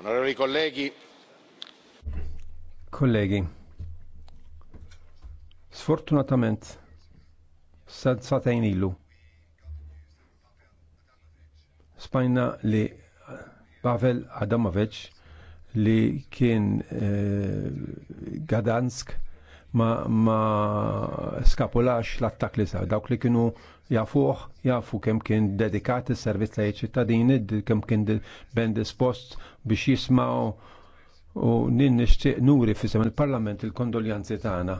Onorevoli colleghi. Kollegi. Sfortunatament, satajn ilu. Spajna li Pavel Adamovic li kien eh, Gadansk ma, ma skapolax l-attak li sa' dawk li kienu jafuħ, jafu kemm kien dedikat is-servizz li ċittadini, kemm kien ben dispost biex jismaw u nin nixtieq nuri fissem il-Parlament il-kondoljanzi tagħna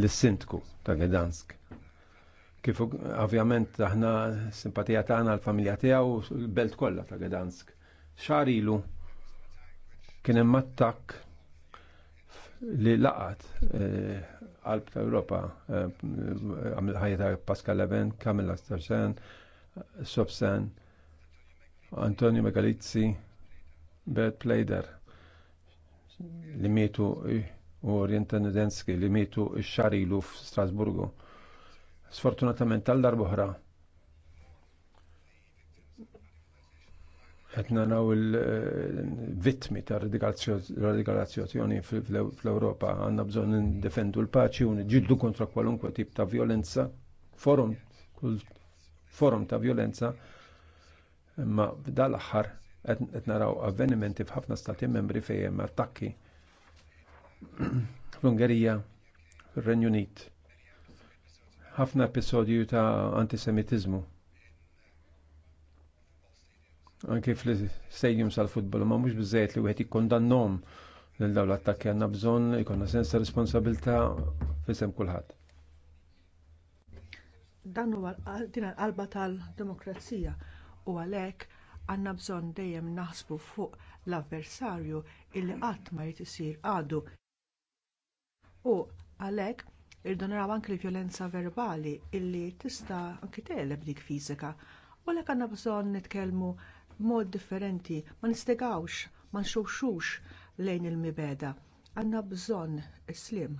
l sintku ta' Gdansk kif ovvjament aħna simpatija tagħna l-familja tiegħu l-belt kollha ta' Gdansk. Xar ilu kien hemm li laqat għalb eh, ta' Europa eh, għamil ħajta Pascal Leven, Kamil Astarsen, Sobsen, Antonio Megalizzi, Bert Pleider li mietu u Orientan Nedenski, li mietu x f-Strasburgu. Sfortunatament tal-darbohra qed naw il vitmi ta' radikalazzjoni fl europa għanna bżon n-defendu l-paċi u n niġġieldu kontra kwalunkwe tip ta' violenza, forum forum ta' violenza, ma dal-aħħar qed naraw avvenimenti f'ħafna stati membri fejn attakki fl-Ungerija, fir renjunit Ħafna episodju ta' antisemitizmu anke fl-stadiums tal-futbol, ma mhux biżejjed li wieħed jikkondannhom lil dawn l-attakki għandna bżonn ikonna sens ta' responsabilità fisem kulħadd. Dan huwa din qalba tal-demokrazija u għalhekk għandna bżonn dejjem naħsbu fuq l-avversarju illi qatt ma jrid isir għadu. U għalhekk irdu naraw anke l-vjolenza verbali illi tista' anke teleb dik fiżika. U għalhekk għandna bżonn nitkellmu b'mod differenti, ma nistegawx, ma nxuxux lejn il-mibeda. Għandna bżonn slim.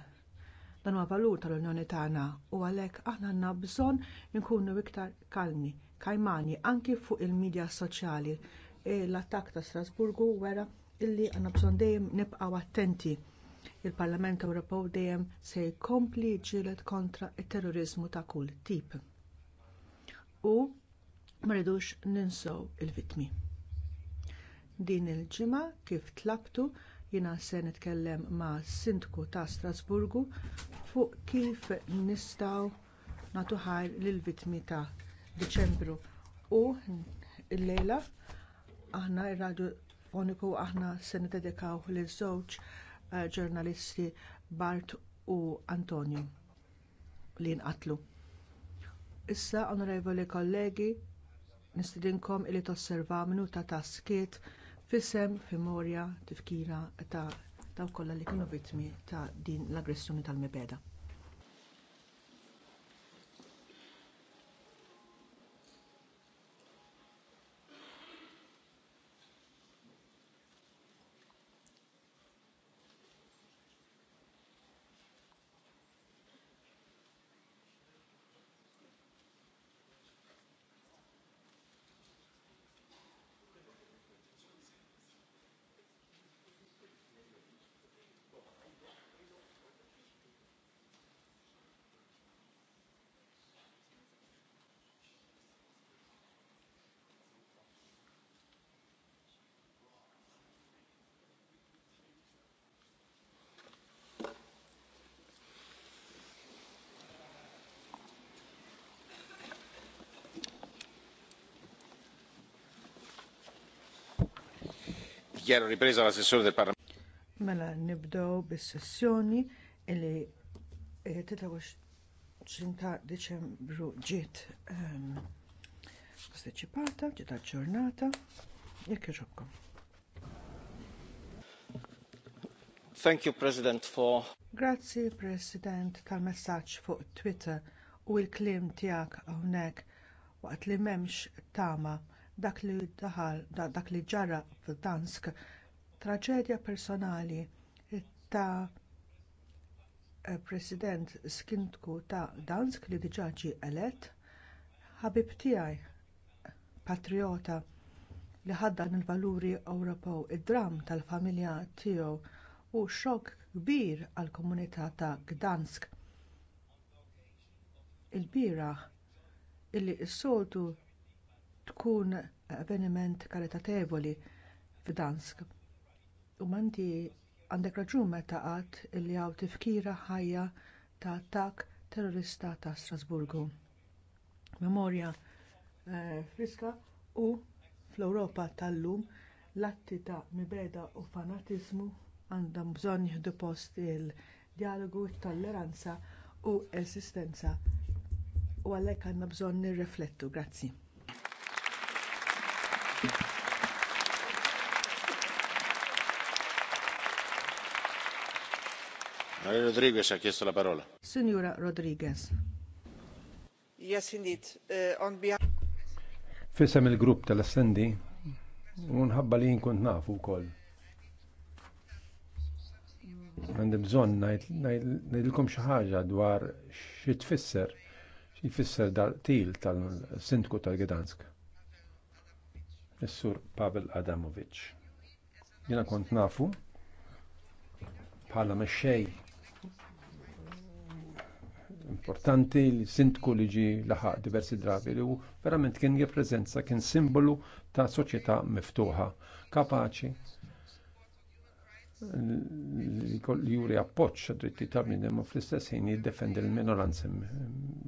Dan huwa valur tal-Unjoni tagħna u għalhekk aħna għandna bżonn inkunu iktar kalmi, kajmani anki fuq il-medja soċjali. E, L-attakk ta' Strasburgu wera illi għandna bżonn dejjem nibqgħu attenti il-Parlament Ewropew dejjem se jkompli jġielet kontra t terrorizmu ta' kull tip. U ma rridux ninsew il-vittmi. Din il-ġimgħa kif tlabtu jiena se nitkellem ma' sindku ta' Strasburgu fuq kif nistgħu nagħtu ħajr lill-vittmi ta' Diċembru u llejla aħna ir radio foniku aħna se nitedekaw lil żewġ eh, ġurnalisti Bart u Antonio li nqatlu. Issa, onorevoli kollegi, nistidinkom illi tosserva minuta ta' skiet fissem fimorja tifkira ta' dawk kollha li kienu vittmi ta' din l-aggressjoni tal-mibeda. Dichiaro ripresa la sessione del Parlamento. Mela nibdew bis-sessjoni li 23 ta' Deċembru ġiet ehm, posteċipata, ġiet aġġornata, jekk iġobkom. Thank you, President, for... Grazzi, President, tal-messaġġ fuq Twitter u l kliem tiegħek hawnhekk waqt li m'hemmx tama dak li daħal dak li ġara f'Dansk traġedja personali ta' eh, President Skintku ta' Dansk li diġà ġie elett, ħabib tiegħi patriota li ħaddan il-valuri Ewropew id-dram tal-familja tiegħu u xokk kbir għall komunità ta' Gdansk. Il-biraħ illi s-soltu tkun avveniment karitatevoli f'Dansk. U manti għandek raġun meta qatt illi hawn tifkira ħajja ta' attakk terrorista ta' Strasburgu. Memorja eh, friska u fl-Ewropa tal-lum l-atti ta' mibeda u fanatiżmu għandhom bżonn jieħdu post il-dialogu, it-tolleranza u esistenza. u għalhekk għandna bżonn nirriflettu. Grazzi. Maria Rodriguez ha chiesto la parola. Signora Rodriguez. Yes, indeed. Uh, on behalf... Fisem il-grupp tal-assendi, unħabba li jinkunt nafu kol. Għandi bżon najdilkom xaħġa dwar xitfisser, xitfisser dal-til tal-sindku tal-Gdansk is-sur Pavel Adamovic. Jena kont nafu bħala mexxej importanti li sindku li ġi laħaq diversi drabi li u verament kien jippreżenza kien simbolu ta' soċieta miftuħa, kapaċi li juri appoċ dritti ta' minn u fl-istess ħin jiddefendi l-minoranzi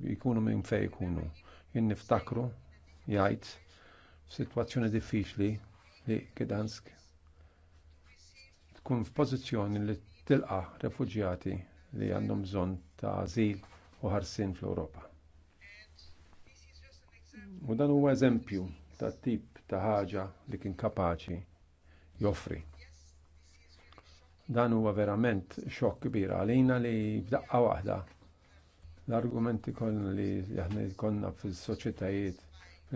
jikunu minn fej jikunu. Jien niftakru jgħid situazzjoni diffiċli li Gdansk tkun f'pożizzjoni li tilqa refuġjati li għandhom bżonn ta' ażil u ħarsin fl-Ewropa. U dan huwa eżempju ta' tip ta' ħaġa li kien kapaċi joffri. Dan huwa verament xokk kbir għalina li b'daqqa waħda l-argumenti kollha li aħna konna fis-soċjetajiet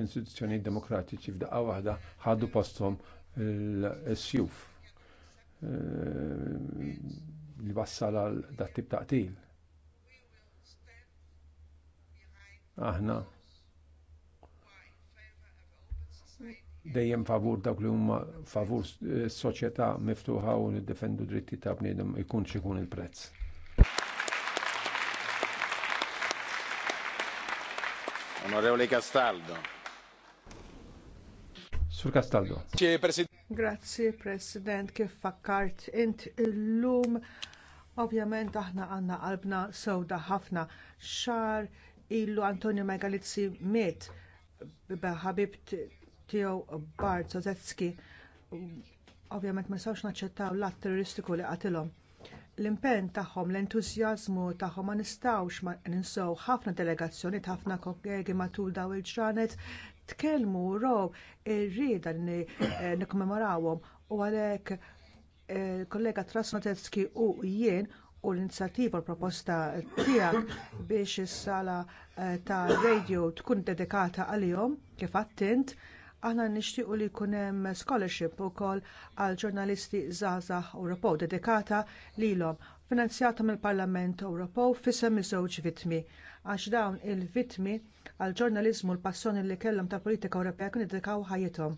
l-istituzzjoni demokratiċi f'daqqa waħda ħadu posthom l-sjuf eh, li wassal għal dat-tip taqtil. Aħna dejjem favur dawk li huma favur eh, soċjetà miftuħa u niddefendu dritti ta' bniedem ikun xi ikun il-prezz. Onorevole Castaldo. Sur Castaldo. Grazzi, President, kif fakkart int illum. Ovvjament aħna għandna qalbna sewda ħafna. Xar illu Antonio Megalizzi miet ħabib tiegħu Bart Zozetski. Ovvjament ma sawx naċċettaw l-att terroristiku li qatilhom l-impenn tagħhom, l-entużjażmu tagħhom ma nistgħux ma ninsew ħafna delegazzjonijiet ħafna kollegi matul daw il-ġranet tkellmu raw ir-rieda li eh, nikkommemorawhom u għalhekk eh, kollega Trasnotetski u jien u l-inizjattiva l-proposta tiegħek biex is-sala eh, tar radio tkun dedikata għalihom kif għattint aħna nixtiequ li jkun hemm scholarship ukoll għal ġurnalisti żgħażagħ Ewropew dedikata lilhom finanzjata mill-Parlament Ewropew fisem iż-żewġ vittmi għax dawn il-vittmi għall ġurnaliżmu l-passjoni li kellhom tal politika Ewropea kienu dedikaw ħajjithom.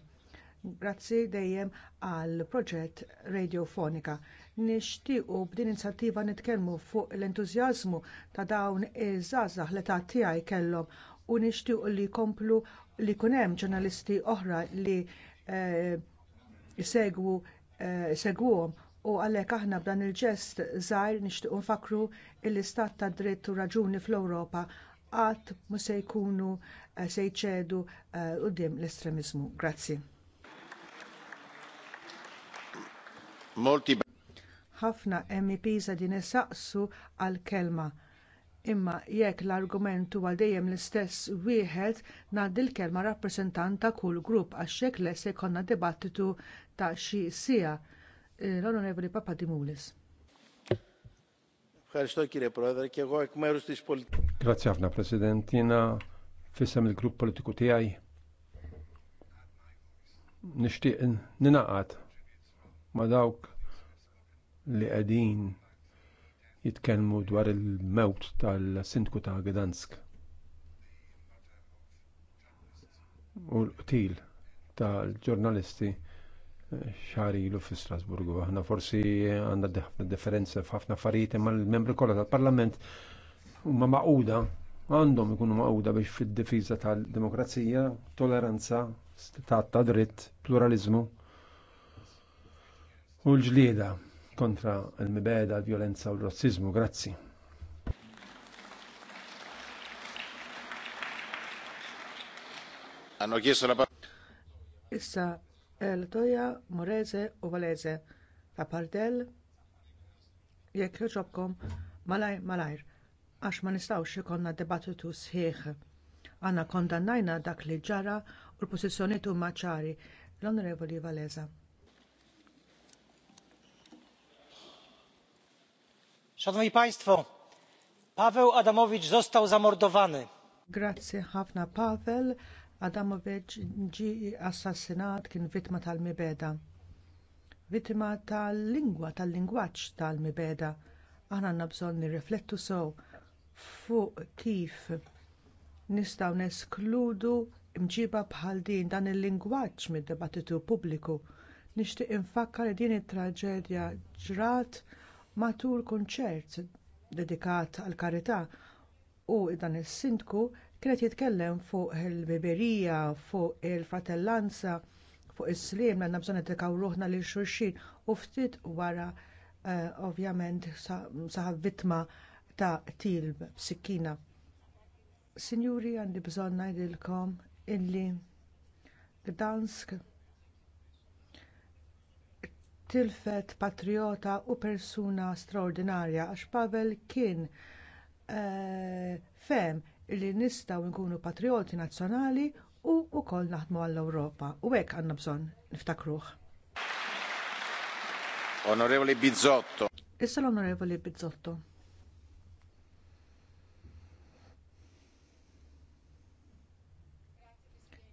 Grazzi dejjem għall proġett radiofonika. Nixtiequ b'din inizjattiva nitkellmu fuq l-entużjażmu ta' dawn iż-żgħażagħ li ta' tiegħi kellhom u nixtiequ li jkomplu li jkun hemm ġurnalisti oħra li eh, jsegwu eh, segwuhom U għalhekk aħna b'dan il-ġest żgħir nixtiequ nfakru l-istat ta' dritt u raġuni fl-Ewropa qatt mhux se jkunu eh, se jċedu eh, quddiem l-estremiżmu. Grazzi. Ħafna MEPs din isaqsu għall kelma imma jekk l-argument huwa dejjem l-istess wieħed ngħaddi l-kelma rappreżentant ta' kull grupp għax hekk le se jkollna dibattitu ta' xi siegħa l-Onorevoli Papadimoulis. Grazie ħafna President, fissam il-grupp politiku tiegħi nixtieq ninaqat ma dawk li qegħdin jitkellmu dwar il-mewt tal-sindku ta' Gdansk. U l-qtil tal-ġurnalisti ilu fi Strasburgu. Aħna forsi għandna ħafna differenza f'ħafna affarijiet imma l-membri kollha tal-Parlament huma maquda għandhom ikunu maquda biex fid-difiża tal-demokrazija, toleranza, stat ta' dritt, pluralizmu u l-ġlieda kontra l-mibeda, l-violenza u l-razzizmu. Grazzi. Hanno chiesto la parola. Issa Latoja, Morese u Valese ta' Pardell jek joġobkom malaj malajr għax ma nistgħux ikollna debattitu sħiħ. Għanna kondannajna dak li ġara u l-posizjoniet huma ċari. L-Onorevoli Valeza. Szanowni Państwo, Paweł Adamowicz został zamordowany. Grazie Hafna Paweł Adamovic ġie assassinat kien vittma tal-mibeda. Vittima tal-lingwa tal-lingwaġġ tal-mibeda. Aħna għandna bżonn nirriflettu sew fuq kif nistgħu neskludu mġiba bħal din dan il-lingwaġġ mid-dibattitu pubbliku. Nixtieq infakkar li din it-traġedja ġrat matul kunċert dedikat għall karità u dan is-sindku Kienet jitkellem fuq il-beberija, fuq il-fratellanza, fuq is-slim għandna bżonn nitikaw ruħna lil xulxin u ftit wara eh, ovvjament saħab vittma ta' tilb b'sikkina. Sinjuri għandi bżonn ngħidilkom illi Gdansk tilfet patriota u persuna straordinarja għax Pavel kien uh, eh, fem li nistgħu nkunu patrioti nazzjonali u wkoll naħdmu għall-Ewropa. U hekk għandna bżonn niftakruh. Onorevoli Bizzotto. Issa l-Onorevoli Bizzotto.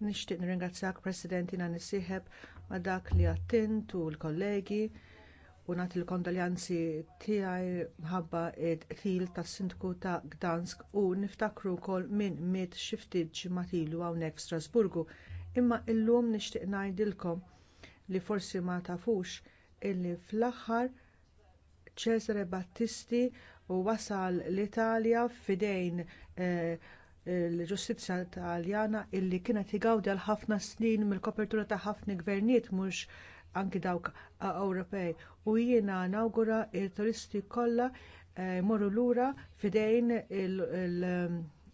Nixtieq nirringrazzjak President jiena nisieħeb ma' dak li attint l-kollegi u nagħti il kondoljanzi tiegħi mħabba t-til tas-Sindku ta' Gdansk u niftakru wkoll minn miet xi ftit ġimgħat ilu hawnhekk f'Strasburgu. Imma llum nixtieq ngħidilkom li forsi ma tafux illi fl-aħħar Cesare Battisti wasal l-Italja f'idejn eh, l-ġustizzja Taljana illi kienet igawdja l-ħafna snin mill-kopertura ta' ħafna gvernijiet mhux anki dawk Ewropej u jiena nawgura t turisti kollha eh, jmorru lura fidejn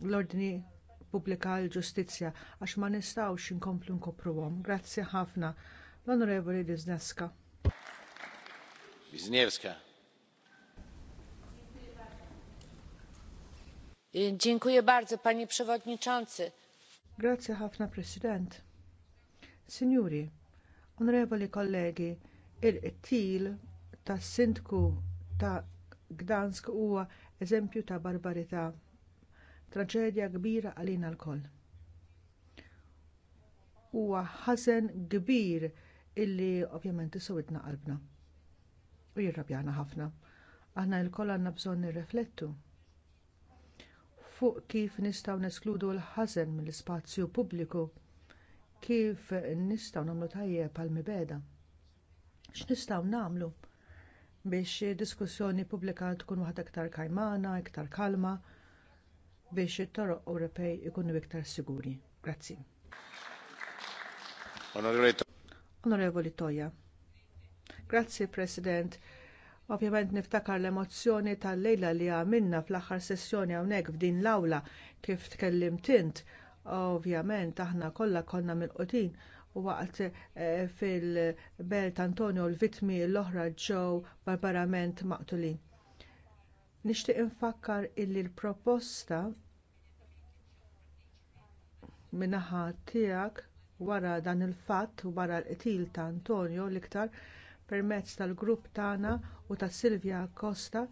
l-ordni pubblika l ġustizja għax ma nistgħux inkomplu nkopruhom. Grazzi ħafna. L-Onorevoli Dizneska. Wisniewska. Dziękuję bardzo, panie przewodniczący. Grazie ħafna, President. Signori, Onorevoli kollegi, il-qtil tas-sindku ta' Gdansk huwa eżempju ta' barbarità, traġedja kbira għalina lkoll. Huwa ħażen kbir illi ovvjament isowitna qalbna. U jirrabjana ħafna. Aħna l l-koll għandna bżonn nirreflettu fuq kif nistgħu neskludu l-ħażen mill-ispazju pubbliku kif nistgħu nagħmlu tajjeb għal mibeda. X'nistgħu nagħmlu biex id diskussjoni pubblika tkun waħda iktar kajmana, iktar kalma biex it-toroq Ewropej ikunu iktar siguri. Grazzi. Onorevoli Toja. Grazzi President. Ovvjament niftakar l-emozzjoni tal-lejla li għamilna fl-aħħar sessjoni hawnhekk f'din l-awla kif tkellimt int Ovvjament aħna kollha konna mill waqt eh, fil-belt Antonio l vittmi l-oħra ġew barbarament maqtulin. Nixtieq infakkar illi l-proposta min-naħa tiegħek wara dan il-fatt wara l-qtil ta' Antonio l-iktar permezz tal-grupp tagħna u ta' Silvia Costa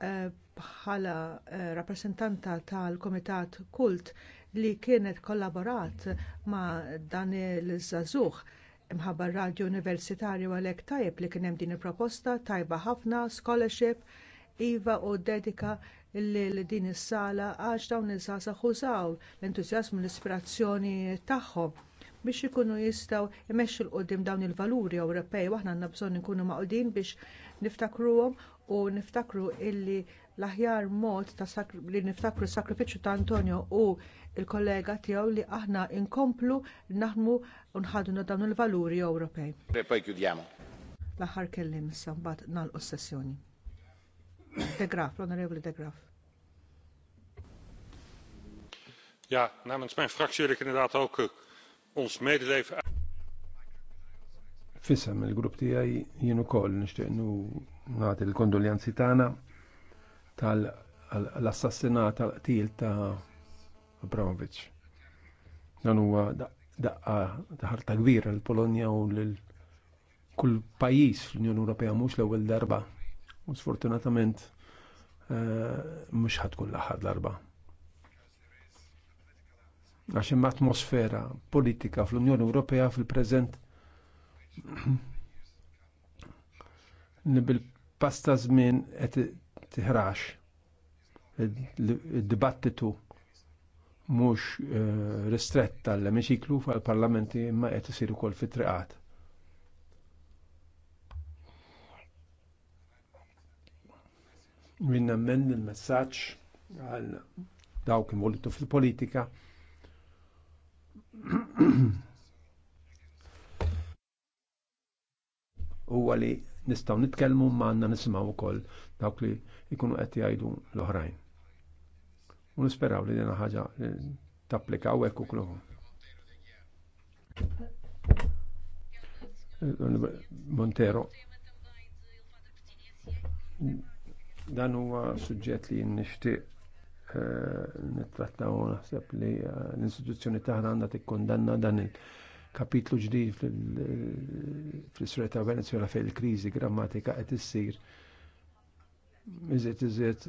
eh, bħala eh, rappreżentanta tal-Kumitat Kult li kienet kollaborat ma' dan il-żagħżugħ imħabba r-radju universitarju għalhekk tajjeb li kien hemm din il-proposta tajba ħafna scholarship iva u dedika lil din is-sala għax dawn iż-żgħażagħ użaw l-entużjażmu l-ispirazzjoni tagħhom biex ikunu jistgħu jmexxu l-qoddim dawn il-valuri Ewropej u aħna għandna bżonn inkunu maqdin biex niftakruhom u niftakru illi l-aħjar mod ta' li niftakru s-sakrifiċċju ta' Antonio u il-kollega tiegħu li aħna inkomplu naħdmu u nħadnu dawn il-valuri Ewropej. E L-aħħar kellim issa mbagħad nagħlqu s-sessjoni. De Graf, l-Onorevoli De Graf. Ja, namens mijn fractie wil ik inderdaad ook eh, ons medeleven. Fissam, il-grupp tiegħi jien ukoll nixtieq nagħti l-kondoljanzi tagħna tal-assassinat tal-qtil Abramovic. Dan huwa daqqa ħarta kbira l-Polonja u l kull pajjiż fl-Unjoni Ewropea mhux l-ewwel darba. U sfortunatament eh, mhux ħadkun l-aħħar darba. Għax hemm atmosfera politika fl-Unjoni Ewropea fil-preżent bil-pasta żmien qed tiħrax id-dibattitu mhux eh, ristretta tal-emiċiklu fil-parlamenti imma qed isir ukoll fit-triqat. Min men il-messaġġ għal dawk involutu fil-politika huwa li nistgħu nitkellmu ma għandna nisimgħu wkoll dawk li jkunu qed jgħidu l-oħrajn u nisperaw li dina ħaġa eh, tapplikaw hekk kluħu. Montero. Dan huwa suġġett li nixtieq eh, nittrattaw naħseb li eh, l-istituzzjoni taħna għandha tikkondanna dan il-kapitlu ġdid fil-Sreta Venezuela fejn il-kriżi grammatika qed issir iżiet iżiet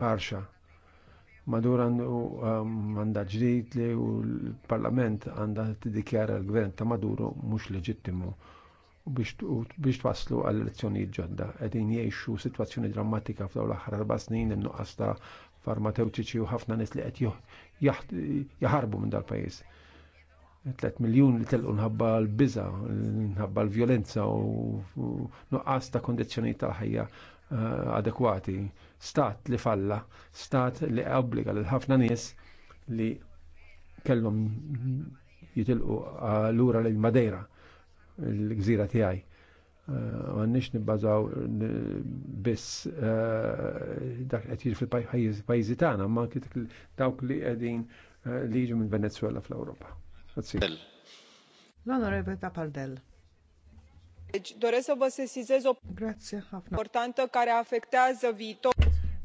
ħarxa. Madur għandu għanda um, ġdid li u l-parlament għandha dikjara l-gvern ta' Maduro mhux leġittimu biex twasslu għall elezzjonijiet ġodda. Qegħdin jgħixu sitwazzjoni drammatika f'daw l-aħħar arba' snin imnuqqas ta' farmaceutiċi u ħafna nis li qed jaħarbu minn dal-pajjiż. 3 miljun li telqu nħabba l-biża, nħabba l-vjolenza u nuqqas ta' kondizjoni tal-ħajja Eh, adekwati. Stat li falla, stat li obbliga lil ħafna nies li kellhom jitilqu eh, lura lil Madeira, l-gżira tiegħi. Eh, Għannix nibbażaw biss dak qed jiġi fil-pajjiżi tagħna, ma dawk li qegħdin li jiġu minn Venezuela fl-Ewropa. L-Onorevole Tapardell.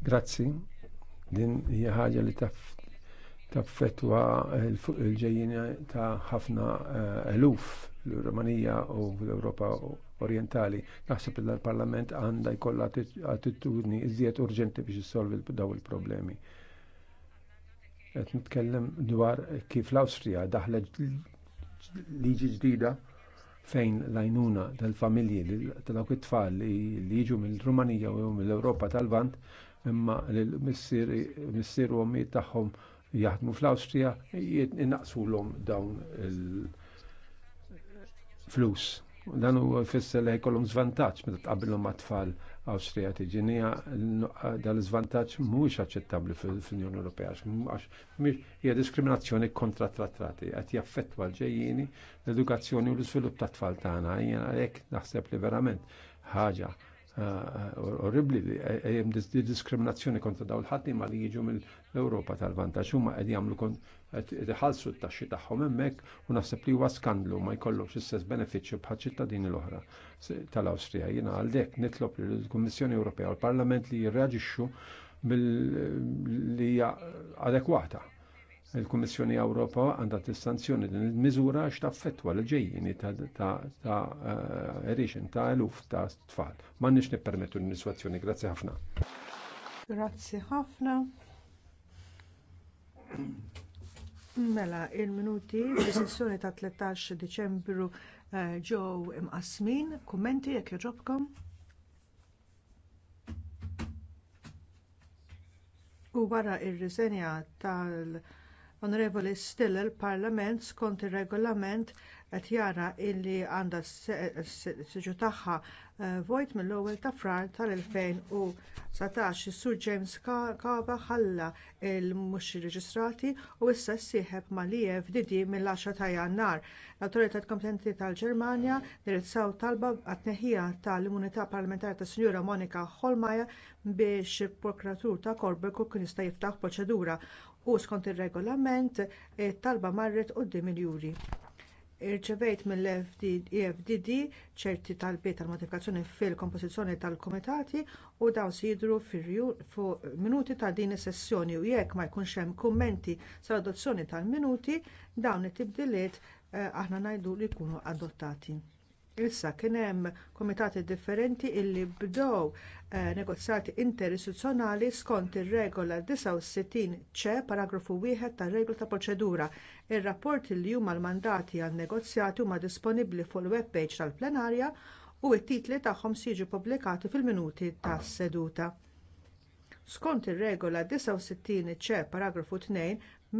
Grazzi. Grazie, Din hija ħaġa li taffetwa il-ġejjin ta' ħafna eh, eluf l-Romanija u l-Europa orientali. Naħseb li l-Parlament għandha jkollha attitudni iżjed urġenti biex issolvi daw il-problemi. Qed nitkellem dwar kif l-Awstrija daħlet liġi ġdida fejn l-għajnuna tal-familji tal-dawk it-tfal li jiġu mill-Rumanija u mill-Ewropa tal-Vant imma l-missier u ommijiet tagħhom jaħdmu fl-Awstrija innaqsu l-om dawn il-flus. Dan u fissa li jkollhom żvantaġġ meta tqabbilhom ma' tfal Awstrija nija dal zvantaċ mhux aċċettabbli fil unjoni Ewropea għax hija diskriminazzjoni kontra trattati qed jaffettwa l ġejjini l-edukazzjoni u l-iżvilupp tat-tfal tagħna jien għalhekk naħseb li verament ħaġa eh, eh, orribli li hemm diskriminazzjoni kontra dawn il ma li jiġu mill-Ewropa tal-vantaġġ huma qed jagħmlu ħalsu t-taxxi tagħhom hemmhekk u naħseb li huwa skandlu ma jkollhomx istess benefiċċju bħal ċittadini l-oħra tal-Awstrija. Jiena għaldek nitlob lill kummissjoni Ewropea u l-Parlament li jirreaġixxu li lija adekwata. Il-Kummissjoni Ewropa għandha tissanzjoni din il-miżura għax fetwa l-ġejjini ta' eh, erixin ta' eluf ta' tfal. M'għandniex nippermettu l-niswazzjoni. Grazzi ħafna. Grazzi ħafna. Mela, il-minuti fis-sessjoni ta' 13 Diċembru eh, ġew imqasmin, kummenti jekk jogħġobkom. U wara r riżenja tal-Onorevoli il Parlament skont ir-regolament qed jara illi għandha s-siġu tagħha vojt mill-ewwel ta' frar tal 2017 is-Sur James Kaba ħalla l mhux reġistrati u issa ssieħeb mal-EFDD mill-10 ta' Jannar. l awtoritajiet Kompetenti tal-Ġermanja ndirizzaw talba għat-tneħħija tal-immunità parlamentari tas Sinjura Monika Holmaja biex il-Prokuratur ta' u kien jista' jiftaħ proċedura u skont ir regolament it talba marret quddiem il-juri irċevejt mill fdd ċerti talbiet tal-modifikazzjoni fil-kompożizzjoni tal-kumitati u dawn se jidhru fuq minuti ta' din is-sessjoni u jekk ma jkunx hemm kummenti sal-adozzjoni tal-minuti dawn it-tibdiliet eh, aħna ngħidu li jkunu adottati. Issa kien hemm komitati differenti illi bdew eh, negozjati interistituzzjonali skont ir-regola 69 ċe paragrafu wieħed tar-regola ta' proċedura. Ir-rapporti li huma l-mandati għal negozjati huma disponibbli fuq il-web page tal-plenarja u t-titli tagħhom siġu pubblikati fil-minuti tas-seduta. Skont ir-regola 69 ċe paragrafu 2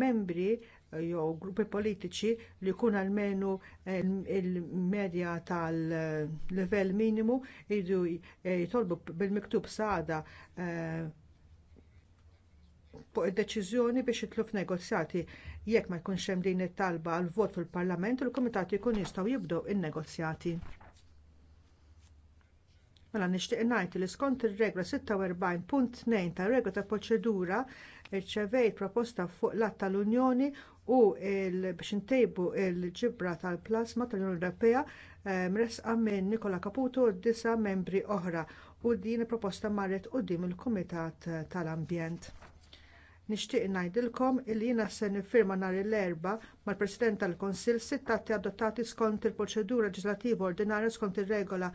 membri Eh, jew gruppi politiċi li jkun għalmenu eh, il-medja tal-level minimu jridu eh, jitolbu bil-miktub sada fuq id-deċiżjoni biex jitlu f'negozjati jekk ma jkunx hemm din it-talba għal vot fil-Parlament il-Kumitati jkun jistgħu jibdew in-negozjati. Mela nixtieq ngħid li skont ir-regola 46.2 tar regola ta' proċedura irċevejt proposta fuq l-att tal-Unjoni u biex intejbu l ġibra tal-plasma tal-Unjoni Ewropea eh, mresqa minn Nikola Caputo u disa membri oħra u din il proposta marret quddiem il-Kumitat tal-Ambjent. Nixtieq ngħidilkom li jiena se nifirma nhar l-erba' mal-President tal-Kunsill sitt atti adottati skont il-proċedura leġislattiva ordinarja skont ir-regola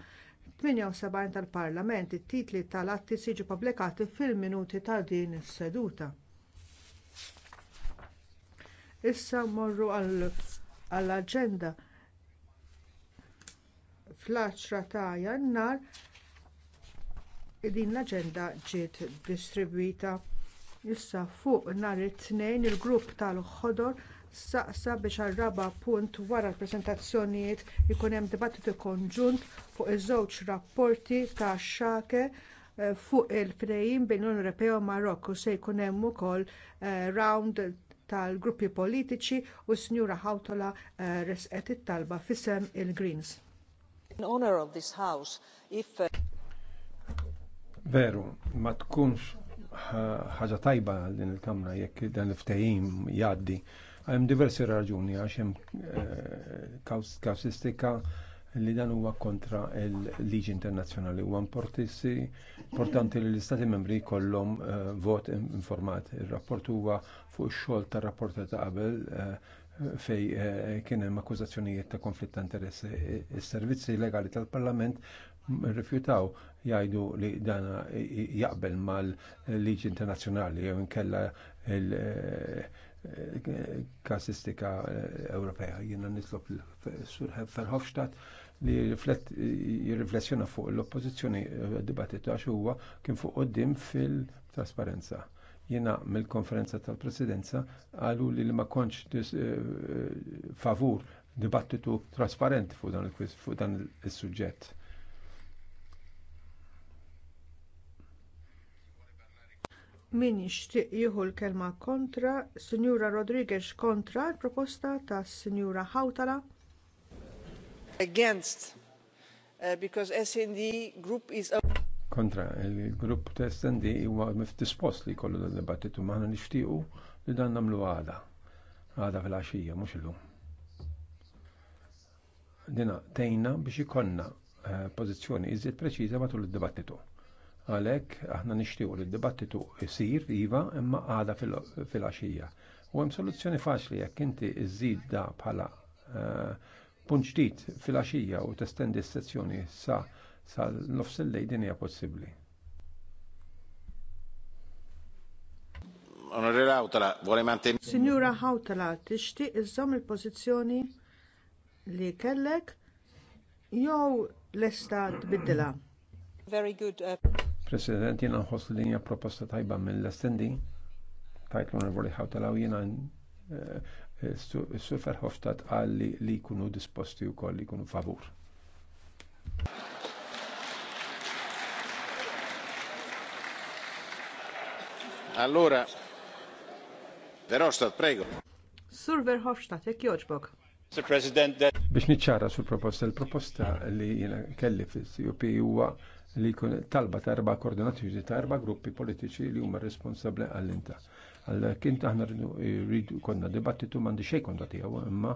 78 tal-Parlament it-titli tal-atti siġu pubblikati fil-minuti ta' din is-seduta. Issa mmorru għall-aġenda fl-10 ta' jannar din l-aġenda ġiet distribwita Issa fuq nhar it-tnejn il-grupp tal-ħodor staqsa biex għal-raba punt wara l-preżentazzjonijiet ikun hemm dibattitu konġunt fuq iż-żewġ rapporti tax xake eh, fuq il-frejim bejn l-Unjoni Ewropea u Marokku se jkun hemm ukoll eh, round tal-gruppi politiċi u s-Njura ħawtola eh, resqet it-talba fisem il-Greens. Eh, Veru, ma tkunx eh, ħaġa tajba din il-Kamra jekk dan il-ftehim jgħaddi. Hemm diversi raġuni għax hemm kawsistika li dan huwa kontra l-liġi internazzjonali. Huwa importanti li l-Istati membri jkollhom eh, vot informat. Ir-rapport huwa fuq ix-xogħol tar-rapport ta' qabel eh, fej eh, kien hemm akkużazzjonijiet ta' konflitt ta' interessi. Is-servizzi legali tal-Parlament rrifjutaw. jgħidu li dan jaqbel mal-liġi internazzjonali jew inkella kasistika Ewropea. Jiena nitlob l-Sur li jirriflessjona fuq l-oppożizzjoni eh, dibattitu għax huwa kien fuq qoddim fil-trasparenza. Jiena mill-konferenza tal-presidenza għalu li ma konċ eh, eh, favur dibattitu trasparenti fuq dan il-sujġett. Min jixtieq jieħu l-kelma kontra, Sinjura Rodriguez kontra l-proposta ta' Sinjura Hawtala against uh, because SND group is kontra il-grupp ta' SND huwa dispost li jkollu dan dibattitu ma aħna nixtiequ li dan nagħmlu għada għada fil-għaxija mhux illum. Dina tejna biex ikonna eh, pożizzjoni iżjed preċiża matul id-dibattitu. Għalhekk aħna nixtiequ li d-dibattitu jsir iva imma għada fil-għaxija. U hemm soluzzjoni faċli jekk inti iżid da bħala eh, punt ġdid fil-għaxija u testendi s-sezzjoni sa sal-nofs il-lejdin hija possibbli. Signora Hautala, tixti iżżomm il-pożizzjoni li kellek jew lesta tbiddilha. Very good. Uh, President, jiena nħoss li hija proposta tajba mill-estendi. Tajt l-onorevoli Hautala u jena eh, Sur Verhofstadt għalli li jkunu disposti wkoll li jkunu favur. Allora, Verhofstadt, prego. Sur Verhofstadt, President, joġbok. Bix niċċara sul proposta, il-proposta li jena kelli fil-CUP juwa li talba ta' erba' koordinatiġi ta' erba' gruppi politiċi li huma responsabbli għall-inta Għallek int aħna rridu konna dibattitu mandi xej konta tiegħu imma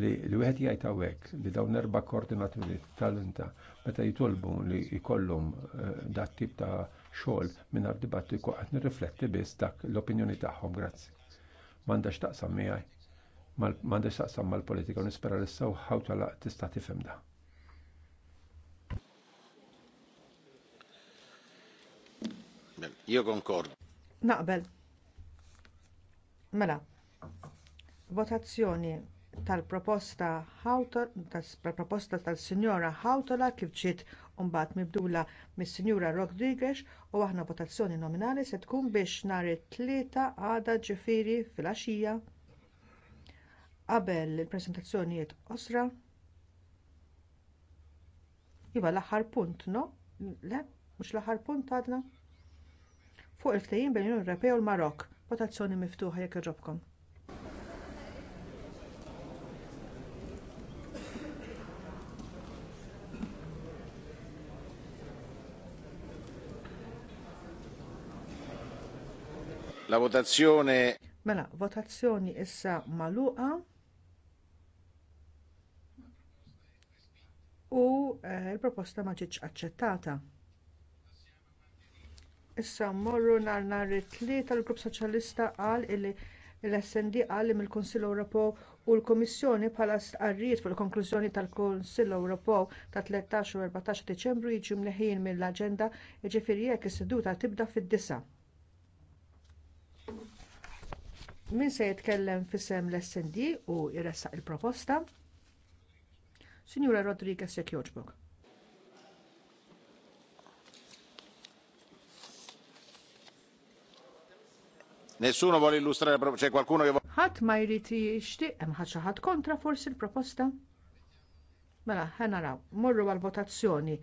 li wieħed jgħid hawnhekk li dawn erba' koordinaturi tal-inta meta jitolbu li jkollhom eh, dat tip ta' xogħol mingħajr dibattitu qed nirrifletti biss dak l-opinjoni tagħhom grazzi. M'għandax taqsam miegħi. M'għandax taqsam mal-politika u nispera li saw ħaw talaq tista' tifhem da. Io concordo. Naqbel. Mela, votazzjoni tal-proposta tal-proposta tal-Sinjora Hawtola kif ġiet mbagħad mibdula mis-Sinjura Rodriguez u aħna votazzjoni nominali se tkun biex nhar it-tlieta għada ġifieri fil-għaxija qabel il-preżentazzjonijiet qosra. Iva l-aħħar punt, no? Le, mhux l-aħħar punt għadna. Fuq il-ftehim bejn l-Unjoni Ewropea u l-Marokk Votazzjoni miftuħa jekk iġobkom. La votazzjoni Mela, votazzjoni issa magħluqa. u eh, l proposta ma ġietx aċċettata. Issa mmorru nhar nhar it-tlieta l-Grupp Soċjalista qal li l-SND qal li mill-Kunsill Ewropew u l-Kummissjoni bħala stqarriet fil-konklużjoni tal-Kunsill Ewropew ta' 13 u 14 Diċembru jiġu mneħħin mill-aġenda jiġifieri jekk is-seduta tibda fid-disa. Min se jitkellem f'isem l-SND u jressaq il-proposta? Signora Rodriguez Jekjoġbok. Nessuno vuole illustrare la proposta, c'è qualcuno che vuole... Ħadd ma jrid jixtieq hemm ħaġa ħadd kontra forsi l-proposta? Mela, ħa morru għal-votazzjoni.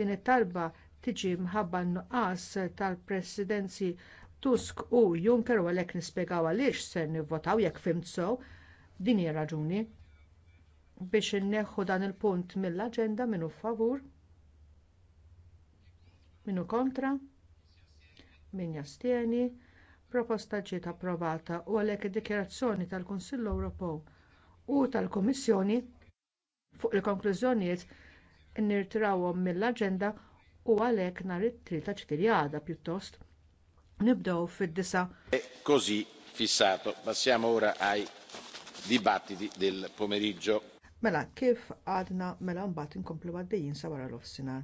Din it-talba tiġi mħabba n-nuqqas tal-presidenzi Tusk u Juncker u għalhekk nispjegaw għaliex se nivvotaw jekk fimt din hija raġuni biex inneħħu dan il-punt mill-aġenda minu favur minu kontra min jastieni proposta ġiet approvata u għalhekk id-dikjarazzjoni tal-Kunsill Ewropew u tal-Kummissjoni fuq il-konklużjonijiet nirtrawhom mill-aġenda u għalhekk nhar it-tlieta ċtilja pjuttost. Nibdew fid-disa. E così fissato. Passiamo ora ai dibattiti del pomeriggio. Mela, kif għadna mela mbagħad inkomplu għaddejjin sa wara l-offsinar.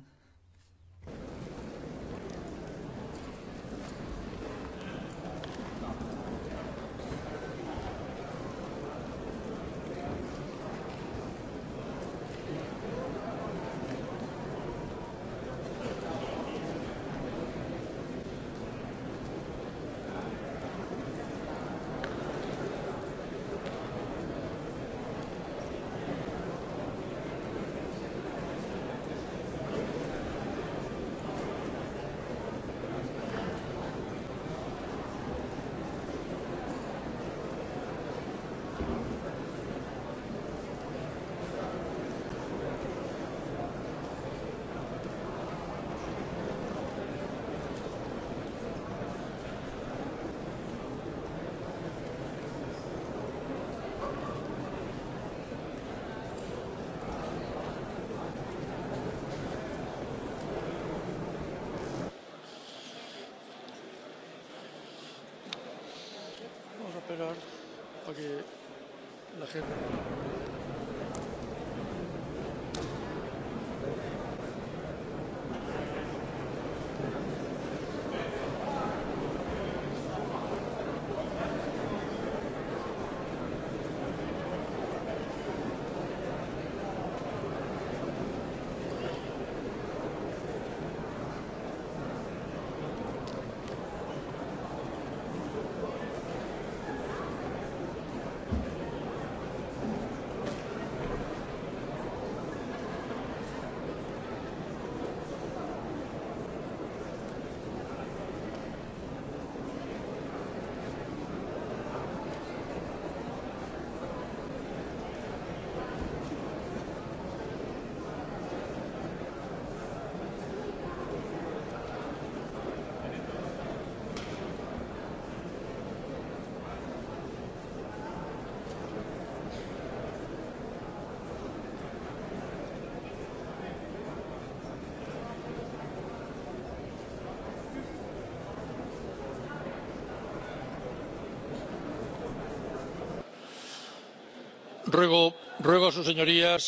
Ruego, ruego su señorías.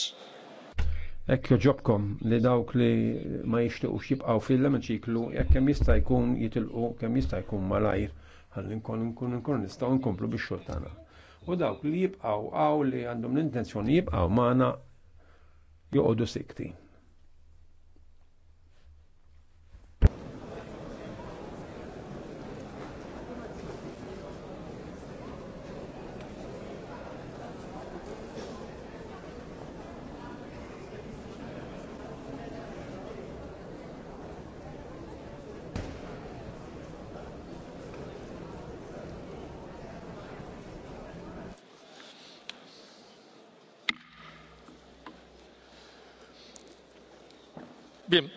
Ekk joġobkom li dawk li ma jishtiqu jibqaw fil-emiċiklu, jekk kemm jista' jkun jitilqu, kemm jista' jkun malajr, ħalli nkun nkun nkun nistgħu nkomplu bix-xogħol U dawk li jibqaw għaw li għandhom l-intenzjoni jibqaw magħna joqodu sikti.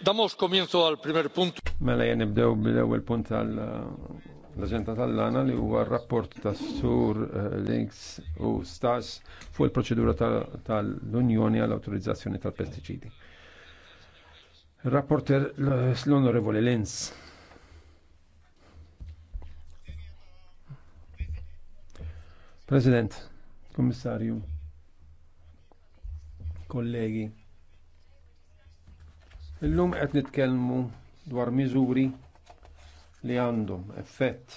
Damos komienzo għal primer mela, punt. Mela jen nibdew bil il punt għal eh, l-aġenda tal-lana li huwa rapport ta' sur eh, links u stas fuq il-proċedura tal-Unjoni għall-autorizzazzjoni tal-pestiċidi. Rapporter l-Onorevole Lenz. President, Commissario, colleghi, Illum qed nitkellmu dwar miżuri li għandhom effett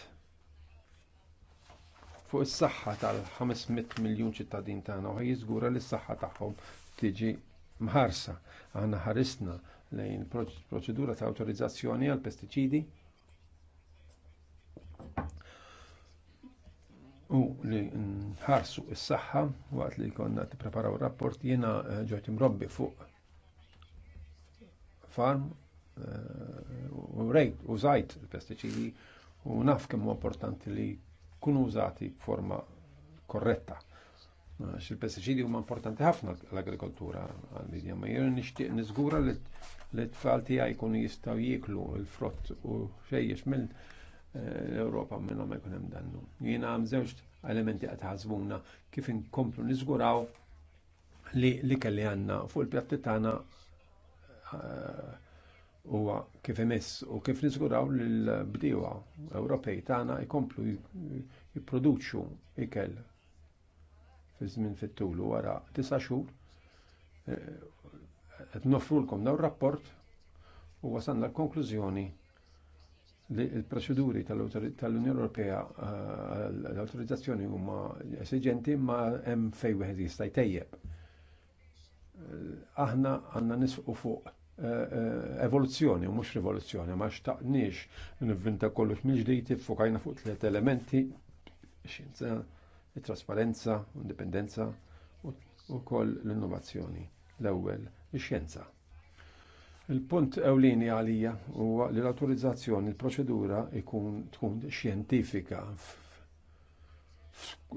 fuq is-saħħa tal-500 miljun ċittadin tagħna u jiżgura li s-saħħa tagħhom tiġi mħarsa. Aħna ħarisna lejn proċedura ta' awtorizzazzjoni għal pestiċidi u li nħarsu s-saħħa waqt li konna tippreparaw rapport jiena eh, ġojt imrobbi fuq farm eh, u rejt u zajt il pesticidi u naf kemmu importanti li kun użati forma korretta. il pesticidi huma importanti ħafna l-agrikoltura għal-bidja, ma jirin nishtiq nizgura li t-tfal għaj kun jistaw jieklu il frott u xejjex mill l-Europa eh, minna ma jkunem dannu. Jina għam zewġt elementi għatħazbuna ħażbuna kif inkomplu niżguraw li kelli għanna fuq il pjattitana Eh, huwa kif imiss u kif niżguraw li l-bdiewa Ewropej tagħna jkomplu jipproduċu ikel fi żmien fit-tul wara tisa' xhur eh, qed nofrulkom dawn rapport u wasanna l-konklużjoni li l-proċeduri tal-Unjoni Ewropea eh, l-autorizzazzjoni huma esiġenti ma hemm fejn wieħed jista' jtejjeb. Aħna għandna nisqu fuq evoluzzjoni u mhux rivoluzzjoni, ma xtaqniex nivvinta kollox mill-ġdid fokajna fuq tliet elementi xjenza, trasparenza, indipendenza u koll l-innovazzjoni. L-ewwel ix-xjenza. Il-punt ewlieni għalija huwa li l-autorizzazzjoni l-proċedura ikun tkun xjentifika.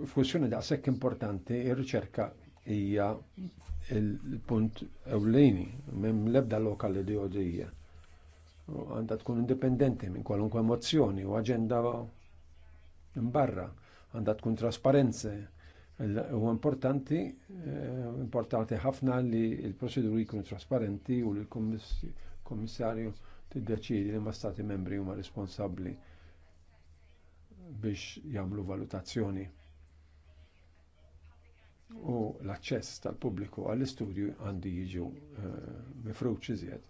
F'kwissjoni daqshekk importanti ir-riċerka hija il-punt ewlejni, minn l-ebda loka li għodija. Għanda tkun indipendenti minn kwalunkwe emozzjoni u agenda mbarra, barra, għanda tkun trasparenze. U importanti, eh, importanti ħafna li il-proċeduri jkunu trasparenti u li l-kommissarju tiddeċidi li ma stati membri huma responsabbli biex jagħmlu valutazzjoni u l-aċċess tal-pubbliku għall-istudju għandi jiġu eh, mifruċ iżjed.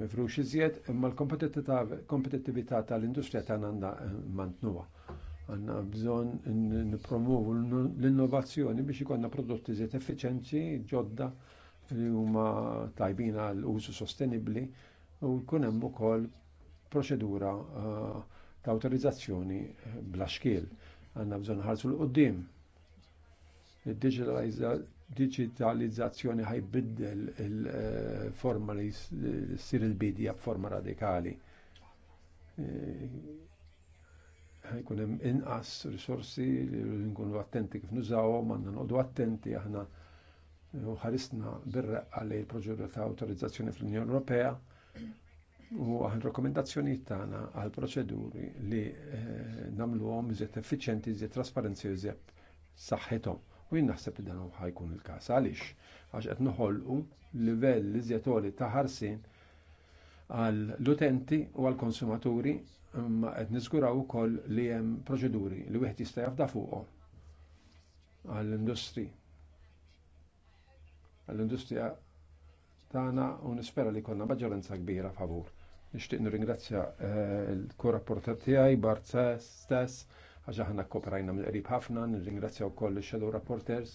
Mifrux iżjed imma l-kompetittività tal-industrija tagħna għandha eh, mantnuha. Għandna bżonn nippromovu l-innovazzjoni biex ikonna prodotti iżjed effiċenti, ġodda li huma tajbin għal użu sostenibbli u jkun hemm ukoll proċedura eh, ta' awtorizzazzjoni bla xkiel. Għandna bżonn ħarsu l-qoddim digitalizzazzjoni ħajbiddel il-forma li ssir il-bidja b'forma radikali. E, Ħajkun hemm inqas risorsi li nkunu attenti kif nużawhom, għandna noqogħdu attenti aħna u ħarisna birreqqa li l-proġura ta' autorizzazzjoni fl-Unjoni Ewropea u għan rekomendazzjoni tagħna għal proċeduri li eh, namluhom iżjed effiċjenti, iżjed trasparenzi, iżjed saħħithom U jinn naħseb li dan ħajkun il kas Għalix, għax qed noħolqu livell li ta' ħarsin għall-utenti u għall-konsumaturi ma imma nizguraw u koll li jem proċeduri li wieħed jista' jafda fuqo għall-industri. Għall-industrija tagħna u nispera li konna maġġoranza kbira favur. Nixtieq nirringrazzja eh, il kurapportat tiegħi Bart stess għaxa ħana kkoperajna mill-qrib ħafna, nirringrazzjaw ukoll ix-shadow rapporters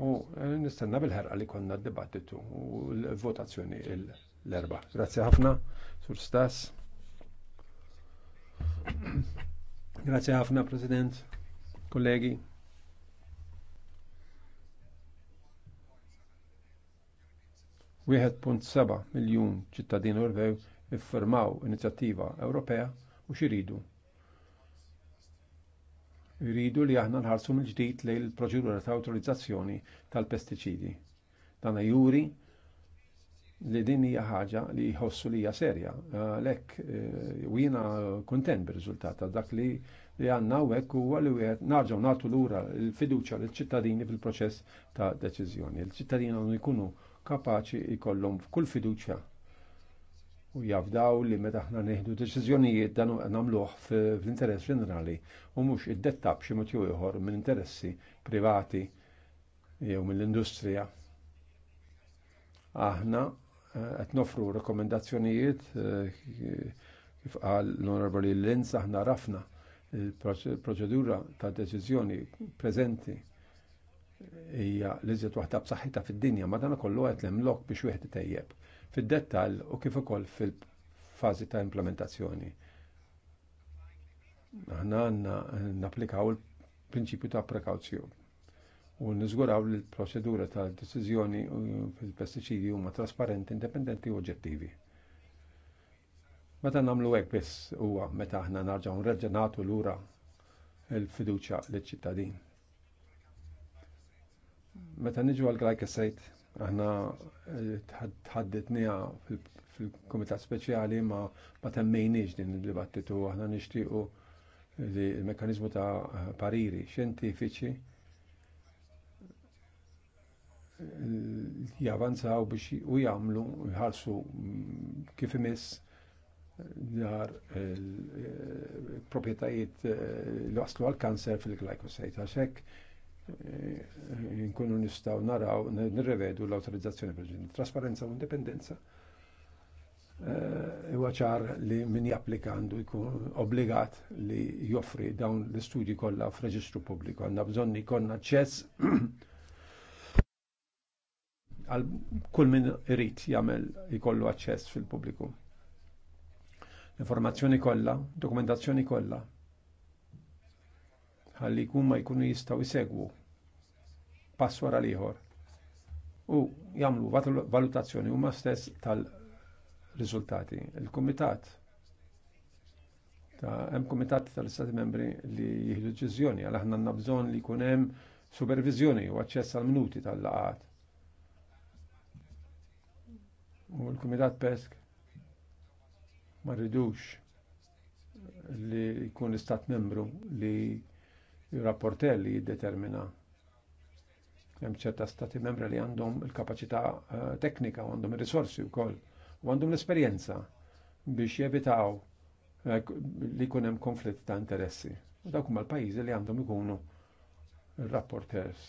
u eh, nistenna bil-ħerqa li konna d-dibattitu u l-votazzjoni l-erba. Grazzi ħafna, sur stas. Grazzi ħafna, President, kollegi. Wieħed punt seba' miljun ċittadini Ewropew iffirmaw inizjattiva Ewropea u xiridu Jridu li aħna nħarsu mill-ġdid lejn il-proċedura ta' awtorizzazzjoni tal-pestiċidi. Dan juri li din hija ħaġa li jħossu li hija serja. Lek, u eh, jiena kontent bir-riżultat ta' dak li li għanna u għek u għalli u narġaw natu l-ura l-fiduċa l-ċittadini fil-proċess ta' deċizjoni. L-ċittadini għannu jkunu kapaċi jkollhom kull fiduċa u jafdaw li meta aħna neħdu deċiżjonijiet dan nagħmluh fl-interess ġenerali u mhux id-dettab xi mod ieħor minn interessi privati jew mill-industrija. Aħna eh, qed nofru rekomendazzjonijiet eh, kif qal l-Onorevoli Lenz aħna rafna il-proċedura ta' deċiżjoni preżenti hija liżiet waħda b'saħħitha fid-dinja, ma dan kollu qed lemlok biex wieħed itejjeb fid-dettall u kif ukoll fil-fażi ta' implementazzjoni. Aħna għandna napplikaw il-prinċipju ta' prekawzjoni u niżguraw li l-proċedura ta' deċiżjoni uh, fil-pestiċidi huma trasparenti, indipendenti u oġġettivi. Meta nagħmlu hekk biss huwa meta aħna narġgħu nreġenatu lura l-fiduċja liċ-ċittadin. Meta niġu għal glycosate, Aħna eh, tħadditnija fil-Komitat Speċjali ma ma temmejniex din il-dibattitu, aħna nixtiequ li l-mekkanizmu ta' pariri xjentifiċi eh, javanzaw biex u jagħmlu jħarsu mm, kif imiss dar il eh, proprjetajiet li waslu għal kanser fil-glykosate. Għax hekk Eh, eh, nkunu nistaw naraw, nirrevedu l-autorizzazzjoni preġin. Trasparenza u indipendenza. Iwa eh, ċar li min japplikandu jkun obbligat li joffri dawn l-istudji kollha f'reġistru pubbliku. Għandna bżonn jkollna ċess għal kull min irid jagħmel jkollu aċċess fil-pubbliku. Informazzjoni kollha, dokumentazzjoni kollha, ħalli jkun ma jkunu jistgħu jsegwu pass wara l-ieħor u jagħmlu valutazzjoni huma stess tal-riżultati. Il-kumitat ta' hemm kumitat tal-Istati membri li jieħdu deċiżjoni għal aħna għandna bżonn li jkun hemm supervizjoni u aċċess għal minuti tal-laqat. U l-Kumitat Pesk ma rridux li jkun l-Istat membru li il-rapporter li jiddetermina hemm ċerta stati membra li għandhom il-kapaċità eh, teknika u għandhom ir-risorsi wkoll u għandhom l-esperjenza biex jevitaw eh, li jkun hemm konflitt ta' interessi. U dawk huma l-pajjiżi li għandhom ikunu rapporters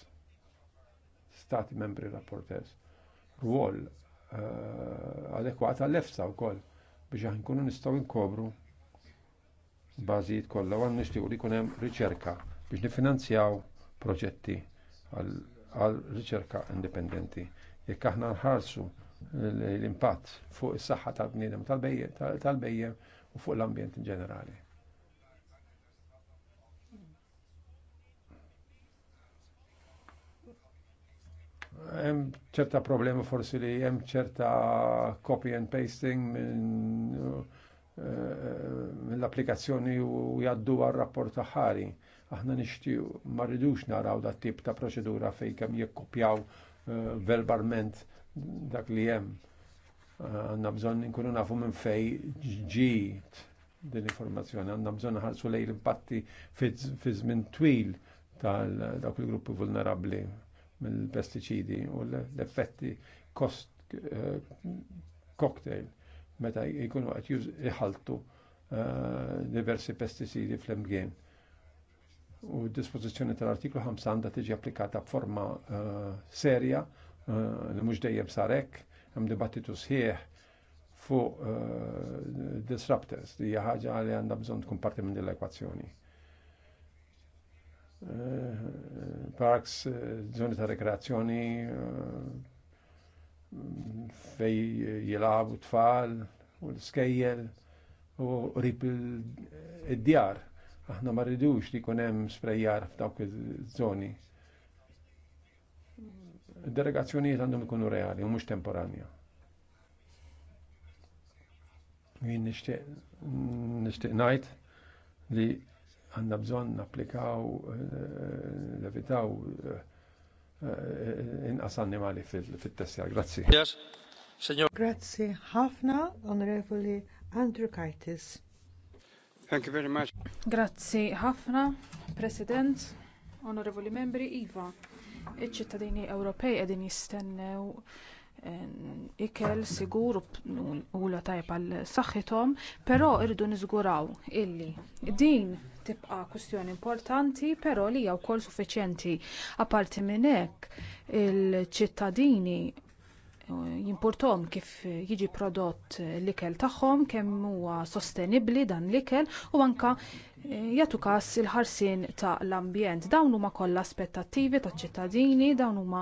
stati membri rapporters. Rwol eh, adekwat għall-efsa wkoll biex aħna nkunu nistgħu nkobru bażijiet kollha għan nixtiequ li jkun hemm riċerka biex nifinanzjaw proġetti għal riċerka indipendenti. Jekk aħna nħarsu l-impatt fuq is-saħħa tal-bniedem tal-bejjem u fuq l-ambjent in ġenerali. Hemm ċerta problemi forsi li hemm ċerta copy and pasting mill-applikazzjoni eh, u jaddu għal rapport ħari. Aħna nishtiju, ma rridux naraw da tip ta' proċedura fejn jekkupjaw uh, eh, verbalment dak li hemm. uh, bżonn inkunu nafu minn fej ġiet din l-informazzjoni, għanna bżon ħarsu lej l-impatti fi żmien twil tal-dawk il-gruppi vulnerabbli mill-pestiċidi u l-effetti kost eh, cocktail meta jkunu qed iħaltu eh, diversi pesticidi fl-imgħin u dispożizzjoni tal-artiklu 5 għandha tiġi applikata b'forma eh, serja eh, li mux dejjem sarek, hemm dibattitu sħieħ fuq eh, disruptors li hija li għanda bżon tkun parti minn l-ekwazzjoni. Parks, zoni ta' rekreazzjoni, fej jilabu tfal u l-skejjel u rip il djar Aħna ma rridux li jkun hemm sprejjar f'dawk iż-żoni. Delegazzjonijiet għandhom ikunu reali u mhux temporanja. Jien nixtieq ngħid li għandna bżonn napplikaw eh, levitaw eh, inqas annimali fit tessja Grazzi. Grazzi ħafna, Onorevoli Andrew Kaitis. Thank you very much. Grazzi ħafna, President, Onorevoli Membri, Iva. Iċ-ċittadini Ewropej qegħdin jistennew eh, ikel sigur u la tajb għal saħħithom, però irridu niżguraw illi din tibqa' kwistjoni importanti, però li hija wkoll suffiċjenti. Apparti minn hekk il-ċittadini jimportom kif jiġi prodott l-ikel tagħhom kemm huwa sostenibbli dan l-ikel u anke eh, jagħtu każ il-ħarsien ta' l-ambjent. Dawn huma kollha aspettattivi taċ ċittadini, dawn huma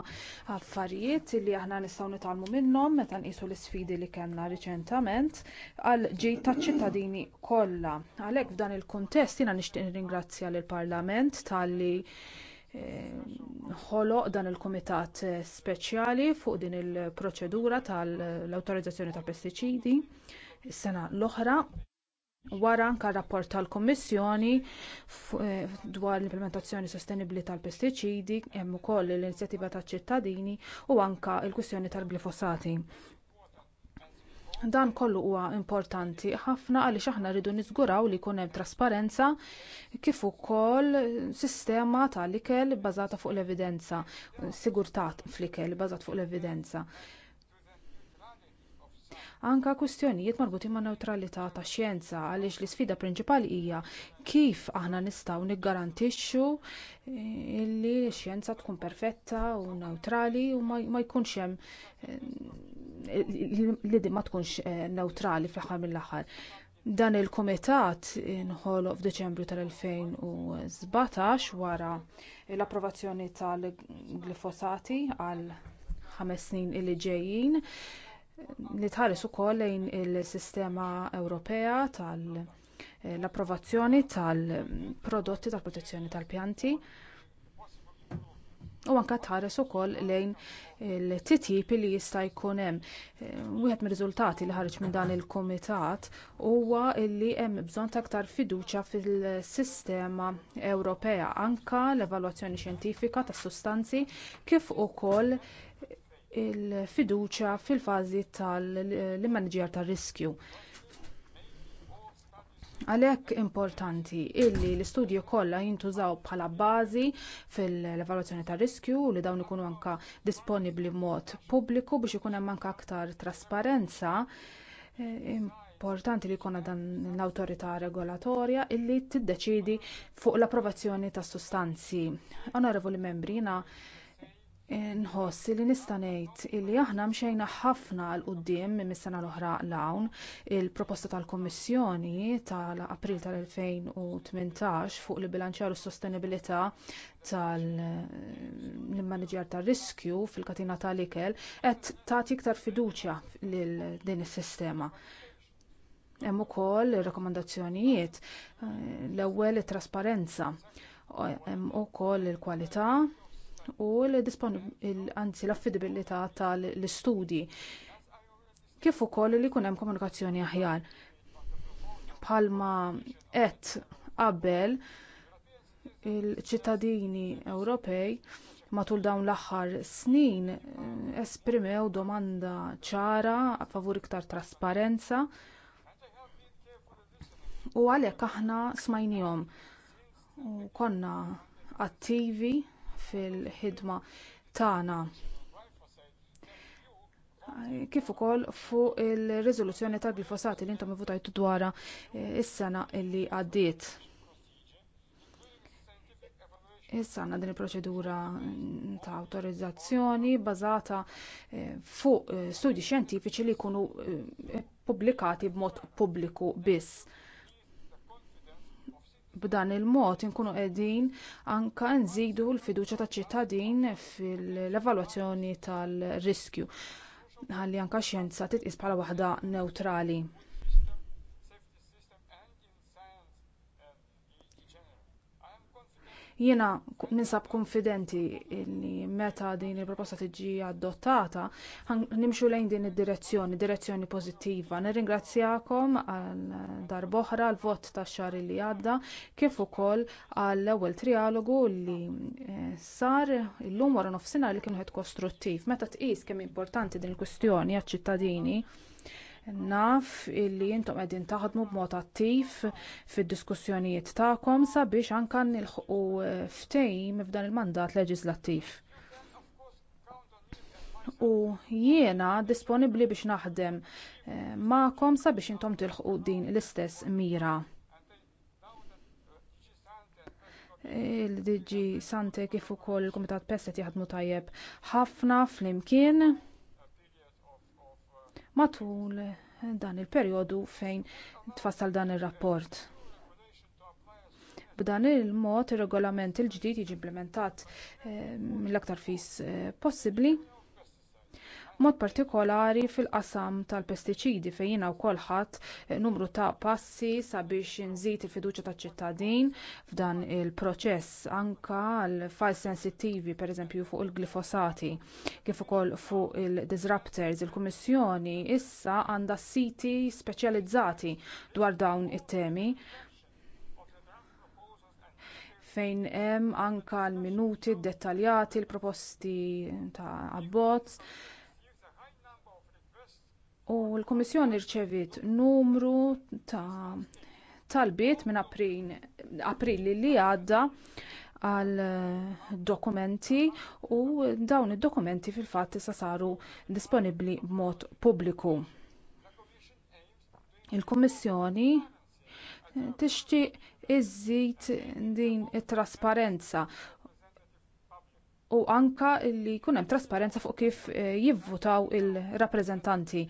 affarijiet li aħna nistgħu nitgħalmu minnhom meta nqisu l-isfidi li kellna riċentament għal ġid taċ ċittadini kollha. Għalhekk f'dan il-kuntest jiena nixtieq nirringrazzja lill-Parlament talli ħoloq dan il-kumitat speċjali fuq din il-proċedura tal-awtorizzazzjoni ta' pestiċidi sena l-oħra wara anke rapport tal-Kummissjoni eh, dwar l-implementazzjoni sostenibbli tal-pestiċidi hemm ukoll l-inizjattiva taċ-ċittadini u anke l-kwistjoni tal-glifosati. Dan kollu huwa importanti ħafna għaliex aħna rridu niżguraw li jkun hemm trasparenza kif ukoll sistema tal-ikel bbażata fuq l-evidenza, sigurtà fl-ikel bbażat fuq l-evidenza. Anke kwistjonijiet marbutin man newtralità tax xjenza għaliex l isfida prinċipali hija kif aħna nistgħu niggarantixxu li x-xjenza tkun perfetta u newtrali u ma jkunx hemm eh, l din ma tkunx eh, neutrali fl-aħħar mill-aħħar. Dan il-kumitat inħol Deċembru tal-2017 wara l-approvazzjoni tal-glifosati għal ħames snin li ġejjin li tħares ukoll lejn il-sistema Ewropea tal-approvazzjoni eh, tal-prodotti tal-protezzjoni tal-pjanti. tal protezzjoni tal pjanti u anke tħares ukoll lejn il-titjib li jista' jkun hemm. E, wieħed mir-riżultati li ħareġ minn dan il-kumitat huwa li hemm bżonn ta' aktar fiduċja fil-sistema Ewropea anke l-evalwazzjoni xjentifika tas sustanzi kif ukoll il-fiduċja fil-fażi tal-immaniġjar tar-riskju. Għalhekk importanti illi l-istudji kollha jintużaw bħala bażi fil-evalwazzjoni tar riskju li dawn ikunu anke disponibbli b'mod pubbliku biex ikun hemm anke aktar trasparenza eh, importanti li jkollna dan l-awtorità regolatorja illi tiddeċiedi fuq l-approvazzjoni ta' sustanzi. Onorevoli membri, nħoss li nista' ngħid li aħna mxejna ħafna l quddiem minn is sena l-oħra l-hawn il-proposta tal-Kummissjoni tal-April tal-2018 fuq il-bilanċjar u s-sostenibilità tal-manager tar-riskju fil-katina tal-ikel qed tagħti iktar fiduċja lil din is-sistema hemm ukoll ir-rakkomandazzjonijiet eh, l-ewwel it-trasparenza hemm ukoll il-kwalità u l-disponib, anzi l-affidibilità tal-istudji kif ukoll li jkun hemm komunikazzjoni aħjar. Bħalma qed qabel il-ċittadini Ewropej matul dawn l-aħħar snin eh, esprimew domanda ċara favur iktar trasparenza u għalhekk aħna smajnihom u konna attivi fil-ħidma tagħna kif ukoll fuq ir-riżoluzzjoni tal-glifosat li intom ivvutajtu dwarha eh, is-sena li għaddiet. Issa għandna din il-proċedura ta' awtorizzazzjoni bbażata eh, fuq eh, studji xjentifiċi li jkunu pubblikati b'mod pubbliku biss b'dan il-mod inkunu qegħdin anke nżidu l-fiduċja taċ-ċittadin fil-evalwazzjoni tal-riskju ħalli anke x-xjenza titqies bħala waħda newtrali Jiena ninsab konfidenti li meta din il-proposta tiġi adottata nimxu lejn din id-direzzjoni, direzzjoni pożittiva. Nirringrazzjakom għal darboħra l vot tax xar li għadda kif ukoll għall ewwel trialogu li eh, sar illum wara nofsinhar li kienu wieħed kostruttiv. Meta tqis kemm importanti din il-kwistjoni għaċ-ċittadini Naf illi intom qegħdin taħdmu b'mod attiv fid-diskussjonijiet tagħkom sabiex anke nilħqu eh, ftehim f'dan il-mandat leġislattiv u jiena disponibbli biex naħdem eh, magħkom sabiex intom tilħqu din l-istess mira. Il-DG Sante kif ukoll il-Kumitat Pesset jaħdmu tajjeb ħafna flimkien matul dan il-perjodu fejn tfassal dan ir-rapport. B'dan il-mod ir-regolament il-ġdid jiġi implementat eh, mill-aktar fis eh, possibbli mod partikolari fil-qasam tal-pestiċidi fejjina wkoll ħadd eh, numru ta' passi sabiex inżid il-fiduċja taċ-ċittadin f'dan il-proċess anke għal fajs sensittivi pereżempju fuq il-glifosati kif ukoll fuq il-disruptors il-kummissjoni issa għandha siti speċjalizzati dwar dawn it-temi fejn hemm anke l-minuti ddettaljati l-proposti ta' abbozz u l-Kummissjoni rċevit numru ta' talbiet minn April li għadda għal eh, dokumenti u dawn id-dokumenti fil-fatt issa saru disponibbli b'mod pubbliku. Il-Kummissjoni eh, tixtieq iżżid din it-trasparenza u anka li jkun hemm trasparenza fuq kif eh, jivvutaw il-rappreżentanti.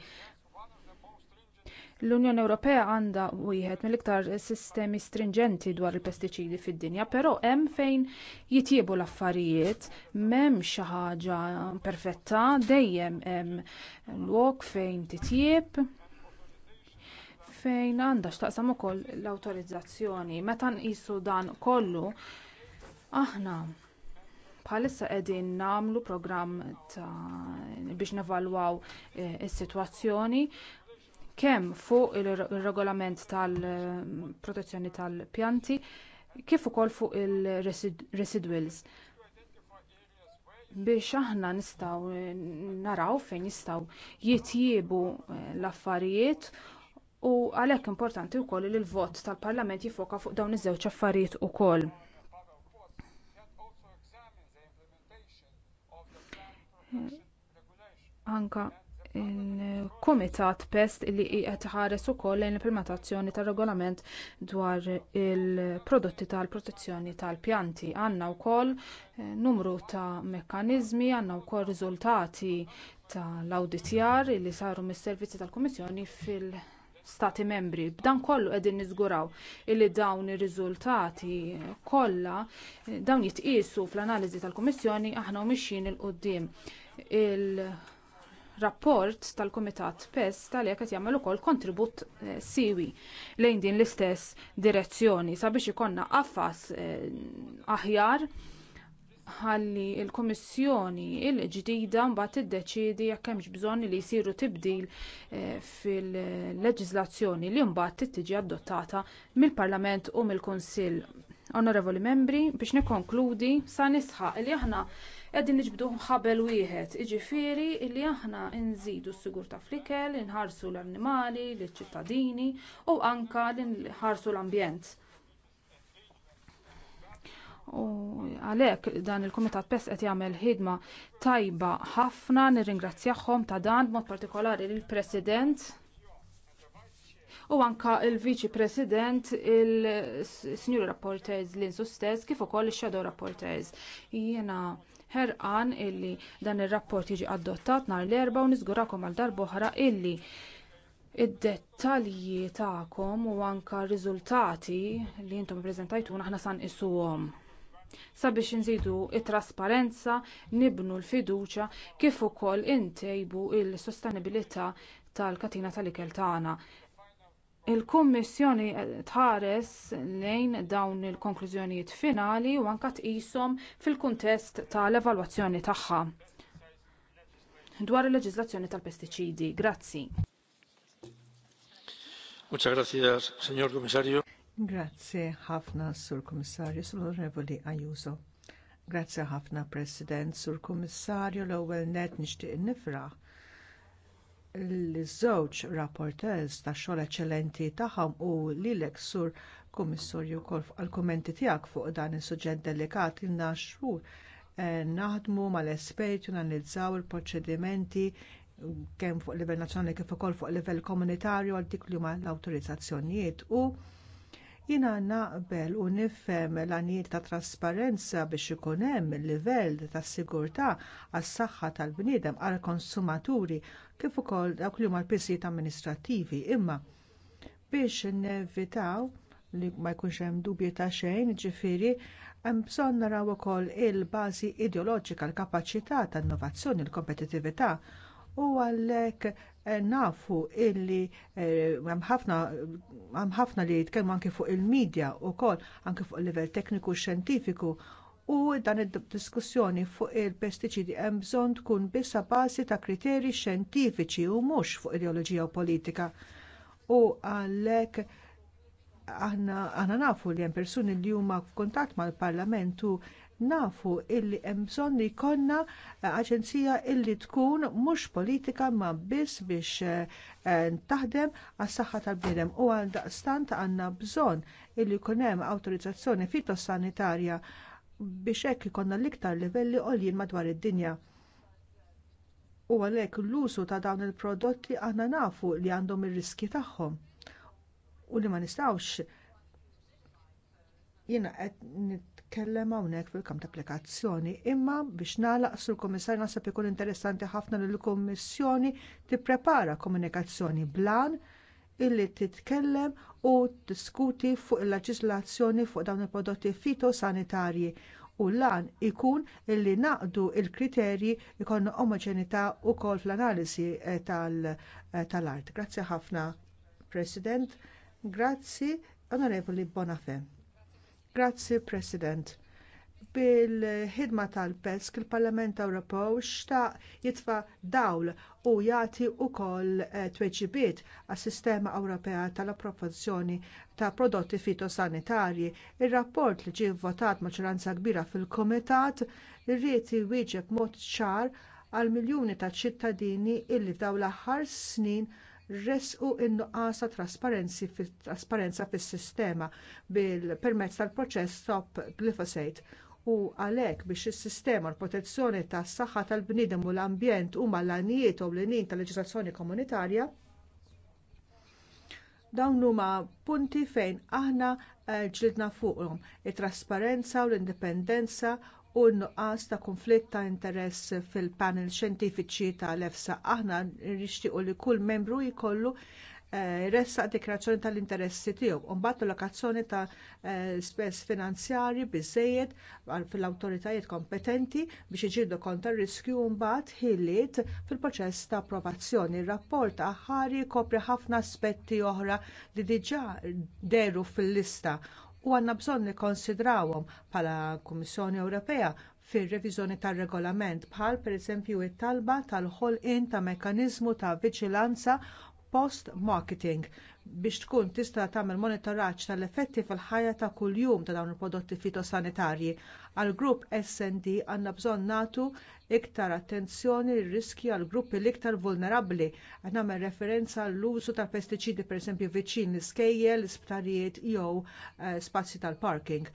L-Unjoni Ewropea għandha wieħed mill-iktar sistemi stringenti dwar il-pestiċidi fid-dinja, però hemm fejn jitjiebu l-affarijiet, m'hemm xi ħaġa perfetta, dejjem hemm lok fejn titjieb fejn għandha x'taqsam ukoll l-awtorizzazzjoni. Meta nqisu dan kollu aħna Bħalissa qegħdin nagħmlu programm biex nevalwaw eh, is-sitwazzjoni kemm fuq ir-regolament tal-protezzjoni tal-pjanti kif ukoll fuq il-residuals biex aħna nistgħu naraw fejn jistgħu jitjiebu eh, l-affarijiet u għalhekk importanti wkoll li l-vot tal-Parlament jiffoka fuq dawn iż-żewġ affarijiet ukoll anka il-Kumitat Pest li qed ħares ukoll lejn il-permatazzjoni tar-regolament dwar il-prodotti tal-protezzjoni tal-pjanti. Għandna wkoll eh, numru ta' mekkaniżmi, għandna wkoll riżultati tal-awditjar li saru mis-servizzi tal-Kummissjoni fil- stati membri b'dan kollu qegħdin niżguraw illi dawn ir-riżultati kollha eh, dawn jitqiesu fl-analiżi tal-Kummissjoni aħna mixjin il qudiem il-rapport tal-Kumitat PES tal-jek qed jagħmel ukoll kontribut eh, siwi lejn din l-istess direzzjoni sabiex ikonna qafas eh, aħjar ħalli l-Kummissjoni l-ġdida mbagħad tiddeċiedi jekk hemmx bżonn li jsiru tibdil eh, fil-leġiżlazzjoni li mbagħad tiġi adottata mill-Parlament u mill-Kunsill. Onorevoli membri, biex nikkonkludi sa nisħaq li aħna qegħdin niġbdu ħabel wieħed, jiġifieri li aħna nżidu s sigur fl flikel, inħarsu l-annimali, l ċittadini u anke nħarsu l-ambjent. U għalhekk dan il-Kumitat PES qed jagħmel ħidma tajba ħafna, nirringrazzjahom ta' dan b'mod partikolari lill-President u anka il-Viċi President il-Sinjur Rapportez l insustez kif ukoll ix-Shadow rapportez Jiena ħerqan illi dan ir-rapport jiġi adottat nhar l-erba' u niżgurakom għal darb'oħra illi id-dettalji tagħkom u anke r-riżultati li intom ippreżentajtuna aħna san isuhom sabiex inżidu t-trasparenza nibnu l-fiduċja kif ukoll intejbu l-sostenibilità tal-katina tal-ikel tagħna il-kummissjoni tħares lejn dawn il-konklużjonijiet finali u anke tqishom fil-kuntest tal-evalwazzjoni tagħha dwar il-leġiżlazzjoni tal-pestiċidi. Grazzi. Muchas gracias, señor comisario. Grazie ħafna, Sur Kummissarju, Sur Onorevoli Ajuso. Grazzi ħafna, President, Sur Kummissarju, l-ewwel net nixtieq nifraħ l-żewġ rapporters tax-xogħol eċċellenti tagħhom u lilek sur kummissarju wkoll għall-kummenti tiegħek fuq dan is-suġġett delikat ilna xhur eh, naħdmu mal-esperti nanalizzaw il-proċedimenti kemm fuq livell nazzjonali kif ukoll fuq livell komunitarju għal dik li huma l-awtorizzazzjonijiet u Jiena naqbel u nifhem l-għanijiet ta' trasparenza biex ikun hemm livell ta' sigurtà għas-saħħa tal-bniedem għall konsumaturi kif ukoll dawk li huma l pissijiet amministrattivi imma biex nevitaw li ma jkunx hemm dubji ta' xejn, ġifieri hemm bżonn naraw ukoll il-bażi ideoloġika l-kapaċità tan innovazzjoni l kompetitività u għalhekk Eh, nafu illi għam eh, ħafna li jitkellmu anke fuq il-medja wkoll anke fuq il-livell tekniku xjentifiku u dan id-diskussjoni fuq il-pestiċidi hemm bżonn tkun bissa bażi ta' kriterji xjentifiċi u mhux fuq ideoloġija u politika. U għalhekk aħna nafu li hemm persuni li huma f'kuntatt mal parlamentu nafu illi hemm bżonn li jkollna aġenzija illi tkun mhux politika ma biss biex eh, taħdem għas-saħħa tal-bniedem u għaldaqstant għandna bżonn illi jkun hemm awtorizzazzjoni fitosanitarja biex hekk ikonna l-iktar livelli għoljin madwar id-dinja. U għalhekk l-użu ta' dawn il-prodotti aħna nafu li għandhom ir-riski tagħhom u li ma nistgħux Jiena qed nitkellem hawnhekk fil-kamp ta' applikazzjoni, imma biex nagħlaq sur kummissar naħseb ikun interessanti ħafna li l-Kummissjoni tipprepara komunikazzjoni blan illi titkellem u tiskuti fuq il-leġislazzjoni fuq dawn il-prodotti fitosanitarji u lan ikun illi naqdu l il kriterji jkollna omoġenità wkoll fl-analisi eh, eh, tal-art. Grazzi ħafna, President. Grazzi, Onorevoli Bonafè. Grazzi, President. Bil-ħidma tal-PESK, il-Parlament Ewropew xta' jitfa dawl u jagħti wkoll eh, tweġibiet għas-Sistema Ewropea tal-Approvazzjoni ta' Prodotti Fitosanitarji. Ir-rapport li ġie vvotat maġġoranza kbira fil-Kumitat irrid jwieġeb mod ċar għal miljuni ta' ċittadini illi f'dawn l-aħħar snin resqu in-nuqqas ta' trasparenza fis-sistema bil-permezz tal-proċess stop glyphosate u għalhekk biex is-sistema l-protezzjoni tas-saħħa tal-bniedem u l-ambjent huma l-għanijiet u l-għanijiet tal-leġiżlazzjoni komunitarja dawn huma punti fejn aħna eh, ġlidna fuqhom it-trasparenza u l-indipendenza u n-nuqqas ta' kunflitt ta' interess fil-panel xjentifiċi tal-EFSA. Aħna nixtiequ li kull membru jkollu eh, ressa dikrazzjoni tal-interessi tiegħu u mbagħad lokazzjoni ta' eh, spess finanzjarji biżżejjed fil-awtoritajiet kompetenti biex iġidu kontra riskju mbagħad ħiliet fil-proċess ta' approvazzjoni. Ir-rapport aħħari jkopri ħafna aspetti oħra li diġà deru fil-lista u għandna bżonn nikkonsidrawhom bħala Kummissjoni Ewropea fir-reviżjoni tar-regolament bħal pereżempju t talba tal-ħolqien ta' mekkaniżmu ta' viġilanza post-marketing biex tkun tista' tagħmel monitoraġġ tal-effetti fil-ħajja ta' kuljum ta' dawn il-prodotti fitosanitarji. Għal grupp SD għandna bżonn nagħtu iktar attenzjoni lir riski għal gruppi l-iktar vulnerabbli. Qed nagħmel referenza għall-użu tal pestiċidi pereżempju viċin l-iskejjel, l-isptarijiet jew eh, spazji tal-parking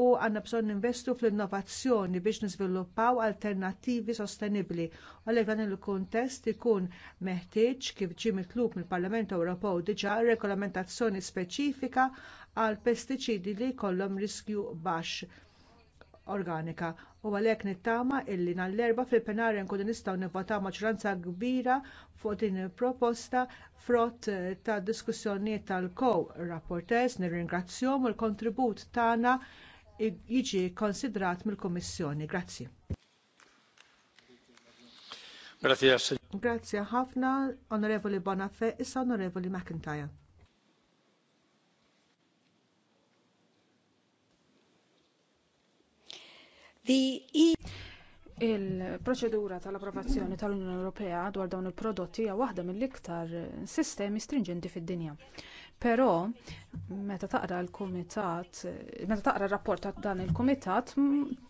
u għandna bżonn ninvestu fl-innovazzjoni biex niżviluppaw alternattivi sostenibbli. Għalhekk dan il-kuntest ikun meħtieġ kif ġie mitlub mill-Parlament Ewropew diġà regolamentazzjoni speċifika għal pestiċidi li jkollhom riskju baxx organika u għalhekk nittama illi nall-erba fil-penarja nkunu nistgħu nivvotaw maġranza kbira fuq din il-proposta frott ta' diskussjonijiet tal-kow rapportez nirringrazzjom u l-kontribut tagħna jiġi konsidrat mill-Kummissjoni. Grazzi. Grazzi ħafna, Onorevoli Bonafè, issa Onorevoli McIntyre. E- Il-proċedura tal-approvazzjoni tal-Unjoni Ewropea dwar dawn il-prodotti hija waħda mill-iktar sistemi stringenti fid-dinja. Però meta taqra l-kumitat, meta taqra r-rapport ta' dan il-kumitat,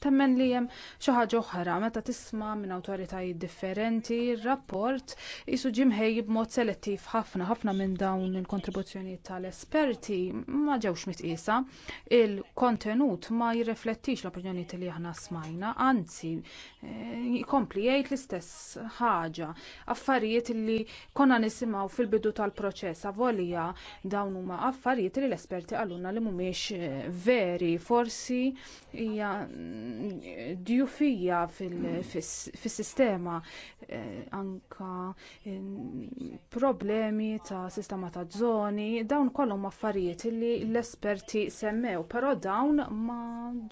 temmen li hemm xi ħaġa oħra meta tisma' minn awtoritajiet differenti, r-rapport isu ġimħej b'mod selettiv ħafna ħafna minn dawn il-kontribuzzjonijiet tal-esperti ma ġewx mitqisa. Il-kontenut ma jirreflettix l opinjoni li aħna smajna, anzi eh, jkompli jgħid l-istess ħaġa, affarijiet li konna nisimgħu fil-bidu tal-proċess avolija dawn huma affarijiet li l-esperti għalluna li mhumiex eh, veri, forsi hija mm, djufija fis-sistema eh, anka eh, problemi ta' sistema ta' żoni, dawn kollhom affarijiet li l-esperti semmew, però dawn ma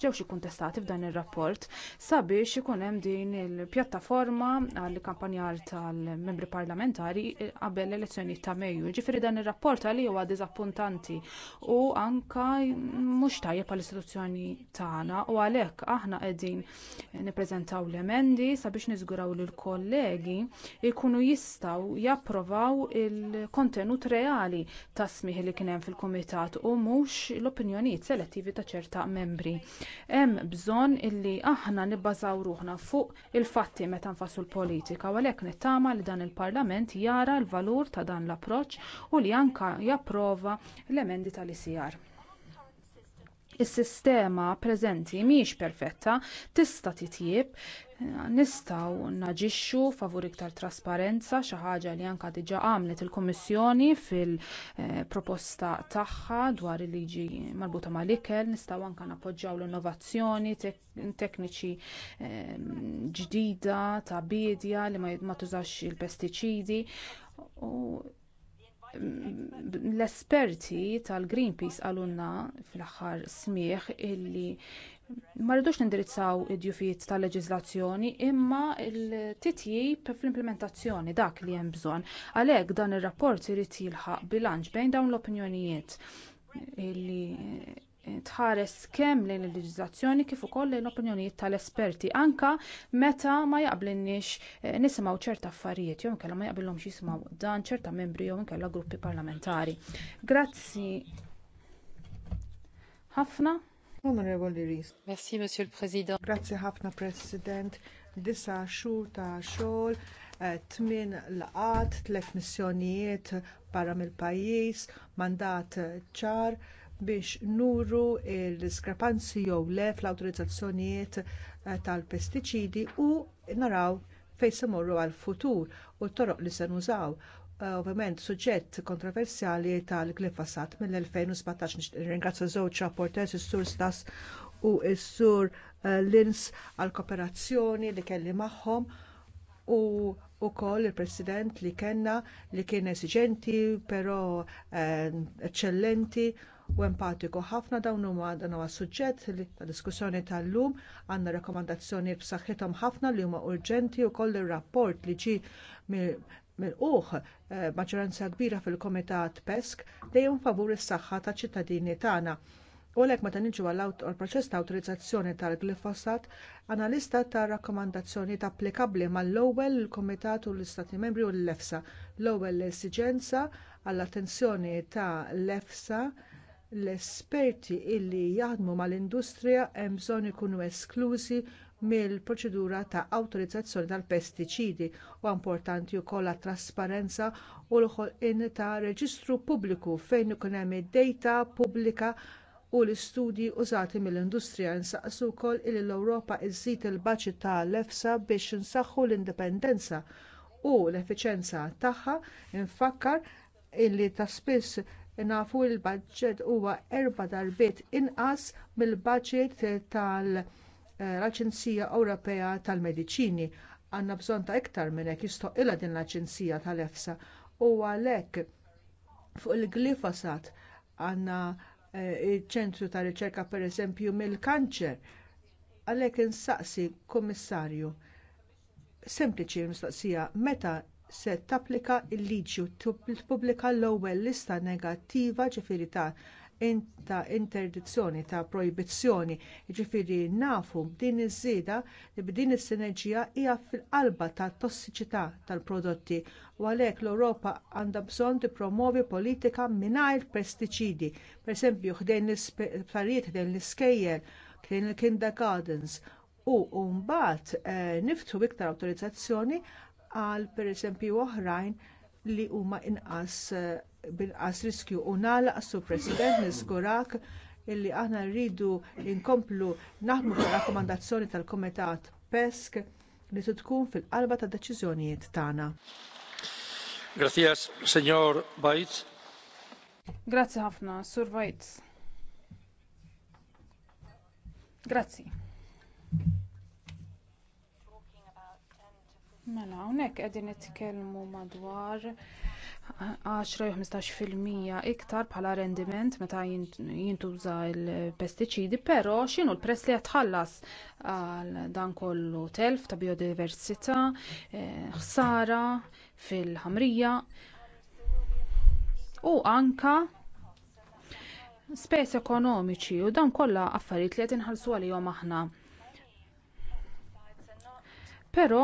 ġewx ikkuntestati f'dan ir-rapport sabiex ikun hemm din il-pjattaforma għall-kampanjar tal-membri parlamentari qabel l-elezzjoni ta' Mejju. Ġifieri dan ir-rapport għalli huwa diżappuntanti u anke mhux tajjeb għall istituzzjoni tagħna u għalhekk aħna qegħdin nippreżentaw l-emendi sabiex niżguraw li l-kollegi jkunu jistgħu japprovaw il-kontenut reali ta' smih li kien hemm fil-kumitat u mhux l-opinjonijiet selettivi ta' ċerta membri. Hemm bżonn illi aħna nibbażaw ruħna fuq il-fatti meta nfassu l-politika u għalhekk nittama li dan il-Parlament jara l-valur ta' dan l-approċċ u li anke japprova l-emendi vendita tal Is-sistema preżenti mhix perfetta, tista' titjib, nistgħu naġixxu favur iktar trasparenza xi ħaġa li anke diġà għamlet il-Kummissjoni fil-proposta eh, tagħha dwar il-liġi marbuta mal-ikel, nistgħu anke nappoġġjaw l-innovazzjoni tekniċi eh, ġdida ta' bidja li ma tużax il-pestiċidi l-esperti tal-Greenpeace għalunna fl-aħħar smieħ illi ma rridux nindirizzaw id-djufijiet tal-leġiżlazzjoni imma l-titjib fl-implementazzjoni dak li hemm bżonn għalhekk dan ir-rapport irid jilħaq bilanċ bejn dawn l-opinjonijiet illi tħares kemm lejn il-leġiżlazzjoni kif ukoll lejn opinjonijiet tal-esperti anke meta ma jaqblinniex eh, nisimgħu ċerta affarijiet jew inkella ma jaqbilhomx jisimgħu dan ċerta membri jew inkella gruppi parlamentari. Grazzi ħafna. Onorevoli Ries. Merci, Monsieur le ħafna, President. Disa xhur ta' xogħol, eh, tmien laqat, tliet missjonijiet barra mill-pajjiż, mandat ċar biex nuru l diskrepanzi jew le fl-awtorizzazzjonijiet eh, tal-pestiċidi u naraw fejn se morru għall futur u t-toroq li se nużaw. Eh, ovvjament suġġett kontroversjali tal-glifosat mill-2017 ringrazzja żewġ rapporters is-sur Stas u s-sur eh, Lins għall kooperazzjoni li kelli magħhom u wkoll il-President li kellna li kien esiġenti però eċċellenti u empatiku ħafna dawn huma dan huwa suġġett ta' diskussjoni tal-lum għandna rakkomandazzjonijiet b'saħħithom ħafna li huma urġenti wkoll ir-rapport li ġie mill-uħ eh, maġġoranza kbira fil-Komitat Pesk dejjem favur is-saħħa taċ ċittadini tagħna. U għalhekk meta niġu għall proċess ta' awtorizzazzjoni tal-glifosat, analista ta' rakkomandazzjonijiet applikabbli mal-ewwel il-Komitat u l-Istati Membri u l-EFSA. L-ewwel l-esiġenza għall-attenzjoni ta' l-EFSA l-esperti illi jaħdmu mal-industrija hemm bżonn ikunu esklużi mill-proċedura ta' awtorizzazzjoni tal-pestiċidi u importanti wkoll għat-trasparenza u l-ħolqien ta' reġistru pubbliku fejn ikun hemm id-dejta pubblika u l-istudji użati mill-industrija nsaqsu wkoll li l-Ewropa żżid il-baġit tal-EFSA biex insaħħu l-indipendenza u l effiċjenza tagħha infakkar illi ta' spiss nafu l budget huwa erba darbiet inqas mill-budget tal-Aġenzija eh, Ewropea tal-Mediċini. Għandna bżonn ta' iktar minn hekk jistoqilha din l-Aġenzija tal-EFSA u għalhekk fuq il-glifosat għandna eh, ċentru ta' riċerka pereżempju mill-kanċer. Għalhekk insaqsi, Kummissarju, sempliċi mistoqsija meta se tapplika l-liġi tippubblika l-ewwel lista negattiva ġifieri ta' ta' interdizzjoni ta' projbizzjoni, jiġifieri nafu b'din iż-żieda li b'din is-sinerġija hija fil-qalba tat tossiċità tal-prodotti u għalhekk l-Ewropa għandha bżonn tippromovi politika mingħajr pestiċidi, pereżempju ħdejn l-isparijiet ħdejn l-iskejjel, ħdejn il-kindergardens u mbagħad eh, niftu iktar awtorizzazzjoni għal pereżempju oħrajn li huma inqas eh, binqas riskju u nagħlaq su President niskurak illi aħna rridu nkomplu naħdmu fuq rakkomandazzjoni tal-Kumitat PESK li tkun fil-qalba tad deċiżjonijiet tagħna. Gracias, Senjor Bajt. Grazzi ħafna, Sur Bajt. Grazzi. Mela, hawnhekk qegħdin nitkellmu madwar 10-15 fil-mija iktar bħala rendiment meta jintuża l-pestiċidi, però x'inhu l press li jatħallas għal dan kollu telf ta' biodiversità, eh, ħsara fil-ħamrija u anka spejs ekonomiċi u dan kolla affarijiet li qed inħallsu għalihom aħna. Però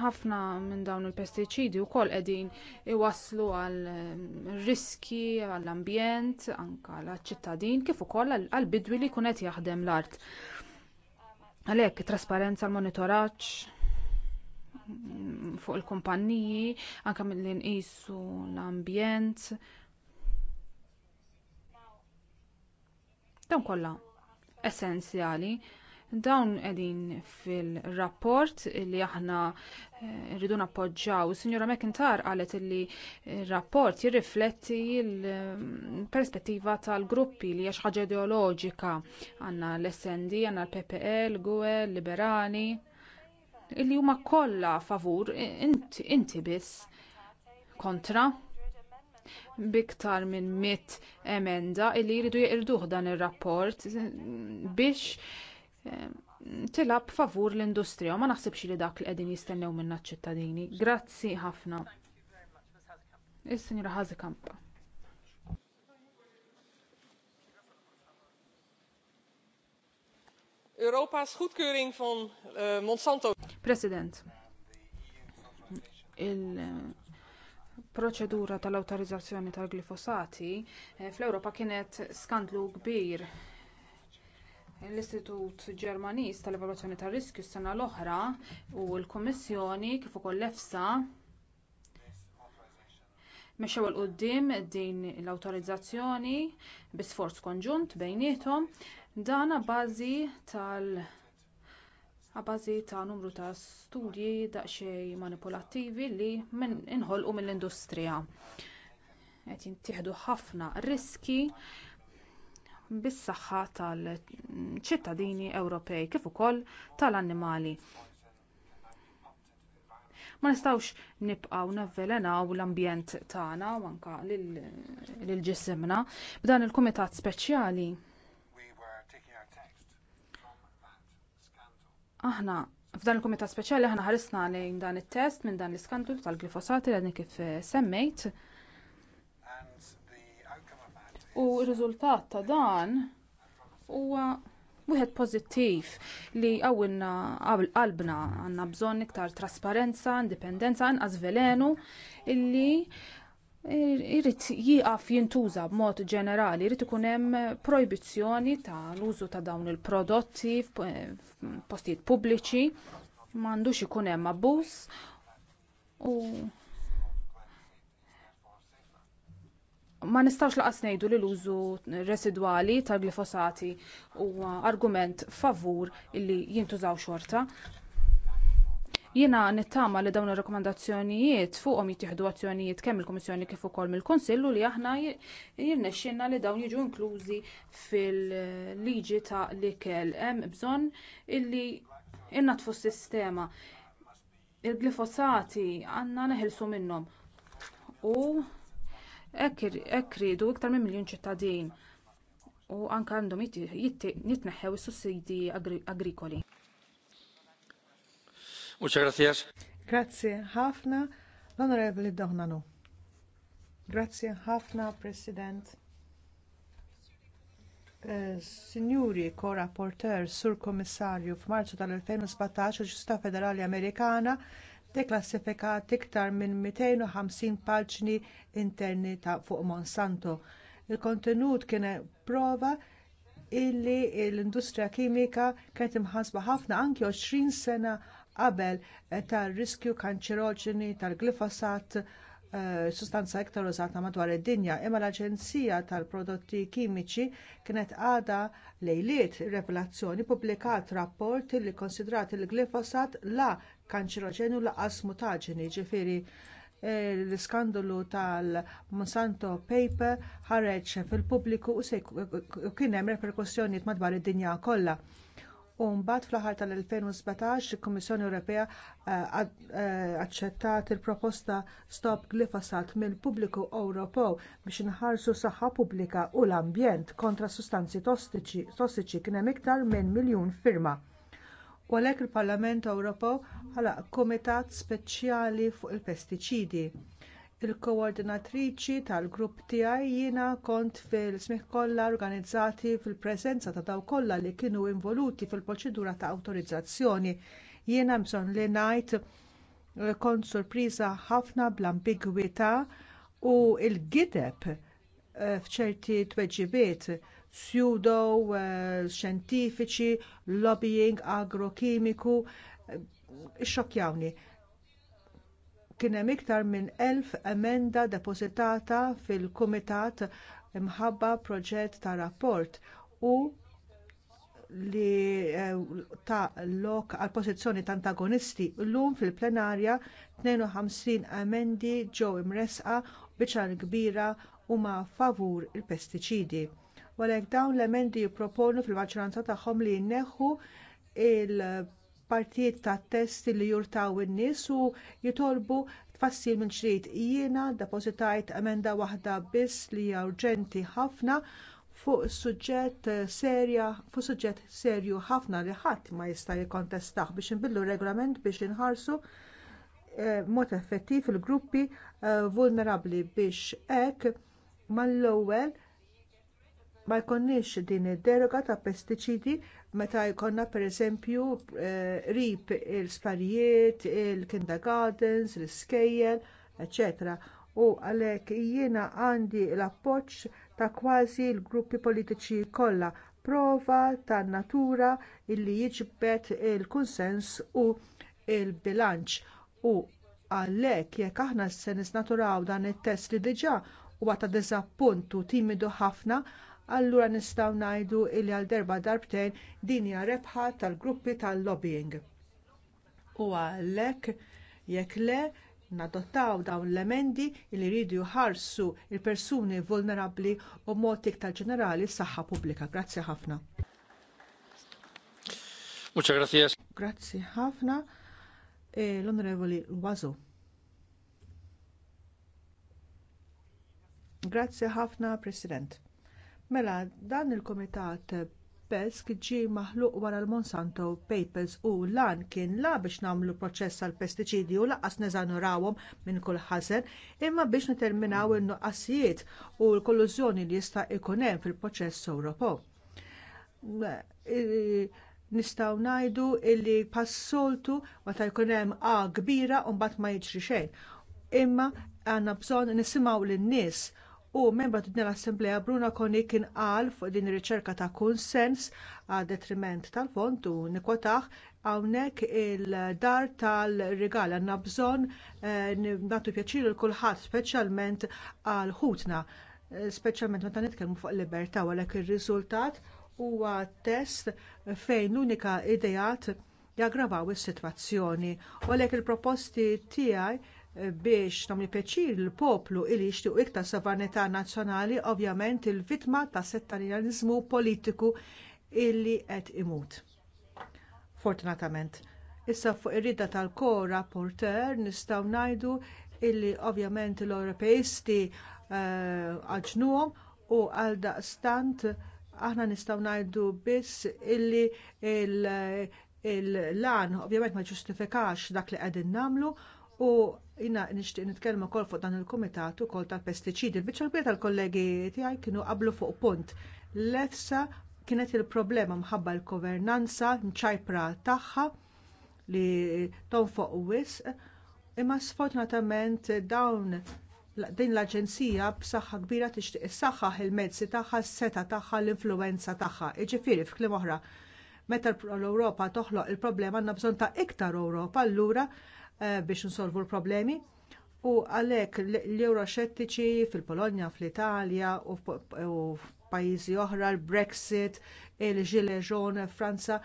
ħafna minn dawn il-pestiċidi wkoll qegħdin iwasslu għal eh, riski għall-ambjent, anke għall-ċittadin, kif ukoll għall-bidwi li jkun qed jaħdem l-art. Għalhekk trasparenza l-monitoraġġ mm, fuq il-kumpanniji, anke milli nqisu l-ambjent. Dawn kollha essenzjali Dawn qegħdin fil-rapport li aħna eh, rridu nappoġġaw. Sinjora McIntyre qalet li r-rapport jirrifletti l-perspettiva tal-gruppi li hija ħagġa ħaġa ideoloġika. Għandna l-SND, għandna l ppl l-GUE, liberali illi huma kollha favur inti, biss kontra biktar minn 100 emenda illi jridu jirduħ dan ir-rapport biex tilab favur l-industrija u ma naħsibx li dak li qegħdin jistennew minna ċ-ċittadini. Grazzi ħafna. Is-Sinjura Ħażikampa. Europa's goedkeuring van uh, Monsanto. President, il-proċedura tal-autorizzazzjoni tal-glifosati eh, fl-Europa kienet skandlu kbir l-Istitut Ġermaniż tal-Evalwazzjoni tar-Riskju s-sena l-oħra u l-Kummissjoni kif ukoll l-EFSA mexxew il quddiem din l-awtorizzazzjoni bi sforz konġunt bejniethom dan bażi tal bażi ta' numru ta' studji daqsxejn manipulattivi li inħolqu mill-industrija qed jintieħdu ħafna riski bis-saħħa tal-ċittadini Ewropej kif ukoll tal-annimali. Ma nistgħux nibqgħu navvelenaw l-ambjent tagħna u anke lil ġisimna b'dan il-kumitat speċjali. Aħna f'dan il-kumitat speċjali aħna ħarisna lejn dan it-test minn dan l-iskandlu tal glifosati li kif eh, semmejt u r-riżultat ta' dan huwa wieħed pożittiv li għawilna qalbna għandna bżonn iktar trasparenza, indipendenza, anqas velenu illi irrid jieqaf jintuża b'mod ġenerali, irrid ikun hemm projbizzjoni ta' l-użu ta' dawn il-prodotti f'postijiet pubbliċi, m'għandux ikun hemm abbuż u ma nistax laqas ngħidu li l-użu residwali tal-glifosati huwa argument favur illi jintużaw xorta. Jiena nittama li dawn ir-rakkomandazzjonijiet fuqhom jittieħdu azzjonijiet kemm il-Kummissjoni kif ukoll mill-Kunsill u li aħna jirnexxinna li dawn jiġu inklużi fil-liġi ta' l-ikel hemm bżonn illi innatfu s-sistema. Il-glifosati għandna neħilsu minnhom u hekk iridu iktar minn miljun ċittadin u anke għandhom jitneħħew is-sussidji agrikoli. Muchas gracias. Grazie ħafna l-Onorevoli Dohnanu. Grazie ħafna President. Eh, Sinjuri ko porter, sur Kommissarju f'Marzu tal-2017 il-Ġustizja Federali Amerikana deklassifikat iktar minn 250 paġni interni ta' fuq Monsanto. Il-kontenut kien prova illi l-industrija kimika kienet imħasba ħafna anki 20 sena qabel ta' riskju kanċeroġeni tal-glifosat Eh, sustanza iktar użata madwar id-dinja, imma l-Aġenzija tal-Prodotti Kimiċi kienet għadha lejliet revelazzjoni publikat rapport li konsidrat il-glifosat la kanċeroġenu laqas mutaġeni ġifiri eh, l-iskandalu tal-Monsanto Paper ħareġ fil-pubbliku u kien hemm reperkussjonijiet madwar id-dinja kollha U mbagħad fl-aħħar tal-2017 il-Kummissjoni Ewropea eh, eh, aċċettat il-proposta Stop Glyphosate mill-Pubbliku Ewropew biex inħarsu saħħa pubblika u l-ambjent kontra sustanzi tossiċi kien hemm iktar minn miljun firma. U għalhekk il-Parlament Ewropew ħalaq Kumitat Speċjali fuq il-Pestiċidi il-koordinatriċi tal-grupp tiegħi jiena kont fil-smih kollha organizzati fil-preżenza ta' dawk kollha li kienu involuti fil-proċedura ta' awtorizzazzjoni. Jiena bżonn li ngħid eh, kont surpriża ħafna bl-ambigwità u l gideb eh, f'ċerti tweġibiet pseudo eh, xjentifiċi, lobbying agrokimiku, xokjawni kien hemm iktar minn elf emenda depożitata fil-kumitat imħabba proġett ta' rapport u li eh, ta' lok għal pożizzjoni ta' antagonisti llum fil-plenarja 52 emendi ġew imresqa biċa kbira huma favur il-pestiċidi. Walek dawn l-emendi jipproponu fil-maġġoranza tagħhom li jneħħu il- partijiet tat test li jurtaw in-nies u jitolbu tfassil minn ġrid. Jiena depożitajt emenda waħda biss li hija urġenti ħafna fuq suġġett serja fuq suġġett serju ħafna li ħadd ma jista' jikkontestah biex inbillu regolament biex inħarsu eh, mod effettiv il-gruppi eh, vulnerabbli biex hekk mal-ewwel ma jkunniex din id-deroga ta' pestiċidi meta jkollna pereżempju qrib eh, il-sparijiet, il-kindergardens, l-iskejjel, etc. U għalhekk jiena għandi l-appoġġ ta' kważi l-gruppi politiċi kollha prova ta' natura illi jiġbed il-kunsens u l bilanċ u għalhekk jekk aħna se nisnaturaw dan it-test li diġà huwa ta' diżappuntu timidu ħafna allura nistgħu ngħidu li għal darba darbtejn din hija rebħa tal-gruppi tal-lobbying. U għalhekk jekk le nadottaw dawn l-emendi li jridu jħarsu l persuni vulnerabbli u mod iktar ġenerali s-saħħa pubblika. Grazzi ħafna. Muchas gracias. Grazzi ħafna e, l-Onorevoli Wazu. Grazzi ħafna, President. Mela, dan il kumitat pesk ġie maħluq wara l-Monsanto Papers u lan kien la biex nagħmlu proċess għall pestiċidi u lanqas neżanurawhom minn kull ħażen imma biex niterminaw in-nuqqasijiet u l-kollużjoni li jista' jkun hemm fil-proċess Ewropew. Mela, Nistgħu ngħidu li passoltu meta jkun hemm A kbira u mbagħad ma jiġri xejn. Imma għandna bżonn nisimgħu lin-nies u membra ta' din l-Assemblea Bruna Koni kien qal fuq din ir-riċerka ta' konsens għad detriment tal-fond u nikotaħ hawnhekk il-dar tal-rigal għandna bżonn eh, natu nagħtu pjaċir il kulħadd speċjalment għal ħutna eh, speċjalment meta nitkellmu fuq libertà għalhekk ir-riżultat huwa test fejn l-unika idejat jaggravaw is-sitwazzjoni. U għalhekk il-proposti tiegħi biex nam peċir l-poplu il jixtiequ iktar sovranità nazzjonali ovvjament il vittma ta' settarianizmu politiku illi qed imut. Fortunatament. Issa fuq ir-rida tal-kora porter nistgħu ngħidu illi ovvjament l ewropejisti eh, għaġnuhom u għaldaqstant aħna nistgħu ngħidu biss illi l lan ovvjament ma ġustifikax dak li qegħdin nagħmlu u jina nixtieq nitkellmu kol fuq dan il-kumitat ukoll tal-pestiċidi. il l bieta tal-kollegi tiegħi kienu qablu fuq punt. L-EFSA kienet il-problema mħabba l-governanza mċajpra tagħha li tonfoq wisq imma sfortunatament dawn din l-aġenzija b'saħħa kbira tixtieq issaħħaħ il-mezzi tagħha, s-seta tagħha, l-influwenza tagħha. Jiġifieri f'kliem oħra, meta l-Ewropa toħloq il-problema għandna bżonn ta' iktar Ewropa allura Eh, biex nsolvu l-problemi. U għalhekk l-euroxettiċi fil-Polonja, fl-Italja u f'pajjiżi oħra, l-Brexit, il-Gilet Franza,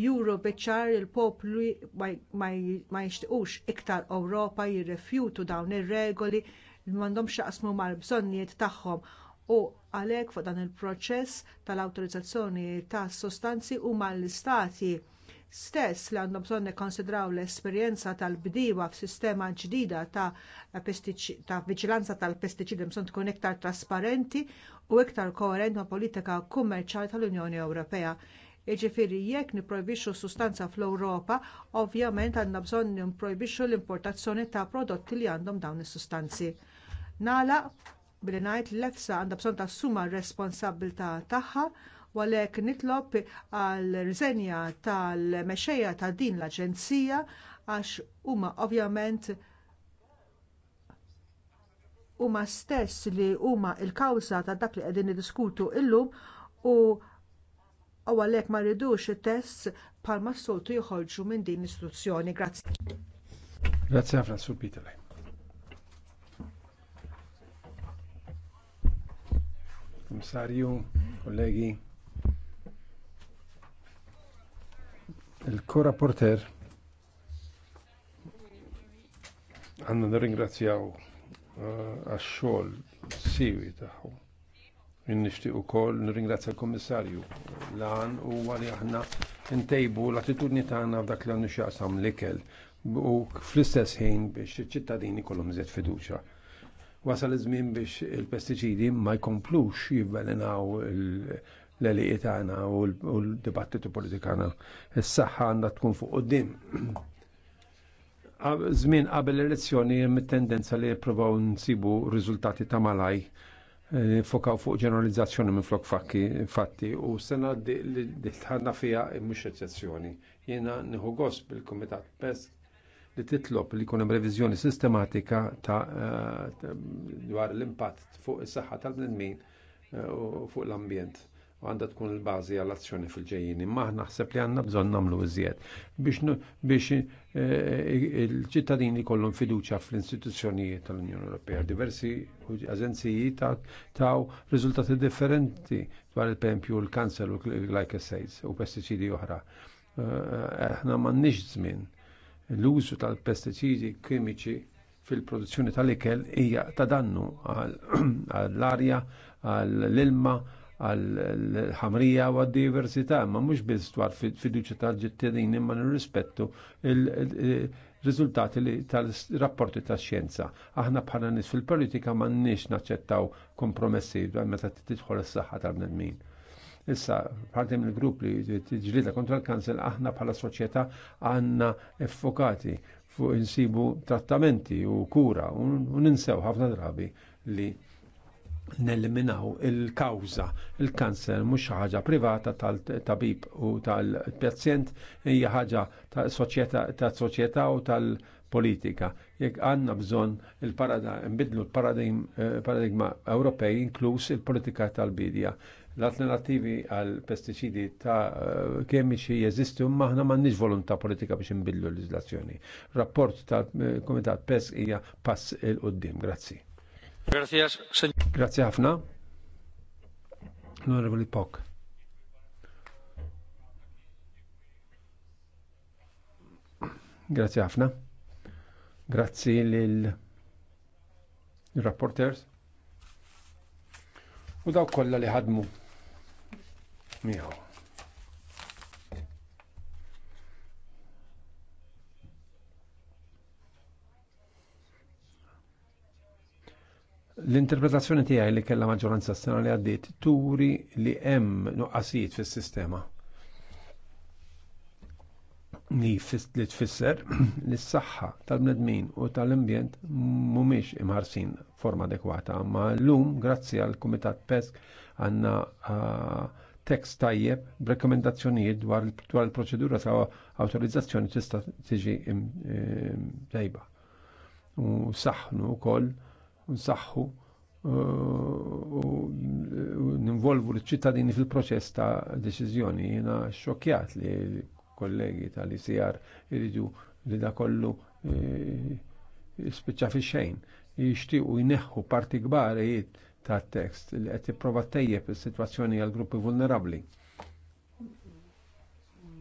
juru biċar il-poplu ma jixtiequx iktar Ewropa jirrifjutu dawn ir-regoli li m'għandhomx jaqsmu mal-bżonnijiet tagħhom u għalhekk fuq dan il-proċess tal-awtorizzazzjoni tas sostanzi huma l istati stess li għandhom bżonn nikkonsidraw l-esperjenza tal-bdiewa f'sistema ġdida ta', ta viġilanza tal-pestiċidi bżonn tkun iktar trasparenti u iktar koerenti ma' politika kummerċjali tal-Unjoni Ewropea. Jiġifieri jekk nipprojbixxu sustanza fl-Ewropa, ovvjament għandna bżonn nipprojbixxu l-importazzjoni ta' prodotti li għandhom dawn is-sustanzi. Nala billi ngħid l-EFSA għandha bżonn tassuma r-responsabbiltà tagħha ta għalek nitlob għal riżenja tal-mexxejja ta' din l-aġenzija għax huma ovvjament huma stess li huma l kawża ta' dak li qegħdin niddiskutu llum u għalhekk ma rridux it-test bħalma s-soltu joħorġu minn din l-istituzzjoni. Grazzi. Grazzi ħafna, Sur Komissarju, kollegi, il kura porter għanna nirringrazzjaw eh, għax xol siwi taħu tagħhom. u kol nirringrazzja l l-għan u għali aħna ntejbu l-attitudni taħna f'dak li għandu xaqsam l-ikel u fl-istess ħin biex ċittadini kolom zed fiduċa. Wasal iż-żmien biex il-pestiċidi ma jkomplux jivvelenaw il- l-eliqi tagħna u l-dibattitu politikana. Is-saħħa għandha tkun fuq quddiem. Żmien qabel l elezzjoni hemm tendenza li jippruvaw nsibu riżultati ta' malaj eh, fokaw fuq ġeneralizzazzjoni minn flok fatti u sena li tħanna fija mhux eċċezzjoni. Jiena nieħu gost bil-Kumitat Pes li titlob li jkun hemm reviżjoni sistematika ta' eh, dwar l-impatt fuq is-saħħa tal-bnedmin eh, u fuq l-ambjent U għandha tkun il-bażi għall-azzjoni fil-ġejjin. Imma naħseb li għandna bżonn nagħmlu iżjed biex eh, eh, il-ċittadini kollhom fiduċja fl-istituzzjonijiet tal-Unjoni Ewropea. Diversi aġenziji taw riżultati differenti dwar il-pempju l-kanser u l-glycosides u pestiċidi oħra. Eh, aħna nix żmien l-użu tal-pestiċidi kimiċi fil-produzzjoni tal-ikel hija ta' dannu għall-arja, għall-ilma, għall arja għall ilma għal-ħamrija u għal diversità ma mux biz dwar fiduċa tal-ġittadini imma nirrispettu il-rizultati tal-rapporti tal xjenza. Aħna bħala nis fil-politika ma nix naċċettaw kompromessi dwar meta titħol is-saħħa tal-bnedmin. Issa, parti mill grupp li tiġlida kontra l-kanser, aħna bħala soċjetà għanna effokati fuq insibu trattamenti u kura u ninsew ħafna drabi li neliminaw il-kawża. Il-kanser mhux ħaġa privata tal-tabib u tal-pazjent, hija ħaġa tal soċjetà u tal-politika. Jekk għandna bżon il-paradigma nbidlu l-paradigma eh, Ewropej inkluż il-politika tal-bidja. L-alternativi għal pestiċidi ta' eh, kemiċi jeżistu maħna m'għandniex volontà politika biex nbidlu l-leġislazzjoni. Rapport tal-Komitat eh, PES hija pass il-qoddim. Grazzi. Grazie ħafna. L-Onorevoli Pok. Grazie ħafna. Grazie lil rapporters u daw kollha li ħadmu miegħu. L-interpretazzjoni tiegħi li kellha maġġoranza s-sena li għaddiet turi li hemm nuqqasijiet fis-sistema li li tfisser li s-saħħa tal-bnedmin u tal-ambjent mhumiex imħarsin forma adekwata. Ma llum grazzi għal Kumitat Pesk għandna tekst tajjeb b'rekkomendazzjonijiet dwar il-proċedura ta' awtorizzazzjoni tista' tiġi tajba. U saħħnu wkoll nsaħħu uh, u ninvolvu l-ċittadini fil-proċess ta' deċiżjoni. Jiena xokjat li kollegi tal-ICR iridu li da kollu uh, spiċċa fi xejn. Jixtiequ jneħħu parti kbarijiet ta' tekst li qed tipprova tejjeb is-sitwazzjoni għal gruppi vulnerabbli.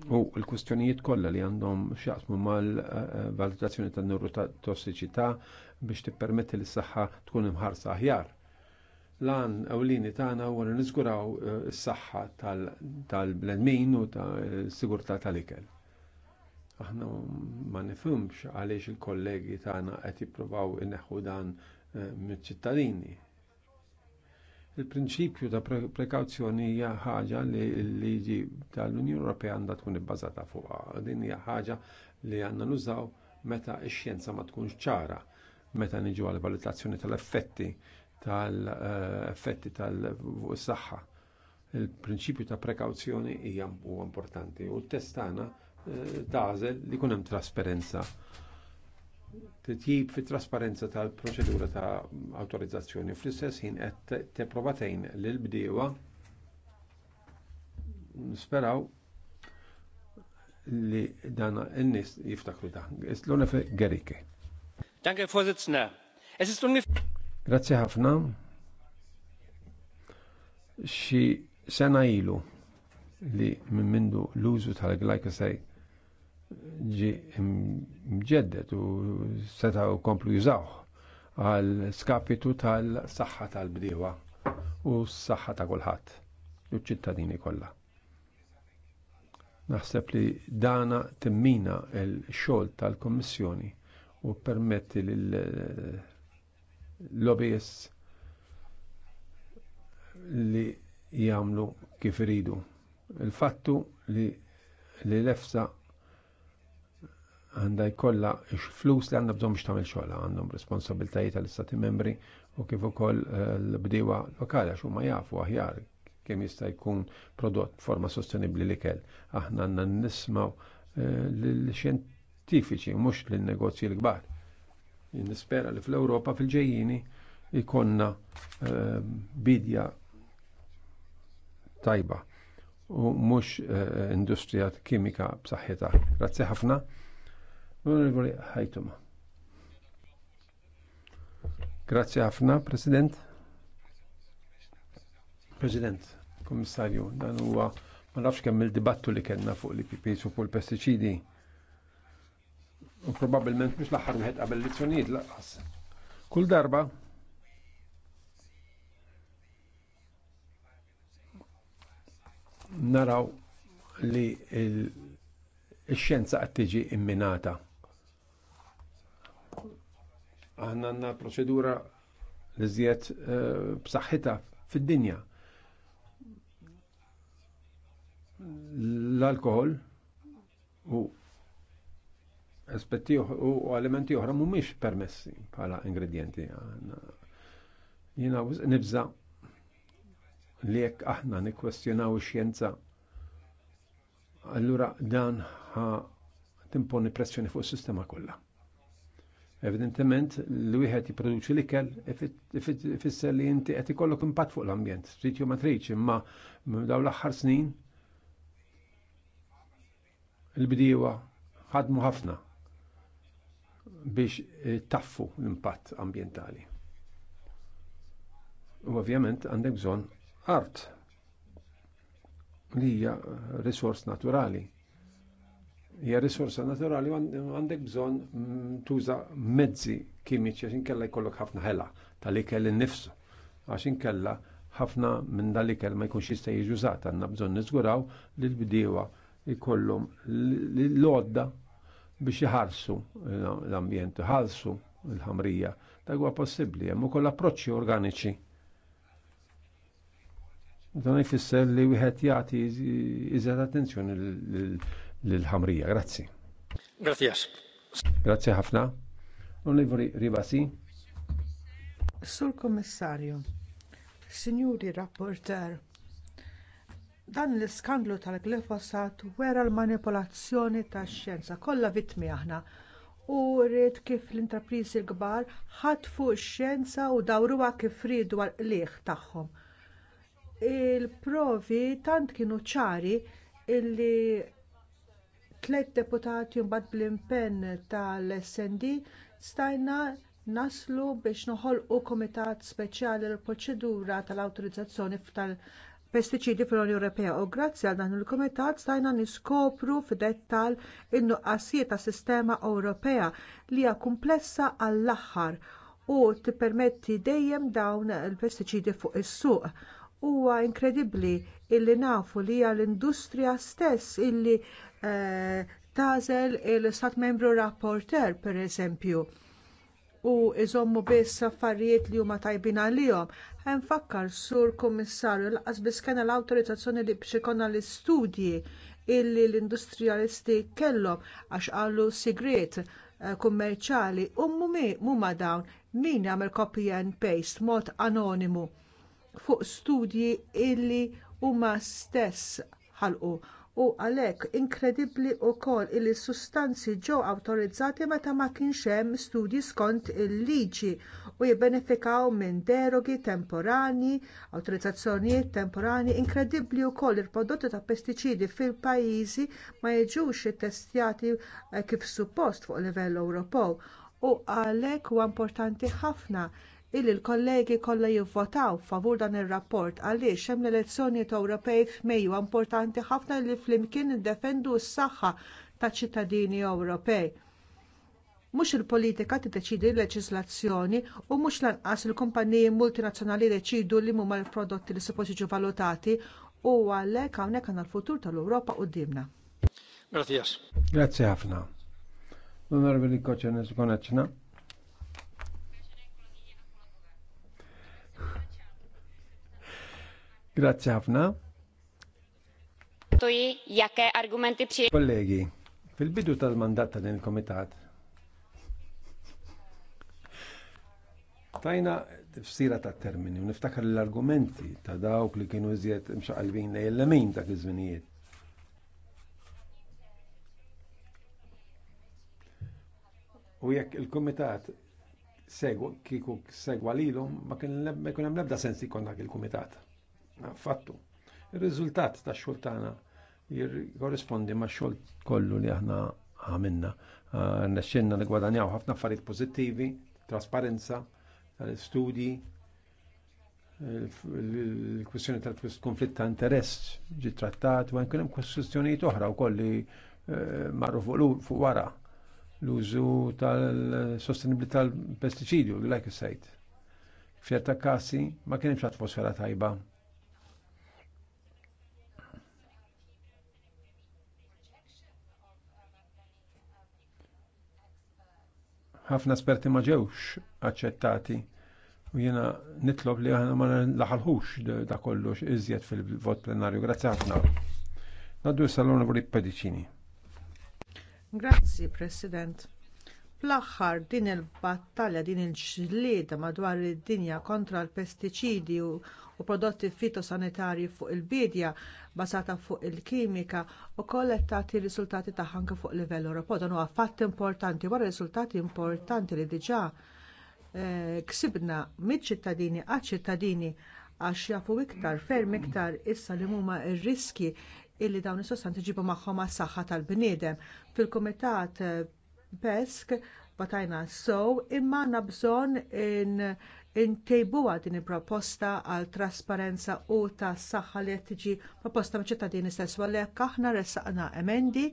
U l-kustjonijiet kollha li għandhom x'jaqsmu mal-valutazzjoni uh, tan-neurotossiċità, ta biex tippermetti li s-saħħa tkun imħarsa aħjar. Lan ewlieni tagħna wara niżguraw is-saħħa eh, tal bledmin u tas-sigurtà tal-ikel. Aħna ma nifhimx għaliex il-kollegi tagħna qed jippruvaw inneħħu dan eh, mit ċittadini Il-prinċipju ta' prekawzjoni hija ħaġa li l-liġi tal-Unjoni Ewropea għandha tkun ibbażata fuqha. Din hija ħaġa li għandna nużaw meta x-xjenza ma tkunx ċara meta niġu għal valutazzjoni tal-effetti tal-effetti eh, tal-saħħa. Il-prinċipju ta' prekawzjoni hija huwa importanti u t-testana eh, tażel li kun hemm trasparenza. Titjib fit trasparenza tal-proċedura ta' awtorizzazzjoni fl-istess ħin qed teprovatejn lil bdiewa nisperaw li dan in-nies jiftakru dan. l Gerike. Grazie ħafna. Xi sena ilu li minn mindu l-użu tal-glyphosate ġi mġeddet u seta u komplu jużawh għal skapitu tal-saħħa tal-bdiewa u s-saħħa ta' kulħadd u ċittadini kollha. Naħseb li dana timmina l-xogħol tal-Kommissjoni u permetti l-lobbyist eh, li jagħmlu kif iridu. Il-fattu li l-efsa għandha jkollha flus li għanda bżom biex xoħla xogħla, għandhom responsabiltajiet tal-istati membri u kif ukoll eh, l bdiwa lokali għax ma jafu aħjar kemm jista' jkun prodott forma sostenibbli li kell. Aħna għandna nismaw eh, l xent xjentifiċi mhux lin-negozji l-kbar. Nispera li fl-Ewropa fil-ġejjini ikonna eh, bidja tajba u mhux eh, industrija kimika b'saħħitha. Grazzi ħafna. Onorevoli ħajtuma. Grazzi ħafna, President. President, Kommissarju, dan huwa ma nafx kemm il-dibattu li kellna fuq l-IPP fuq il-pestiċidi. U probabbilment mhux l-aħħar wieħed qabel lezzjonijiet laqqas. Kull darba naraw li l xjenza qed tiġi imminata. Aħna għandna proċedura li żjed eh, b'saħħitha fid-dinja. L-alkohol u aspetti u elementi oħra mhumiex permessi bħala ingredienti. Jiena nibża li jekk aħna nikkwestjonaw ix-xjenza allura dan ha timponi pressjoni fuq is-sistema kollha. Evidentement, li wieħed jipproduċi l-ikel ifisser li inti qed ikollok impatt fuq l-ambjent. Trid jew ma tridx, imma dawn l-aħħar snin il-bdiewa ħadmu ħafna biex eh, taffu l-impatt ambientali. U ovvjament għandek bżonn art li hija risors naturali. Hija risorsa naturali għandek bżonn mm, tuża mezzi kimiċi għax inkella jkollok ħafna ħela tal-ikel innifsu għax inkella ħafna minn dal-ikel ma jkunx jista' jiġużat għandna bżonn niżguraw li l-bdiewa jkollhom l-għodda biex jħarsu l-ambjent, ħarsu l-ħamrija. ta' għu possibbli, hemm ukoll approċċi organiċi. Dan jfisser li wieħed jagħti iżgħat attenzjoni lill-ħamrija. Grazzi. Grazzjas. Grazzi ħafna. Onorevoli Rivasi. Sur Kommissarju, Signori Rapporter, dan l-iskandlu tal-glifosat wera l-manipolazzjoni tax-xjenza kollha vittmi aħna u rrid kif l-intrapriżi l-kbar ħatfu x-xjenza u dawruha kif ridu għal qlieħ tagħhom. Il-provi tant kienu ċari illi tliet deputati mbagħad bl-impenn tal-SND stajna naslu biex noħolqu kumitat speċjali l proċedura tal-awtorizzazzjoni tal pestiċidi fl-Unjoni Ewropea u grazzi għal dan il-Kumitat stajna niskopru f'dettal in-nuqqasijiet ta' sistema Ewropea li hija komplessa għall-aħħar u tippermetti dejjem dawn il-pestiċidi fuq is-suq. Huwa inkredibbli illi nafu li hija l-industrija stess illi eh, tażel il-Stat Membru Rapporter pereżempju u iżommu biss affarijiet li huma tajbin għalihom. Hemm fakkar sur kummissarju laqas biss kena l-awtorizzazzjoni li biex ikollna l-istudji illi l-industrijalisti kellhom għax qalu sigriet eh, kummerċjali u dawn min jagħmel copy and paste mod anonimu fuq studji illi huma stess ħalqu u għalhekk inkredibbli wkoll li s sustanzi ġew awtorizzati meta ma kienx hemm studji skont il-liġi u jibbenefikaw minn derogi temporani, awtorizzazzjonijiet temporani, inkredibbli wkoll il-prodotti ta' pestiċidi fil-pajjiżi ma jiġux ittestjati eh, kif suppost fuq livell Ewropew u għalhekk huwa importanti ħafna illi l-kollegi kollha jivvotaw favur dan ir-rapport għaliex hemm l-elezzjonijiet Ewropej f'Mejju importanti ħafna li flimkien niddefendu s-saħħa taċ ċittadini Ewropej. Mhux il-politika tiddeċidi l-leġiżlazzjoni u mhux lanqas il-kumpaniji multinazzjonali deċidu li huma l-prodotti li suppost jiġu valutati u għalhekk hawnhekk għandna l-futur tal-Ewropa qudiemna. Grazie. Grazie ħafna. L-Onorevoli Koċenes Konaċna. Grazzi ħafna. Tuji, jakke argumenti bċi. Kollegi, fil-bidu tal-mandat ta' din il-komitat, tajna tifsira ta' termini, u niftakar l-argumenti ta' dawk li kienu iżjed mxaqalbin li jellemin ta' kizminijiet. U jekk il-komitat segwa, kiku segwa lilu ma kien hemm lebda sensi konna il-komitat fattu. Il-riżultat ta' xogħol tagħna jirkorrispondi ma' xogħol kollu li aħna għamilna. Ah, Nexxinna nigwadanjaw ħafna affarijiet pożittivi, trasparenza, studi, il kwistjoni tal-konflitt ta' interess ġi trattat, u għan hemm kwestjonijiet oħra wkoll kolli eh, marru fuq wara l-użu tal-sostenibilità tal-pestiċidju, l-glyphosate. F'ċerta kasi ma kienx atmosfera tajba ħafna esperti ma ġewx aċċettati u jiena nitlob li aħna ma laħalħux da kollox iżjed fil-vot plenarju. Grazzi ħafna. Naddu s-salon voli pedicini. Grazzi, President. Fl-aħħar din il-battalja, din il-ġlieda madwar id-dinja kontra l-pestiċidi u u prodotti fitosanitarji fuq il-bidja basata fuq il-kimika u kollet tagħti riżultati tagħha anke fuq livell Ewropew. Dan huwa fatt importanti wara riżultati importanti li diġà eh, ksibna mid-ċittadini għaċ-ċittadini għax jafu iktar ferm iktar issa li huma r riskji illi dawn is-sostanti ġibu magħhom għas-saħħa tal-bniedem. Fil-kumitat eh, pesk batajna sow imma għandna bżonn intejbuha din il-proposta għal trasparenza u tas saħħa li qed tiġi proposta ma' ċittadini stess għalhekk aħna ressaqna emendi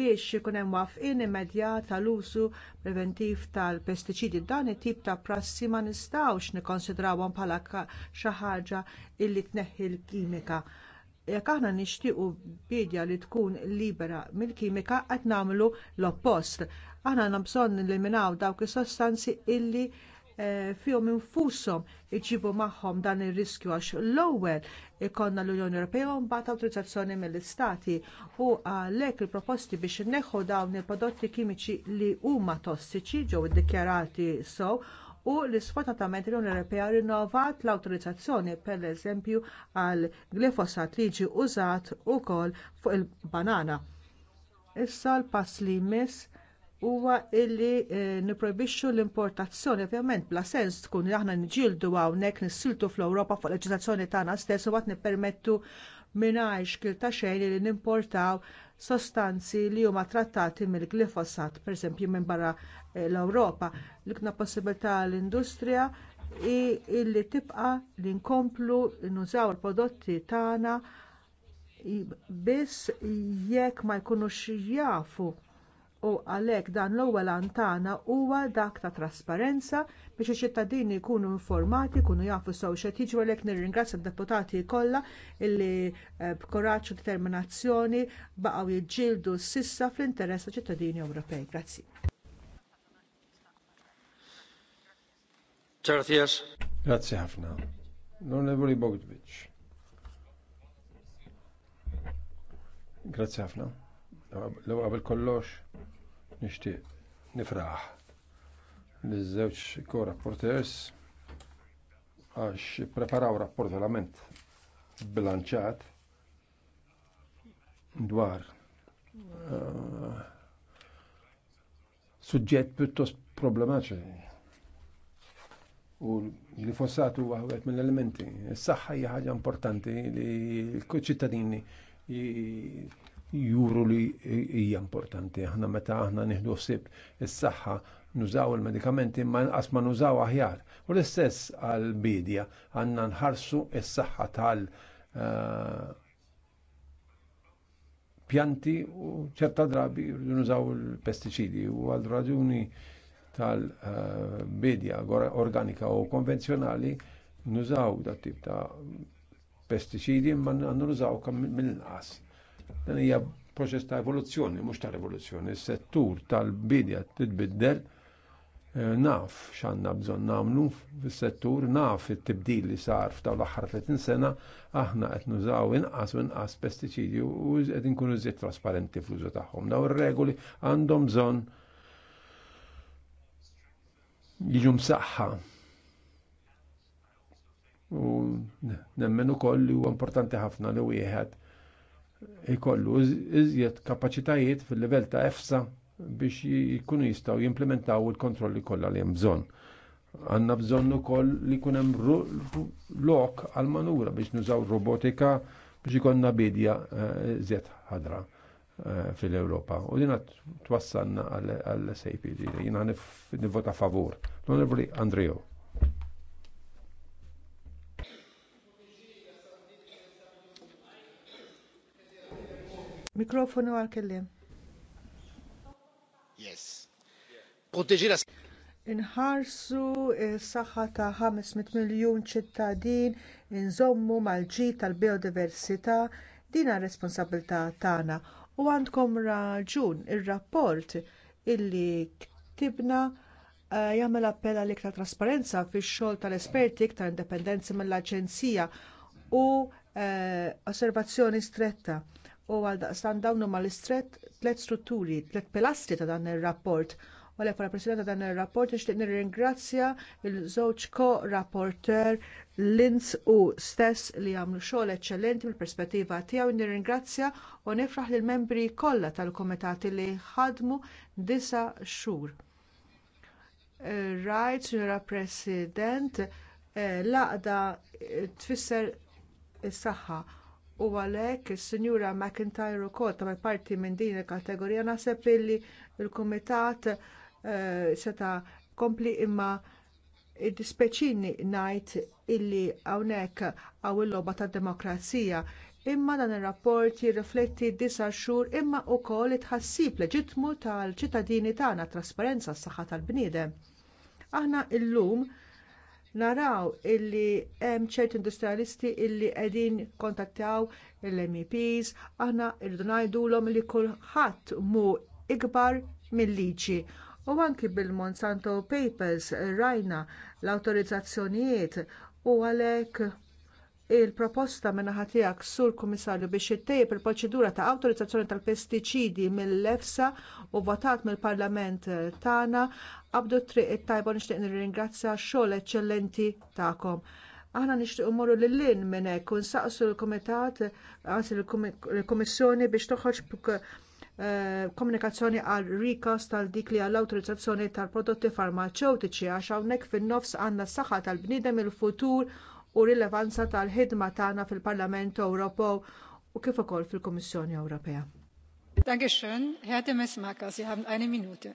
biex ikun hemm wafqin immedjat tal-użu preventiv tal-pestiċidi dan it-tip ta' prassi ma nistgħux nikkonsidrawhom bħala xi ħaġa li tneħħi l-kimika. Jekk aħna nixtiequ bidja li tkun libera mill-kimika qed nagħmlu l-oppost. Aħna bżonn nilliminaw dawk is-sostanzi illi Eh, fihom infushom iġibu magħhom dan ir-riskju għax l-ewwel ikonna l-Unjoni Ewropea mbagħad awtorizzazzjoni mill-istati u għalhekk il-proposti biex inneħħu dawn il-prodotti kimiċi li huma tossiċi ġew iddikjarati sew u l-isfortatament l-Unjoni Ewropea rinnovat l-awtorizzazzjoni pereżempju għall glifosat li jiġi użat ukoll fuq il-banana. Issa l-pass li jmiss huwa illi eh, nipprojbixxu l-importazzjoni ovvjament bla sens tkun li aħna niġieldu hawnhekk nissiltu fl-Ewropa fuq leġiżlazzjoni tagħna stess u qatt nippermettu mingħajr xkil ta' xejn li nimportaw sostanzi li huma trattati mill-glifosat, pereżempju minn barra eh, l-Ewropa. li ikna possibilità l-industrija i illi tibqa li nkomplu nużaw il-prodotti tagħna biss jekk ma jkunux jafu u għalhekk dan l-ewwel tagħna huwa dak ta' trasparenza biex iċ-ċittadini jkunu informati, jkunu jafu sew xed jiġu għalhekk nirringrazzja d-deputati kollha illi eh, b'koraġġ u determinazzjoni baqgħu jiġġieldu sissa fl-interess ta' ċittadini Ewropej. Grazzi. Grazzi ħafna. L-Onorevoli Bogdvich. Grazie ħafna l qabel kollox nixtieq nifraħ li żewġ ko-rapporters għax preparaw rapport verament bilanċat dwar uh, suġġett pjuttost problematiċi. U li fossatu huwa wieħed mill-elementi. Is-saħħa hija ħaġa importanti li l-ċittadini juru li hija importanti. Aħna meta aħna nieħdu ħsieb is-saħħa nużaw il-medikamenti imma nqas ma nużaw aħjar. U l-istess għall bidja għandna nħarsu s saħħa tal- eh, pjanti u ċerta drabi nużaw il-pesticidi u għal raġuni tal-bidja eh, organika u konvenzjonali nużaw dat tip ta' pesticidi imma għandu nużaw mill-inqas Dan hija proċess ta' evoluzzjoni, mhux ta' rivoluzzjoni. Is-settur tal-bidja titbiddel eh, naf x'għandna bżonn nagħmlu fis-settur, naf it-tibdil li sar f'daw l-aħħar 30 sena, aħna qed nużaw inqas u inqas pestiċidi u qed inkunu żied trasparenti fl-użu tagħhom. Daw ir-regoli għandhom bżonn jiġu msaħħa u nemmen ukoll li huwa importanti ħafna li wieħed ikollu iżjed kapaċitajiet fil-livell ta' EFSA biex jikunu jistaw jimplementaw il-kontrolli kollha li hemm bżonn. Għandna bżonn ukoll li jkun hemm lok għal manura biex nużaw robotika biex ikonna bidja eh, iżjed ħadra eh, fil-Europa. U dina twassanna għall-SAP, jina nivvota favur. L-Onorevoli Mikrofonu għal-kellim. Yes. Proteġi la Inħarsu s-saħħa ta' 500 miljun ċittadin inżommu mal-ġi tal-biodiversità din responsabilità tagħna u għandkom raġun ir-rapport illi ktibna eh, jagħmel appella l iktar trasparenza fix-xogħol tal-esperti iktar indipendenzi mill-aġenzija u eh, osservazzjoni stretta u għal għaldaqstant dawn huma l-istret tliet strutturi, tliet pilastri ta' dan ir-rapport. U għalhekk bħala President ta' dan ir-rapport nixtieq nirringrazzja l-żewġ ko-rapporter Linz u stess li għamlu xogħol eċċellenti mill-perspettiva tiegħu nirringrazzja u nifraħ lill membri kollha tal-kumitati li ħadmu disa xhur. Right, Signora President, eh, laqda eh, tfisser is-saħħa u għalhekk is-Sinjura McIntyre ukoll tagħmel parti minn din il-kategorija naħseb illi l-Kumitat il uh, eh, seta kompli imma id-dispeċini ngħid illi hawnhekk għaw il-logħba tad-demokrazija imma dan ir-rapport jirrifletti disa' xhur imma wkoll it-tħassib leġittmu tal-ċittadini tagħna trasparenza s-saħħa tal-bniedem. Aħna llum naraw illi hemm ċert industrialisti illi qegħdin kontattaw l-MEPs, aħna rridu ngħidulhom li kulħadd mu ikbar mill-liġi. U anki bil-Monsanto Papers rajna l-awtorizzazzjonijiet u għalhekk il-proposta minna tiegħek, sur komissarju biex ittejjeb il-proċedura ta' awtorizzazzjoni tal-pestiċidi mill-EFSA u votat mill-Parlament tagħna qabdu triq it-tajba nixtieq nirringrazzja x-xogħol eċċellenti tagħkom. Aħna nixtieq mmorru lil lin minn hekk u nsaqsu l-Kumitat anzi l-Kummissjoni biex toħroġ eh, komunikazzjoni għal rikas tal dik li għall awtorizzazzjoni tal-prodotti farmaceutiċi għax hawnhekk fin-nofs għandna s-saħħa tal-bniedem il-futur u rilevanza tal-ħidma tagħna fil-Parlament Ewropew u kif ukoll fil-Kummissjoni Ewropea. Dankeschön, Herr de Messmacher, Sie haben eine Minute.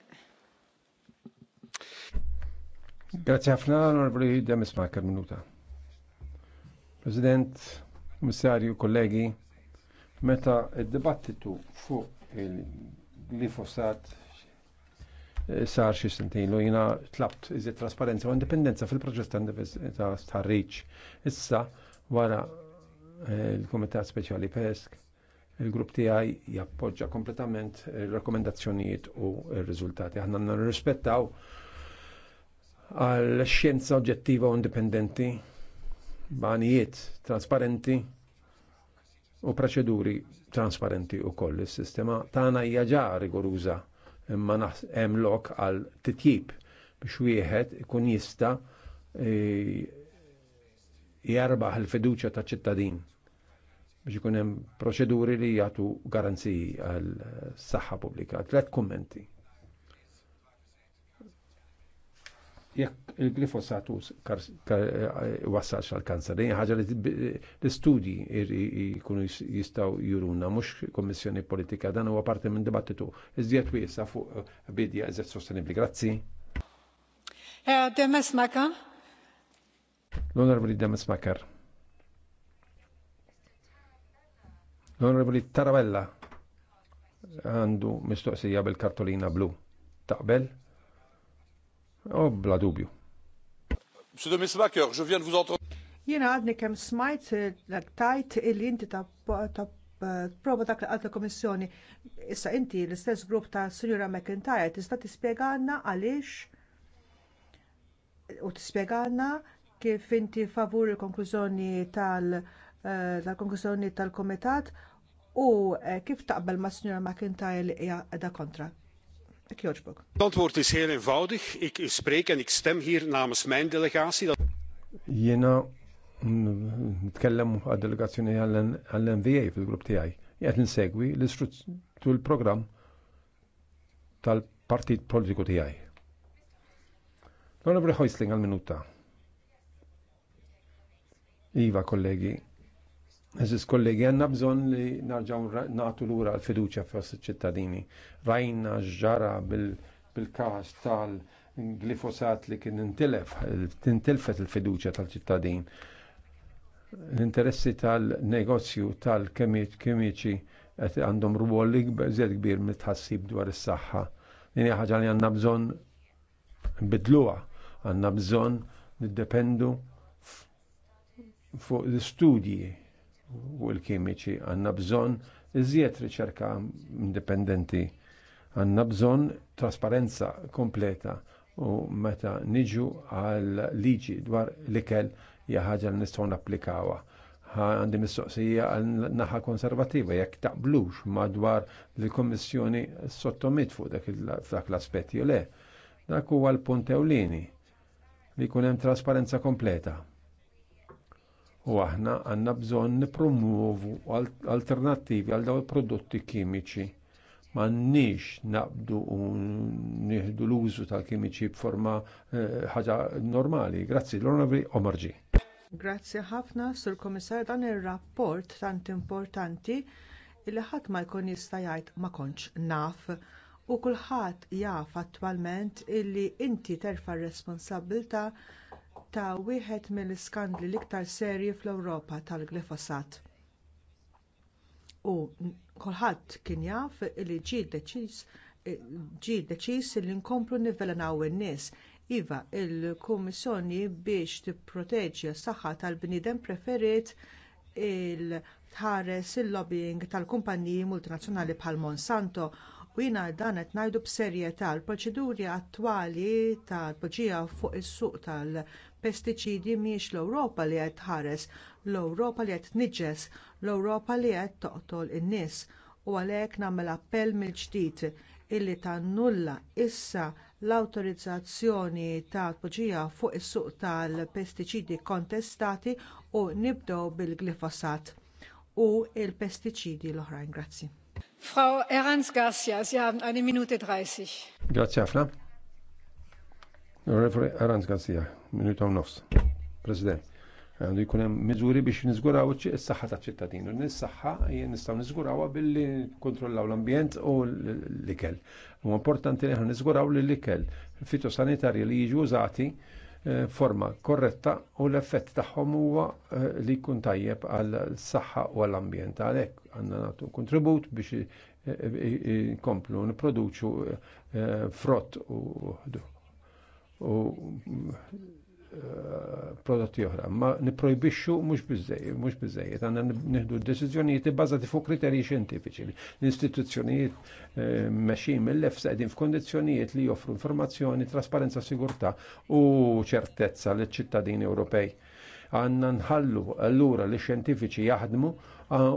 Grazie ħafna, onorevoli Demis Maker, minuta. President, Kommissarju, kollegi, meta id-dibattitu fuq il-glifosat sar xi sentin lu jina tlabt iżjed trasparenza u indipendenza fil-proġett ta' starriċ. Issa wara eh, il-Kumitat Speċjali Pesk il-grupp tiegħi jappoġġa kompletament ir-rakkomendazzjonijiet u r-riżultati. Aħna nirrispettaw għal xjenza oġġettiva u indipendenti, banijiet trasparenti u proċeduri trasparenti u koll. Il-sistema tagħna hija ġa rigoruża imma hemm lok għal titjib biex wieħed ikun jista e, jarbaħ il-fiduċja ta' ċittadin biex ikun hemm proċeduri li jagħtu garanziji għal saħħa pubblika. Tlet kummenti. jekk il-glifosat eh, wassalx għal kanser. Dejja ħaġa li l-istudji jkunu jistaw juruna, mux kommissjoni politika, dan huwa parti minn dibattitu. Iżjed wiesa fuq eh, bidja iżjed sostenibli. Grazzi. Demes Makar. L-Onorevoli Demes Makar. L-Onorevoli Tarabella għandu mistoqsija bil-kartolina blu. Taqbel? O bla dubju. Monsieur Demesmaker, je viens de vous entendre. Jena għadni kemm smajt eh, tajt il inti ta' eh, prova dak li għalta komissjoni. Issa inti l-istess grupp ta' Sinjura McIntyre tista' tispiegħanna għaliex u tispiegħanna kif inti favur il-konklużjoni eh, tal-konklużjoni tal-komitat u kif taqbel ma' Sinjura McIntyre li hija kontra. Ek joġbok. Het antwoord is heel eenvoudig. Ik spreek en ik stem hier namens mijn delegatie. Dat... Jena nitkellem għad-delegazzjoni għall-NVA fil-grupp tijaj. Jgħat nsegwi l-istruttu l program tal-partit politiku tijaj. L-Onorevole Hoisling għal-minuta. Iva, kollegi, Eżis kollegi, għanna bżon li narġaw natu l-ura l-fiduċa fos ċittadini. Rajna ġara bil-kas tal-glifosat li kien intilef, tintilfet il-fiduċa tal-ċittadin. L-interessi tal-negozju tal-kemiċi għandhom ruol li zed kbir mitħassib dwar is-saħħa. Nini ħagġa li għanna bżon bidluwa, għanna bżon niddependu fuq l-studji u l-kimiċi għandna bżonn iżjed riċerka indipendenti, Għanna bżonn trasparenza kompleta u meta niġu għal liġi dwar l-ikel jaħħaġa ħaġa li nistgħu napplikawha għandi mistoqsija għal naħa konservativa jekk taqblux madwar li l-Kommissjoni sottomit fuq dak l-aspetti u le. Dak huwa l-punt ewlieni li jkun hemm trasparenza kompleta u aħna għandna bżonn nipromuvu alternattivi għal dawn il-prodotti kimiċi. M'għandniex naqbdu u nieħdu l-użu tal-kimiċi b'forma eh, ħaġa normali. Grazzi, l-onorevoli Omarġi. Grazzi ħafna, Sur Komissar, dan ir-rapport tant importanti li ħadd ma jkun jista' jgħid ma kontx naf u kulħadd jaf attwalment illi inti terfa' r ta' wieħed mill-iskandli l-iktar serji fl-Ewropa tal-glifosat. U kulħadd kien jaf li ġie deċiż ġi deċiż li nkomplu nivvelenaw in-nies. Iva, il-Kummissjoni biex tipproteġi s-saħħa tal-bniedem preferit il-tħares il-lobbying tal-kumpaniji multinazzjonali bħal Monsanto U jiena dan qed ngħidu b'serjetà l-proċeduri attwali tal-poġija fuq is-suq tal-pestiċidi mhijiex l-Ewropa li qed tħares, l-Ewropa li qed tniġġes, l-Ewropa li qed toqtol in-nies. U għalhekk nagħmel appell mill-ġdid illi tan nulla issa l-awtorizzazzjoni tal-poġija fuq is-suq tal-pestiċidi kontestati u nibdew bil-glifosat u l-pestiċidi l-oħrajn. Grazzi. Frau Erans Garcia, Sie haben eine Minute 30. Grazie, Afna. Erans Garcia, minuta u e nofs. President, għandu jkun hemm miżuri biex niżguraw is-saħħa taċ-ċittadin. U nis-saħħa nistgħu niżgurawha billi nkontrollaw l-ambjent u l-ikel. U importanti li ħan niżguraw l-ikel fitosanitarji li jiġu użati Eh, forma korretta u l-effett tagħhom huwa eh, li jkun tajjeb għal saħħa u għall ambjent għalhekk għandna nagħtu kontribut biex jkomplu eh, nipproduċu frott u prodotti oħra. Ma niprojbixxu mhux biżej, mhux biżejjed, għandna nieħdu deċiżjonijiet ibbażati fuq kriterji xjentifiċi. L-istituzzjonijiet eh, mexi mill-lefsa qegħdin f'kondizzjonijiet li joffru informazzjoni, trasparenza, sigurtà u ċertezza liċ-ċittadini Ewropej. Għandna nħallu allura li xjentifiċi jaħdmu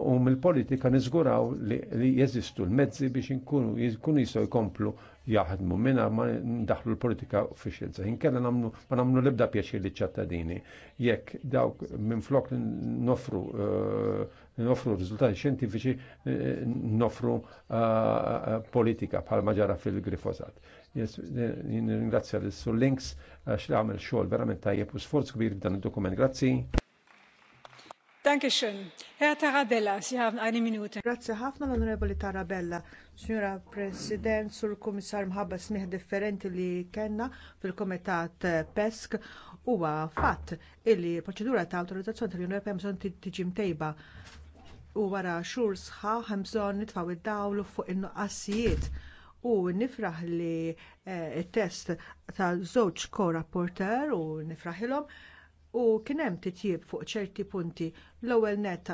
u mill-politika niżguraw li jeżistu l-mezzi biex jkunu jistgħu jkomplu jaħdmu minna ma ndaħlu l-politika uffiċjenza. Inkella namlu, ma namlu libda pjaċi li ċattadini. Jekk dawk minn flok nofru eh, nofru rizultati xjentifiċi eh, nofru eh, politika bħal maġara fil grifosat Ringrazzja l-Sur Links għax li għamil xol verament tajjeb u sforz kbir dan il-dokument. Grazzi. Grazie ħafna l-Onorevoli Tarabella, Signora President, Sur Kummissar mħabba smih differenti li kena fil-Komitat PESC huwa fatt illi proċedura ta' autorizzazzjoni tal-Unjoni Ewropea bżonn tiġi mtejba u wara xhur sħaħ hemm bżonn nitfgħu id-dawlu fuq in-nuqqasijiet u nifraħ li eh, t test ta' żewġ ko-rapporter u nifraħilhom u kien hemm titjib fuq ċerti punti l-ewwel net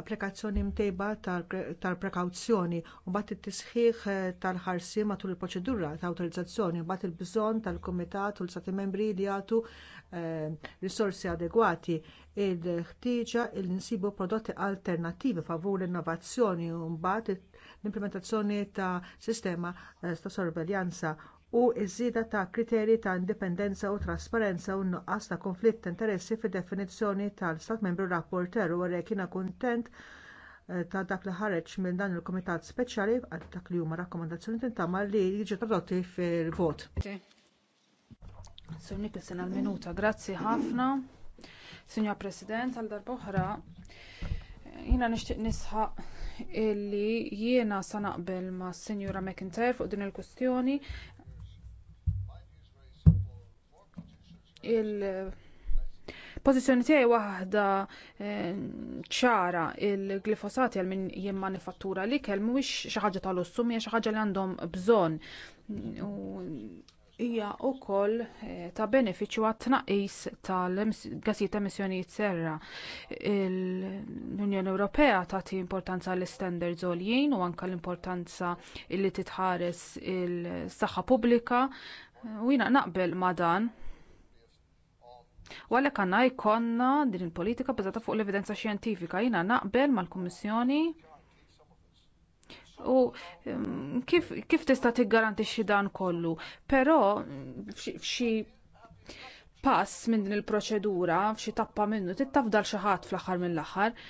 applikazzjoni mtejba tal-prekawzjoni u mbagħad it-tisħiħ eh, tal-ħarsien matul il-proċedura ta' awtorizzazzjoni u mbagħad il-bżonn tal-kumitat u l sati membri li jagħtu eh, risorsi adegwati il-ħtieġa il nsibu prodotti alternattivi favur l-innovazzjoni u mbagħad l-implementazzjoni ta' sistema eh, ta' sorveljanza u ż-żieda ta' kriterji ta' indipendenza u trasparenza u nuqqas ta' konflitt ta' interessi fid-definizzjoni tal-Stat Membru Rapporter u għalhekk jiena kuntent eh, ta' dak li ħareġ minn dan il kumitat Speċjali għal dak li huma rakkomandazzjoni tintama li jiġi tradotti fil-vot. Sur Nicholson għal minuta, grazzi ħafna. Signor President, għal darboħra, jina nishtiq nisħaq illi jiena sa naqbel ma' Sinjura McIntyre fuq din il-kustjoni il- Pożizzjoni tiegħi waħda eh, ċara il glifosati għal minn manifattura li kell mhuwiex xi ħaġa tal-lussu hija xi ħaġa li għandhom bżonn u hija wkoll eh, ta' benefiċċju għat-tnaqqis tal-gassijiet ta' emissjonijiet serra. L-Unjoni Ewropea tagħti importanza l istandards għoljin u anke l-importanza li titħares il-saħħa pubblika u jiena naqbel ma' dan U għalhekk għandna jkollna din il-politika bbażata fuq l-evidenza xjentifika jiena naqbel mal-Kummissjoni U mm, kif, kif tista' tiggarantixxi dan kollu? Però f'xi pass minn din il-proċedura, f'xi tappa minnu, tittafdal xi ħadd fl-aħħar mill-aħħar.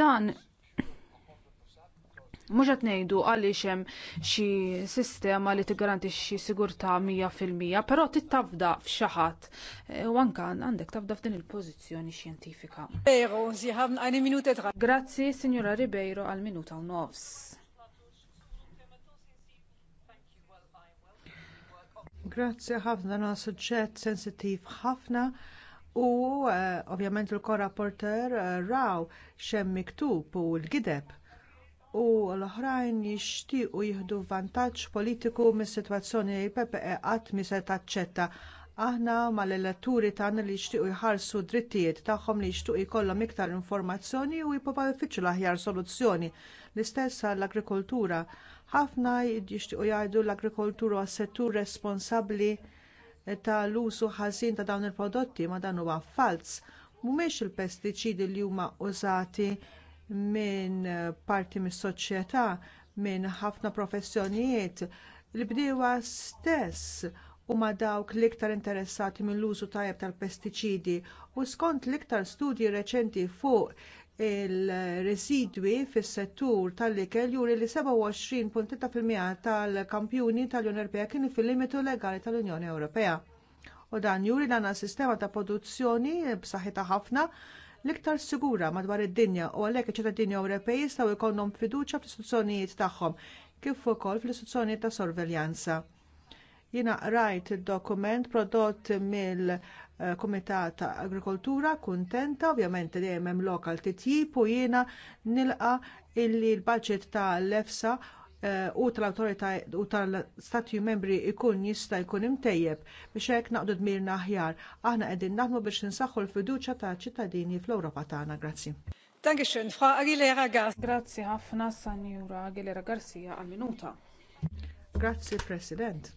Dan Mhux qed ngħidu għaliex hemm xi sistema li tiggarantixxi sigurtà mija fil però tittafda f'xi ħadd e, u anke għandek tafda f'din il-pożizzjoni xjentifika. Grazzi, Sinjura Ribeiro, għal minuta u nofs. Grazzi ħafna na suġġett sensittiv ħafna u eh, ovvjament il korrapporter eh, raw xem miktub u l-gideb u l-oħrajn jixtiequ jieħdu vantaġġ politiku mis-sitwazzjoni li PPE qatt mi se taċċetta. Aħna mal-elettori tagħna li jixtiequ jħarsu drittijiet tagħhom li jixtiequ jkollhom iktar informazzjoni u jipprovaw ifittxu l-aħjar soluzzjoni. L-istess għall-agrikoltura. Ħafna jixtiequ jgħidu l-agrikoltura għas settur responsabbli tal-użu ħażin ta' dawn il-prodotti ma dan huwa falz. Mhumiex il-pestiċidi li huma użati minn parti mis soċjetà minn ħafna professjonijiet li bdiewa stess huma dawk l-iktar interessati mill-użu tajjeb tal-pestiċidi u skont l-iktar studji reċenti fuq il-residwi fis-settur tal-ikel juri li 27.3% tal-kampjuni tal-Unjoni Ewropea kienu fil-limitu legali tal-Unjoni Ewropea. U dan juri dan sistema ta' produzzjoni b'saħħitha ħafna l-iktar sigura madwar id-dinja u għalhekk iċ-ċittadini Ewropej jistgħu jkollhom fiduċja fl-istituzzjonijiet tagħhom kif ukoll fl-istituzzjonijiet ta' sorveljanza. Jiena rajt id-dokument prodott mill- eh, Kumitat ta' Agrikoltura kuntenta, ovvjament dejjem hemm lokal titjib u jiena nilqa illi l-budget tal efsa Eh, u tal-autorità u tal-stati membri jkun jista' jkun imtejjeb biex hekk naqdu dmirna aħjar. Aħna qegħdin naħdmu biex ninsaħħu l-fiduċja tal-ċittadini fl-Ewropa tagħna. Grazzi. Dankeschön, Frau Aguilera Garcia. Grazzi ħafna Sanjura Aguilera Garcia għal minuta. Grazzi President.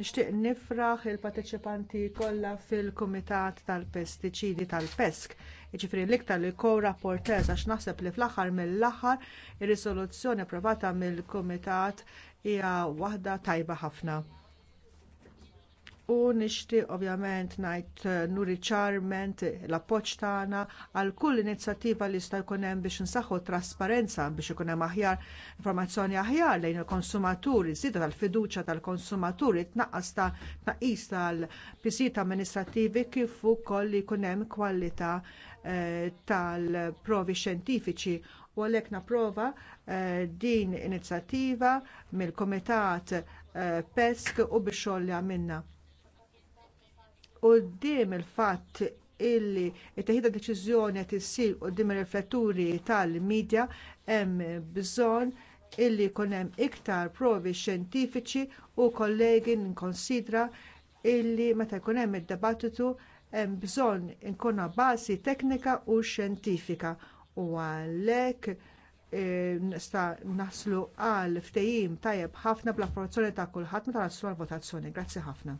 Nixtieq nifraħ il-parteċipanti kollha fil-Kumitat tal-Pestiċidi tal-Pesk. tal pestiċidi tal pesk jiġifieri l-iktar li kow rapportez għax naħseb li fl-aħħar mill-aħħar ir-risoluzzjoni approvata mill-kumitat hija waħda tajba ħafna. U nixtieq ovvjament ngħid eh, nuri ċarment l-appoġġ tagħna għal kull inizjattiva li jista' jkun hemm biex nsaħħu t trasparenza biex ikun hemm aħjar informazzjoni aħjar lejn il-konsumaturi, żieda tal-fiduċja tal-konsumaturi, tnaqqas ta' tnaqqis tal-pisijiet amministrattivi kif ukoll li jkun hemm kwalità Eh, tal-provi xjentifiċi u għalhekk napprova eh, din inizjattiva mill-Kumitat eh, Pesk u bix-xogħol li għamilna. U il-fatt illi it-teħida deċiżjoni qed issir quddiem ir-rifletturi tal-medja hemm bżonn illi jkun hemm iktar provi xjentifiċi u kollegi nkonsidra illi meta jkun hemm id-dibattitu hemm bżonn inkunna bażi teknika u xjentifika u għalhekk eh, nista naslu għal ftehim tajjeb ħafna bl-approvazzjoni ta' kulħadd meta naslu għall votazzjoni. Grazzi ħafna.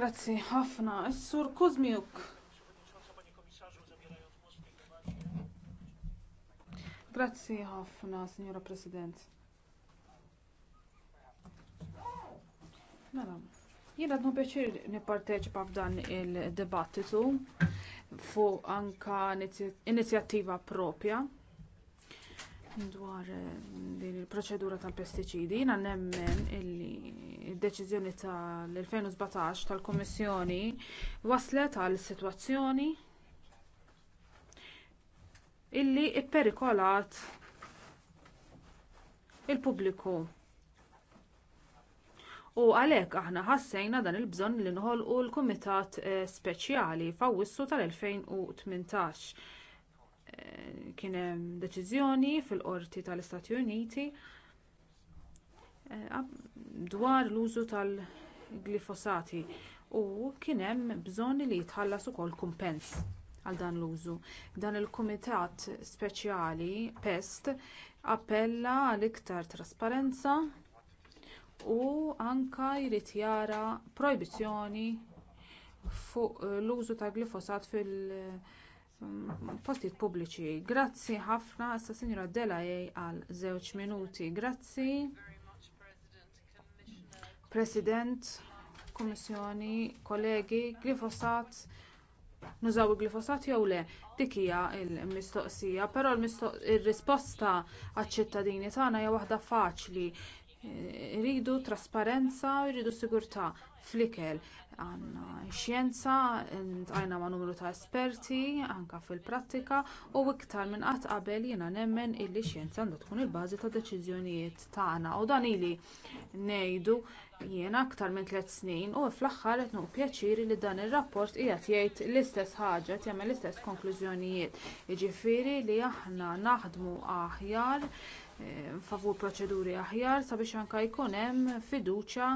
Grazzi ħafna. sur Kuzmiuk. Grazzi ħafna, Signora President. Mela. Jiena għadnu bieċir nipparteċipa f'dan il-dibattitu fuq anka inizjattiva propja dwar eh, din il-proċedura tal-pestiċidi, jiena nemmen il-deċizjoni deċiżjoni tal-2017 tal kummissjoni waslet għal sitwazzjoni illi il-publiku. il-pubbliku. U għalhekk aħna ħassejna dan il-bżonn li nħolqu l-Kumitat eh, Speċjali f'Awwissu tal-2018. Eh, kien hemm deċiżjoni fil-Qorti tal-Istati Uniti eh, dwar l-użu tal-glifosati u kien hemm bżonn li jitħallas ukoll kumpens għal dan l-użu. Dan il-Kumitat Speċjali PEST appella għal iktar trasparenza u anke jrid jara projbizzjoni fuq l-użu ta' glifosat fil- mm, postijiet pubbliċi. Grazzi ħafna sa' Sinjora Delajej għal żewġ minuti. Grazzi. President, Kummissjoni, kollegi, glifosat. Nużaw glifosat jew le, dik hija l-mistoqsija, però ir risposta għaċ-ċittadini tagħna hija waħda faċli Iridu trasparenza, iridu sigurtà fl-ikel. Għanna xjenza, għajna ma' numru ta' esperti, anke fil-prattika, u iktar minn qatt qabel jiena nemmen illi xjenza għandha tkun il bażi ta' deċiżjonijiet tagħna. U dan ili ngħidu jiena aktar minn tliet snin u fl-aħħar qed nuq pjaċiri li dan ir-rapport qiegħed jgħid l-istess ħaġa jagħmel l-istess konklużjonijiet. Jiġifieri li aħna naħdmu aħjar Eh, favur proċeduri aħjar sabiex anke jkun hemm fiduċja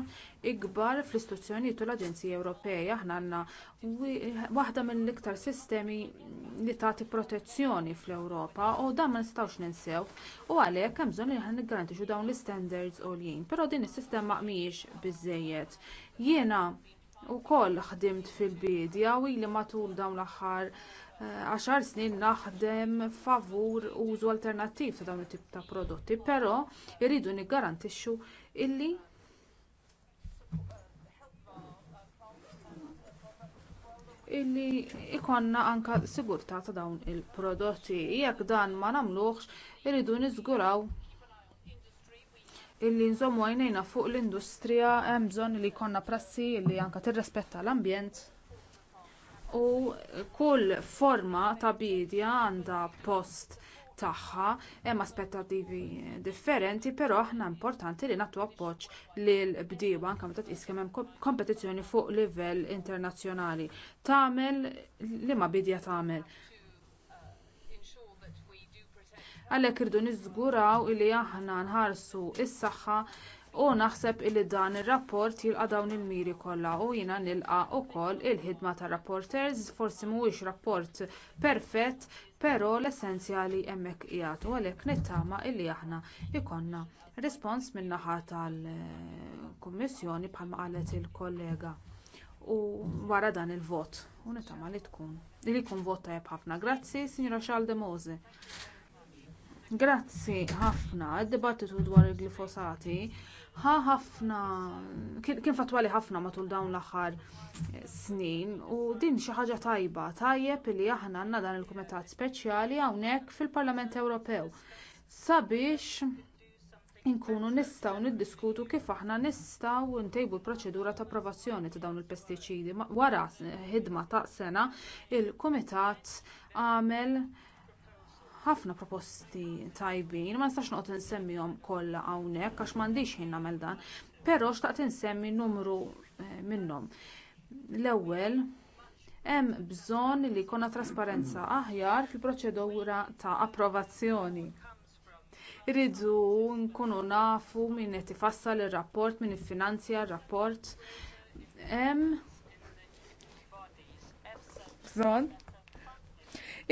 ikbar fl-istituzzjonijiet u l-Aġenziji Ewropej. Aħna għandna waħda mill-iktar sistemi li tagħti protezzjoni fl-Ewropa u dan ma nistgħux ninsew u għalhekk hemm bżonn li aħna niggarantixxu dawn l-istandards għoljin. Però din is-sistema mhijiex biżżejjed. Jiena wkoll ħdimt fil-bidja u ili matul dawn l-aħħar għaxar snin naħdem favur użu alternattiv ta' dawn it-tip ta' prodotti, però jridu niggarantixxu illi illi ikonna anke sigurtà ta' dawn il-prodotti. Jekk dan ma nagħmluhx, irridu niżguraw illi nżommu għajnejna fuq l-industrija hemm bżonn li jkollna prassi li anke tirrispetta l-ambjent u kull forma ta' bidja għandha post tagħha hemm aspettattivi differenti però aħna importanti li nagħtu appoġġ lil bdiewa anke meta tqis kemm hemm kompetizzjoni fuq livell internazzjonali tagħmel liema bidja tagħmel għalhekk irdu niżguraw li aħna nħarsu s-saħħa u naħseb li dan ir-rapport jilqa' dawn il-miri kollha u jiena nilqa' ukoll il-ħidma tar rapporters forsi mhuwiex rapport perfett però l-essenzjali hemmhekk qiegħed u għalhekk nittama illi aħna jkollna rispons min-naħa tal-kummissjoni bħalma qalet il-kollega u wara dan il-vot u nittama li tkun li jkun vot tajjeb ħafna. Grazzi, Sinjora Xaldemose. Grazzi ħafna. Id-dibattitu dwar il-glifosati ħa ħafna kien fatwali ħafna matul dawn l-aħħar snin u din xi ħaġa tajba tajjeb li aħna għandna dan il-kumitat speċjali hawnhekk fil-Parlament Ewropew sabiex inkunu nistgħu niddiskutu kif aħna nistgħu ntejbu l-proċedura ta' approvazzjoni ta' dawn il-pestiċidi wara ħidma ta' sena il-kumitat għamel ħafna proposti tajbin, ma nistax noqgħod insemmihom kollha hawnhekk għax m'għandix ħin nagħmel dan, però xtaqt insemmi numru eh, minnhom. L-ewwel hemm bżonn li jkollna trasparenza aħjar fil-proċedura ta' approvazzjoni. Irridu nkunu nafu min qed ifassal ir-rapport, min iffinanzja r-rapport. Hemm bżonn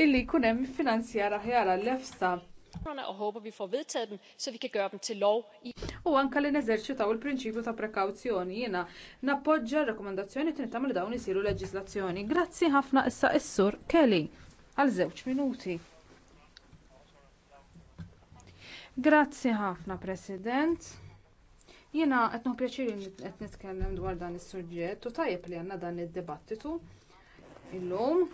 illi jkun hemm iffinanzjara aħjar għall-efsa. U anke li neżerċitaw il-prinċipju ta' prekawzjoni jiena nappoġġa r-rakkomandazzjoni li dawn isiru leġislazzjoni. Grazzi ħafna issa is-sur Kelly għal żewġ minuti. Grazzi ħafna President. Jiena qed noħu pjaċiri qed nitkellem dwar dan is-suġġett u tajjeb li għandna dan id-dibattitu illum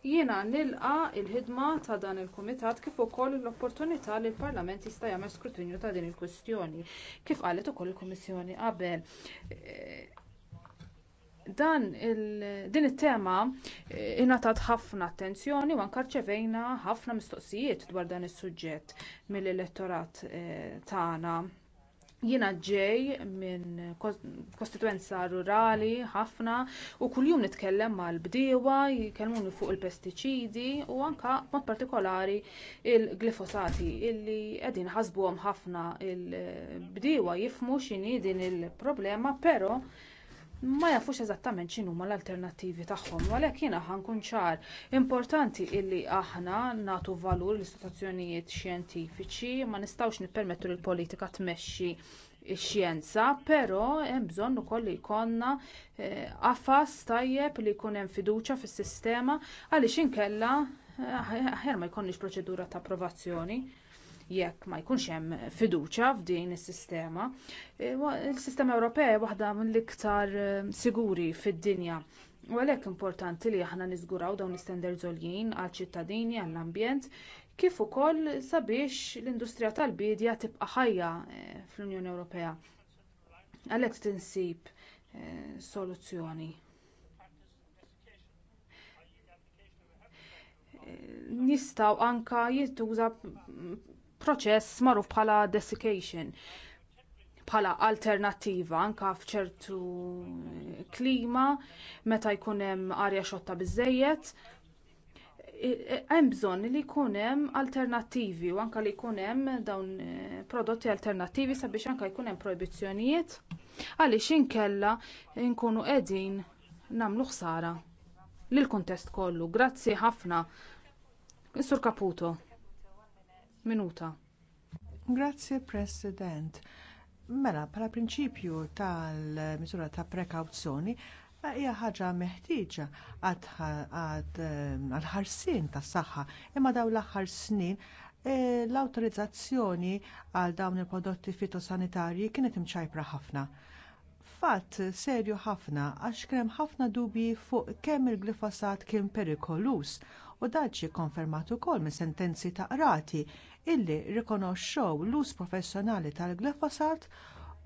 Jiena nilqa il-ħidma ta' dan il-Kumitat kif ukoll l-opportunità li l-Parlament jista' jagħmel skrutinju ta' din il-kwistjoni kif qalet ukoll il-Kummissjoni qabel. Eh, dan din it-tema eh, ingħatat ħafna attenzjoni u anke rċevejna ħafna mistoqsijiet dwar dan is-suġġett mill-elettorat eh, tagħna. Jiena ġej minn kostituenza rurali ħafna u kuljum nitkellem mal-bdiewa, jikellmuni fuq il-pestiċidi u anke mod partikolari l glifosati illi qegħdin ħasbuhom ħafna il-bdiewa jifmu x'inhi din il-problema però ma jafux eżattament x'inhuma l-alternattivi tagħhom u għalhekk jiena ħankun ċar importanti illi aħna nagħtu valur l-istituzzjonijiet xjentifiċi ma nistgħux nippermettu lill politika tmexxi ix-xjenza però hemm bżonn ukoll li jkollna eh, qafas tajjeb li jkun hemm fiduċja fis-sistema għaliex inkella eh, aħjar ma jkollniex proċedura ta' approvazzjoni jekk ma jkunx hemm fiduċja f'din is-sistema. E, il-sistema Ewropea waħda mill-iktar e, siguri fid-dinja. U għalhekk importanti li aħna niżguraw dawn l-istandards għoljin għal ċittadini għall-ambjent kif ukoll sabiex l-industrija tal-bidja tibqa' ħajja e, fl-Unjoni Ewropea. Għalhekk tinsib soluzzjoni. Nistgħu anke jittuża proċess magħruf bħala desiccation bħala alternattiva anke f'ċertu klima meta jkun hemm arja xotta biżżejjed hemm bżonn li jkun hemm alternattivi u anke li jkun hemm dawn eh, prodotti alternattivi sabiex anke jkun hemm projbizzjonijiet għaliex inkella nkunu qegħdin nagħmlu ħsara lill kuntest kollu. Grazzi ħafna. Sur Caputo. Minuta. Grazie President. Mela, bħala prinċipju tal-misura ta' prekawzjoni, hija ħaġa meħtieġa ehm, għal ħarsin tas saħħa imma dawn l-aħħar snin e, l awtorizzazzjoni għal dawn il-prodotti fitosanitarji kienet imċajpra ħafna. Fatt serju ħafna għax krem ħafna dubji fuq kemm il-glifosat kien perikolus u dan konfermatu kol ukoll sentenzi ta' qrati illi rikonoxxew l-uż professjonali tal-glifosat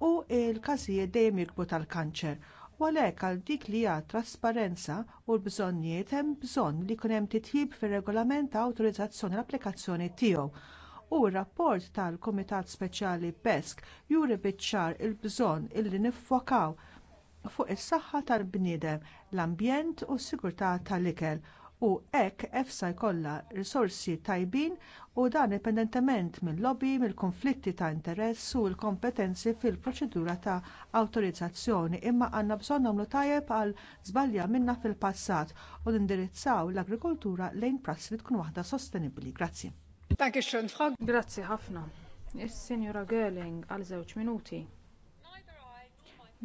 u l-każijiet dejjem jikbu tal-kanċer. U għalhekk għal dik li hija trasparenza u l-bżonnijiet hemm bżonn li jkun hemm titjib fir-regolament ta' awtorizzazzjoni l-applikazzjoni tiegħu u r-rapport tal-Kumitat Speċjali PESK juri biċ-ċar il-bżonn illi niffokaw fuq is-saħħa tal-bniedem, l-ambjent u s-sigurtà tal-ikel u hekk EFSA jkollha risorsi tajbin u dan indipendentement mill-lobby, mill-konflitti ta' interess u l-kompetenzi fil-proċedura ta' awtorizzazzjoni imma għandna bżonn nagħmlu tajjeb għal żbalja minnha fil-passat u nindirizzaw l-agrikoltura lejn prassi li tkun waħda sostenibbli. Grazzi. Dankeschön, Frau. Grazzi ħafna. Is-Sinjura Gerling għal żewġ minuti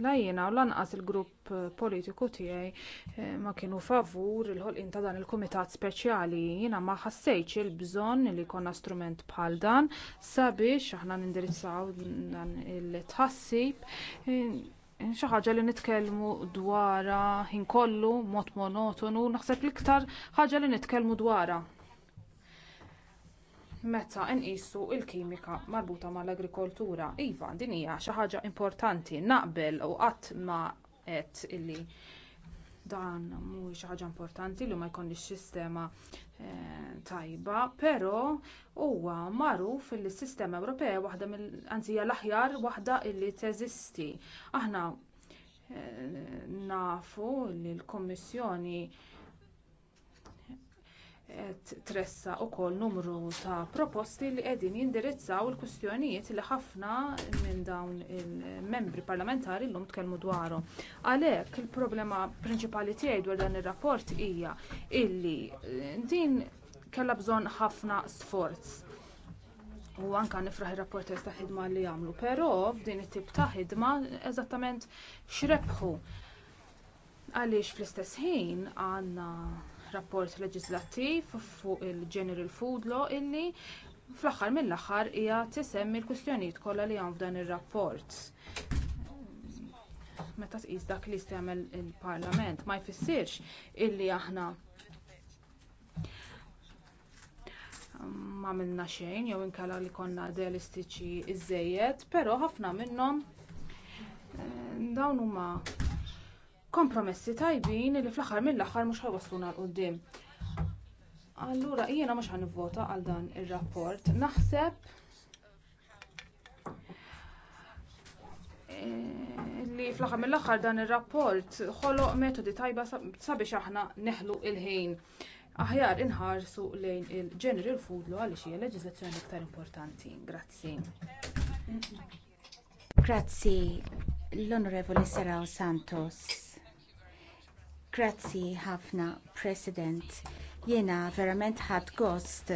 la jiena u lanqas il-grupp politiku tiegħi eh, ma kienu favur il-ħolqien ta' dan il-kumitat speċjali jiena ma ħassejtx il-bżonn li jkollna strument bħal dan sabiex aħna nindirizzaw dan il-tħassib eh, xi ħaġa li nitkellmu dwarha ħin kollu mod monotonu naħseb l-iktar ħaġa li nitkellmu dwarha meta nqisu l-kimika marbuta mal-agrikoltura iva din hija xi ħaġa importanti naqbel u qatt ma qed illi dan mhuwiex xi ħaġa importanti li ma jkollniex sistema eh, tajba, però huwa magħruf li s-sistema Ewropea waħda mill anzi hija l-aħjar waħda li teżisti. Aħna eh, nafu li l-Kummissjoni qed tressa wkoll numru ta' proposti li qegħdin jindirizzaw il-kwistjonijiet li ħafna minn dawn il-membri parlamentari llum tkellmu dwarhom. Għalhekk il-problema prinċipali tiegħi dwar dan ir-rapport hija illi eh, din kellha bżonn ħafna sforz. U anke nifraħ ir-rapporters ta' ħidma li jagħmlu, però f'din it-tip ta' ħidma eżattament xrebħu għaliex fl-istess ħin għandna rapport leġislattiv fuq il-General Food Law illi fl-aħħar mill-aħħar hija tisemmi l-kwistjonijiet kollha li hawn f'dan ir-rapport. Meta tqis dak li jistgħmel il-Parlament ma jfissirx illi aħna ma minna xejn jew inkella li konna idealistiċi iżejjed, però ħafna minnhom eh, dawn huma kompromessi tajbin li fl-aħħar mill-aħħar mhux ħajwasluna l qudiem Allura jiena mhux vota għal dan ir-rapport. Naħseb eh, li fl-aħħar mill-aħħar dan ir-rapport ħoloq metodi tajba sabiex aħna neħlu il-ħin. Aħjar inħarsu lejn il-General l-fudlu għaliex hija leġiżlazzjoni iktar importanti. Grazzi. Grazzi l-Onorevoli Seraw Santos. Grazzi ħafna, President. Jiena verament ħadt gost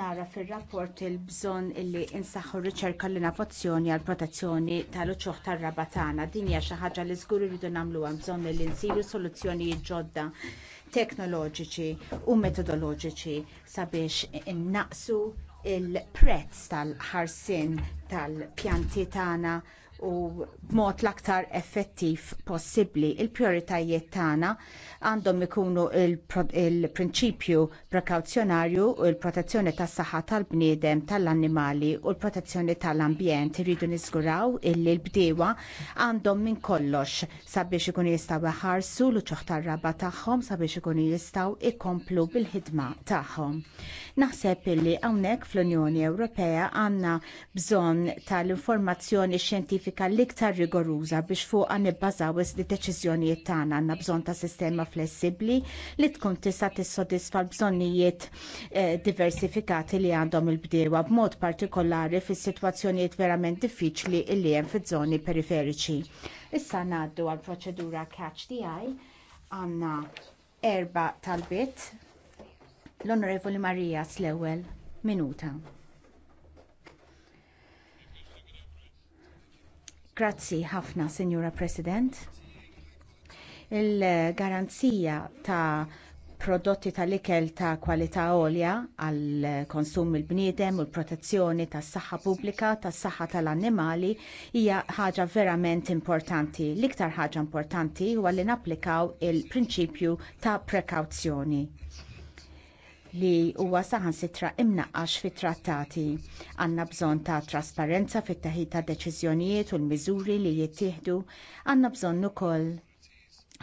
nara fir-rapport il-bżonn illi insaħħu riċerka l innovazzjoni għall protezzjoni tal-uċuħ tar-raba tagħna. Din hija xi ħaġa li żgur irridu nagħmluha bżonn li nsiru soluzzjonijiet ġodda teknoloġiċi u metodoloġiċi sabiex innaqsu l prezz tal-ħarsien tal-pjanti tagħna u b'mod l-aktar effettiv possibbli. Il-prioritajiet tagħna għandhom ikunu il-prinċipju prekawzjonarju u l-protezzjoni tas-saħħa tal-bniedem tal-annimali u l-protezzjoni tal-ambjent iridu niżguraw illi l-bdewa għandhom minn kollox sabiex ikunu jistgħu iħarsu l ċoħtar tar-raba tagħhom sabiex ikunu jistgħu ikomplu bil-ħidma tagħhom. Naħseb illi hawnhekk fl-Unjoni Ewropea għandna bżonn tal-informazzjoni xjentifika kjarifika l-iktar rigoruża biex fuqha nibbażaw li deċiżjonijiet tagħna għandna bżonn ta' sistema flessibbli li tkun tista' tissodisfa l-bżonnijiet eh, diversifikati li għandhom il-bdiewa b'mod partikolari fis-sitwazzjonijiet verament diffiċli li hemm fiż-żoni periferiċi. Issa ngħaddu għall proċedura catch the eye għandna erba' talbiet l-Onorevoli Marija l minuta. Grazzi ħafna, Signora President. Il-garanzija ta' prodotti tal-ikel ta' kwalità għolja għall konsum il-bniedem u l-protezzjoni tas saħħa pubblika, tas saħħa tal-annimali hija ħaġa verament importanti. L-iktar ħaġa importanti huwa li napplikaw il-prinċipju ta' prekawzjoni li huwa saħansitra imnaqqax fit-trattati. Għandna bżonn ta' trasparenza fit-taħid ta' deċiżjonijiet u l-miżuri li jittieħdu, għandna bżonn ukoll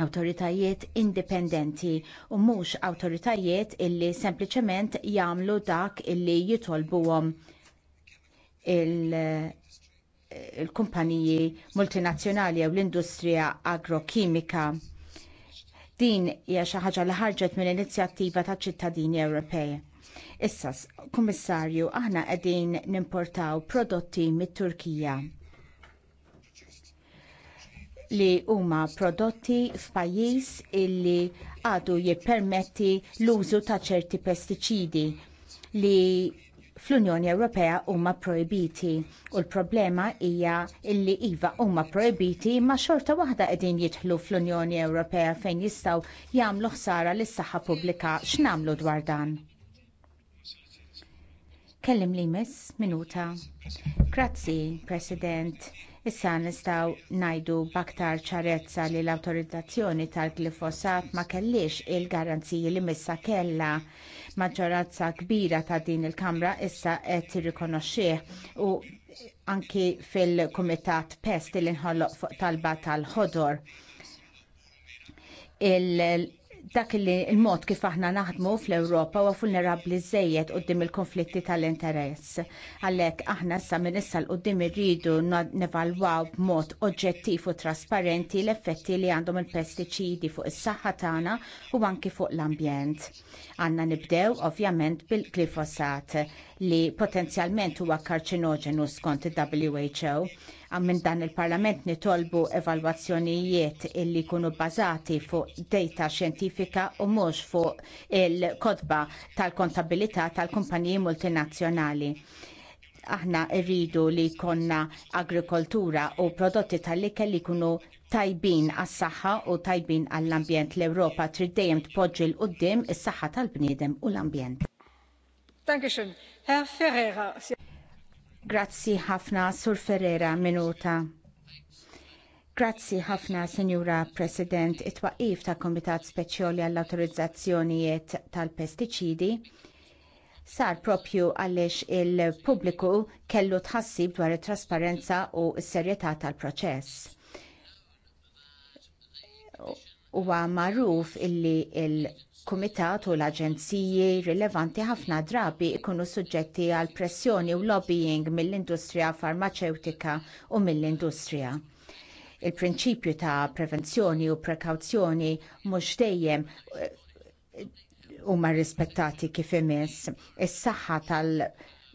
awtoritajiet indipendenti u mhux awtoritajiet illi sempliċement jagħmlu dak illi jitolbuhom il il-kumpaniji multinazzjonali jew l-industrija agrokimika Din hija xi ħaġa li ħarġet mill-inizjattiva taċ ċittadini Ewropej. Issa, Kummissarju, aħna qegħdin nimportaw prodotti mit-Turkija li huma prodotti f'pajjiż illi għadu jippermetti l-użu ta' ċerti pestiċidi li fl-Unjoni Ewropea huma projbiti u l-problema hija illi iva huma projbiti ma xorta waħda qegħdin jidħlu fl-Unjoni Ewropea fejn jistgħu jagħmlu ħsara lis-saħħa pubblika x'namlu dwar dan. Kellim li miss minuta. Grazzi, President. Issa nistgħu ngħidu baktar ċarezza li l awtorizzazzjoni tal-glifosat ma kellix il-garanziji li missa kellha maġġoranza kbira ta' din il-Kamra issa qed tirrikonoxxih u anki fil-Kumitat Pest li nħolloq fuq talba tal-ħodor dak li il-mod kif aħna naħdmu fl-Ewropa huwa vulnerabbli żejjed qudiem il-konflitti tal-interess. Għalhekk aħna sa minn issa l qoddim irridu nevalwaw b'mod oġġettiv u trasparenti l-effetti li għandhom il-pestiċidi fuq is-saħħa tagħna u anki fuq l-ambjent. Għanna nibdew ovvjament bil-glifosat li potenzjalment huwa karċinoġenu skont il-WHO minn dan il-Parlament nitolbu evalwazzjonijiet illi jkunu bbażati fuq data xjentifika u mhux fuq il-kodba tal-kontabilità tal-kumpaniji multinazzjonali. Aħna rridu li jkollna agrikoltura u prodotti tal-ikel li jkunu tajbin għas-saħħa u tajbin għall-ambjent l-Ewropa trid dejjem tpoġġi l qudiem is-saħħa tal-bniedem u l-ambjent. Dankeschön. Herr Ferreira. Grazzi ħafna, Sur Ferrera, minuta. Grazzi ħafna, Sinjura President, it-twaqif ta' Komitat Speċjali għall-Autorizzazzjonijiet tal-Pestiċidi sar propju għaliex il-pubbliku kellu tħassib dwar it-trasparenza u s-serjetà tal-proċess. Huwa magħruf illi l il kumitat u l-aġenziji rilevanti ħafna drabi jkunu suġġetti għal pressjoni u lobbying mill-industrija farmaceutika u mill-industrija. Il-prinċipju ta' prevenzjoni u prekawzjoni mhux dejjem eh, huma rrispettati kif imiss. Is-saħħa tal-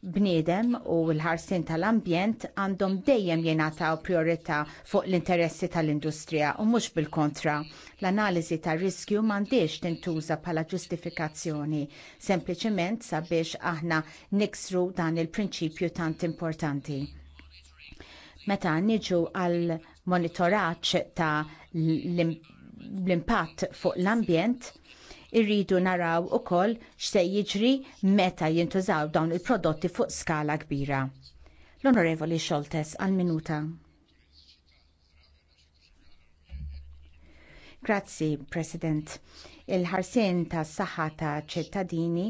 bniedem u l-ħarsin tal-ambjent għandhom dejjem jenataw priorità fuq l-interessi tal-industrija u mhux bil-kontra. L-analiżi tar riskju m'għandix tintuża bħala ġustifikazzjoni, sempliċement sabiex aħna niksru dan il-prinċipju tant importanti. Meta niġu għal monitoraġġ ta' l-impatt fuq l-ambjent, irridu naraw ukoll x'se jiġri meta jintużaw dawn il-prodotti fuq skala kbira. L-Onorevoli Xoltes għal minuta. Grazzi, President. Il-ħarsien tas saħħa ta' ċittadini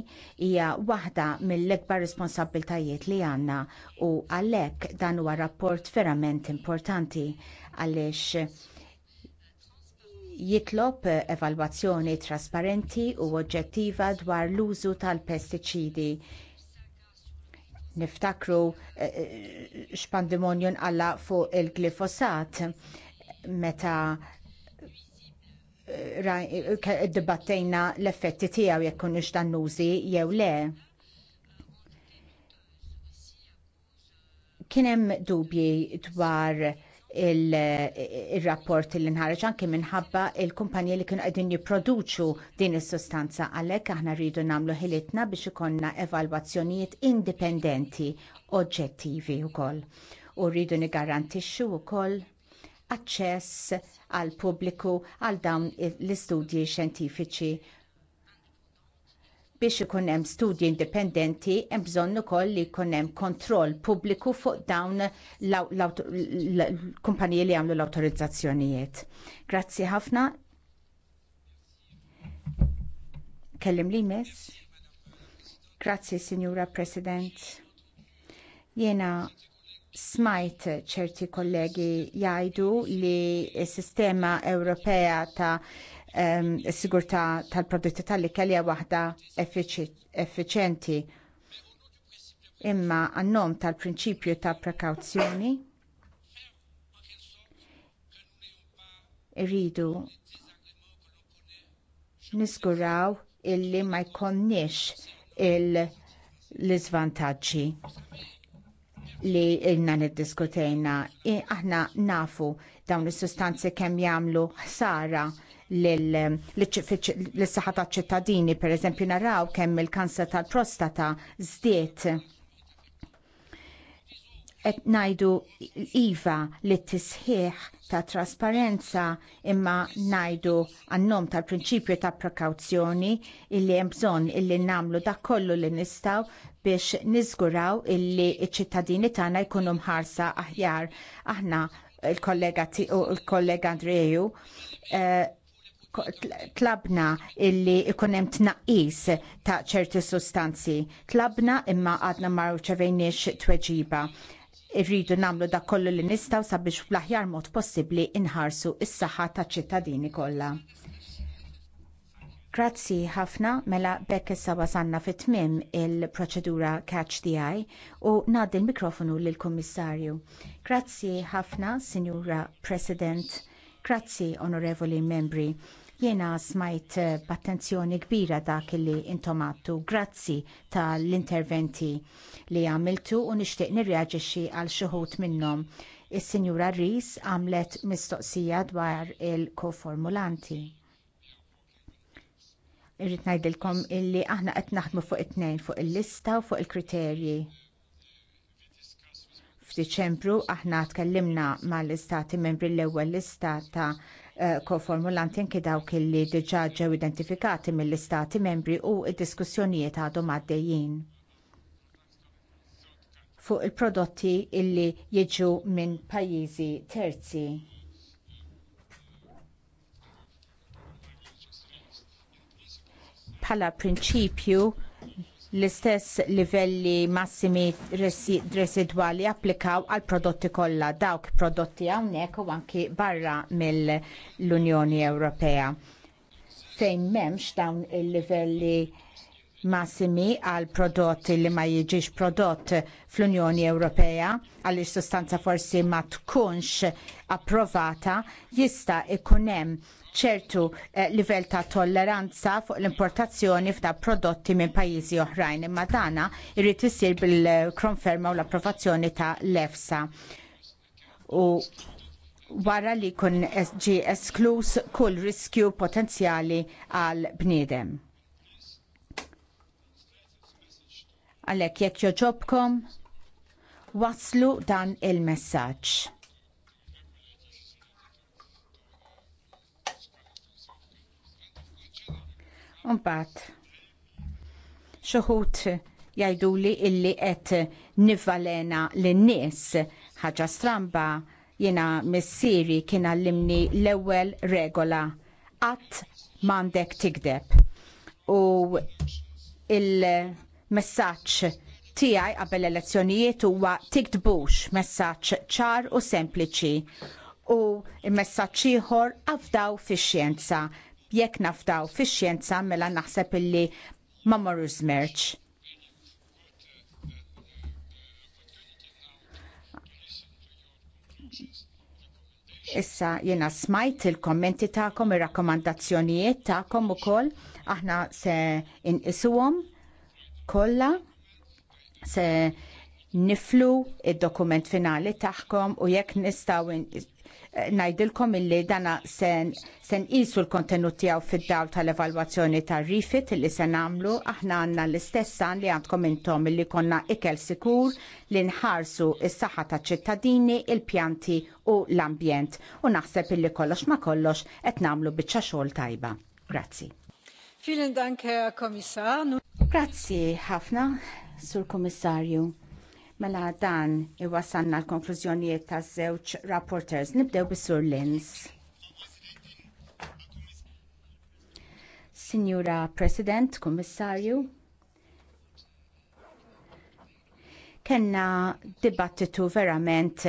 hija waħda mill-ikbar responsabiltajiet li għandna u għalhekk dan huwa rapport verament importanti għaliex jitlob evalwazzjoni trasparenti u oġġettiva dwar l-użu tal-pestiċidi. Niftakru eh, eh, x'pandimonju alla fuq il-glifosat meta eh, dibattejna l-effetti tiegħu jekk kunux dannużi jew le. Kien hemm dubji dwar il-rapport il li nħarġ anki minħabba il-kumpanji li kienu għedin jiproduċu din is-sustanza għalhekk aħna rridu nagħmlu ħilitna biex ikonna evalwazzjonijiet indipendenti oġġettivi wkoll. U rridu nigarantixxu wkoll aċċess għall pubbliku għal dawn l-istudji xjentifiċi biex ikun hemm studji indipendenti hemm bżonn ukoll li jkun hemm kontroll pubbliku fuq dawn l-kumpaniji li għamlu l-awtorizzazzjonijiet. Grazzi ħafna. Kellim li mis. Grazzi, Signora President. Jena smajt ċerti kollegi jgħidu li s-sistema Ewropea ta' s-sigurtà tal-prodotti tal-ikel hija waħda effiċjenti. Imma għannom tal-prinċipju ta' prekawzjoni irridu niżguraw illi ma jkonniex l-iżvantaġġi li ilna niddiskutejna. Aħna nafu dawn is-sustanzi kemm jagħmlu ħsara l-saħħa taċ-ċittadini, pereżempju naraw kemm il-kanser tal-prostata żdiet qed ngħidu iva li tisħiħ ta' trasparenza imma ngħidu għannom tal-prinċipju ta' prekawzjoni illi hemm bżonn illi nagħmlu dak kollu li nistgħu biex niżguraw illi ċ-ċittadini tagħna jkunu mħarsa aħjar aħna il-kollega il-kollega Andreju uh, tlabna illi ikun hemm tnaqqis ta' ċerti sustanzi. Tlabna imma għadna marru ċevejniex tweġiba. Irridu namlu da kollu li nistaw sabiex fl-aħjar mod possibbli inħarsu is-saħħa taċ ċittadini kollha. Grazzi ħafna mela bekk issa wasanna fit tmiem il-proċedura Catch the Eye u ngħaddi l-mikrofonu lill-Kummissarju. Grazzi ħafna, Sinjura President. Grazzi, onorevoli membri Jena smajt eh, b'attenzjoni kbira dak li intomattu. Grazzi tal-interventi li għamiltu u nixtieq nirreaġixxi għal xi ħut minnhom. Is-Sinjura Ris għamlet mistoqsija dwar il-koformulanti. Irrid ngħidilkom illi aħna qed naħdmu fuq it-tnejn fuq il-lista u fuq il-kriterji f'Diċembru aħna tkellimna mal-istati membri l-ewwel lista ta' Eh, koformulanti anke dawk li diġà ġew identifikati mill-istati membri u d-diskussjonijiet għadhom għaddejjin fuq il-prodotti illi jiġu minn pajjiżi terzi. Bħala prinċipju l-istess livelli massimi residwali applikaw għal prodotti kollha dawk prodotti hawnhekk u anki barra mill-Unjoni Ewropea. Fejn m'hemmx dawn il-livelli massimi għal prodotti li ma jiġix prodott fl-Unjoni Ewropea għaliex sostanza forsi ma tkunx approvata jista' ikun hemm ċertu eh, livell ta' tolleranza fuq l-importazzjoni ta' prodotti minn pajjiżi oħrajn, imma dana irrid isir bil-konferma u l-approvazzjoni ta' l-EFSA. U wara li kun ġi esklus kull riskju potenzjali għal bniedem. Għalhekk jekk joġobkom waslu dan il-messaġġ. Umbat, xoħut jajdu li illi et nivalena l-nis ħaġa stramba jena missieri kien għallimni l-ewwel regola qatt m'għandek tigdeb. U il-messaġġ tiegħi qabel elezzjonijiet huwa tiktbux messaġġ ċar u sempliċi u messaġġ ieħor għafdaw fix-xjenza Jekk naftaw fix-xjenza mela naħseb illi ma marrux żmerġ. Issa jiena smajt il-kommenti tagħkom, ir il rakkomandazzjonijiet tagħkom ukoll, aħna se inqisuhom kollha se niflu id-dokument finali taħkom u jekk nistgħu najdilkom illi dana sen, sen isu l-kontenut tijaw fid-dawl tal-evalwazzjoni tal rifit illi sen għamlu aħna għanna l-istessan li għandkom intom illi konna ikel sikur li nħarsu is-saħħa ta' ċittadini, il-pjanti u l-ambjent u naħseb illi kollox ma kollox qed namlu biċċa xogħol tajba. Grazzi. Filin Dank, komissar. Kommissar. Grazzi ħafna, Sur Kommissarju. Mela dan iwasanna l-konklużjonijiet taż żewġ rapporters. Nibdew bis-Sur Lins. Signora President, Kummissarju, Kenna dibattitu verament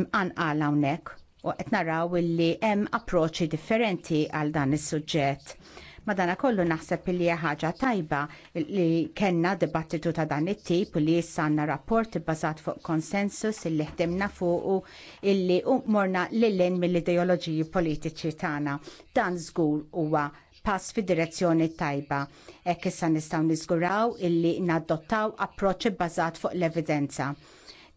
imqanqal hawnhekk u qed illi hemm approċċi differenti għal dan is-suġġett. Madana kollu naħseb li ħaġa tajba li kenna dibattitu ta' dan it-tip li jissanna rapport bazat fuq konsensus illi ħdimna fuq illi morna lillin mill-ideoloġiji politiċi tagħna. Dan żgur huwa pass fi direzzjoni tajba. Ekk issa nistgħu niżguraw illi nadottaw approċċi bbażat fuq l-evidenza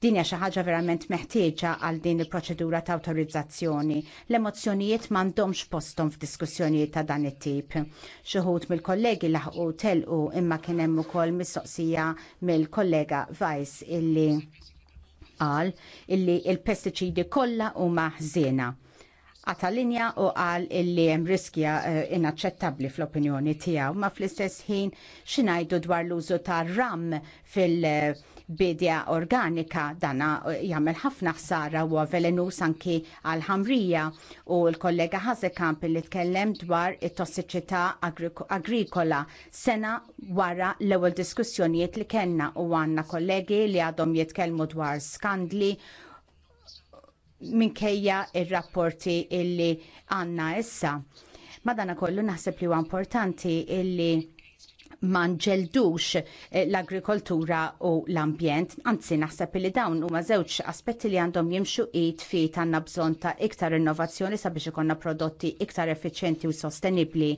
Din hija xi ħaġa verament meħtieġa għal din il-proċedura ta' awtorizzazzjoni. L-emozzjonijiet m'għandhomx posthom f'diskussjonijiet ta' dan it-tip. Xi wħud mill-kollegi laħqu telqu imma kien hemm ukoll mistoqsija mill-kollega Vice illi qal illi il-pestiċidi kollha huma ħżiena għata linja u għal illi hemm riskja eh, inaċċettabbli fl-opinjoni tiegħu ma fl-istess ħin xinajdu dwar l-użu ta' ram fil-bidja organika dana eh, jagħmel ħafna ħsara u velenus anki għal ħamrija u l-kollega Ħazekamp li tkellem dwar it-tossiċità agrikola sena wara l-ewwel diskussjonijiet li kellna u għandna kollegi li għadhom jitkellmu dwar skandli minkejja il rapporti illi għanna issa. Madana kollu naħseb li huwa importanti illi ma nġeldux eh, l-agrikoltura u l-ambjent, anzi naħseb li dawn huma żewġ aspetti li għandhom jimxu id fi tanna bżonn ta' iktar innovazzjoni sabiex ikonna prodotti iktar effiċjenti u sostenibbli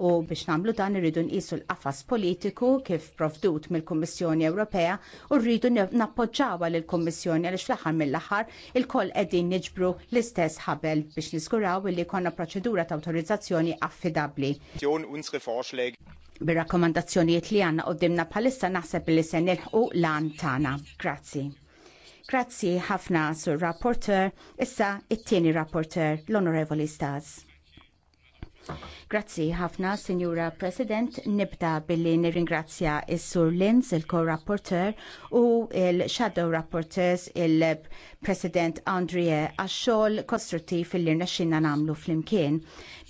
u biex nagħmlu dan rridu nqisu l-qafas politiku kif provdut mill-Kummissjoni Ewropea u rridu nappoġġawha lill-Kummissjoni għaliex fl-aħħar mill-aħħar il-koll qegħdin niġbru l-istess ħabel biex niżguraw li konna proċedura ta' autorizzazzjoni affidabbli bir-rakkomandazzjonijiet li għanna dimna bħalissa naħseb li se nilħu lan tagħna. Grazzi. Grazzi ħafna sur rapporter, issa it-tieni rapporter, l-Onorevoli Staz. Grazzi ħafna, Sinjura President, nibda billi nirringrazzja is-Sur Linz, il-Co-Rapporteur, u il-Shadow Rapporteurs, il-President Andrie, għax fil kostruttiv illi rnexxinna nagħmlu flimkien.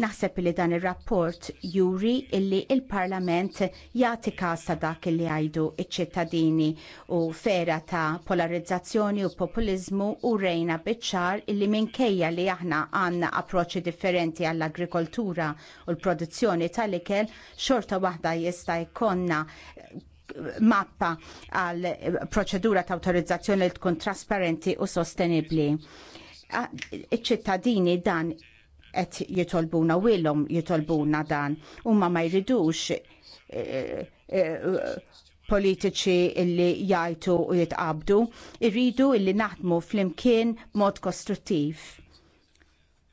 Naħseb li dan ir-rapport juri illi il-Parlament jagħti każ ta' dak illi għajdu iċ-ċittadini u fera ta' polarizzazzjoni u populiżmu u rejna biċ-ċar illi minkejja li aħna għandna approċċi differenti għall-agrikoltura oħra u l-produzzjoni tal-ikel xorta waħda jista' jkollna mappa għal proċedura ta' autorizzazzjoni li tkun trasparenti u sostenibli. Iċ-ċittadini dan qed jitolbuna u ilhom jitolbuna dan huma ma jridux eh, eh, eh, politiċi illi jajtu u jitqabdu, irridu illi naħdmu fl-imkien mod kostruttiv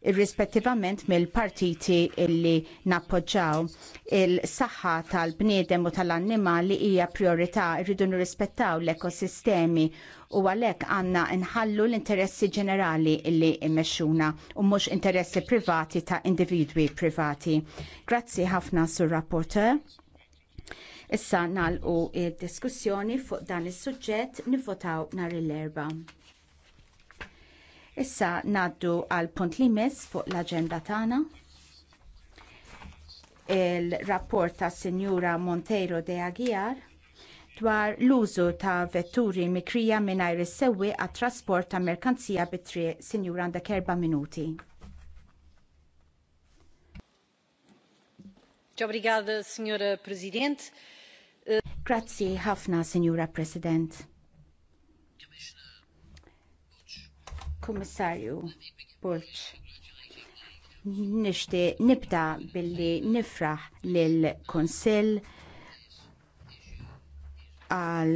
irrispettivament mill-partiti illi nappoġġaw il-saħħa tal-bniedem u tal-annimali hija priorità rridu nirrispettaw l-ekosistemi u għalhekk għandna nħallu l-interessi ġenerali illi immexxuna u mhux interessi privati ta' individwi privati. Grazzi ħafna sur rapporteur. Issa nalqu id-diskussjoni fuq dan is-suġġett nivvotaw nhar l-erba'. Issa naddu għal punt li mis fuq l-agenda tagħna. Il-rapport ta' Sinjura Monteiro de Aguiar dwar l-użu ta' vetturi mikrija mingħajr is-sewwi għat trasport ta' merkanzija bit-triq Sinjura għandek erba' minuti. Ġobrigada, Signora President. Grazzi ħafna, Signora President. Kummissarju Bulċ. Nishti nibda billi nifraħ lil konsil għal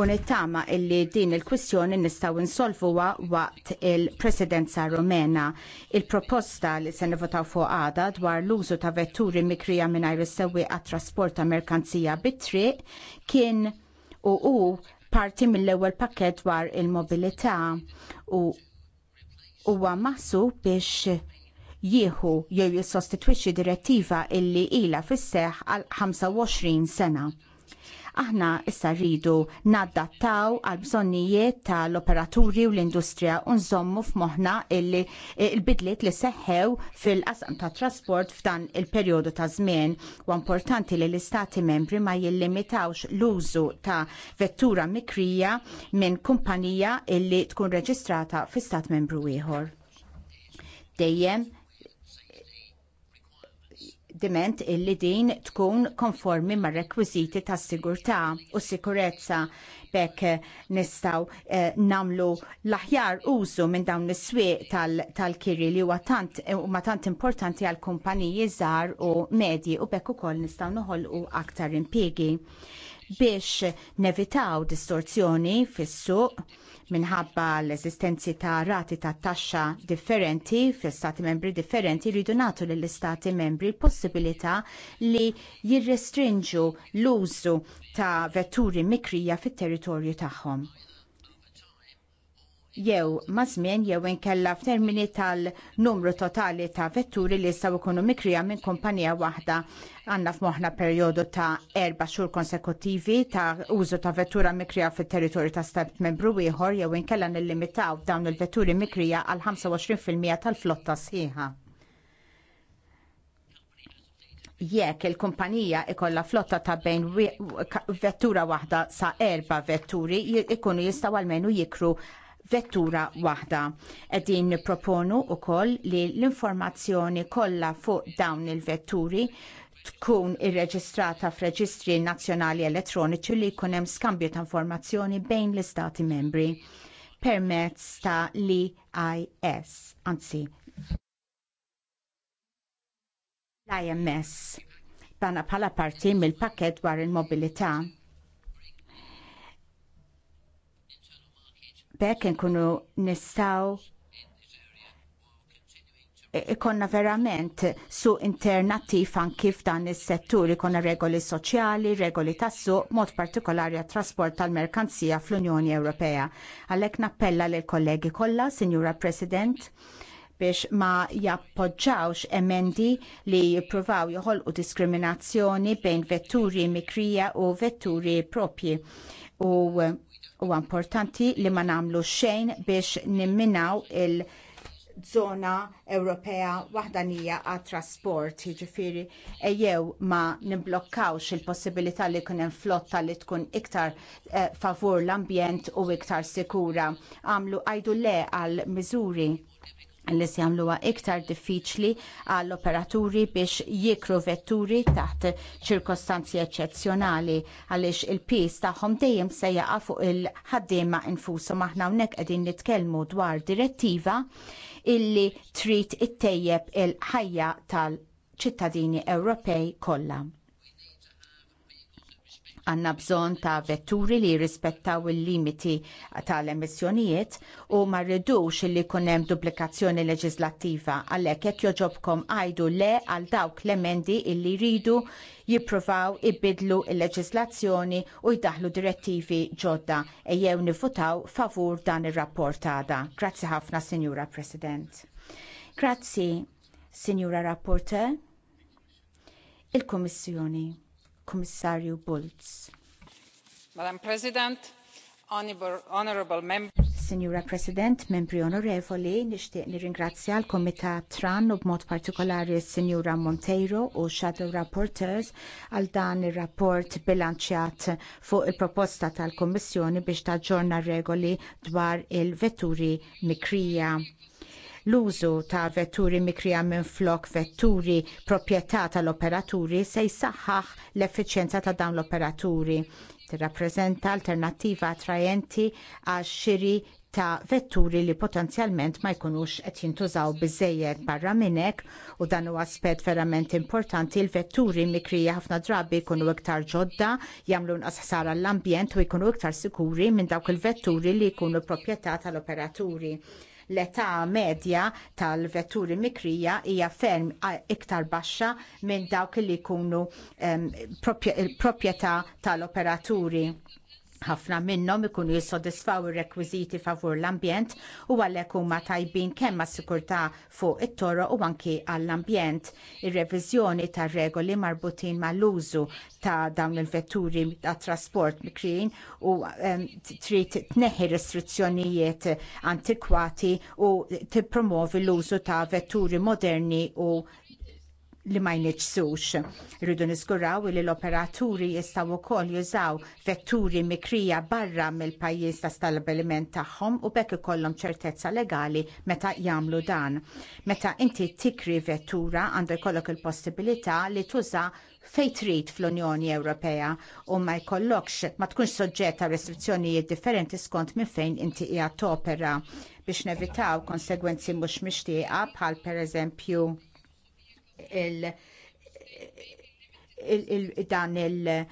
u nittama illi din il-kwistjoni nistaw insolvuwa waqt il-presidenza rumena. Il-proposta li se nivotaw fuq għada dwar l-użu ta' vetturi mikrija minn sewwi għat trasport merkanzija bit-triq kien u u parti mill-ewwel pakket dwar il-mobilità u huwa maħsub biex jieħu jew jissostitwixxi direttiva illi ilha fis-seħħ għal 25 sena. Aħna issa rridu naddattaw għal bżonnijiet tal-operaturi u l-industrija u nżommu f'moħħna illi il-bidliet li seħħew fil-qasam ta' trasport f'dan il-perjodu ta' żmien. U importanti li l-istati membri ma jillimitawx l-użu ta' vettura mikrija minn kumpanija illi tkun reġistrata fi stat membru ieħor. Dejjem diment illi din tkun konformi mar rekwiżiti tas sigurtà u sikurezza bekk nistgħu eh, namlu l-aħjar użu minn dawn is-swieq tal-kiri -tal li huwa tant eh, huma tant importanti għal kumpaniji żgħar u medji u bekk ukoll nistgħu noħolqu aktar impjiegi biex nevitaw distorzjoni fis-suq minħabba l-eżistenzi ta' rati ta' taxxa differenti fl-istati membri differenti rridu nagħtu lill istati membri l-possibilità li jirrestrinġu l-użu ta' vetturi mikrija fit-territorju tagħhom jew ma' żmien jew inkella f'termini tal-numru totali ta' vetturi li jistgħu jkunu mikrija minn kumpanija waħda għandna f'moħħna perjodu ta' erba' xhur konsekuttivi ta' użu ta' vettura mikrija fit-territorju ta' stat membru ieħor jew inkella nillimitaw dawn il-vetturi mikrija għal 25% tal-flotta sħiħa. Jekk il-kumpanija ikolla flotta ta' bejn vettura waħda sa' erba' vetturi ikunu jistgħu għalmenu jikru vettura waħda. Qegħdin nipproponu wkoll li l-informazzjoni kollha fuq dawn il-vetturi tkun irreġistrata f'reġistri nazzjonali elettroniċi li jkun hemm skambju ta' informazzjoni bejn l-istati membri permezz ta' l-IS, anzi l-IMS, bana bħala parti mill-pakket dwar il-mobilità bekk nkunu nistaw ikonna verament su internativ anki f'dan is-settur ikonna regoli soċjali, regoli tassu, mod partikolari għat trasport tal-merkanzija fl-Unjoni Ewropea. Għalhekk nappella lil kollegi kollha, Sinjura President, biex ma jappoġġawx emendi li jippruvaw joħolqu diskriminazzjoni bejn vetturi mikrija u vetturi propji. U Huwa importanti li ma nagħmlu xejn biex nimminaw il- zona Ewropea waħdanija għat trasport, jiġifieri ejjew ma nimblokkawx il-possibilità li jkun hemm flotta li tkun iktar eh, favur l-ambjent u iktar sikura. Għamlu għajdu le għal miżuri li se jagħmluha iktar diffiċli għall operaturi biex jikru vetturi taħt ċirkostanzi eċċezzjonali għaliex il-pis tagħhom dejjem se jaqa' fuq il-ħaddiema infushom aħna hawnhekk qegħdin nitkellmu dwar direttiva illi trid ittejjeb il-ħajja tal-ċittadini Ewropej kollha. Għanna bżon ta' vetturi li jirrispettaw il-limiti tal-emissjonijiet u ma rridux li kunem duplikazzjoni leġislattiva għalek jekk joġobkom għajdu le għal dawk l-emendi illi ridu jippruvaw ibidlu il-leġislazzjoni u jdaħlu direttivi ġodda jew nifutaw favur dan ir-rapport għada. Grazzi ħafna, Signora President. Grazzi, Sinjura Rapporteur il-Kommissjoni. Kummissarju bulc Madam President, Honorable Members. Signora President, membri onorevoli, nixtieq nirringrazzja l kumitat Tran u b'mod partikolari s-Signora Monteiro u Shadow Rapporteurs għal dan ir-rapport bilanċjat fuq il-proposta tal kummissjoni biex taġġorna regoli dwar il-vetturi mikrija L-użu ta' vetturi mikrija minn flok vetturi proprjetà tal-operaturi se jsaħħaħ l-effiċjenza ta' dawn l-operaturi. Tirrappreżenta alternattiva attrajenti għax xiri ta' vetturi li potenzjalment ma jkunux qed jintużaw biżżejjed barra minn hekk, u dan huwa aspett verament importanti l-vetturi mikrija ħafna drabi jkunu iktar ġodda, jagħmlu nqas ħsara l-ambjent u jkunu iktar sikuri minn dawk il-vetturi li jkunu proprjetà tal-operaturi l-età medja tal-vetturi mikrija hija ferm iktar baxxa minn dawk li jkunu ehm, proprjetà tal-operaturi ħafna minnhom ikunu jissodisfaw ir-rekwiżiti favur l-ambjent u għalhekk huma tajbin kemm għas-sikurtà fuq it-toro u anki għall-ambjent. Ir-reviżjoni tar-regoli marbutin mal-użu ta' dawn il-vetturi ta' trasport mikrin u ehm, trid tneħħi restrizzjonijiet antikwati u tippromovi l-użu ta' vetturi moderni u li ma jneċsux. Rridu niskuraw li l-operaturi jistaw ukoll jużaw vetturi mikrija barra mill-pajjiż ta' stabiliment tagħhom u bekk ikollhom ċertezza legali meta jagħmlu dan. Meta inti tikri vettura għandu jkollok il-possibilità li tuża fej trid fl-Unjoni Ewropea u ma jkollokx ma tkunx soġġett ta' restrizzjonijiet differenti skont minn fejn inti qiegħed topera biex nevitaw konsegwenzi mhux mixtieqa bħal pereżempju il- il- il- dan il-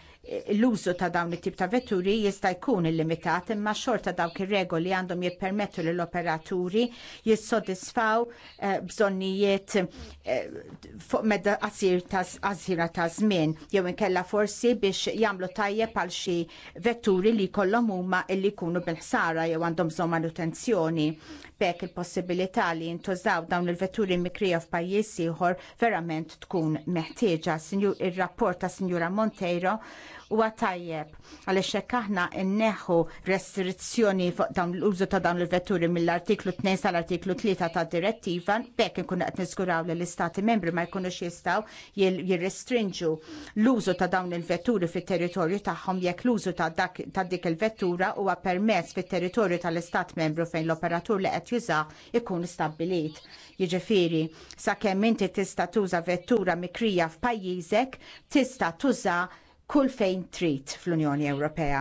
l-użu ta' dawn it-tip ta' vetturi jista' jkun illimitat imma xorta dawk ir-regoli għandhom jippermettu lill operaturi jissodisfaw eh, bżonnijiet eh, fuq medda qasira ta' żmien jew inkella forsi biex jagħmlu tajjeb għal xi vetturi li jkollhom huma li jkunu bil-ħsara jew għandhom bżonn manutenzjoni. B'hekk il-possibilità li jintużaw dawn il-vetturi mikrija f'pajjiż ieħor verament tkun meħtieġa. Ir-rapport ta' Sinjura Monteiro huwa tajjeb għaliex hekk aħna nneħħu restrizzjoni fuq dawn l-użu ta' dawn il-vetturi mill-artiklu 2 sal-artiklu 3 ta' direttiva bekk inkun qed niżguraw li l-istati membri ma jkunux jistgħu jirrestrinġu l-użu ta' dawn il-vetturi fit-territorju tagħhom jekk l-użu ta' dak dik il-vettura huwa permess fit-territorju tal-istat membru fejn l-operatur li qed jużah ikun stabbilit. Jiġifieri, sakemm inti tista' tuża vettura mikrija f'pajjiżek, tista' tuża kull fejn trid fl-Unjoni Ewropea.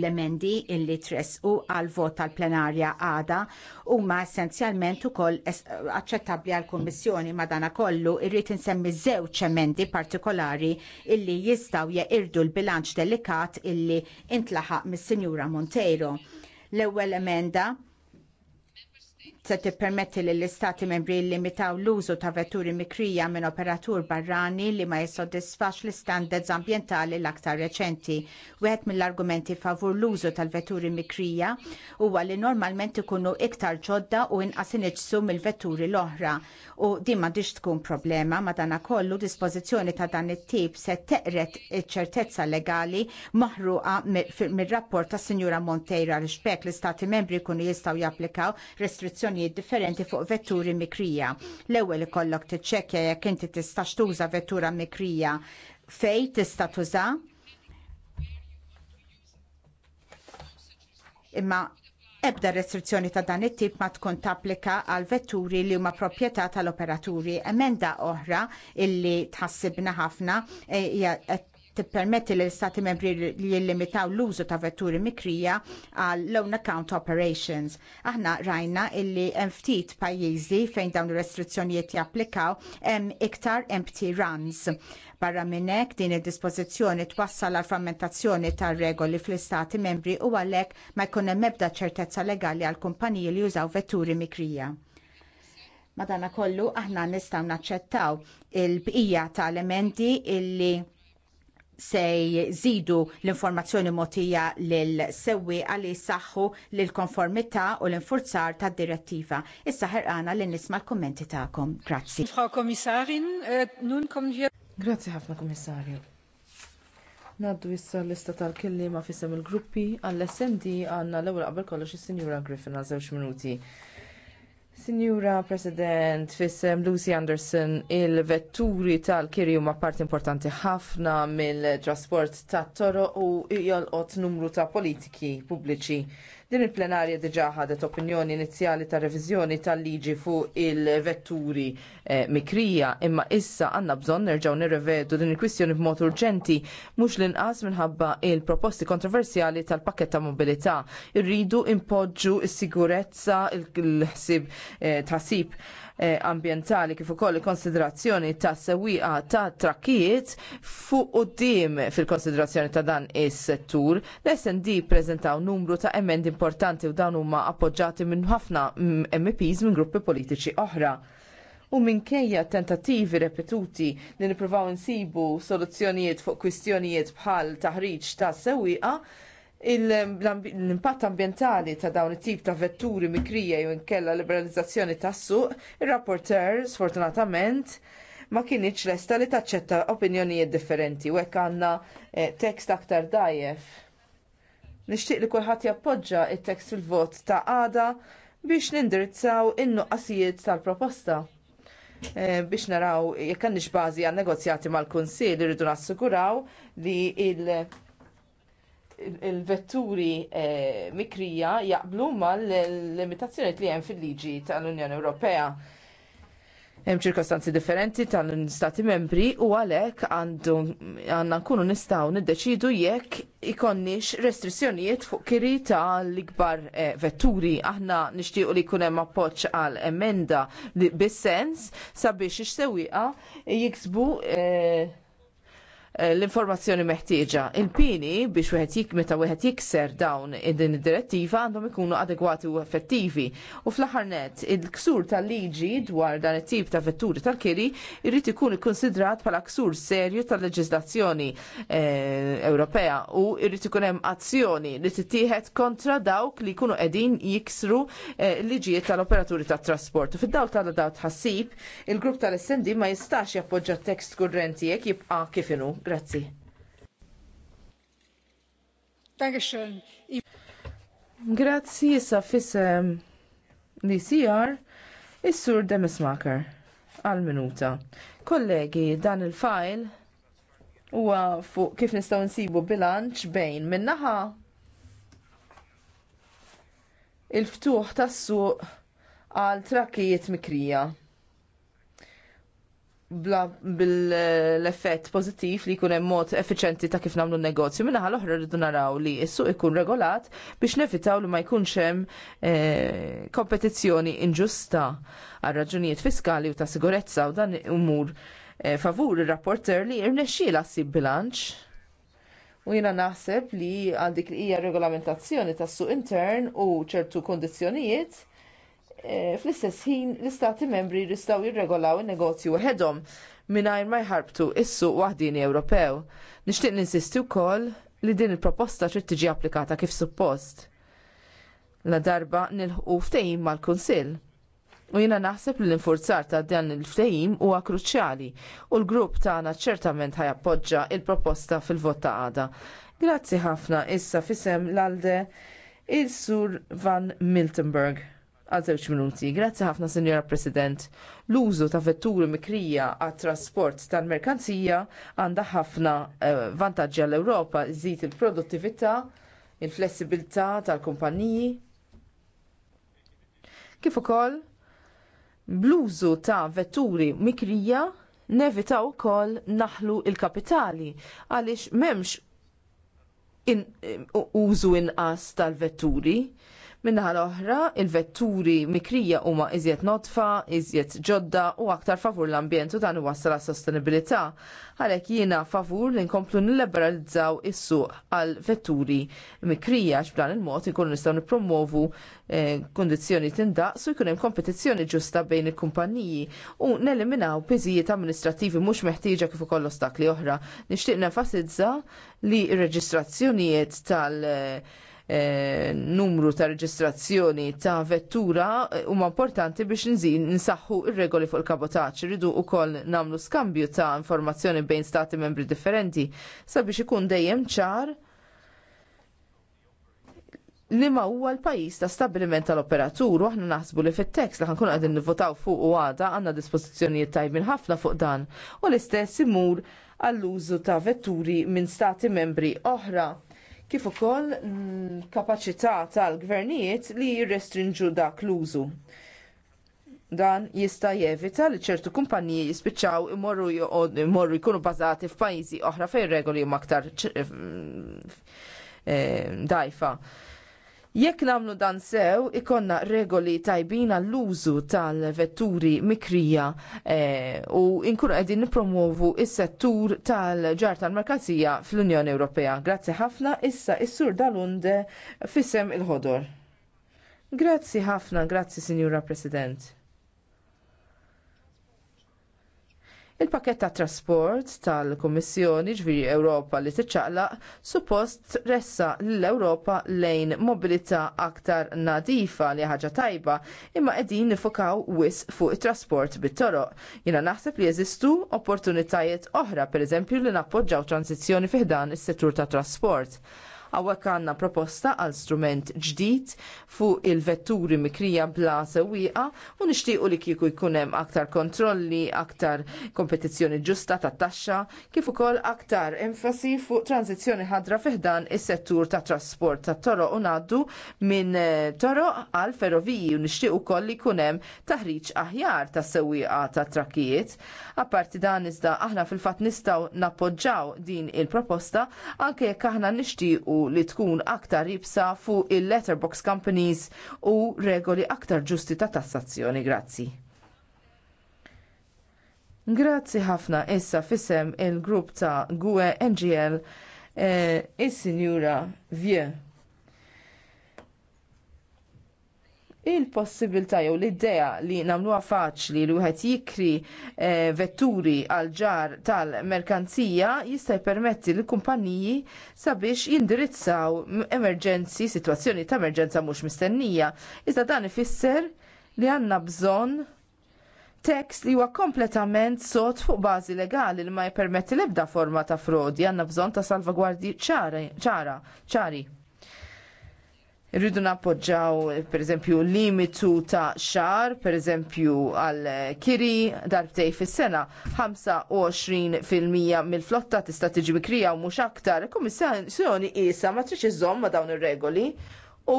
L-emendi illi tressqu għal vot tal plenarja għada huma essenzjalment ukoll aċċettabbli għal kummissjoni madana kollu insemmi żewġ emendi partikolari illi jistgħu jeqirdu l-bilanċ delikat illi intlaħaq mis-Sinjura Monteiro. L-ewwel emenda se tippermetti li l-istati membri limitaw l-użu ta' vetturi mikrija minn operatur barrani li ma jissodisfax l-istandards ambjentali l-aktar reċenti. Wieħed mill-argumenti favur l-użu tal-vetturi mikrija huwa li normalment ikunu iktar ġodda u inqas iniġsu mill-vetturi l-oħra. U din m'għandix tkun problema kollu dispożizzjoni ta' dan it-tip se teqret iċ-ċertezza legali maħruqa mir-rapport tas Sinjura Monteira li l-istati membri jkunu jistgħu japplikaw restrizzjoni restrizzjonijiet differenti fuq vetturi mikrija. L-ewwel ikollok tiċċekkja jekk inti tistax tuża vettura mikrija fejn tista' tuża. Imma ebda restrizzjoni ta' dan it-tip ma tkun tapplika għal vetturi li huma proprjetà tal-operaturi. Emenda oħra illi tħassibna ħafna eh, hija e, tippermetti li l-Stati membri li jillimitaw l-użu ta' vetturi mikrija għal loan account operations. Aħna rajna illi hemm ftit pajjiżi fejn dawn ir-restrizzjonijiet japplikaw hemm iktar empty runs. Barra minn hekk din id-dispożizzjoni twassal għal frammentazzjoni tar regoli fl-istati membri u għalhekk ma jkun hemm ebda ċertezza legali għal kumpaniji li jużaw vetturi mikrija. Madana kollu aħna nistgħu naċċettaw il-bqija tal elementi illi se jżidu l-informazzjoni mogħtija l-sewi għalli saħħu lill konformità u l-infurzar tad direttiva. Issa ħerqana l nisma l-kommenti tagħkom. Grazzi. Frau Kommissarin, eh, nun kom wir. Grazzi ħafna Kommissarju. Naddu issa l-lista tal ma' fisem il-gruppi għall-SND għandna l-ewwel qabel kollox is-Sinjura Griffin għal żewġ minuti. Signora President, fissem Lucy Anderson, il-vetturi tal-kiri huma parti importanti ħafna mill-trasport tat toro u jolqot numru ta' politiki pubbliċi Din il-plenarja diġa ħadet opinjoni inizjali ta' reviżjoni tal-liġi fuq il-vetturi eh, mikrija, imma issa għanna bżonn nerġgħu nirrevedu din il-kwistjoni b'mod urġenti mhux l-inqas minħabba il-proposti kontroversjali tal-pakket ta' mobilità. Irridu impoġġu s-sigurezza il-ħsib eh, ta' Eh, ambjentali kif ukoll il-konsiderazzjoni ta' sewwieqa ta' trakkijiet fuq quddiem fil-konsiderazzjoni ta' dan is-settur. L-SND ppreżentaw numru ta' emendi importanti u dawn huma appoġġati minn ħafna MPs minn gruppi politiċi oħra u minkejja tentattivi repetuti li nippruvaw insibu soluzzjonijiet fuq kwistjonijiet bħal taħriġ ta' sewwieqa, l-impatt ambjentali ta' dawn it-tip ta' vetturi mikrija jew inkella liberalizzazzjoni tas-suq, ir-rapporter sfortunatament ma kinitx lesta li taċċetta opinjonijiet differenti u hekk għandna eh, tekst aktar dajjef. Nixtieq li kulħadd jappoġġa t tekst fil-vot ta' għada biex nindirizzaw in-nuqqasijiet tal-proposta. E, biex naraw jekk għandix bażi għal negozjati mal-Kunsill irridu nassiguraw li il- il-vetturi eh, mikrija jaqblu mal limitazzjonijiet li hemm fil-liġi tal-Unjoni Ewropea. Hemm ċirkostanzi differenti tal-Stati membri u għalhekk għandu għandna nkunu nistgħu niddeċidu jekk ikonniex restrizzjonijiet fuq kiri tal-ikbar eh, vetturi. Aħna nixtiequ li jkun hemm appoġġ għal emenda bis-sens sabiex ix-sewwieqa jiksbu eh, Eh, l-informazzjoni meħtieġa. Il-pini biex wieħed jik meta wieħed jikser dawn din id-direttiva għandhom ikunu adegwati u effettivi. U fl-aħħar net, il-ksur tal-liġi dwar dan it-tip ta' vetturi tal-kiri jrid ikun ikkonsidrat bħala ksur serju tal-leġiżlazzjoni eh, Ewropea u jrid ikun hemm azzjoni li tittieħed kontra dawk li jkunu qegħdin jiksru eh, liġijiet tal-operaturi tat-trasport. U fid-dawl tal-daw tħassib, il-grupp tal-SND ma jistax jappoġġa tekst kurrenti jekk jibqa' kif Grazzi. Grazzi issa fissem li sijar is-sur Demismaker għal-minuta. Kollegi, dan il-fajl huwa fuq kif nistgħu nsibu bilanċ bejn min-naħa il-ftuħ tas-suq għal trakkijiet mikrija bil-effett pozittiv li jkun hemm mod effiċenti ta' kif nagħmlu n-negozju. Minnaħa l-oħra rridu naraw li s-suq ikun regolat biex nevitaw li ma jkunx hemm eh, kompetizzjoni inġusta għal raġunijiet fiskali u ta' sigurezza u dan umur eh, favur ir-rapporter li irnexxiela ssib bilanċ. U jiena naħseb li għandik li hija regolamentazzjoni tas-suq intern u ċertu kondizzjonijiet Eh, fl-istess ħin l-istati membri jistgħu jirregolaw in-negozju waħedhom mingħajr ma jħarbtu issu waħdini Ewropew. Nixtieq ninsisti wkoll li din il-proposta trid tiġi applikata kif suppost. La darba nilħu ftehim mal-Kunsill. U jiena naħseb li l-infurzar ta' dan il-ftehim huwa kruċjali u l-grupp tagħna ċertament ħajappoġġa l proposta fil-vot ta' għada. Grazzi ħafna issa fisem l-alde il-sur Van Miltenberg għal żewġ minuti. Grazzi ħafna, Sinjora President. L-użu ta' vetturi mikrija għat trasport tal-merkanzija għandha ħafna eh, vantaġġi għall ewropa iżid il-produttività, il-flessibilità tal-kumpaniji. Kif ukoll bl-użu ta' vetturi mikrija nevitaw ukoll naħlu il-kapitali għaliex m'hemmx in, użu inqas tal-vetturi Minnaħa l-oħra, il-vetturi mikrija huma iżjed notfa, iżjed ġodda u aktar favur l-ambjent u dan iwassal sostenibilità. Għalhekk jiena favur li nkomplu nilliberalizzaw is-suq għal vetturi mikrija x'b'dan il-mod ikunu nistgħu nippromovu eh, kondizzjoni tindaqs u jkun hemm kompetizzjoni ġusta bejn il-kumpaniji u neliminaw piżijiet amministrativi mhux meħtieġa kif ukoll ostakli oħra. Nixtieq nenfasizza li r reġistrazzjonijiet tal- Eh, numru ta' reġistrazzjoni ta' vettura eh, huma importanti biex nżin nsaħħu ir-regoli fuq il-kabotaġġ. Ridu wkoll nagħmlu skambju ta' informazzjoni bejn stati membri differenti sabiex ikun dejjem ċar li ma huwa l-pajis ta' stabiliment tal-operatur u aħna naħsbu li fit-tekst li ħankun għadin nivvotaw fuq u għada għanna dispożizzjonijiet tajbin ħafna fuq dan u l-istess imur għall-użu ta' vetturi minn stati membri oħra kif ukoll kapaċità tal-gvernijiet li jirrestrinġu dak l-użu. Dan jista' jevita li ċertu kumpaniji jispiċċaw imorru imorru jkunu bażati f'pajjiżi oħra fejn regoli huma aktar eh, dgħajfa. Jekk nagħmlu dan sew, ikonna regoli tajbin għall-użu tal-vetturi mikrija e, u nkunu qegħdin nippromovu il settur tal-ġar tal-merkazija fl-Unjoni Ewropea. Grazzi ħafna, issa is-sur unde fissem il-ħodor. Grazzi ħafna, grazzi Sinjura President. Il-pakket ta' trasport tal-Kummissjoni ġviri Ewropa li tiċċaqlaq suppost ressa l-Ewropa lejn mobilità aktar nadifa li ħaġa tajba imma qegħdin nifokaw wis fuq it-trasport bit-toroq. Jiena naħseb li jeżistu opportunitajiet oħra pereżempju li nappoġġaw transizzjoni fiħdan is-settur tat trasport. Hawnhekk għandna proposta għal strument ġdid fuq il-vetturi mikrija bla sewwieqa u nixtiequ li kieku jkun hemm aktar kontrolli, aktar kompetizzjoni ġusta tat taxxa, kif ukoll aktar enfasi fuq tranzizzjoni ħadra fiħdan is-settur tat trasport ta' toroq u ngħaddu minn eh, toroq għal ferroviji u nixtiequ ukoll li jkun hemm taħriġ aħjar tas sewwieqa tat trakkijiet. Apparti dan iżda aħna fil-fatt nistgħu nappoġġaw din il-proposta anke jekk aħna nixtiequ li tkun aktar jibsa fuq il-letterbox companies u regoli aktar ġusti ta' tassazzjoni. Grazzi. Grazzi ħafna issa fisem il-grupp ta' GUE NGL eh, is-Sinjura Vie. il-possibilità jew l-idea li nagħmluha faċli li wieħed jikri eh, vetturi għal ġar tal-merkanzija jista' jpermetti lill kumpaniji sabiex jindirizzaw emerġenzi, sitwazzjoni ta' emerġenza mhux mistennija. Iżda dan ifisser li għandna bżonn tekst li huwa kompletament sod fuq bażi legali li ma jpermetti l-ebda forma ta' frodi għandna bżonn ta' salvagwardji ċara, ċara, ċari. Rridu nappoġġaw pereżempju limitu ta' xar, pereżempju għal kiri darbtej fis-sena 25% mill-flotta tista' tiġi mikrija u mhux aktar. Kummissjoni isa ma tridx iżomm ma' dawn ir-regoli u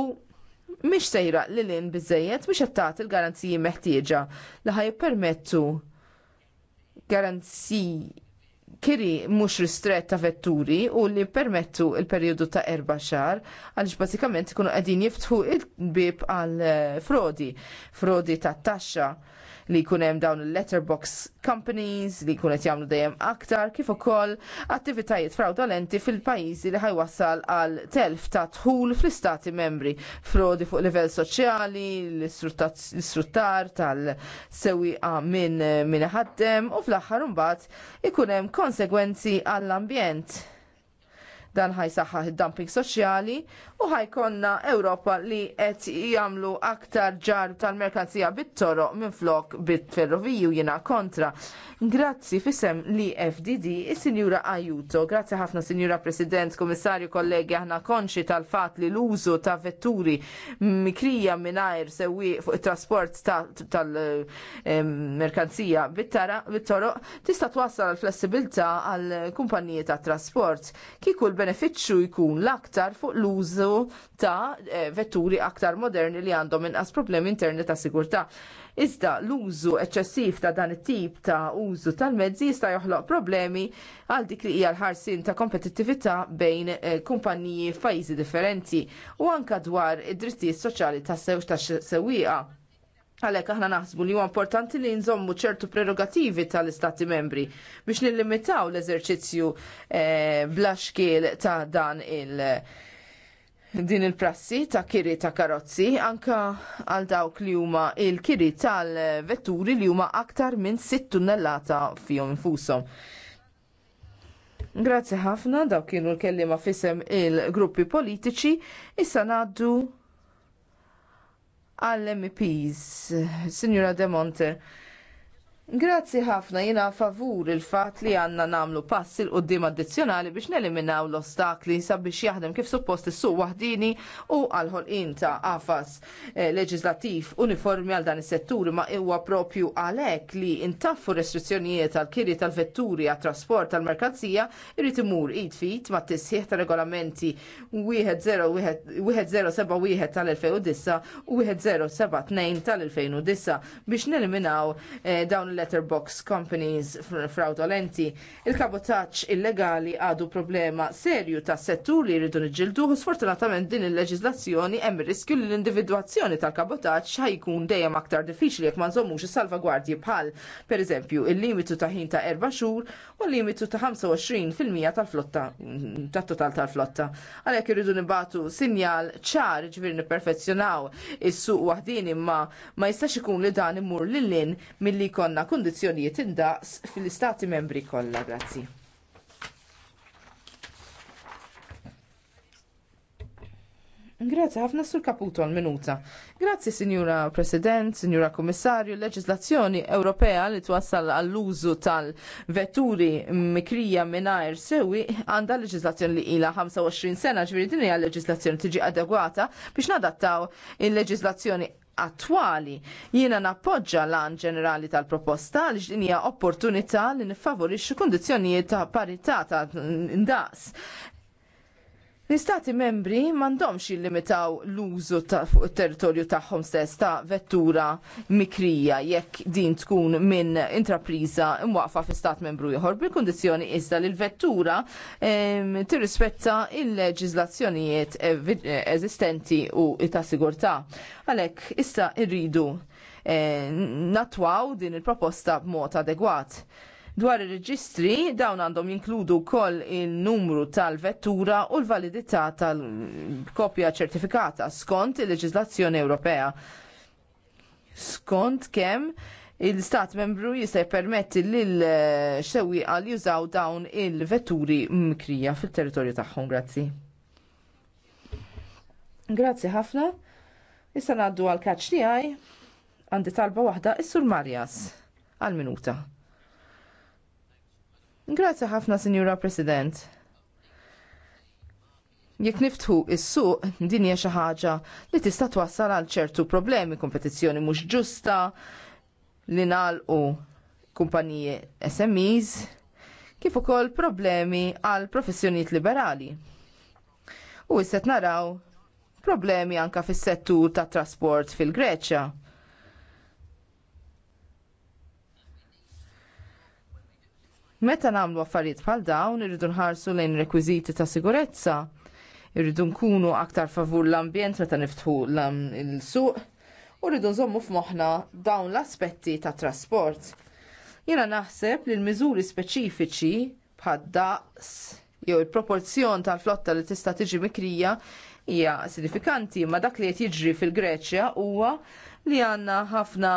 mhix sejra lil lin biżejjed mhix qed tagħti l-garanziji meħtieġa li ħajpermettu garanziji kiri mhux ristret ta' vetturi u li permettu il-periodu ta' erba' xar għaliex bażikament ikunu qegħdin jiftħu il-bib għal eh, frodi, frodi ta' taxxa li jkun hemm dawn il-letterbox companies li jkun qed jagħmlu dejjem aktar kif ukoll attivitajiet fraudolenti fil-pajjiżi li ħajwassal għal telf ta' tħul fl-istati membri, frodi fuq livell soċjali, l-istruttar tal-sewwieqa minn min ħaddem u fl-aħħar imbagħad ikun hemm konsegwenzi għall-ambjent. Dan ħajsaħħaħ id-dumping soċjali u ħajkonna Ewropa li qed jagħmlu aktar ġar tal-merkanzija bit-toroq minflok bit-ferroviju jiena kontra. Grazzi fisem li FDD is-Sinjura Ajuto. Grazzi ħafna Sinjura President, Komissarju, kollegi aħna konxi tal-fatt li l-użu ta' vetturi mikrija mingħajr sewi fuq it-trasport tal-merkanzija bit-toroq tista' twassal għal flessibilità għal kumpaniji ta' trasport. Kikul il-benefiċċju jkun l-aktar fuq l-użu ta' eh, vetturi aktar moderni li għandhom inqas problemi interni ta' sigurtà. Iżda l-użu eċċessiv ta' dan it-tip ta' użu tal-mezzi jista' joħloq problemi għal dik li hija l-ħarsin ta' kompetittività bejn eh, kumpaniji f'pajjiżi differenti u anka dwar id-drittijiet soċjali tas-sewwieqa. Għalhekk aħna naħsbu li huwa importanti li nżommu ċertu prerogativi tal-Istati membri biex nillimitaw l-eżerċizzju eh, bla xkiel ta' dan il- din il-prassi ta' kiri ta' karozzi anka għal dawk li huma il-kiri tal-vetturi li huma aktar minn 6 tunnellata fihom infushom. Grazzi ħafna, dawk kienu l-kellima fisem il-gruppi politiċi, issa naddu għall-MPs. Signora De Monte, Grazzi ħafna jina favur il-fat li għanna namlu pass il-qoddim addizjonali biex neliminaw l-ostakli sabiex jaħdem kif suppost il suq wahdini u għalħol inta ta' qafas eh, leġislativ uniformi għal dan is-setturi ma huwa propju għalhekk li intaffu restrizzjonijiet għal kiri tal-vetturi għat trasport tal merkazzija irrit imur id fit ma' tisħiħ ta' regolamenti 1071 tal-2009 u 1072 tal-2009 biex neliminaw eh, dawn letterbox companies fraudolenti. Il-kabotaċ illegali għadu problema serju ta' settur li jridu nġildu u sfortunatament din il-leġizlazzjoni hemm riskju li l-individwazzjoni tal-kabotaċ ħajkun dejjem aktar diffiċli jekk ma nżommux is-salvagwardji bħal pereżempju il-limitu ta' ħin ta' erba' xhur u l-limitu ta' 25% tal-flotta tat-total tal-flotta. Għalhekk irridu nibatu sinjal ċar ġifieri nipperfezzjonaw is-suq waħdin imma ma jistax ikun li dan imur lil-lin milli konna ikonna kundizzjonijiet indaqs fil-istati membri kollha. Grazzi. Grazie, ħafna sur kaputo għal minuta. Grazie, Signora President, Signora Kommissarju, leġislazzjoni Ewropea li twassal għall-użu tal-vetturi mikrija minnajr sewi għanda leġislazzjoni li ila 25 sena ġviri din hija leġislazzjoni tiġi adegwata biex nadattaw il-leġislazzjoni attwali. Jiena nappoġġa l-għan ġenerali tal-proposta li ġdinija opportunità li nifavorixxu kundizzjonijiet ta' parità ta' ndaqs L-istati membri mandomx jillimitaw l-użu ta' fuq il-territorju tagħhom stess ta' vettura mikrija jekk din tkun minn intrapriża imwaqfa fi stat membru ieħor bil-kundizzjoni iżda li l-vettura tirrispetta il-leġiżlazzjonijiet eżistenti u ta' sigurtà. Għalhekk issa rridu eh, natwaw din il-proposta b'mod adegwat. Dwar ir-reġistri dawn għandhom jinkludu wkoll il-numru tal-vettura u l-validità tal-kopja ċertifikata skont il leġislazzjoni Ewropea. Skont kemm il-stat membru jista' jippermetti lil eh, xewi għal jużaw dawn il-vetturi mkrija fil-territorju tagħhom. Grazzi. Grazzi ħafna. Issa ngħaddu għal kaċ tiegħi għandi talba waħda is-Sur Marjas għal minuta. Grazzi ħafna, Sinjura President. Jekk niftħu is-suq, din hija xi ħaġa li tista' twassal għal ċertu problemi, kompetizzjoni mhux ġusta, li nagħlqu kumpaniji SMEs, kif ukoll problemi għal professjonijiet liberali. U issa naraw problemi anka fis-settur tat trasport fil-Greċja Meta nagħmlu affarijiet bħal dawn irridu nħarsu lejn rekwiżiti ta' sigurezza. Irridu nkunu aktar favur l-ambjent meta niftħu l-suq u rridu nżommu f'moħħna dawn l-aspetti tat trasport. Jiena naħseb li l-miżuri speċifiċi bħad daqs jew il-proporzjon tal-flotta li tista' tiġi mikrija hija sinifikanti, ma dak li qed jiġri fil-Greċja huwa li għandna ħafna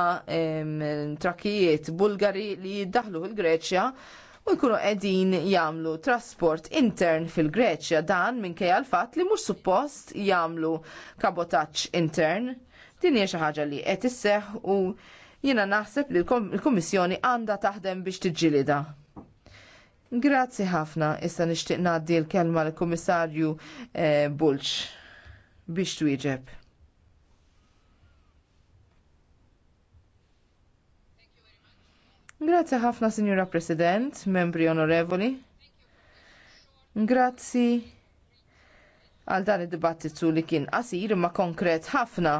trakkijiet Bulgari li jiddaħlu fil-Greċja u jkunu qegħdin jagħmlu trasport intern fil-Greċja dan minkejja l-fatt li mhux suppost jagħmlu kabotaġġ intern. Din hija xi ħaġa li qed isseħħ u jiena naħseb li l-Kummissjoni għandha taħdem biex tiġġilida. Grazzi ħafna, issa nixtieq ngħaddi l-kelma l-Kummissarju eh, Bulċ biex twieġeb. Grazzi ħafna, Sinjura President, membri onorevoli. Grazzi għal dan id-dibattitu li kien qasir imma konkret ħafna.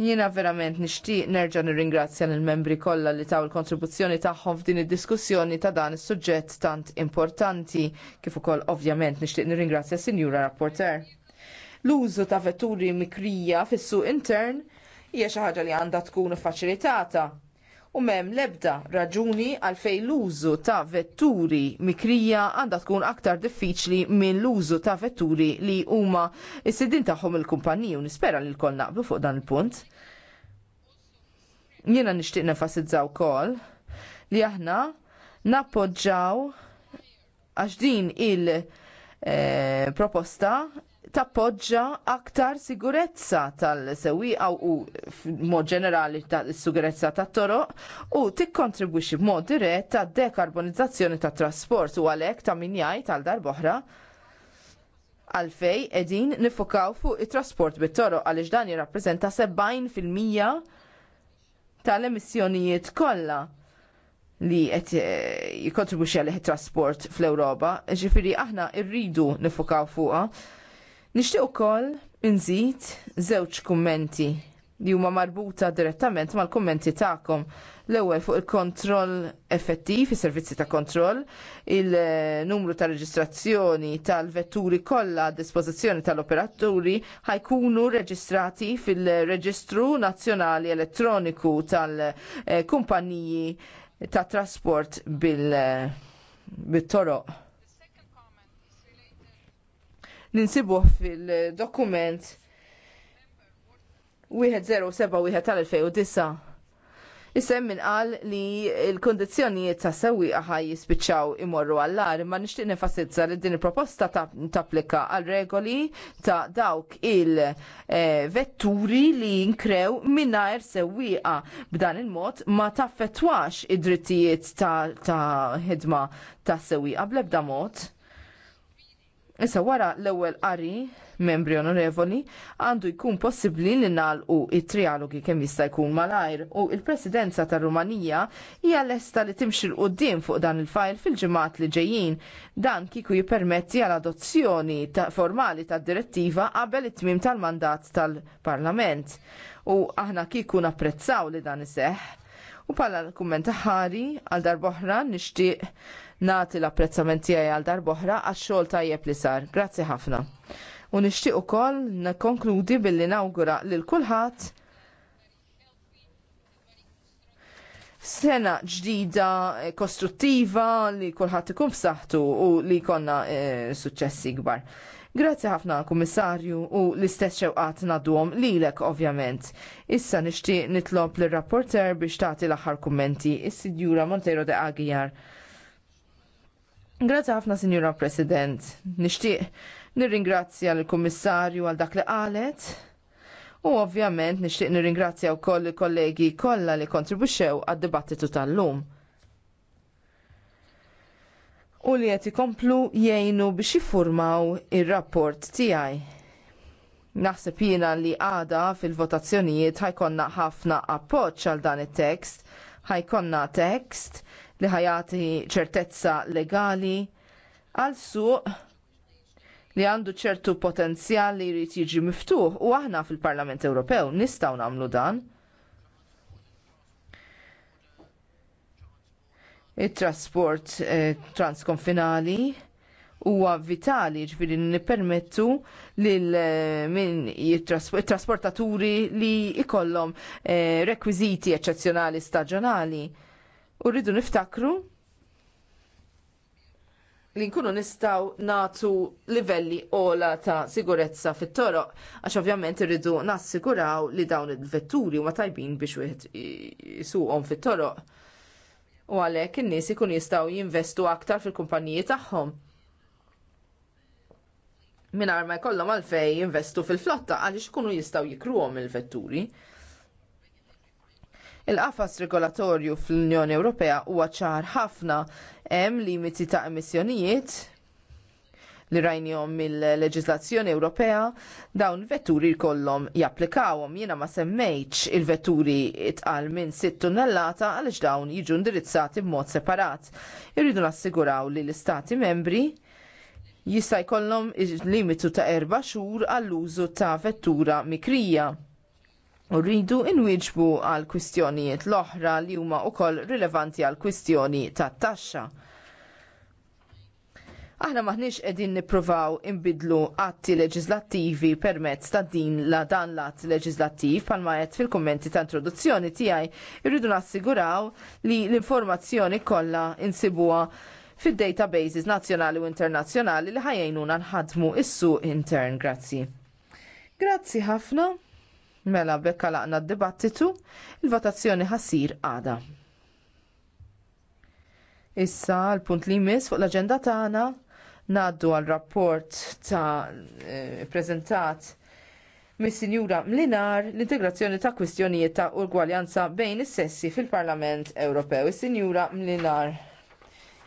Jiena verament nixtieq nerġa' nirringrazzja lill membri kollha li taw il-kontribuzzjoni tagħhom f'din id-diskussjoni ta' dan is-suġġett tant importanti kif ukoll ovvjament nixtieq nirringrazzja Sinjura Rapporter. L-użu ta' vetturi mikrija fis-suq intern hija xi ħaġa li għandha tkun faċilitata u mem lebda raġuni għalfejn l-użu ta' vetturi mikrija għandha tkun aktar diffiċli minn l-użu ta' vetturi li huma s-sidin tagħhom il-kumpaniji u nispera li l-kol naqblu fuq dan il-punt. Jiena nixtieq nenfasizzaw kol li aħna nappoġġaw għax din il- eh, proposta tappoġġa aktar sigurezza tal-sewwieqa u mod ġenerali is sigurezza tat-toroq u tikkontribwixxi b'mod dirett tad-dekarbonizzazzjoni tat-trasport u għalhekk ta' min jgħid għal darb'oħra għalfej qegħdin nifokaw fuq it-trasport bit-toroq għaliex dan jirrappreżenta 70% tal-emissjonijiet kollha li qed eh, jikkontribwixxi għalih it-trasport fl-Ewropa. Ġifieri aħna rridu nifokaw fuqha Nixtieq ukoll nżid żewġ kummenti li huma marbuta direttament mal-kummenti tagħkom. L-ewwel fuq il-kontroll effettiv, is-servizzi ta' kontroll, il-numru ta' reġistrazzjoni tal-vetturi kollha a dispożizzjoni tal-operaturi ħajkunu reġistrati fil-Reġistru Nazzjonali Elettroniku tal-Kumpaniji ta' Trasport bil-Toroq li nsibuh fil-dokument 1071 tal-2009. Isem min qal li l-kondizjonijiet ta' sewwieqa ħaj jispiċċaw imorru għallar, ma nixtieq nefasizza li din il-proposta tapplika għal regoli ta' dawk il-vetturi li jinkrew mingħajr sewwieqa. B'dan il-mod ma taffettwax id-drittijiet ta' ħidma ta' sewwieqa bl-ebda mod. Issa wara l-ewwel qari membri onorevoli għandu jkun possibbli li nagħlqu it-trialogi kemm jista' jkun malajr u l presidenza tar-Rumanija hija lesta li timxi l qudiem fuq dan il-fajl fil-ġimgħat li ġejjin. Dan kiku jippermetti għal adozzjoni ta formali tad-direttiva qabel it-tmim tal-mandat tal-Parlament. U aħna kiku napprezzaw li dan iseħħ. U pala l-kumment ħari għal darboħra nixtieq nagħti l-apprezzament tiegħi għal darboħra għax-xogħol tajjeb li sar. Grazzi ħafna. U nixtieq ukoll nikkonkludi billi nawgura lil kulħadd sena ġdida kostruttiva li kulħadd ikun b'saħħtu u li jkollna e, suċċessi kbar. Grazzi ħafna kummissarju u l-istess xewqat nadwom lilek ovvjament. Issa nixtieq nitlob lir rapporter biex tagħti l-aħħar kummenti is-Sidjura Monteiro de Aguiar. Grazie ħafna, Signora President. Nixtieq nirringrazzja l-Kummissarju għal dak li qalet. U ovvjament nixtieq nirringrazzja wkoll il-kollegi kollha li kontribuxxew għad-dibattitu tal-lum. U li qed ikomplu jgħinu biex jiffurmaw ir-rapport tiegħi. Naħseb jiena li għada fil-votazzjonijiet ħajkonna ħafna appoġġ għal dan it-tekst, ħajkonna tekst li ħajati ċertezza legali għal suq li għandu ċertu potenzjal li jrid jiġi miftuħ u aħna fil-Parlament Ewropew nistgħu nagħmlu dan. it-trasport eh, transkonfinali huwa vitali ġifiri nippermettu lil eh, min trasportaturi li ikollhom eh, rekwiżiti eċċezzjonali staġjonali U rridu niftakru li nkunu nistaw natu livelli ola ta' sigurezza fit-toroq, għax ovvjament irridu nassiguraw li dawn il-vetturi ma tajbin biex wieħed jisuqom fit-toroq. U għalhekk in-nies ikun jistgħu jinvestu aktar fil-kumpaniji tagħhom. Mingħajr ma jkollhom għalfejn jinvestu fil-flotta għaliex ikunu jistgħu jikruhom il-vetturi. il vetturi Il-qafas regolatorju fl-Unjoni Ewropea huwa ċar ħafna hemm limiti ta' emissjonijiet li rajnijom mill-leġislazzjoni Ewropea dawn vetturi kollom japplikawhom jiena ma semmejtx il-vetturi tqal minn 6 tunnellata għaliex dawn jiġu indirizzati b'mod separat. Irridu nassiguraw li l-istati membri jista' jkollhom il-limitu ta' erba' xhur għall-użu ta' vettura mikrija. U rridu inwiġbu għal kwistjonijiet l-oħra li huma wkoll rilevanti għal kwistjoni tat-taxxa. Aħna maħniex qegħdin nippruvaw inbidlu atti leġislattivi permezz ta' din la dan l-att leġislattiv bħalma qed fil-kummenti ta' introduzzjoni tiegħi irridu nassiguraw li l-informazzjoni kollha insibuha fid-databases nazzjonali u internazzjonali li ħajjejnuna nħadmu is-suq intern. Grazzi. Grazzi ħafna. Mela bekka laqna d-dibattitu, il-votazzjoni ħassir għada. Issa l-punt li jmiss fuq l-aġenda tagħna ngħaddu għal rapport ta' eh, mis-Sinjura Mlinar l-integrazzjoni ta' kwistjonijiet ta' ugwaljanza bejn is-sessi fil-Parlament Ewropew. Is-Sinjura Mlinar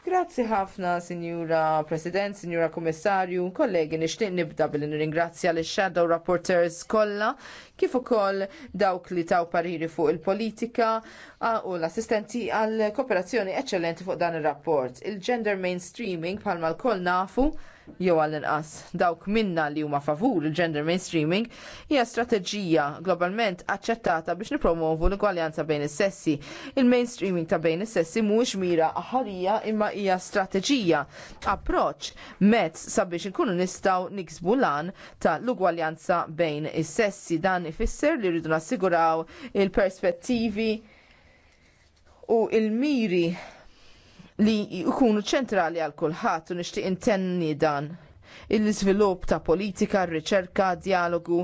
Grazzi ħafna, Sinjura President, Sinjura Kommissarju, kollegi, nixtieq nibda billi nirringrazzja lix shadow Rapporteurs kollha, kif ukoll dawk li taw pariri fuq il-politika u l-assistenti għal kooperazzjoni eċċellenti fuq dan ir-rapport. Il gender mainstreaming bħalma l-koll nafu jew għall-inqas dawk minna li huma favur il-gender mainstreaming hija strateġija globalment aċċettata biex nipromovu l-igwaljanza bejn is-sessi. Il-mainstreaming ta' bejn is-sessi mhuwiex mira aħarija imma hija strateġija, approċċ mezz sabiex inkunu nistgħu niksbu lan ta' l-ugwaljanza bejn is-sessi dan ifisser li rridu nassiguraw il-perspettivi u il-miri li jkunu ċentrali għal kulħadd u nixtieq intenni dan il-svilup ta' politika, riċerka, dialogu,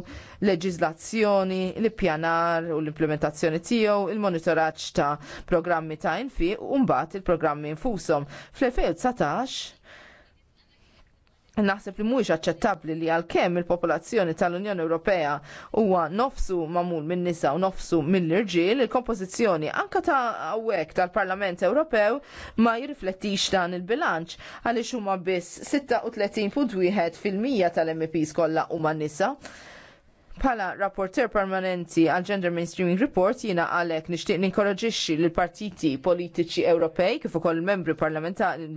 leġizlazzjoni, l-pjanar u l-implementazzjoni tiegħu, il-monitoraġġ ta' programmi ta' infi u mbagħad il-programmi infushom. Fl-2019 Naħseb li mhuwiex aċċettabbli li għalkemm il-popolazzjoni tal-Unjoni Ewropea huwa nofsu magħmul minn nisa u nofsu mill-irġiel, il-kompożizzjoni anke ta' hawnhekk tal-Parlament Ewropew ma jirriflettix dan il-bilanċ għaliex huma biss 36.1 fil-mija tal-MPs kollha huma nisa. Pala rapporter permanenti għal Gender Mainstreaming Report jina għalek nishtiq ninkoraġixxi l partiti politiċi Ewropej kif ukoll membri parlamentari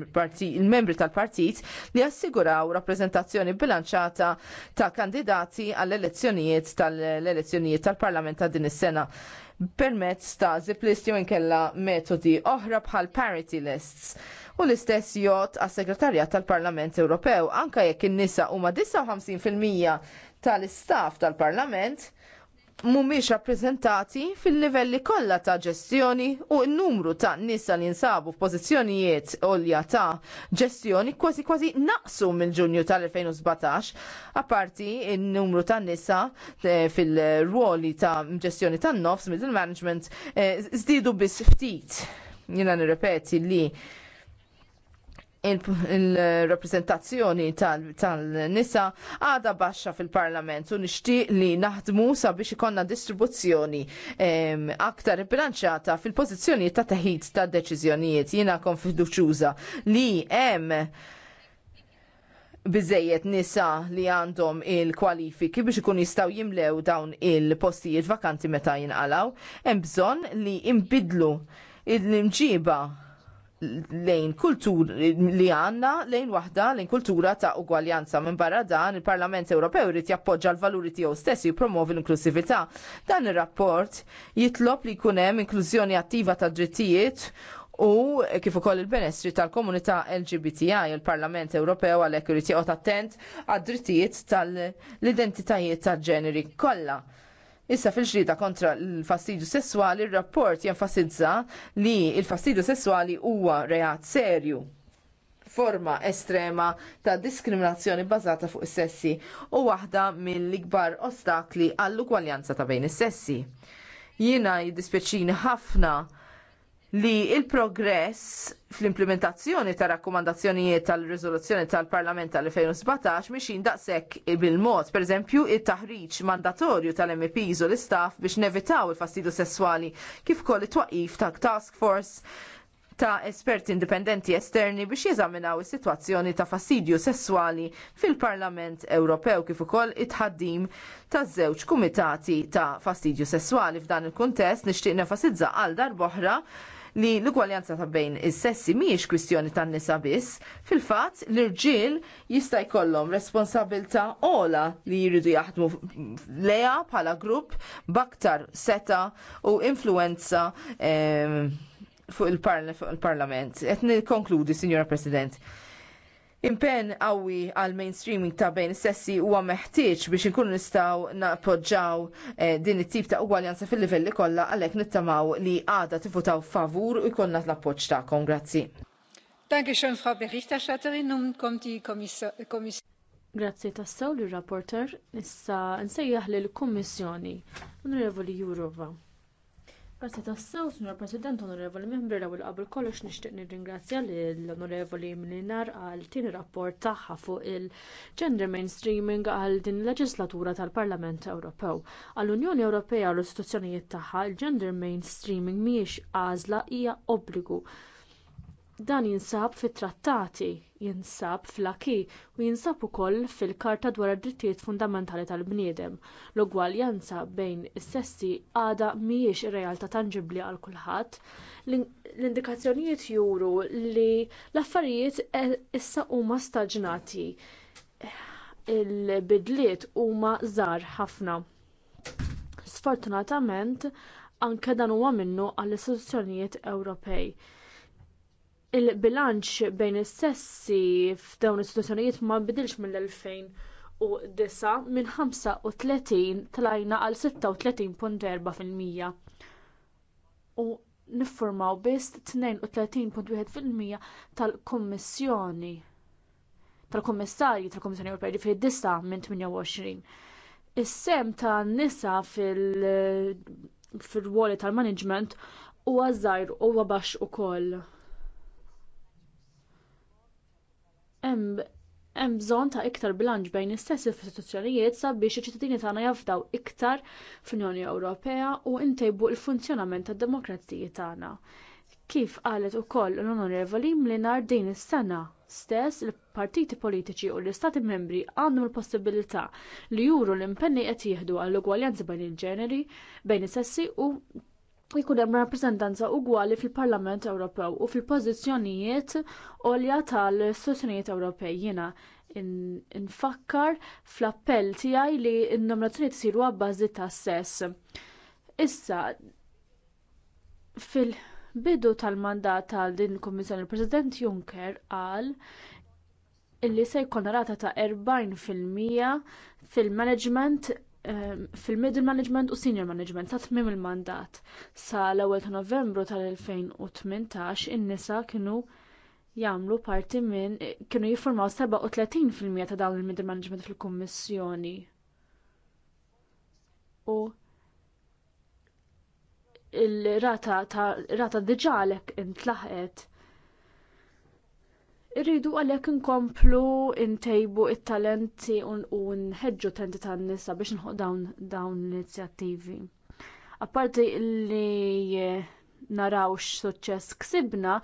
il-membri tal-partit li assiguraw rappreżentazzjoni bilanċata ta' kandidati għall elezzjonijiet tal-elezzjonijiet tal-Parlament ta' din is-sena permezz ta' zip list jew inkella metodi oħra bħal parity lists u l-istess jgħod għas segretarjat tal-Parlament Ewropew anke jekk in-nisa huma 59% tal-istaff tal-Parlament mhumiex rappreżentati fil-livelli kollha ta' ġestjoni u n-numru ta' nisa li jinsabu f'pożizzjonijiet għolja ta' ġestjoni kważi kważi naqsu mill-Ġunju tal-2017, apparti n-numru ta' nisa eh, fil-ruoli ta' ġestjoni tan-nofs middle management żdiedu eh, biss ftit. Jiena nirrepeti li il-rappresentazzjoni tal-nisa għada baxxa fil-parlament u nixtieq li naħdmu sabiex ikonna distribuzzjoni aktar bilanċata fil pozizjoni ta' teħid ta' deċiżjonijiet. Jiena konfiduċuża li hemm biżejjed nisa li għandhom il-kwalifiki biex ikun jistgħu jimlew dawn il-postijiet vakanti meta jinqalaw, hemm bżonn li imbidlu il-imġiba lejn kultur li għanna lejn waħda lejn kultura ta' ugwaljanza. Minn barra dan il-Parlament Ewropew irid jappoġġa l-valuri tiegħu stess jippromovi l-inklusività. Dan ir-rapport jitlob li jkun hemm inklużjoni attiva ta' drittijiet u kif ukoll il-benestri tal-komunità LGBTI il-Parlament Ewropew għalhekk irid joqgħod attent għad-drittijiet tal-identitajiet tal-ġeneri kollha Issa fil-ġrida kontra l-fastidju sessuali, il-rapport jenfasizza li il-fastidju sessuali huwa reat serju forma estrema ta' diskriminazzjoni bbażata fuq is-sessi u waħda mill-ikbar ostakli għall-ugwaljanza ta' bejn is-sessi. Jiena jiddispjaċini ħafna li il-progress fl-implementazzjoni ta' rakkomandazzjonijiet tal-rizoluzzjoni tal-Parlament tal-2017 miexin daqshekk bil-mod, per eżempju, il taħriġ mandatorju tal-MPs u l-istaff biex nevitaw il-fastidu sessuali kif koll it-twaqif ta' task force ta' esperti indipendenti esterni biex jeżaminaw is-sitwazzjoni ta' fastidju sessuali fil-Parlament Ewropew kif ukoll it-ħaddim ta' żewġ kumitati ta' fastidju sessuali f'dan il-kuntest nixtieq nefasizza għal darboħra li l-ugwaljanza ta' bejn is-sessi mhijiex kwistjoni tan nisa biss, fil-fatt l-irġiel jista' jkollhom responsabilità ola li jridu jaħdmu leja bħala grupp baktar seta u influenza eh, fuq il-parlament. Qed nikkonkludi, Sinjora President Impenn qawwi għal mainstreaming ta' bejn sessi huwa meħtieġ biex inkunu nistgħu nappoġġaw eh, din it-tip ta' ugwaljanza fil-livelli kollha għalhekk nittamaw li għada tifutaw favur u jkollna l-appoġġ tagħkom. Grazzi. Danke schön, Frau Berichterstatterin. Nun kommt die Kommission. Grazzi tassew l-rapporter. Nissa nsejjaħ lill-Kummissjoni. Onorevoli Jurova. Grazie sew signor President, onorevoli membri, l-ewwel qabel kollox nixtieq nirringrazzja lill-onorevoli Mlinar għal tieni rapport tagħha fuq il-gender mainstreaming għal din il-leġislatura tal-Parlament Ewropew. Għall-Unjoni Ewropea u l-istituzzjonijiet tagħha, il-gender mainstreaming mhijiex għażla hija obbligu Dan jinsab fit-trattati, jinsab fl-aki u jinsab ukoll fil-Karta dwar id-drittijiet fundamentali tal-bniedem. L-ugwaljanza bejn is-sessi għadha mhijiex realtà tangibbli għal kulħadd. L-indikazzjonijiet juru li l-affarijiet e, issa huma staġnati. Il-bidliet huma żgħar ħafna. Sfortunatament, anke dan huwa minnu għall istituzzjonijiet Ewropej il-bilanċ bejn is-sessi f'dawn is-sitwazzjonijiet ma bidilx mill-2009 minn 35 tlajna għal 36.4%. U niffurmaw biss 32.1% tal-Kummissjoni tal-Kummissarji tal-Kummissjoni Ewropea ġifieri disa minn 28. Is-sem tan nisa fil- fil tal-management huwa żgħar u huwa baxx ukoll. hemm bżonn ta' iktar bilanċ bejn istess istituzzjonijiet sabiex iċ-ċittadini tagħna jafdaw iktar fl-Unjoni Ewropea u ntejbu l-funzjonament tad-demokrazija tagħna. Kif qalet ukoll l-Onorevoli Mlinar din is-sena stess il-partiti politiċi u l-istati membri għandhom il-possibilità li juru l-impenni qed jieħdu għall-ugwaljanza bejn il-ġeneri, bejn is-sessi u jkun hemm rappreżentanza ugwali fil-Parlament Ewropew u fil-pożizzjonijiet għolja tal-istituzzjonijiet Ewropej jiena nfakkar fl-appell tiegħi li n-nominazzjoni tisiru għabbażi ta' sess. Issa fil-bidu tal-mandat tal din il-Kummissjoni il-President Juncker qal illi se jkollna rata ta' 40% fil-management Ehm, fil-middle management u senior management sa tmiem il-mandat. Sa l-ewwel ta' Novembru tal-2018 in-nisa kienu jagħmlu parti minn kienu jiffurmaw 37% ta' dawn il-middle management fil-kummissjoni. U il-rata ta' rata diġalek intlaħqet Irridu għalhekk inkomplu ntejbu il talenti u nħeġġu tenti tan-nisa biex nħu dawn dawn l-inizjattivi. Apparti li narawx suċċess ksibna,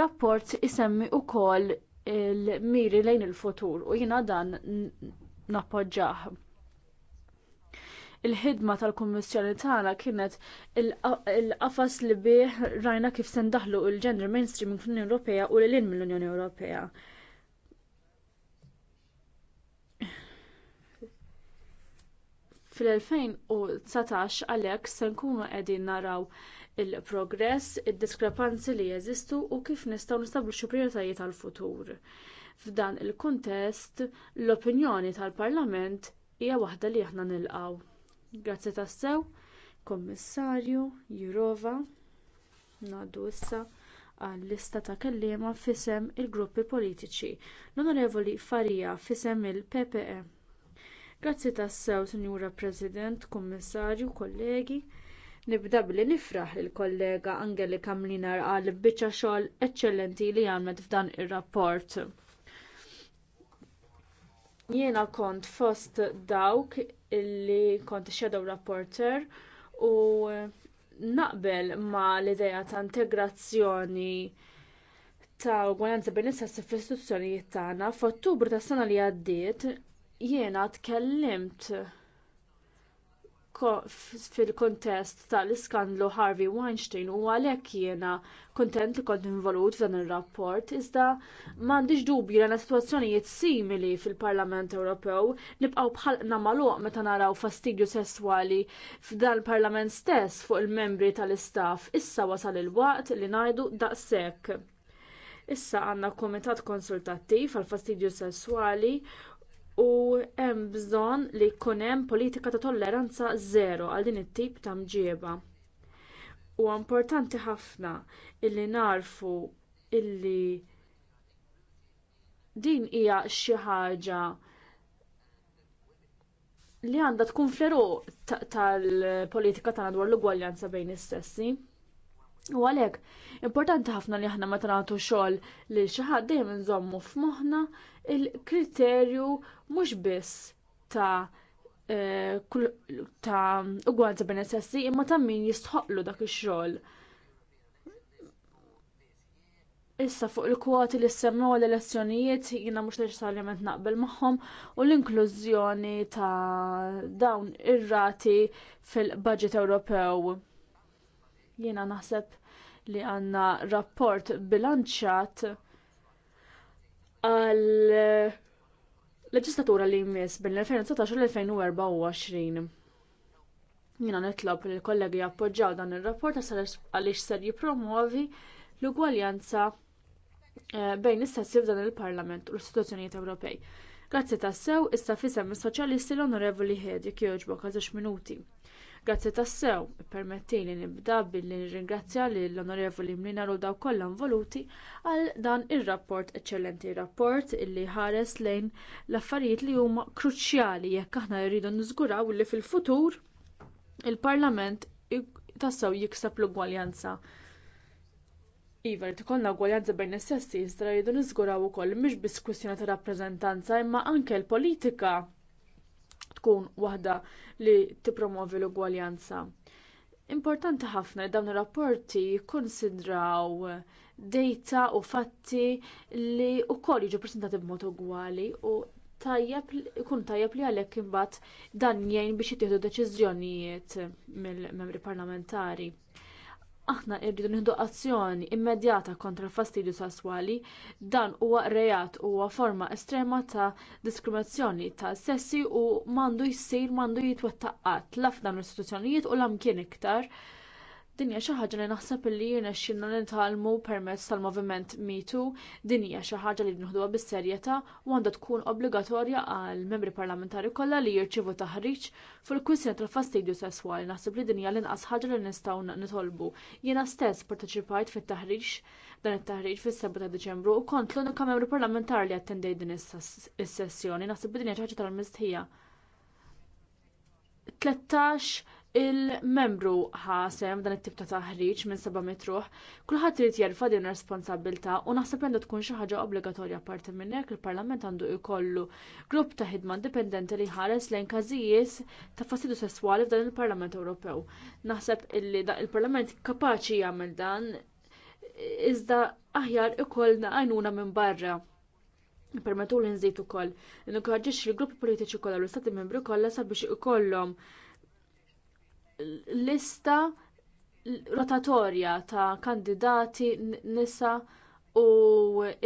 rapport isemmi wkoll il-miri lejn il-futur u jiena dan nappoġġah il-ħidma tal-Kummissjoni tagħna kienet il-qafas li bih rajna kif se ndaħlu l-gender mainstreaming fl-Unjoni Ewropea u lil mill-Unjoni Ewropea. Fil-2019 għalhekk se nkunu qegħdin naraw il-progress, id-diskrepanzi li jeżistu u kif nistgħu nistabbilxu prijoritajiet għall-futur. F'dan il kuntest l-opinjoni tal-Parlament hija waħda li aħna nilqgħu. Grazzi tassew, Kommissarju Jurova, ngħaddu issa għal lista ta' kelliema f'isem il-gruppi politiċi. L-Onorevoli Farija f'isem il-PPE. Grazzi tassew, Sinjura President, Kummissarju, kollegi. Nibda billi nifraħ lill kollega Angelika Mlinar qal biċċa xogħol eċċellenti li għamlet f'dan ir-rapport. Jiena kont fost dawk illi kont shadow rapporter u naqbel ma l-idea ta' integrazzjoni ta' ugwananza bejn is-sessi fl-istituzzjonijiet tagħna f'Ottubru tas-sena li għaddiet jiena tkellimt fil-kontest tal-iskandlu Harvey Weinstein u għalhekk jiena kuntent li kont involut f'dan ir-rapport iżda m'għandix dubju li għandna sitwazzjonijiet simili fil-Parlament Ewropew nibqgħu bħalqna magħluq meta naraw fastidju sesswali f'dan il-Parlament stess fuq il-membri tal-istaff. Issa wasal il-waqt li ngħidu daqshekk. Issa għandna kumitat konsultattiv għal fastidju sesswali u hemm bżonn li jkun hemm politika ta' tolleranza żero għal din it-tip ta' mġieba. Huwa importanti ħafna illi narfu illi din hija xi ħaġa li għandha tkun fleru tal-politika tagħna dwar l-ugwaljanza bejn is-sessi. U għalhekk, importanti ħafna li aħna meta nagħtu xogħol li xi ħadd dejjem inżommu f'moħħna il-kriterju mhux biss ta' eh, ta' ugwanza bejn essessi imma ta' min jistħoqlu dak ix-xogħol. Issa fuq il-kwoti li semmu l-elezzjonijiet mux mhux neċessarjament naqbel magħhom u l-inklużjoni ta' dawn ir-rati fil-budget Ewropew Jiena naħseb li għandna rapport bilanċat għal leġislatura li jmiss bil 2019 u 2024. Jiena nitlob li l-kollegi jappoġġaw dan ir-rapport għaliex ser jippromuovi l-ugwaljanza eh, bejn is-sessi f'dan il-Parlament u l-istituzzjonijiet Ewropej. Grazzi tassew, issa fisem is-soċjalisti l-Onorevoli Hed kjoġbo jogħġbok minuti. Grazzi tassew, permetti nibda billi nirringrazzja lill onorevoli Mlina u dawk kollha involuti għal dan ir-rapport eċċellenti rapport illi ħares lejn l-affarijiet li huma kruċjali jekk aħna rridu niżguraw li fil-futur il-Parlament tassew jiksab l-ugwaljanza. Iva, li tkollna ugwaljanza bejn is-sessi, iżda rridu niżguraw ukoll mhix biss kwistjoni ta' rappreżentanza imma anke l-politika tkun waħda li tippromovi l-ugwaljanza. Importanti ħafna li dawn ir-rapporti jikkonsidraw data u fatti li wkoll jiġu ppreżentati b'mod ugwali u tajjeb ikun tajjeb li għalhekk imbagħad dan jgħin biex jittieħdu deċiżjonijiet mill-membri parlamentari aħna rridu nieħdu azzjoni immedjata kontra l-fastidju sesswali dan huwa reat huwa forma estrema ta' diskriminazzjoni ta' sessi u m'għandu jsir m'għandu jitwettaq qatt l-afna mill-istituzzjonijiet u l-amkien iktar Din hija xi ħaġa li naħseb illi jirnexxilna nitgħalmu permezz tal-moviment Mitu, din hija xi ħaġa li nieħduha bis-serjetà u għandha tkun obbligatorja għal membri parlamentari kollha li jirċievu taħriġ fil-kwissjoni tal-fastidju sesswali. Naħseb li din hija l-inqas ħaġa li nistgħu nitolbu. Jiena stess parteċipajt fit-taħriġ dan it-taħriġ fis-7 ta' Diċembru u kont l-unika membru parlamentari li attendej din is-sessjoni naħseb din hija ħaġa tal-mistħija. 13 il-membru ħasem dan it-tip ta' taħriġ minn seba' mitruħ, kulħadd irid jerfa' din responsabilità u naħseb għandha tkun xi ħaġa obbligatorja parti minn hekk il-Parlament għandu jkollu grupp ta' ħidma indipendenti li ħares lejn każijiet ta' fastidju sesswali f'dan il-Parlament Ewropew. Naħseb illi il-Parlament kapaċi jagħmel dan iżda aħjar ikollna għajnuna minn barra. Permetu l nżid ukoll. Nkoraġġix li grupp politiċi kollha l-istati membri kollha sabiex ikollhom lista rotatorja ta' kandidati nisa u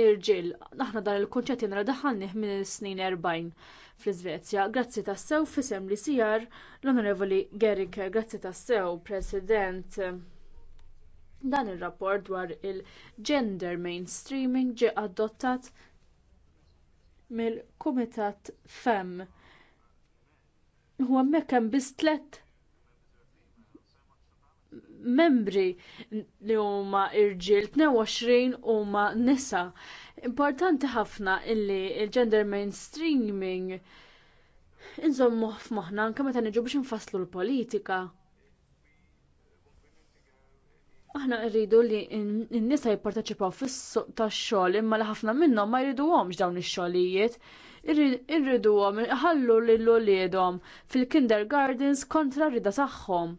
irġiel. Aħna dan il-kunċett jenra daħannih minn snin 40 fl-Iżvezja. Grazzi tas-sew, fisem li sijar l-Onorevoli Geringer, grazzi tas-sew President. Dan ir rapport dwar il-gender mainstreaming ġie adottat mill-Kumitat FEM. U hemmhekk hemm biss membri li huma irġiel 22 huma nisa. Importanti ħafna illi il-gender mainstreaming inżommu f'moħna anke meta niġu biex nfasslu l-politika. Aħna rridu li n-nisa jipparteċipaw fis-suq tax-xogħol imma li ħafna minnhom ma jriduhomx dawn ix-xogħlijiet irridu għom, ħallu l-lulidom fil-kindergardens kontra rida saħħom.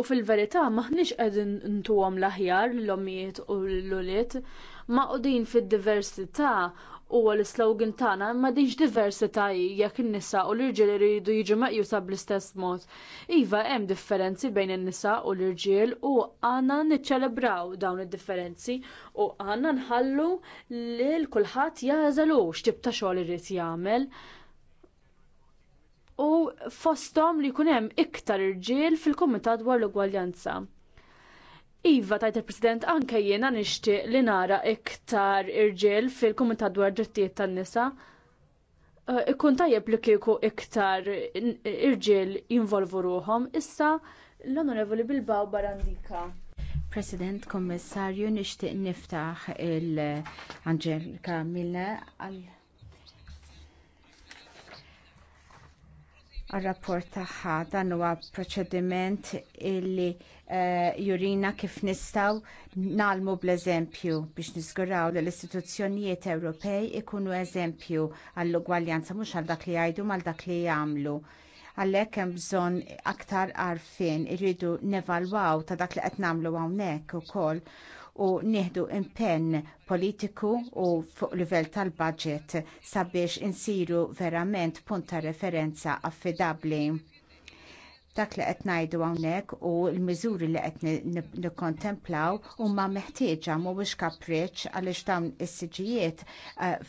U fil-verità maħniex qegħdin ntuhom l-aħjar l-omijiet u l-uliet maqdin fid-diversità huwa l-slogan tagħna imma dinx diversità jekk in-nisa u l-irġiel iridu jiġu meqjusa bl-istess mod. Iva hemm differenzi bejn in-nisa u l-irġiel u għandna niċċelebraw dawn id-differenzi u għandna nħallu lil kulħadd jażelu x'tib ta' xogħol irid jagħmel u fosthom li jkun hemm iktar irġiel fil-Kumitat dwar l-Ugwaljanza. Iva, tajt il-President, anke jiena nixtieq li nara iktar irġiel fil-Kumitat dwar drittijiet tan-nisa. Uh, Ikkun tajjeb li kieku iktar irġiel jinvolvu ruhom. Issa l-Onorevoli Bilbao Barandika. President Kommissarju nixtieq niftaħ il-Angelika Mille għal għal-rapport tagħha dan huwa proċediment illi uh, jurina kif nistgħu nagħmlu bl-eżempju biex nizguraw li l-istituzzjonijiet Ewropej ikunu eżempju għall-ugwaljanza mhux għal dak li jgħidu mal dak li jagħmlu. Għalhekk hemm bżonn aktar għarfien irridu nevalwaw ta' dak li qed nagħmlu hawnhekk ukoll u nieħdu impenn politiku u fuq livell tal-budget sabiex insiru verament punt ta' referenza affidabbli. Dak li qed ngħidu hawnhekk u l-miżuri li qed nikkontemplaw huma meħtieġa mhuwiex kapriċċ għaliex dawn is-siġijiet eh,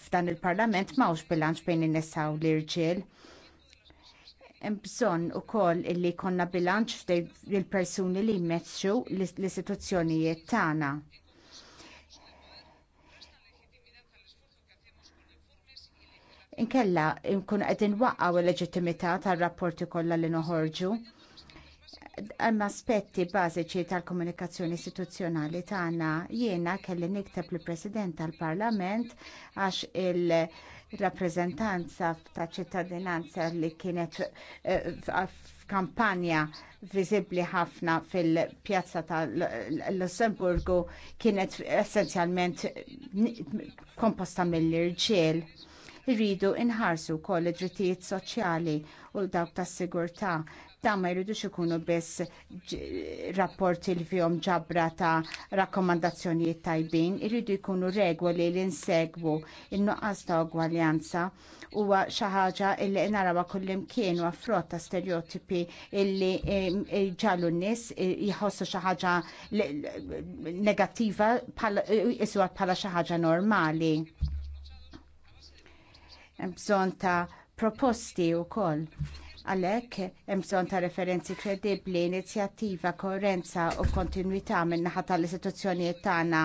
f'dan il-Parlament m'hawnx bilanċ bejn in-nisa u l-irġiel Hemm Bżonn ukoll illi jkollna bilanċ f'dej il-persuni li jmexxu l-istituzzjonijiet tagħna. Inkella nkun qegħdin waqqgħu l-leġittimità tar-rapporti kollha li noħorġu hemm aspetti bażiċi tal-komunikazzjoni istituzzjonali tagħna jiena kelli nikteb lill president tal-Parlament għax il- rappreżentanza ta' ċittadinanza li kienet eh, f'kampanja viżibbli ħafna fil-pjazza ta' Lussemburgu kienet essenzjalment komposta mill-irġiel. Irridu inħarsu wkoll id-drittijiet soċjali u dawk tas-sigurtà Dan ma jridux ikunu biss rapporti li fihom ġabra ta' rakkomandazzjonijiet tajbin, irridu jkunu regoli li nsegwu in-nuqqas ta' ugwaljanza huwa xi ħaġa li narawha kullimkien u affrott ta' stereotipi illi ġallu n-nies jħossu xi ħaġa negattiva iswa bħala xi ħaġa normali. Bżonn ta' proposti wkoll Għalhekk hemm bżonn ta' referenzi kredibbli, inizjattiva, koerenza u kontinwità min-naħa tal-istituzzjonijiet tagħna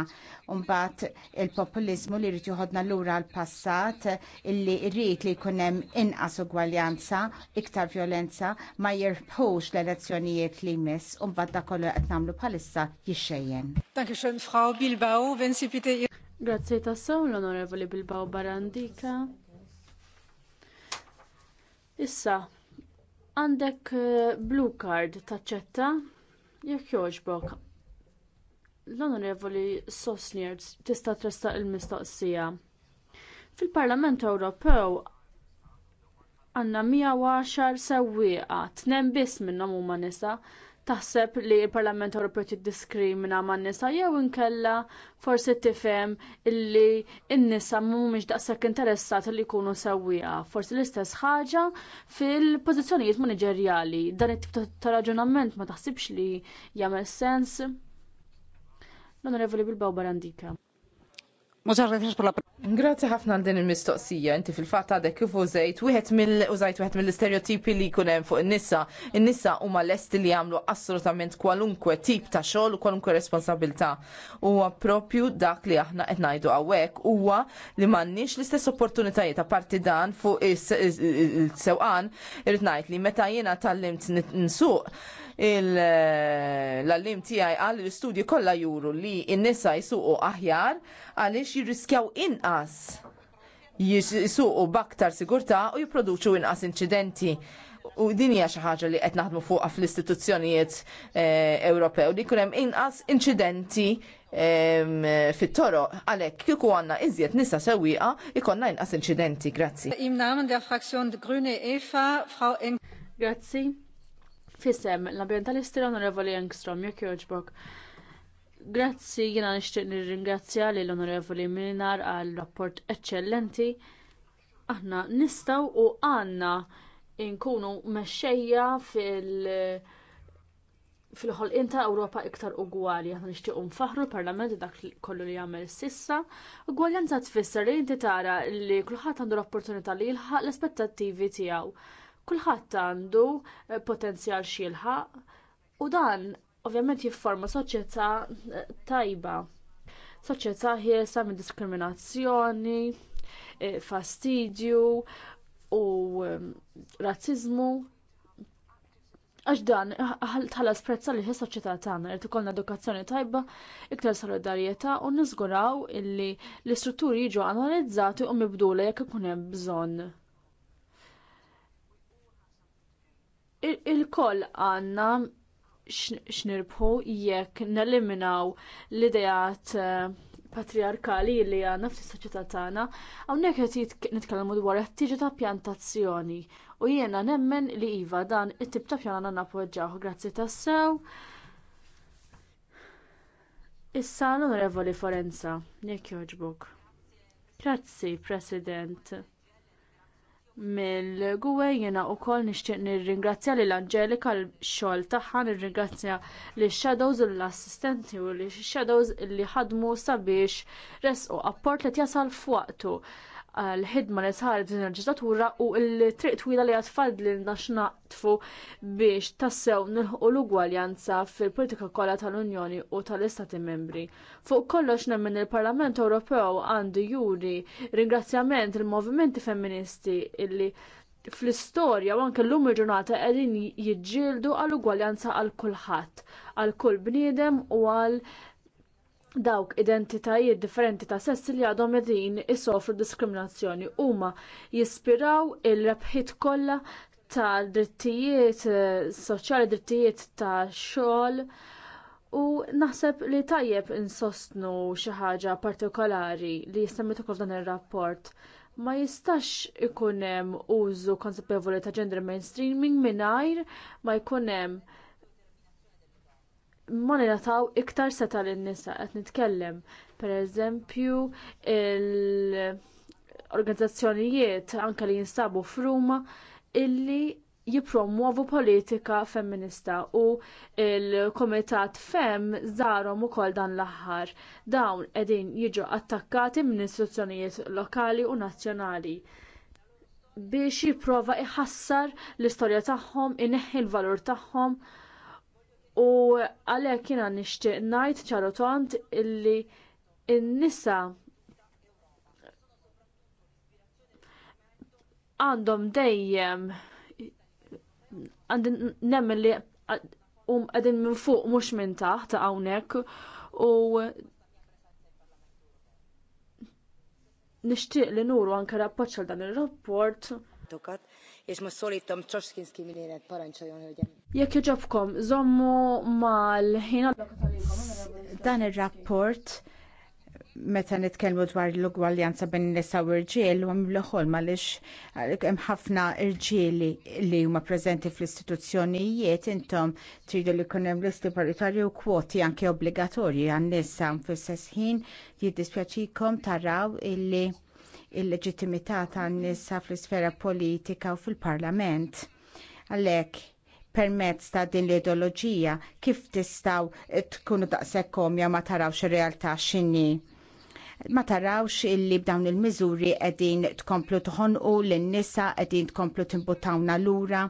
mbagħad il-populiżmu li jrid joħodna lura għall passat illi rrid li jkun hemm inqas ugwaljanza, iktar vjolenza ma jirbħux l-elezzjonijiet li jmiss u mbagħad dak kollu qed nagħmlu bħalissa jixxejjen. Dankeschön Frau Bilbao, wenn Sie bitte Grazie tassew l-Onorevoli Bilbao Barandika. Issa, Għandek eh, blue card taċċetta? Jekk jogħġbok. L-Onorevoli Sosnier tista' trestaq il-mistoqsija. Fil-Parlament Ewropew għandna 110 sewwieqa, tnejn biss minnhom huma nisa taħseb li l parlament Ewropew tiddiskrimina man nisa jew inkella forsi tifhem illi n-nisa mhumiex daqshekk interessat li jkunu sewwieqa. Forsi l-istess ħaġa fil-pożizzjonijiet maniġerjali. Dan it-tip ta' raġunament ma taħsibx li jagħmel sens. L-Onorevoli Bilbaw Barandika. Grazzi ħafna għal din il-mistoqsija, inti fil-fatt għadek kif użejt, wieħed mill-użajt wieħed mill-istereotipi li jkun hemm fuq in-nisa. In-nisa huma lesti li jagħmlu assolutament kwalunkwe tip ta' xogħol u kwalunkwe responsabilità. Huwa propju dak li aħna qed ngħidu hawnhekk huwa li m'għandniex l-istess opportunitajiet apparti dan fuq is-sewqan irid ngħid li meta jiena tallimt nsuq Eh, l-allim tijaj għal l-istudji kollha juru li n-nisa jisuqu aħjar għaliex jirriskjaw inqas jisuqu baktar sigurtà u jipproduċu inqas inċidenti. U din hija xi ħaġa li qed naħdmu fuqha fl-istituzzjonijiet eh, Ewropew li jkun hemm inqas inċidenti fit-toro għalhekk kieku għandna iżjed nisa sewwieqa ikonna inqas inċidenti. Grazzi. Im Namen der Fraktion Grüne Eva, Frau Eng. Grazzi. Fisem, l-ambientalisti l-Onorevoli Engstrom, jekk jogħġbok. Grazzi, jiena nixtieq nirringrazzja lill onorevoli Minar għal rapport eċċellenti. Aħna nistgħu u għandna nkunu mexxejja fil- fil-ħolqien ta' Ewropa iktar ugwali, aħna nixtiequ nfaħru l-Parlament dak kollu li jagħmel sissa. Ugwaljanza tfisser li inti tara li kulħadd għandu l-opportunità li jilħaq l-aspettattivi tiegħu. Kulħadd għandu eh, potenzjal xilħaq u dan ovvjament jifforma soċjetà eh, tajba. Soċjetà ħiesa minn diskriminazzjoni, eh, fastidju u razzizmu. għax dan tħallas sprezza li soċjetà tagħna qed ikollna edukazzjoni tajba, iktar solidarjetà u niżguraw illi l-istrutturi jiġu analizzati u mibdula jekk ikun hemm bżonn. il-koll għandna xnirbħu jekk neliminaw l-idejat eh, patriarkali li għandna fis-soċjetà tagħna, hawnhekk qed nitkellmu dwar ħtieġa ta' pjantazzjoni u jiena nemmen li iva dan it-tip ta' pjana għandna nappoġġjaw grazzi tassew. Issa l-Onorevoli Forenza, jekk jogħġbok. Grazzi, President mill-gwe jiena wkoll nixtieq nirringrazzja lil Anġelika l-xogħol tagħha, nirringrazzja lill shadows u l-assistenti u lix shadows li ħadmu sabiex resqu apport li jasal f'waqtu l ħidma li saret din il-ġistatura u l-triq twila li għatfad li naxnaqtfu biex tassew nilħu l-ugwaljanza fil-politika kollha tal-Unjoni u tal-Istati membri. Fuq kollox nemmen il-Parlament Ewropew għandu juri ringrazzjament il-movimenti femministi illi fl-istorja u anke l-lum il-ġurnata qegħdin jiġġieldu għall ugwaljanza għal kulħadd, għal kull bniedem u għal dawk identitajiet differenti ta' sessi li għadhom qegħdin isofru diskriminazzjoni huma jispiraw il-rebħiet kollha tad drittijiet eh, soċjali, drittijiet tax xogħol u naħseb li tajjeb insostnu xi ħaġa partikolari li jistemmet ukoll dan ir-rapport. Ma jistax ikun hemm użu konsapevoli ta' gender mainstreaming mingħajr ma jkun hemm ma nirataw iktar seta lin-nisa qed nitkellem. pereżempju l-organizzazzjonijiet anke li jinsabu f'Ruma illi jipromuovu politika femminista u l kumitat Fem żarhom ukoll dan l-aħħar. Dawn qegħdin jiġu attakkati minn istituzzjonijiet lokali u nazzjonali biex jipprova iħassar l-istorja tagħhom, ineħħi l-valur tagħhom U għalek jiena nishtiq najt ċarotont illi n-nisa għandhom dejjem għandin nemm li um għadin minn fuq mux minn taħt għawnek u nishtiq li nuru anke rapporċal dan il rapport Tukat, jismu s-solitom ċoċkin skimilinet paranċajon Jekk joġobkom, żommu mal-ħin Dan ir-rapport meta nitkellmu dwar l-ugwaljanza bejn nisa u rġiel u l-ħol għaliex hemm ħafna rġieli li huma preżenti fl-istituzzjonijiet intom tridu li jkun hemm listi paritarju u kwoti anke obbligatorji għan-nisa fl-istess ħin jiddispjaċikom taraw illi il-leġittimità tan-nisa fl-isfera politika u fil-parlament. Għalhekk permezz ta' din l-ideoloġija kif tistaw tkunu daqsekkom ja ma tarawx ir-realtà x'inhi ma tarawx illi b'dawn il-miżuri qegħdin tkomplu tħonqu lin-nisa qegħdin tkomplu timbutawna lura.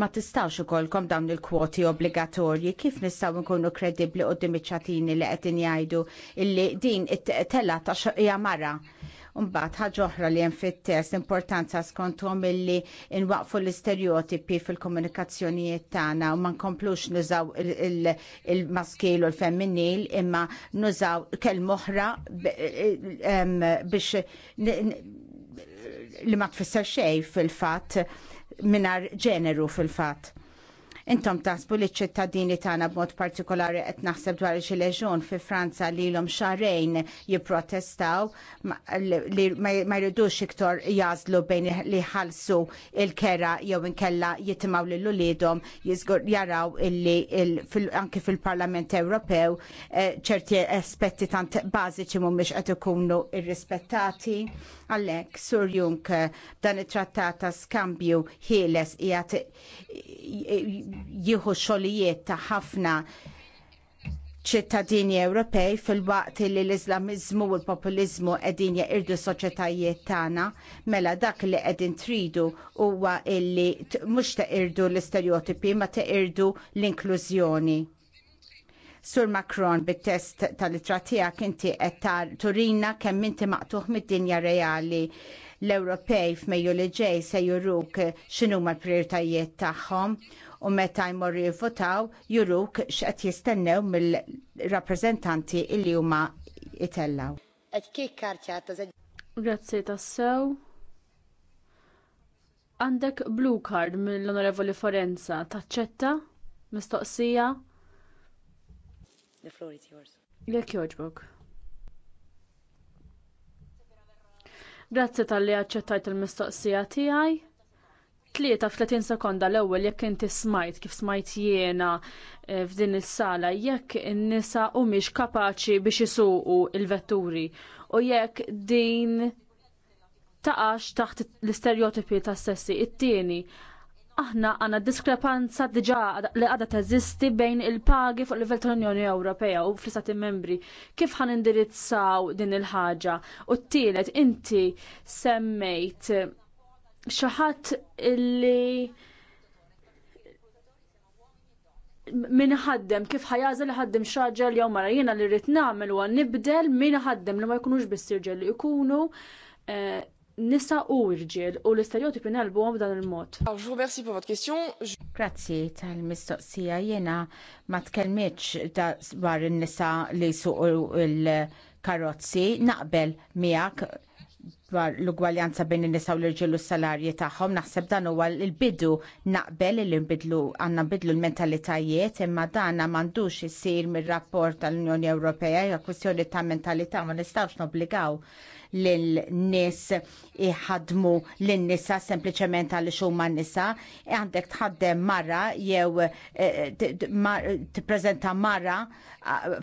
Ma tistawx ukollkom dawn il-kwoti obbligatorji kif nistgħu nkunu kredibbli qudiem iċ-ċatini li qegħdin jgħidu illi din it-tela ta' hija mara Mbagħad ħaġa oħra li hemm fit-test importanza skontom milli nwaqfu l-istereotipi fil-komunikazzjonijiet tagħna u ma nkomplux nużaw il-maskil u l-femminil imma nużaw kelm oħra biex li ma tfisser xejn fil-fatt minar ġeneru fil-fatt Intom tasbu li ċittadini tagħna b'mod partikolari qed naħseb dwar xi xileġun fi Franza li l-om xarrejn jiprotestaw li ma jridux iktor jazlu bejn li ħalsu il-kera jew inkella jitimaw l ulidhom jaraw illi anki fil-Parlament Ewropew eh, ċerti aspetti tant bażiċi mhumiex qed ikunu irrispettati. Għalhekk, Sur Junk, dan it-trattat ta' skambju ħieles jgħat jieħu xogħlijiet ta' ħafna ċittadini Ewropej fil-waqt li l islamizmu u l-Populiżmu qegħdin jaqirdu soċjetajiet tagħna, mela dak li qegħdin tridu huwa illi mhux teqirdu l-istereotipi ma teqirdu l-inklużjoni. Sur Macron bit-test tal-itratijak inti qed turina kemm inti maqtuħ mid-dinja reali l-Ewropej f'Mejju li ġej se juruk x'inhuma l-prijoritajiet tagħhom u meta jmorru jivvotaw juruk x'qed jistennew mill-rappreżentanti illi huma jitellaw. Grazzi tassew. Għandek blue card mill-Onorevoli Forenza, taċċetta? Mistoqsija? The floor is yours. Jekk joġbok. Grazzi tal-li aċċettajt il-mistoqsija tiegħi tlieta f'30 sekonda l-ewwel jekk inti smajt kif smajt jiena eh, f'din is-sala jekk in-nisa humiex kapaċi biex isuqu il-vetturi u jekk din taqax taħt l-istereotipi tas-sessi it-tieni aħna għandna diskrepanza diġà li għadha teżisti bejn il-pagi fuq livell tal-Unjoni Ewropea u fl-Istati Membri. Kif ħan indirizzaw din il-ħaġa? U t-tielet inti semmejt xaħat illi minħaddem kif ħajażel ħaddem xaġel jew mara jiena li rrid nagħmel u nibdel min ħaddem li ma jkunux bissirġel li jkunu eh, nisa u irġiel u l-istereotipi nelbuhom b'dan il-mod. Grazzi tal-mistoqsija jiena ma tkellmitx dwar in-nisa li suqu il-karozzi naqbel miegħek dwar l-ugwaljanza bejn in-nisa u l-irġiel u s-salarji tagħhom naħseb dan huwa l-bidu naqbel li nbidlu għandna nbidlu l-mentalitajiet imma dan m'għandux isir mir-rapport tal-Unjoni Ewropea hija kwistjoni ta' mentalità ma nistgħux nobbligaw l-nis iħadmu l-nisa sempliciment għal xumma nisa e għandek tħaddem marra jew e, e, t-prezenta marra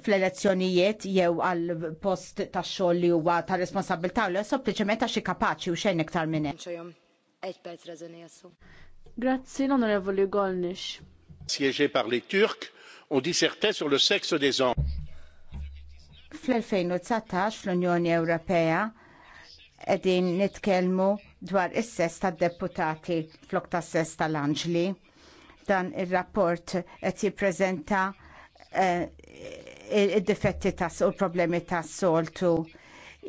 fl-elezzjonijiet jew għal post ta' xogħol li huwa ta' responsabilità u sempliciment għaxi kapaċi u xejn iktar minn hemm. Grazzi l-Onorevoli Golnish. Siegé par les Turcs, on dissertait sur le sexe des hommes. Fl-2019 fl-Unjoni Ewropea qegħdin nitkellmu dwar is-sess tad-deputati flok tas-sess tal-Anġli. Dan ir-rapport qed jippreżenta eh, d difetti tas u problemi tas soltu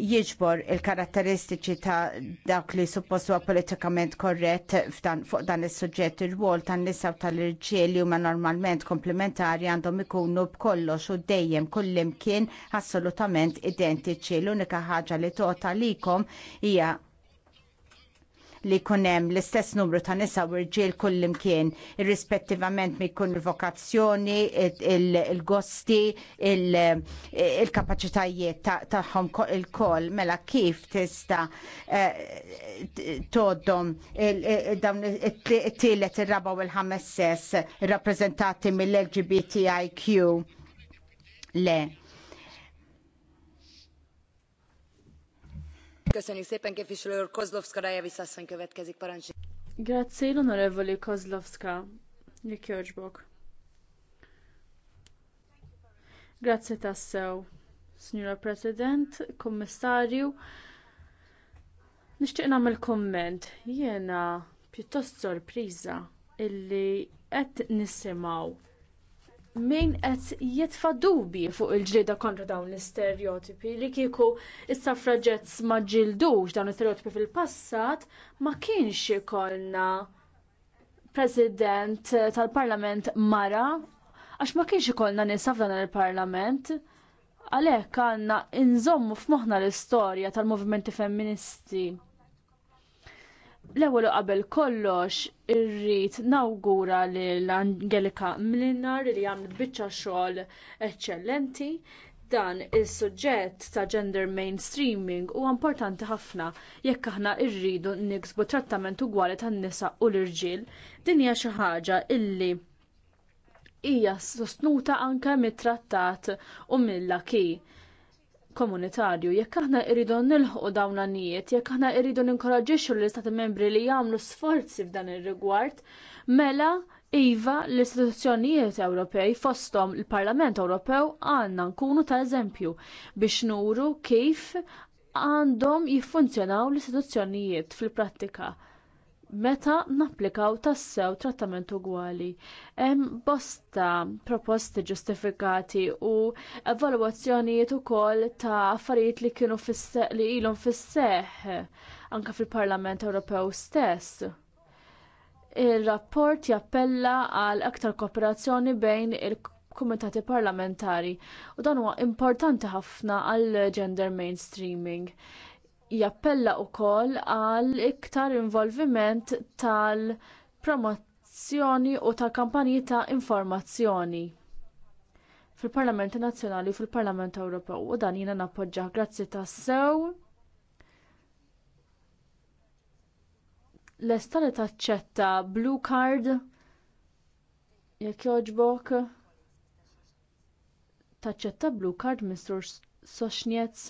jiġbor il-karatteristiċi ta' dawk li supposu politikament korrett fuq dan is-suġġett il rwol tan nisaw tal-irġiel li huma normalment komplementari għandhom ikunu b'kollox u dejjem kullimkien assolutament identiċi. L-unika ħaġa li tota likom hija li kunem l-istess numru ta' nisa u rġiel kullimkien, irrispettivament mi kun il-vokazzjoni, il-gosti, il-kapacitajiet tagħhom il-koll, mela kif tista' eh, toddom dawn it-tielet ir-raba u l-ħames sess rappreżentati mill-LGBTIQ. Le, Köszönjük szépen, képviselő úr. Kozlovska Rajevisz asszony következik, Grazie, l'onorevoli Kozlovska. Jek joġbok. Grazie tassew, Signora President, Kommissarju. Nixtieq nagħmel komment. Jiena pjuttost sorpriża illi qed nisimgħu min qed jitfa' dubi fuq il-ġlieda kontra dawn l-istereotipi li kieku is-suffraġettes ma ġildux dawn l-istereotipi fil-passat ma kienx ikollna president tal-parlament mara għax ma kienx ikollna nisa f'dan il-parlament għalhekk għandna inżommu f'moħħna l-istorja tal-movimenti femministi L-ewwel qabel kollox irrid nawgura lill Angelika Mlinar li għamlet biċċa xogħol eċċellenti dan is-suġġett ta' gender mainstreaming huwa importanti ħafna jekk aħna rridu niksbu trattament ugwali tan-nisa u l-irġiel. Din hija xi ħaġa illi hija sostnuta anke mit-trattat u mill-laki komunitarju. Jekk aħna rridu nilħu dawn għanijiet, jekk aħna rridu ninkoraġġixxu l-istati membri li jagħmlu sforzi f'dan ir-rigward, mela iva l-istituzzjonijiet Ewropej fosthom il-Parlament Ewropew għandna nkunu ta' eżempju biex nuru kif għandhom jiffunzjonaw l-istituzzjonijiet fil-prattika meta napplikaw tassew trattament ugwali. Hemm bosta proposti ġustifikati u evalwazzjonijiet ukoll ta' affarijiet li kienu li ilhom fis-seħħ anke fil-Parlament Ewropew stess. Ir-rapport jappella għal aktar kooperazzjoni bejn il-kumitati parlamentari u dan huwa importanti ħafna għall gender mainstreaming jappella wkoll għal iktar involviment tal-promozzjoni u tal-kampanji ta' informazzjoni fil-Parlament Nazzjonali u fil-Parlament Ewropew u dan jiena nappoġġjah grazzi tas-sew lesta li taċċetta blue card jekk jogħġbok taċċetta blue card Mr. Sosniez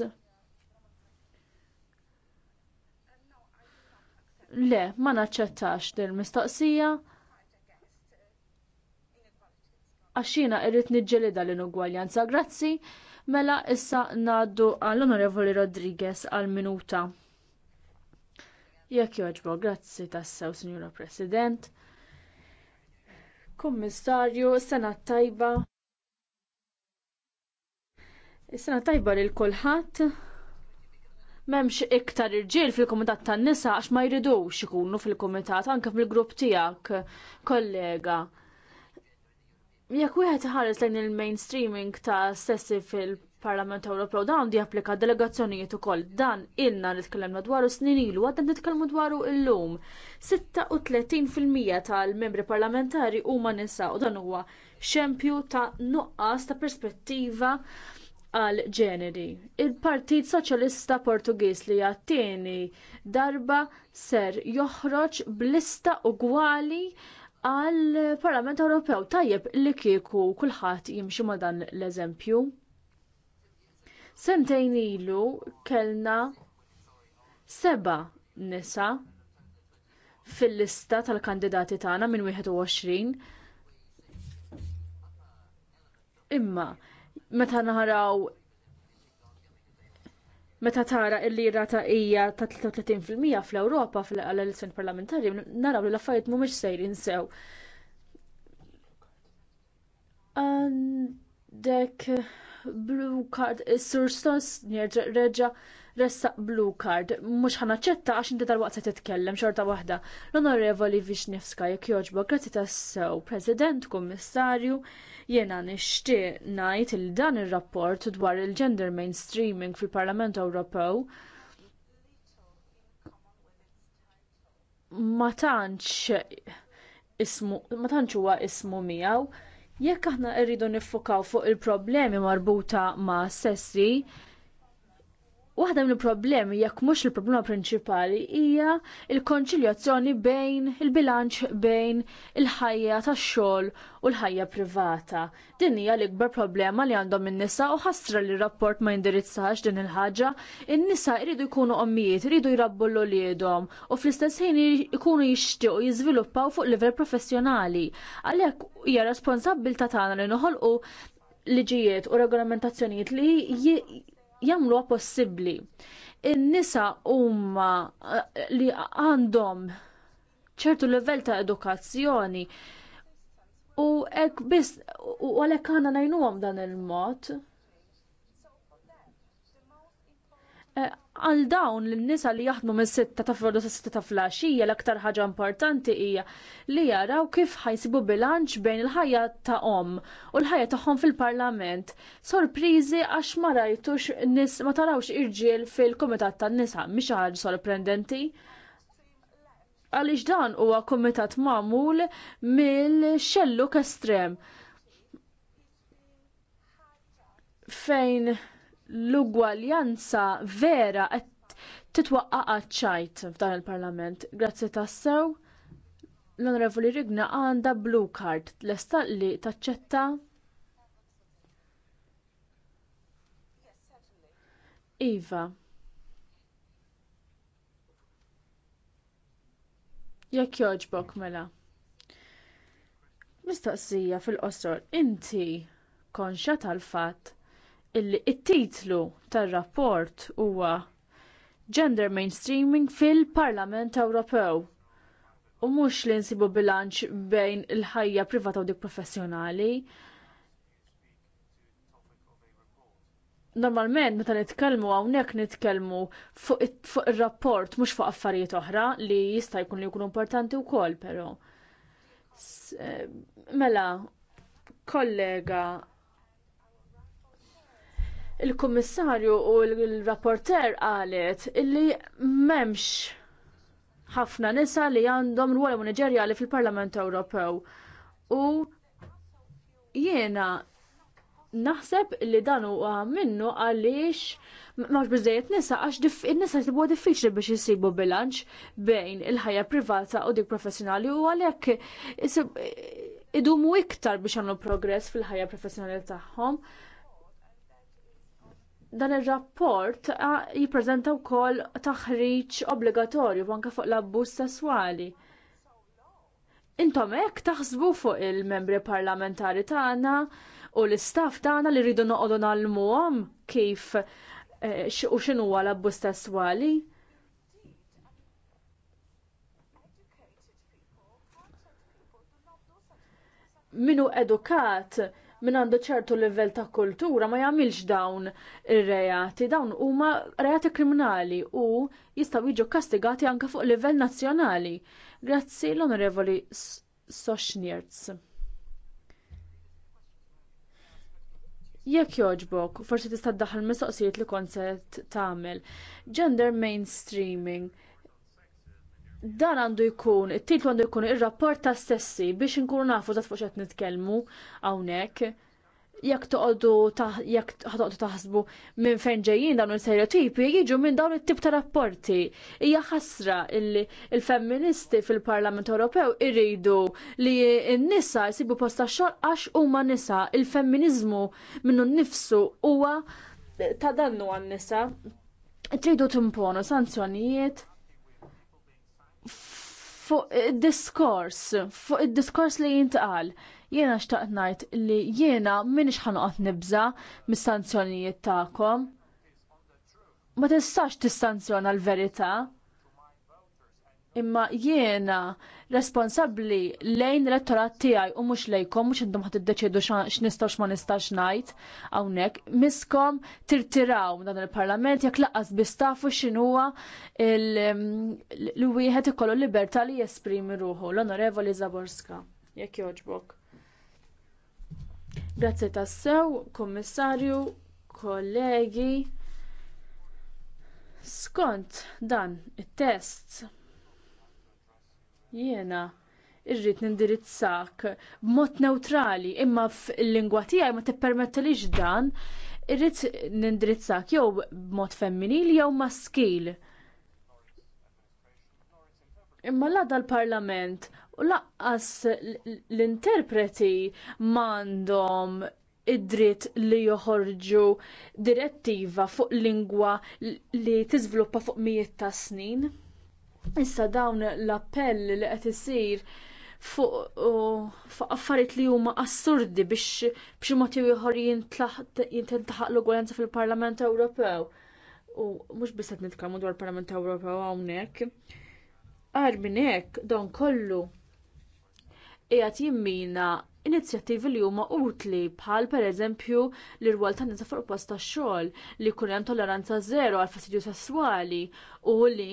Le, ma naċċettax din mistoqsija għaxina irrit nġelida l-inugwaljanza. Grazzi, mela issa naddu għall-Onorevoli Rodriguez għal-minuta. Jekk joġbo, grazzi tassew, Signora President. Kummissarju, sena tajba. Sena tajba lil kulħadd memx iktar irġiel fil-kumitat tan-nisa għax ma jridux ikunu fil-kumitat anke fil-grupp tiegħek kollega. Jekk wieħed ħares lejn il-mainstreaming ta' sessi fil Parlament Ewropew dan di applika delegazzjonijiet ukoll dan ilna nitkellem dwaru snin ilu għadda nitkellmu dwaru illum. 36% tal-membri parlamentari huma nisa u dan huwa xempju ta' nuqqas ta' perspettiva għal ġeneri. Il-Partit Soċjalista Portugiż li għattini darba ser joħroġ blista ugwali għal Parlament Ewropew tajjeb li kieku kulħadd jimxi ma dan l-eżempju. Sentejn ilu kellna seba nisa fil-lista tal-kandidati tagħna minn 21 imma meta naraw meta tara illi rata hija ta' 33% fl-Ewropa fl-elezzjoni parlamentari, naraw li l-affarijiet mhumiex sejrin sew. Għandek blue card, is-sur stos reġa' ressaq blue card, mhux ħanaċċetta għax inti tal-waqt se titkellem xorta waħda. L-Onorevoli Vixnifska jekk joġbo, grazzi tassew, President, Kummissarju, jiena nixtieq ngħid il dan ir-rapport dwar il-gender mainstreaming fil-Parlament Ewropew Matanċ ismu huwa ismu miegħu jekk aħna rridu nifokaw fuq il-problemi marbuta ma' sessi, Waħda il problemi jekk mhux il-problema prinċipali hija il-konċiljazzjoni bejn il-bilanċ bejn il-ħajja tax-xogħol u l-ħajja privata. Din hija l-ikbar problema li għandhom in-nisa u ħasra li r-rapport ma jindirizzax din il-ħaġa. In-nisa jridu jkunu ommijiet, jridu jrabbu l-oliedhom u fl-istess ħin jkunu jixtiequ jiżviluppaw fuq livell professjonali. Għalhekk hija responsabbilta tagħna li noħolqu liġijiet u regolamentazzjonijiet li jagħmluha possibbli. In-nisa huma eh, li għandhom ċertu livell ta' edukazzjoni u hekk biss u għalhekk għandna ngħinuhom dan il-mod. Eh, għal dawn l-nisa li jaħdmu minn sitta ta' frodu sa' sitta ta' flaxija l-aktar ħaġa importanti hija li jaraw kif ħajsibu bilanċ bejn il-ħajja ta' om u l-ħajja tagħhom fil-parlament. Sorpriżi għax ma rajtux nis ma tarawx irġiel fil-komitat tan-nisa miex ħaġa sorprendenti għaliex dan huwa kumitat magħmul mill-xelluk estrem fejn l-ugwaljanza vera qed titwaqqa ċajt f'dan il-Parlament. Grazzi tassew l-Onorevoli Rigna għandha blue card lesta li taċċetta Iva. Jekk jogħġbok mela. Mistaqsija fil-qosor, inti konxa tal-fatt il-titlu tar-rapport huwa Gender Mainstreaming fil-Parlament Ewropew u mhux li nsibu bilanċ bejn il-ħajja privata u dik professjonali. normalment meta nitkellmu hawnhekk nitkellmu fuq ir-rapport mhux fuq affarijiet oħra li jista' jkun li jkunu importanti wkoll però. Eh, mela, kollega il-kummissarju u l-rapporter qalet illi m'hemmx ħafna nisa li għandhom rwol manageriali fil-Parlament Ewropew. U jiena naħseb li dan huwa minnu għaliex mhux biżejjed nisa għax in-nisa tibu diffiċli biex isibu bilanċ bejn il-ħajja privata u dik professjonali u għalhekk idumu iktar biex għamlu progress fil-ħajja professjonali tagħhom dan ir-rapport jippreżenta wkoll taħriġ obbligatorju anke fuq l-abbuż sesswali. Intom hekk taħsbu fuq il-membri parlamentari tagħna u l-istaff tagħna li rridu noqogħdu nagħlmuhom kif e, u x'inhu huwa l-abbuż sesswali. Minu edukat min għandu ċertu livell ta' kultura ma jagħmilx dawn ir-reati, dawn huma reati kriminali u jistgħu jiġu kastigati anke fuq livell nazzjonali. Grazzi l-Onorevoli Soxnierz. jekk jogħġbok, forsi tista' ddaħħal mistoqsijiet li kont se tagħmel. Gender mainstreaming dan għandu jkun, it-titlu għandu jkun ir-rapport ta' stessi biex nkunu nafu ta' fuq xed nitkellmu hawnhekk. Jekk toqgħodu jekk taħsbu minn fejn ġejjin dawn il-stereotipi jiġu minn dawn it-tip ta' rapporti. Hija ħasra li l-femministi fil-Parlament Ewropew irridu li n-nisa jsibu posta xogħol għax huma nisa. Il-femminizmu minnu nnifsu huwa ta' dannu għan-nisa. Tridu timponu sanzjonijiet fuq id-diskors, fuq id-diskors li jintqal. Jiena xtaqt ngħid li jiena minix ħanoqgħod nibża mis-sanzjonijiet tagħkom. Ma tistax tistanzjona l-verità. Imma jiena responsabbli lejn l-elettorat tiegħi u mhux lejkom mhux intom ħad iddeċiedu x'nistgħu x'ma nistax ngħid hawnhekk. Miskom tirtiraw dan il-Parlament jekk laqas biss tafu x'inhuwa l-wieħed mm, ikollu libertà li jesprimi ruħu l-Onorevoli Zaborska. Jekk jogħġbok. Grazzi tassew, Kummissarju, kollegi. Skont dan it-test Jiena irrid nindirizzak b'mod neutrali imma f'lingwa lingwa tiegħi ma tippermettilix dan irrid nindirizzak jew b'mod femminili jew maskil. Imma la l parlament u laqqas l-interpreti m'għandhom id-dritt li joħorġu direttiva fuq lingwa li tiżviluppa fuq mijiet ta' snin. Issa dawn l-appell li qed isir fuq affarijiet li huma assurdi biex b'xi motiv ieħor jintlaħaq l-ugwalenza fil-Parlament Ewropew. U mhux biss qed nitkellmu dwar il-Parlament Ewropew hawnhekk. Qar minn hekk dawn kollu qiegħed jimmina inizjattivi li huma utli bħal pereżempju l irwal tan nisa fuq post tax-xogħol li jkun hemm toleranza żero għal fastidju sesswali u li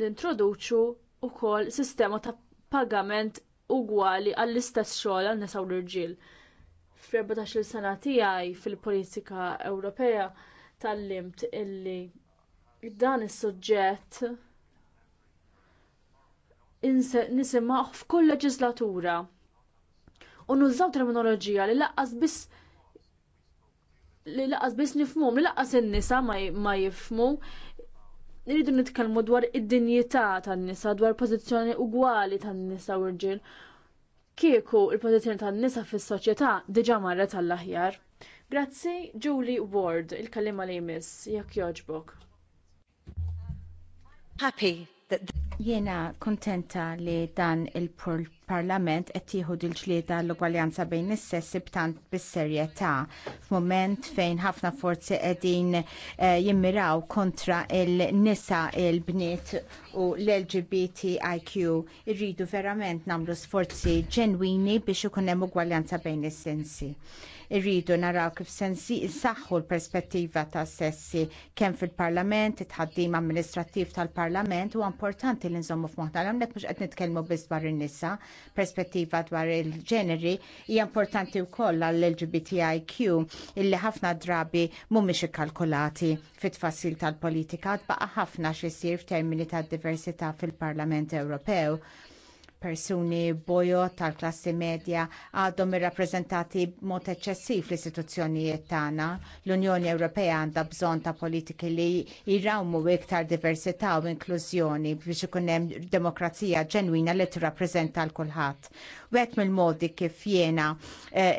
nintroduċu wkoll sistema ta' pagament ugwali għall-istess xogħol għan nisa u l-irġiel. f'rebatax-il sena tiegħi fil-politika Ewropea tal-limt illi dan is-suġġett nisimgħu f'kull leġislatura u nużaw terminoloġija li laqqas biss li laqas biss nifhmhom, li laqas in-nisa ma jifhmu Nridu nitkellmu dwar id-dinjità tan-nisa, dwar pożizzjoni ugwali tan-nisa u rġiel. Kieku il-pożizzjoni tan-nisa fis-soċjetà diġà marret tal-aħjar. Grazzi Julie Ward, il kelliema li jmiss, jekk joġbok. Happy that Jiena kontenta li dan il-program parlament qed jieħu dil-ġlieda l-ugwaljanza bejn is sess b'tant bis-serjetà f'mument fejn ħafna forzi qegħdin eh, jimmiraw kontra il-nisa il-bniet u l-LGBTIQ irridu verament nagħmlu sforzi ġenwini biex ikun hemm ugwaljanza bejn is-sensi. Irridu naraw kif sensi saħħu l-perspettiva ta' sessi kemm fil-Parlament, it-ħaddim amministrattiv tal-Parlament u importanti li nżommu f'moħħna hawnhekk mhux qed nitkellmu biss dwar in-nisa, perspettiva dwar il-ġeneri hija importanti wkoll għall-LGBTIQ illi ħafna drabi mhumiex ikkalkulati fit-tfassil tal-politika tbaqa' ħafna x'isir f'termini tad diversità fil-Parlament Ewropew persuni bojo tal-klassi medja għadhom irrappreżentati b'mod eċċessiv l-istituzzjonijiet tagħna. L-Unjoni Ewropea għandha bżonn ta' politiki li jrawmu iktar diversità u inklużjoni biex ikun hemm demokrazija ġenwina li tirrappreżenta l kulħadd. Wet mill-modi kif jiena eh,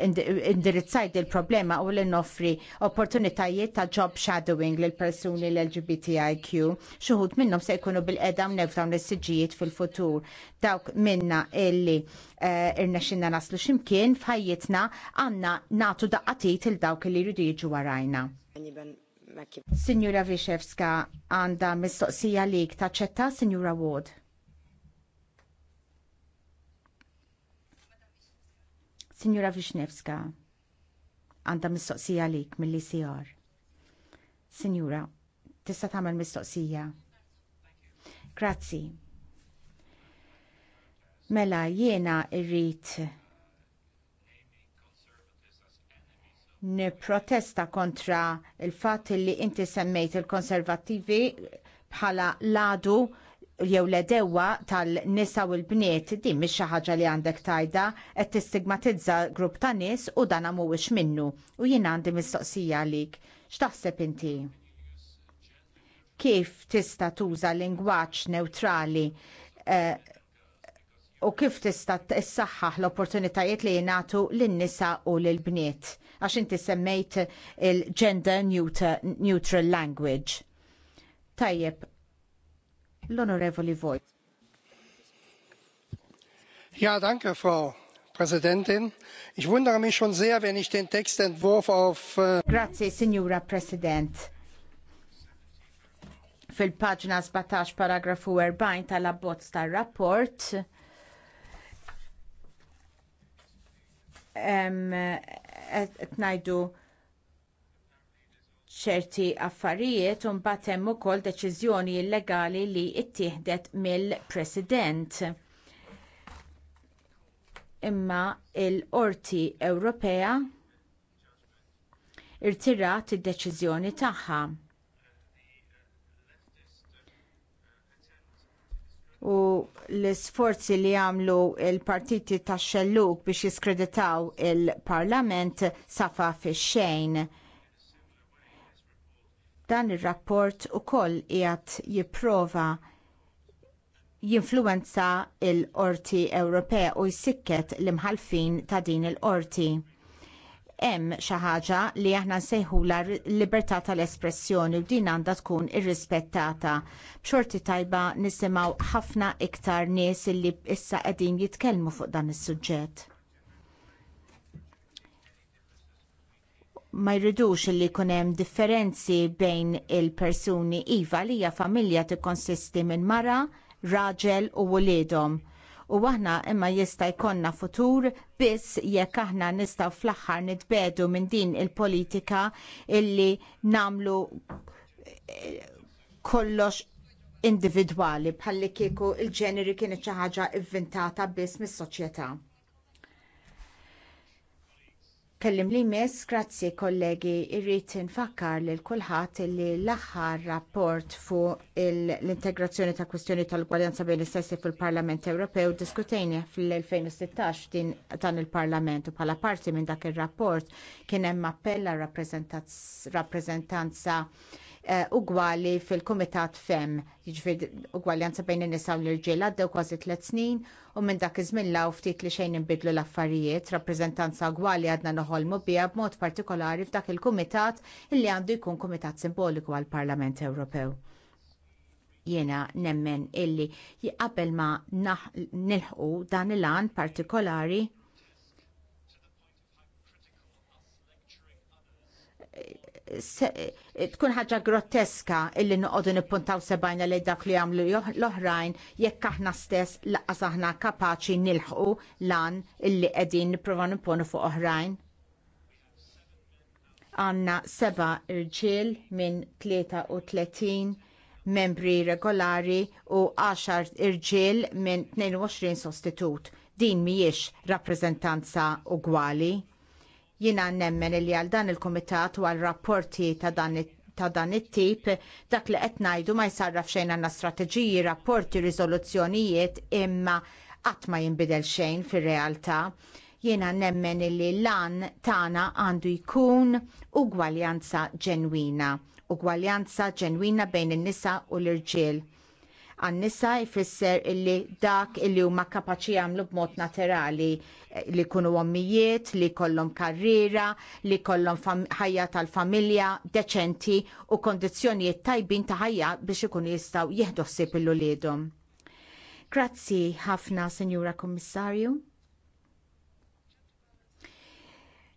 indirizzajt il-problema u li noffri opportunitajiet ta' job shadowing lil persuni l-LGBTIQ. Xuħud minnhom se jkunu bil edam nefdawn is-siġijiet fil-futur. Dawk minna illi eh, irnexxinna naslu ximkien f'ħajjitna għandna natu daqqatit il dawk li jridu jiġu warajna. Signora Vishevska għanda mistoqsija lik taċċetta, Signora Ward. Signora Vishnevska, għandha mistoqsija lik mill sijar. Signora, tista' tagħmel mistoqsija. Grazzi. Mela jiena irrit nipprotesta kontra il fat li inti semmejt il konservativi bħala ladu jew l-edewa tal-nisa u l-bniet din mis xi ħaġa li għandek tajda qed tistigmatizza grupp ta' nies u dan mhuwiex minnu u jien għandi mistoqsija għalik. X'taħseb inti? Kif tista' tuża lingwaġġ neutrali eh, u kif tista' tissaħħaħ l-opportunitajiet li jingħatu lin-nisa u lill-bniet għax inti semmejt il-gender neutral language. Tajjeb, l-Onorevoli Vojt. Ja, danke, Frau Präsidentin. Ich wundere mich schon sehr, wenn ich den Textentwurf auf. Äh, Grazie, Signora President. Fil-paġna 17 paragrafu 40 tal-abbozz tal rapport et ngħidu ċerti affarijiet u mbagħad hemm ukoll deċiżjoni illegali li ttieħdet mill-President. Imma l qorti Ewropea irtirat id-deċiżjoni tagħha. u l-sforzi li għamlu l partiti tax xelluk biex jiskreditaw il-parlament safa fix xejn Dan ir-rapport ukoll qiegħed jipprova jinfluwenza l-Qorti Ewropea u jsikket l-imħalfin ta' din il-qorti hemm xi ħaġa li aħna nsejħula libertà tal-espressjoni u din għandha tkun irrispettata. B'xorti tajba nisimgħu ħafna iktar nies li issa qegħdin jitkellmu fuq dan is-suġġett. ma jridux li jkun hemm differenzi bejn il-persuni iva li hija familja tikkonsisti minn mara, raġel u wuliedhom. U aħna imma jista' jkollna futur biss jekk aħna nistgħu fl-aħħar nitbedu minn din il-politika illi namlu eh, kollox individwali bħalli kieku il-ġeneri kienet xi ħaġa ivvintata biss mis-soċjetà. Kellim li mess, grazzi kollegi, irrit nfakkar li l-kulħat li l-axħar rapport fuq l-integrazzjoni ta' kwestjoni tal-gwaljanza bejn l-istessi fil-Parlament Ewropew diskutejni fil-2016 din dan il-Parlament u pala parti minn dak il-rapport kien hemm appella għal rappresentanza Eh, ugwali fil-Kumitat FEM, jiġifieri ugwalianza bejn in-nisa u l-irġiel għaddew kważi tliet snin u minn dak iż-żmien law ftit li xejn inbidlu l-affarijiet, rappreżentanza ugwali għadna noħolmu biha b'mod partikolari f'dak il-kumitat illi għandu jkun kumitat simboliku għall-Parlament Ewropew. Jiena nemmen illi qabel ma nilħqu dan il-għan partikolari tkun ħaġa groteska illi noqogħdu nippuntaw sebajna li dak li għamlu l-oħrajn jekk aħna stess laqas aħna kapaċi nilħqu lan illi qegħdin nipprova nipponu fuq oħrajn. Għanna seba irġiel minn 33 membri regolari u 10 irġiel minn 22 sostitut. Din mhijiex rappreżentanza ugwali. Jiena nemmen li għal dan il kumitat u għal rapporti ta' dan it ta' dan it-tip, dak li qed ngħidu ma jsarraf xejn għandna strateġiji, rapporti, riżoluzzjonijiet imma qatt ma jinbidel xejn fir-realtà. Jiena nemmen li lan tagħna għandu jkun ugwaljanza ġenwina, ugwaljanza ġenwina bejn in-nisa u l-irġiel għan-nisa jfisser illi dak illi huma kapaċi jagħmlu b'mod naturali eh, li kunu għommijiet, li jkollhom karriera, li jkollhom ħajja tal-familja deċenti u kondizzjonijiet tajbin ta' ħajja biex ikunu jistgħu jieħdu ħsieb il-uliedhom. Grazzi ħafna, Sinjura Kommissarju.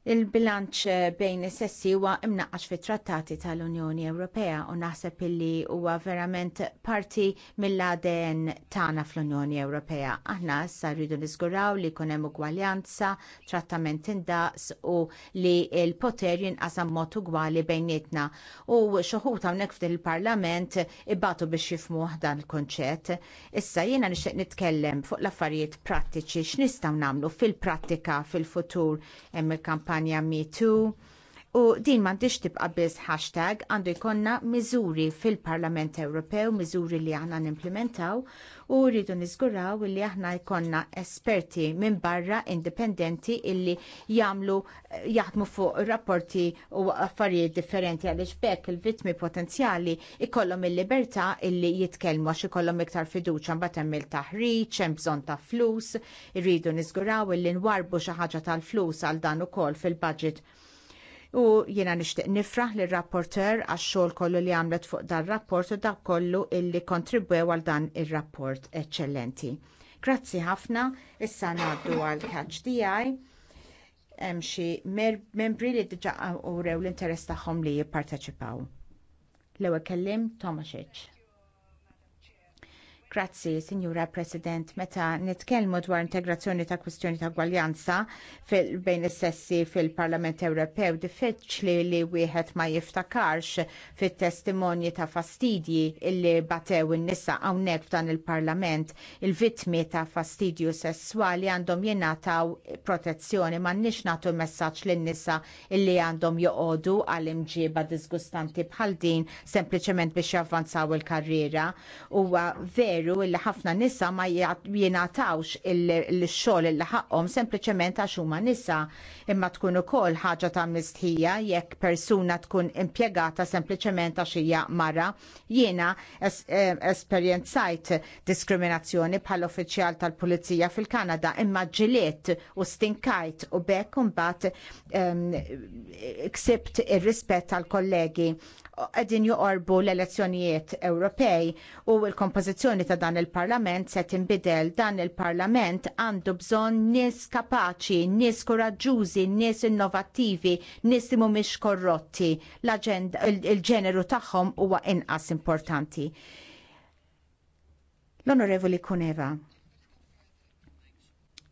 Il-bilanċ bejn is-sessi huwa imnaqqax fit-trattati tal-Unjoni Ewropea u naħseb illi huwa verament parti mill-ADN tagħna fl-Unjoni Ewropea. Aħna issa rridu niżguraw li jkun hemm ugwaljanza, trattament indaqs u li l-poter jinqasam mod ugwali bejnietna. U xoħut hawnhekk f'din il-Parlament ibatu biex jifmu dan il-konċett. Issa jiena nixtieq nitkellem fuq l-affarijiet prattiċi x'nistgħu nagħmlu fil-prattika fil-futur hemm il-kampanja kampanja Me Too U din m'għandix tibqa' biss hashtag għandu jkollna miżuri fil-Parlament Ewropew, miżuri li aħna nimplementaw u rridu niżguraw li aħna jkollna esperti minn barra indipendenti illi jagħmlu jaħdmu fuq rapporti u affarijiet differenti għaliex bekk il-vittmi potenzjali ikollhom il-libertà illi jitkellmu għax ikollhom iktar fiduċja mbagħad hemm il-taħriġ, hemm bżonn ta' flus, irridu niżguraw illi nwarbu xi ħaġa tal-flus għal dan ukoll fil-budget u jiena nixtieq nifraħ lir rapporter għax-xogħol kollu li għamlet fuq dan rapport u dak kollu illi kontribwew għal dan ir-rapport eċċellenti. Grazzi ħafna, issa ngħaddu għal catch DI. Hemm xi membri li diġà urew l-interess tagħhom li jipparteċipaw. L-ewwel kellim Tomasic. Grazzi, Signora President, meta nitkellmu dwar integrazzjoni ta' kwistjoni ta' gwaljanza fil bejn is-sessi fil-Parlament Ewropew diffiċli li wieħed ma jiftakarx fit-testimonji ta' fastidji illi batew in-nisa hawnhekk f'dan il-Parlament il-vittmi ta' fastidju sesswali għandhom jingħataw protezzjoni m'għandniex nagħtu messaġġ lin-nisa illi għandhom joqogħdu għal imġiba disgustanti bħal din sempliċement biex javvanzaw il-karriera huwa ver veru illi ħafna nisa ma jingħatawx il-xogħol illi ħaqhom sempliċement għax huma nisa imma tkun ukoll ħaġa ta' mistħija jekk persuna tkun impjegata sempliċement għax hija mara. Jiena esperjenzajt diskriminazzjoni bħal uffiċjal tal-Pulizija fil-Kanada imma ġiliet u stinkajt u bekk imbagħad ehm, ksibt ir-rispett tal-kollegi qegħdin joqorbu l-elezzjonijiet Ewropej u l-kompożizzjoni ta' dan il-Parlament se tinbidel dan il-Parlament għandu bżonn nies kapaċi, nies koraġġużi, nies innovattivi, nis li mhumiex korrotti. il-ġeneru tagħhom huwa inqas importanti. L-Onorevoli Kuneva.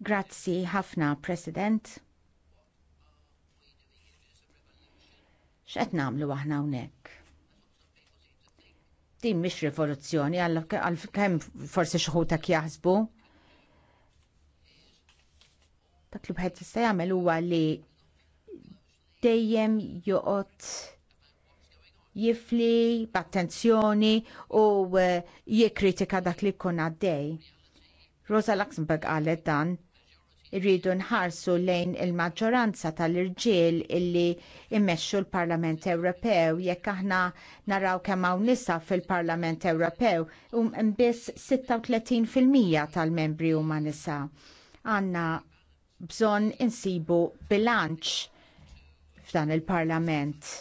Grazzi ħafna, President. x'qed nagħmlu aħna hawnhekk? Din mhix rivoluzzjoni għal kemm forsi xi jaħsbu. Dak li bħed jista' jagħmel huwa li dejjem joqgħod jifli b'attenzjoni u eh, jikkritika dak li jkun għaddej. Rosa Luxemburg qalet dan Irridu nħarsu lejn il-maġġoranza tal-irġiel illi immexxu l-Parlament Ewropew jekk aħna naraw kemm hawn nisa fil-Parlament Ewropew u mbiss 36% tal-membri huma nisa. Għandna bżonn insibu bilanċ f'dan il-parlament.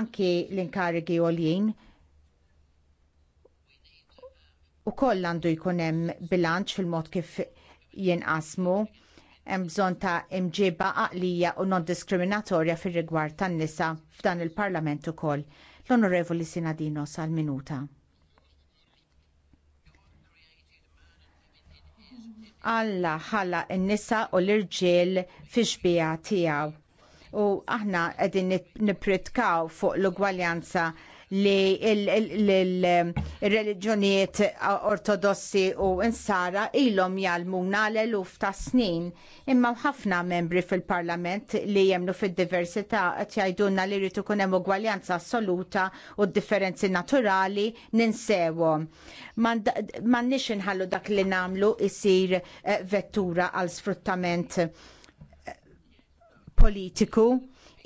Anki l-inkarigi għoljien u koll għandu jkun hemm bilanċ fil-mod kif jinqasmu hemm bżonn ta' imġiba għaqlija u non diskriminatorja fir-rigward tan-nisa f'dan il-Parlament ukoll. L-Onorevoli Sinadino sal-minuta. Alla ħalla n-nisa u l-irġiel fi xbija tiegħu. U aħna qegħdin nipritkaw fuq l-ugwaljanza li il-reliġjonijiet ortodossi u insara ilhom jalmuna l-eluf ta' snin. Imma ħafna membri fil-Parlament li jemnu fid-diversità qed jgħidulna li rritu ikun hemm ugwaljanza assoluta u differenzi naturali ninsewhom. M'għandniex inħallu dak li nagħmlu isir eh, vettura għal sfruttament eh, politiku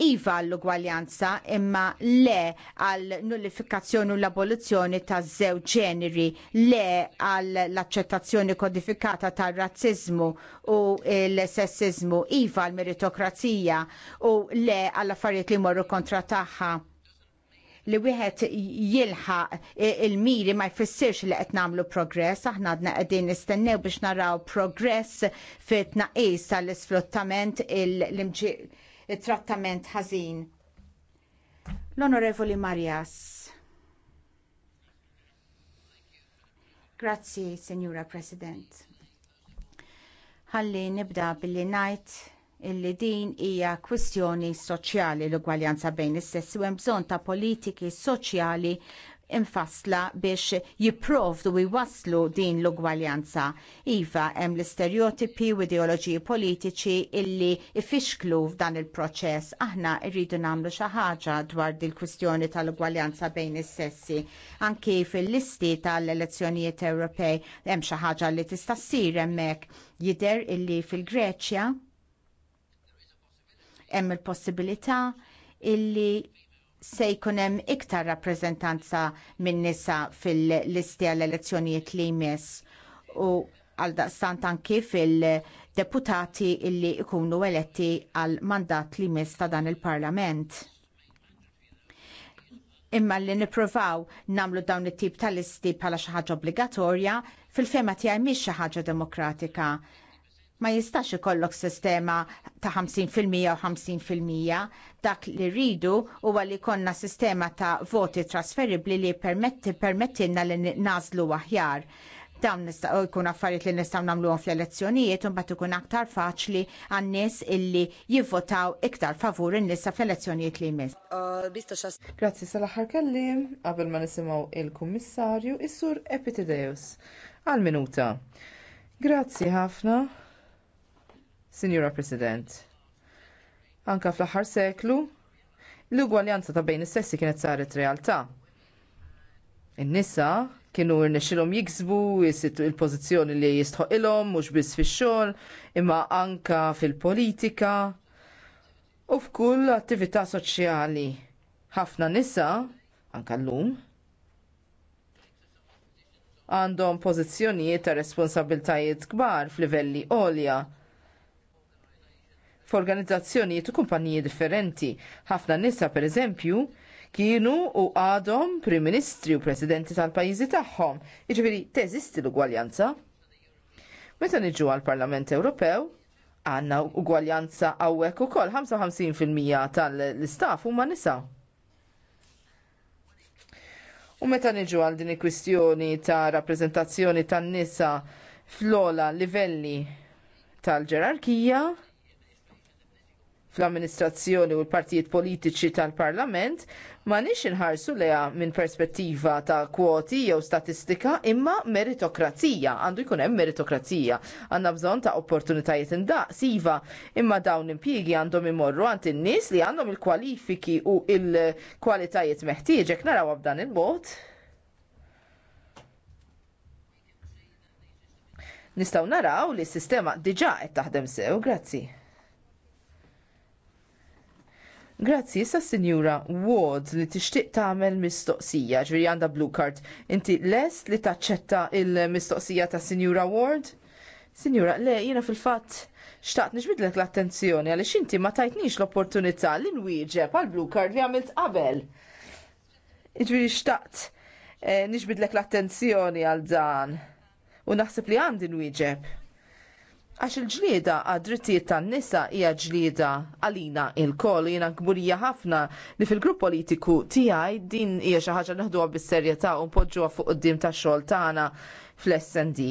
iva l-ugwaljanza imma le għal nullifikazzjoni u l-abolizzjoni ta' żew ġeneri, le għal l-accettazzjoni kodifikata tar razzizmu u l-sessizmu, iva l-meritokrazija u le għal affarijiet li morru kontra tagħha li wieħed jilħaq il-miri ma jfissirx li qed nagħmlu progress, aħna għadna qegħdin nistennew biex naraw progress fit tnaqqis tal-isfruttament il-imġiel it-trattament ħażin. L-Onorevoli Marias. Grazzi, Signora President. Ħalli nibda billi ngħid illi din hija kwistjoni soċjali l-ugwaljanza bejn is-sessi u hemm bżonn ta' politiki soċjali infasla biex jipprovdu u jwaslu din l-ugwaljanza. Iva, hemm l-istereotipi u ideoloġiji politiċi illi ifixklu f'dan il-proċess. Aħna rridu nagħmlu xi ħaġa dwar il kwistjoni tal-ugwaljanza bejn is-sessi. Anki fil-listi tal-elezzjonijiet Ewropej hemm xi ħaġa li tista' ssir hemmhekk jidher illi fil-Greċja hemm il-possibilità illi se jkun hemm iktar rappreżentanza minn nisa fil-listi għall-elezzjonijiet li jmiss u għaldaqstant anki fil-deputati illi jkunu eletti għal mandat li jmiss ta' dan il-parlament. Imma li nippruvaw nagħmlu dawn it-tip ta' listi bħala xi ħaġa obbligatorja fil-fema tiegħi mhix xi ħaġa demokratika ma jistax ikollok sistema ta' 50% u 50% dak li rridu huwa li konna sistema ta' voti trasferibbli li permetti permettilna li nażlu aħjar dawn nistgħu jkun affarijiet li nistgħu nagħmluhom fl-elezzjonijiet u mbagħad ikun aktar faċli għan-nies illi jivvotaw iktar favur in-nisa fl-elezzjonijiet li jmiss. Grazzi sal-aħħar kellim qabel ma nisimgħu il-Kummissarju is-Sur Epitideus għal minuta. Grazzi ħafna, Sinjura President. Anka fl-aħħar seklu, l-ugwaljanza ta' bejn is-sessi kienet saret realtà. In-nisa kienu rnexxilhom jiksbu il-pożizzjoni li jistħoq ilhom mhux biss fix-xogħol, imma anka fil-politika u f'kull attività soċjali. Ħafna nisa, anka llum, għandhom pożizzjonijiet ta' responsabiltajiet kbar f'livelli għolja f'organizzazzjonijiet u kumpaniji differenti. Ħafna nisa pereżempju kienu u għadhom prim ministri u presidenti tal-pajjiżi tagħhom. Jiġifieri teżisti l-ugwaljanza. Meta niġu għall-Parlament Ewropew, għandna ugwaljanza hawnhekk ukoll 55% tal-istaff huma nisa. U meta niġu għal din il-kwistjoni ta' rappreżentazzjoni tan-nisa fl ogħla livelli tal-ġerarkija, fl-amministrazzjoni u l-partijiet politiċi tal-parlament ma nix inħarsu leha minn perspettiva ta' kwoti jew statistika imma meritokrazija, għandu jkun hemm meritokrazija. Għandna bżonn ta' opportunitajiet indaqsiva imma dawn impjiegi għandhom imorru għand in-nies li għandhom il-kwalifiki u il-kwalitajiet meħtieġek naraw b'dan il-mod. Nistaw naraw li s-sistema diġa qed taħdem sew, grazzi. Grazzi, issa sinjura Ward li tixtieq tagħmel mistoqsija, ġviri għandha blue card. Inti lest li taċċetta il-mistoqsija ta' sinjura Ward? Sinjura, le, jiena fil-fatt xtaqt niġbidlek l-attenzjoni għaliex inti ma tajtnix l-opportunità li nwieġeb għal blue card li għamilt qabel. Ġviri xtaqt eh, nixbidlek l-attenzjoni għal dan u naħseb li għandi nwieġeb. Għax il-ġlieda għad drittijiet tan-nisa hija ġlieda għalina il-koll jiena kburija ħafna li fil-grupp politiku tiegħi din hija xi ħaġa naħduha bis-serjetà u npoġġuha fuq quddiem tax-xogħol tagħna fl-SND.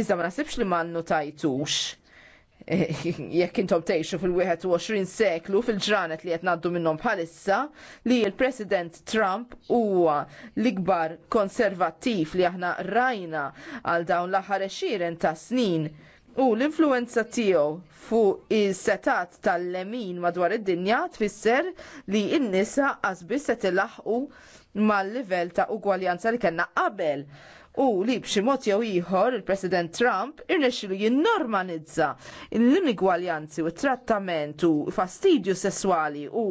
Iżda ma nasibx li ma nnutajtux jekk intom tgħixu fil-21 seklu fil-ġranet li qed ngħaddu minnhom bħalissa li l-President Trump huwa l-ikbar konservattiv li aħna rajna għal dawn l-aħħar xiren ta' snin u l-influenza tiegħu fuq is-setat tal-lemin madwar id-dinja tfisser li n-nisa qasbis se tilaħqu mal-livell ta' ugwaljanza li kellna qabel u li b'xi mod jew ieħor il-President Trump irnexxilu jinnormalizza l-inigwaljanzi u trattament u fastidju sesswali u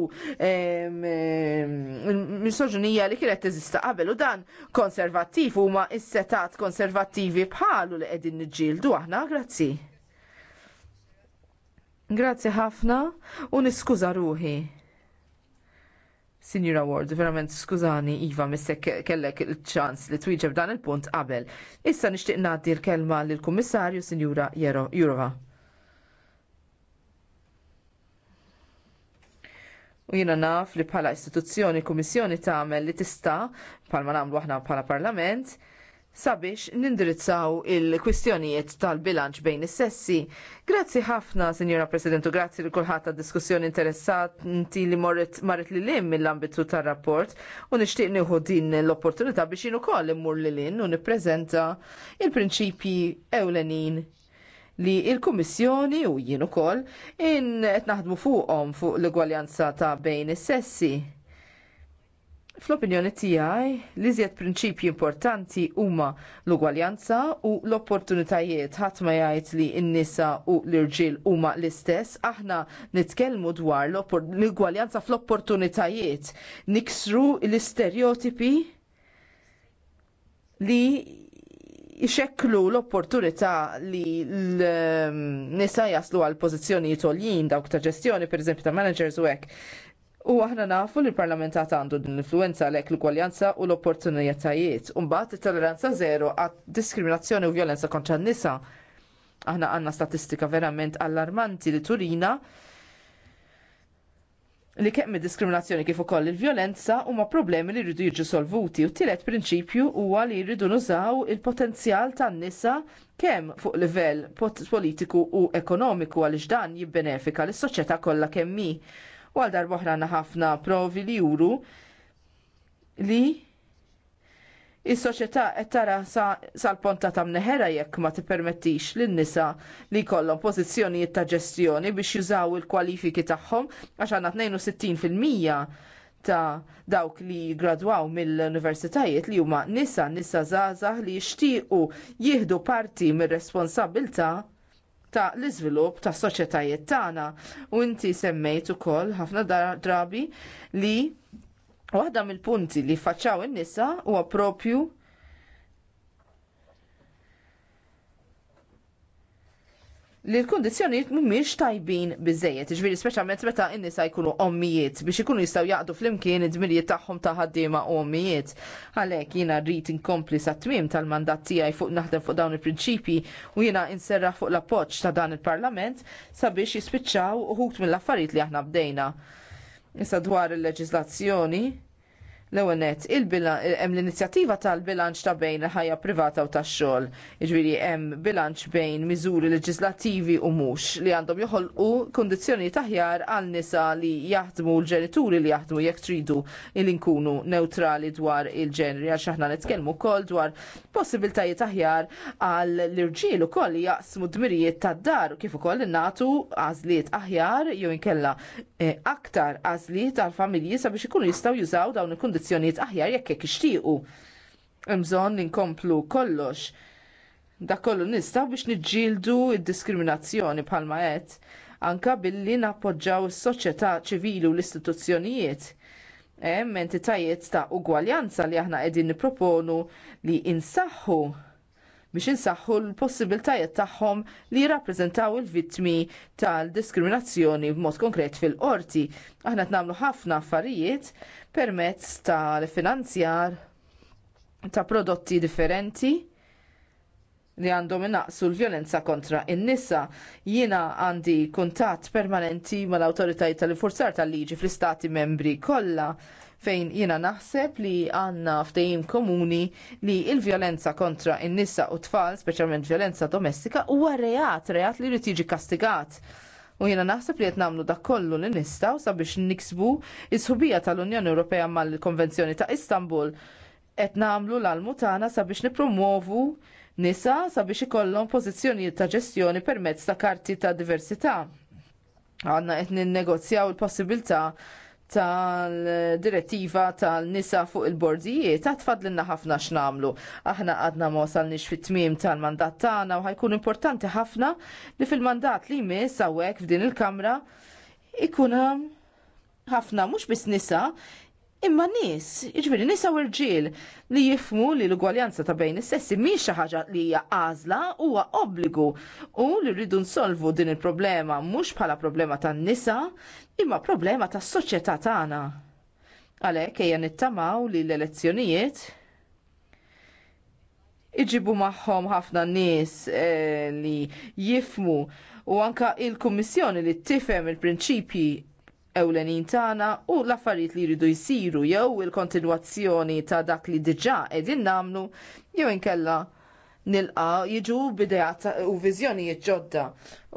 misoġinija li kienet teżista qabel u dan konservattiv huma s-setat konservattivi bħalu li qegħdin niġġieldu aħna, grazzi. Grazzi ħafna u niskuża ruħi. Sinjura Ward, verament skużani, Iva, missek kellek il-ċans li twieġeb dan il-punt qabel. Issa nixtieq ngħaddi l-kelma lill kummissarju Sinjura Jurova. U jiena naf li bħala istituzzjoni, kummissjoni tagħmel li tista' bħalma nagħmlu aħna bħala parlament, sabiex nindirizzaw il-kwistjonijiet tal-bilanċ bejn is-sessi. Grazzi ħafna, Sinjora Presidentu, grazzi li kulħadd diskussjoni interessanti li morret marret li lim mill-ambitu tar-rapport u nixtieq nieħu din l-opportunità biex jien ukoll immur li lin u nippreżenta il-prinċipji ewlenin li il-Kummissjoni u jien ukoll in qed naħdmu fuqhom fuq l-egwaljanza ta' bejn is-sessi Fl-opinjoni tiegħi, l-iżjed prinċipji importanti huma l-ugwaljanza u l-opportunitajiet ħadd ma jgħid li n-nisa u l-irġiel huma l-istess, aħna nitkellmu dwar l-ugwaljanza fl-opportunitajiet, niksru l-istereotipi li ixekklu l-opportunità li l-nisa jaslu għal pożizzjonijiet għoljin dawk ta' ġestjoni, per eżempju ta' managers u hekk. U aħna nafu li l-parlamentat għandu din l-influenza l influenza l l kwaljanza u l-opportunitajiet. Umbat, il-toleranza zero għad diskriminazzjoni u violenza kontra n-nisa. Aħna għanna statistika verament allarmanti li turina li kemm diskriminazzjoni kif ukoll il-vjolenza huma problemi li jridu jiġu solvuti u tielet prinċipju huwa li jridu nużaw il-potenzjal tan-nisa kemm fuq livell politiku u ekonomiku għaliex dan jibbenefika lis-soċjetà kollha kemm hi u għal darboħrana ħafna provi li juru li Is-soċjetà qed tara sal-ponta ta' mneħera jekk ma tippermettix lin-nisa li jkollhom pożizzjonijiet ta' ġestjoni biex jużaw il-kwalifiki tagħhom għax għandna 62% ta' dawk li gradwaw mill-universitajiet li huma nisa nisa żgħażagħ li jixtiequ jieħdu parti mir responsabbilta ta' l-iżvilupp tas soċjetajiet tagħna. U inti semmejt ukoll ħafna drabi li waħda mill-punti li faċċaw in-nisa huwa propju li l-kondizjoniet mhumiex tajbin biżejjed, ġifieri speċjalment meta n-nisa jkunu ommijiet biex ikunu jistgħu jaqdu flimkien id-dmirijiet tagħhom ta' ħaddiema u ommijiet. Għalhekk jiena rrid inkompli sa tmiem tal-mandat tiegħi fuq naħdem fuq dawn il-prinċipji u jiena inserraħ fuq l-appoġġ ta' dan il-Parlament sabiex jispiċċaw uħut mill-affarijiet li aħna bdejna. Issa dwar il-leġiżlazzjoni, L-ewwel nett, hemm l-inizjattiva tal-bilanċ ta' bejn il-ħajja privata u tax-xogħol. Jiġifieri hemm bilanċ bejn miżuri leġislattivi u mhux li għandhom joħolqu kundizzjonijiet aħjar għal nisa li jaħdmu l-ġenituri li jaħdmu jekk tridu il nkunu neutrali dwar il-ġenri għax aħna nitkellmu wkoll dwar possibiltajiet aħjar għal l-irġiel ukoll li jaqsmu dmirijiet tad-dar kif ukoll nagħtu għażliet aħjar jew inkella eh, aktar għażliet għall familji sabiex ikunu jistgħu jużaw dawn il kondizjoniet aħjar jekk hekk ixtiequ. Hemm inkomplu kollox. Da kollu nistaw biex niġġieldu id-diskriminazzjoni bħalma qed anke billi nappoġġaw is-soċjetà ċivili u l-istituzzjonijiet. Hemm entitajiet ta' ugwaljanza li aħna qegħdin nipproponu li insaħħu biex insaħħu l-possibiltajiet tagħhom li jirrappreżentaw il-vittmi tal-diskriminazzjoni b'mod konkret fil-qorti. Aħna qed nagħmlu ħafna affarijiet permezz tal-finanzjar ta' prodotti differenti li għandhom inaqsu l-vjolenza kontra in-nisa. Jiena għandi kuntatt permanenti mal-awtoritajiet tal-infurzar tal-liġi fl-istati membri kollha fejn jiena naħseb li għandna ftehim komuni li l-vjolenza kontra in-nisa u tfal, speċjalment vjolenza domestika, huwa reat, reat li jrid jiġi kastigat U jiena naħseb li qed nagħmlu dak kollu li nistgħu sabiex niksbu is-sħubija tal-Unjoni Ewropea mal-Konvenzjoni ta' Istanbul qed nagħmlu l-almu tagħna sabiex nippromovu nisa sabiex ikollhom pożizzjonijiet ta' ġestjoni permezz ta' karti ta' diversità. Għandna qed ninnegozjaw il-possibilità tal-direttiva tal-nisa fuq il-bordijiet, għatfadlinna ħafna x'namlu. Aħna għadna ma wasalniex fit tmiem tal-mandat tagħna u ħajkun importanti ħafna li fil-mandat li jmiss hawnhekk f'din il-Kamra ikun um, ħafna mhux biss nisa Imma nies, iġveri nisa u rġil li jifmu li l-ugwaljanza ta' bejn is-sessi mi xi ħaġa li hija għażla huwa obbligu u li rridu nsolvu din il-problema mhux bħala problema tan-nisa imma problema tas-soċjetà tagħna. Għalhekk ejja nittamaw li l-elezzjonijiet iġibu maħħom ħafna nies eh, li jifmu u anka il-Kummissjoni li tifhem il-prinċipji ewlenin tagħna u l-affarijiet li jridu jsiru jew il-kontinwazzjoni ta' dak li diġà edin nagħmlu jew inkella nilqa jiġu bidejat u viżjonijiet ġodda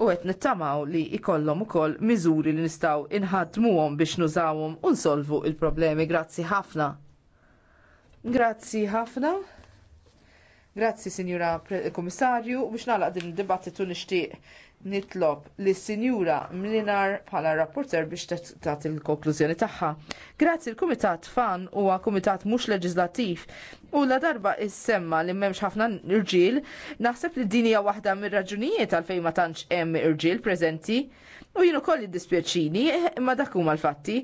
u qed nittamaw li jkollhom ukoll miżuri li nistgħu inħadmuhom biex nużawhom u nsolvu l problemi Grazzi ħafna. Grazzi ħafna. Grazzi, Sinjura Komissarju, biex nagħlaq din id-dibattitu nixtieq nitlob lis sinjura Mlinar bħala rapporter biex tat il-konklużjoni tagħha. Grazzi l-Kumitat Fan huwa kumitat mhux leġislattiv u la darba issemma li m'hemmx ħafna irġiel, naħseb li din hija waħda mir-raġunijiet għalfejn ma tantx hemm irġiel preżenti u jien ukoll iddispjaċini imma dak huma l-fatti.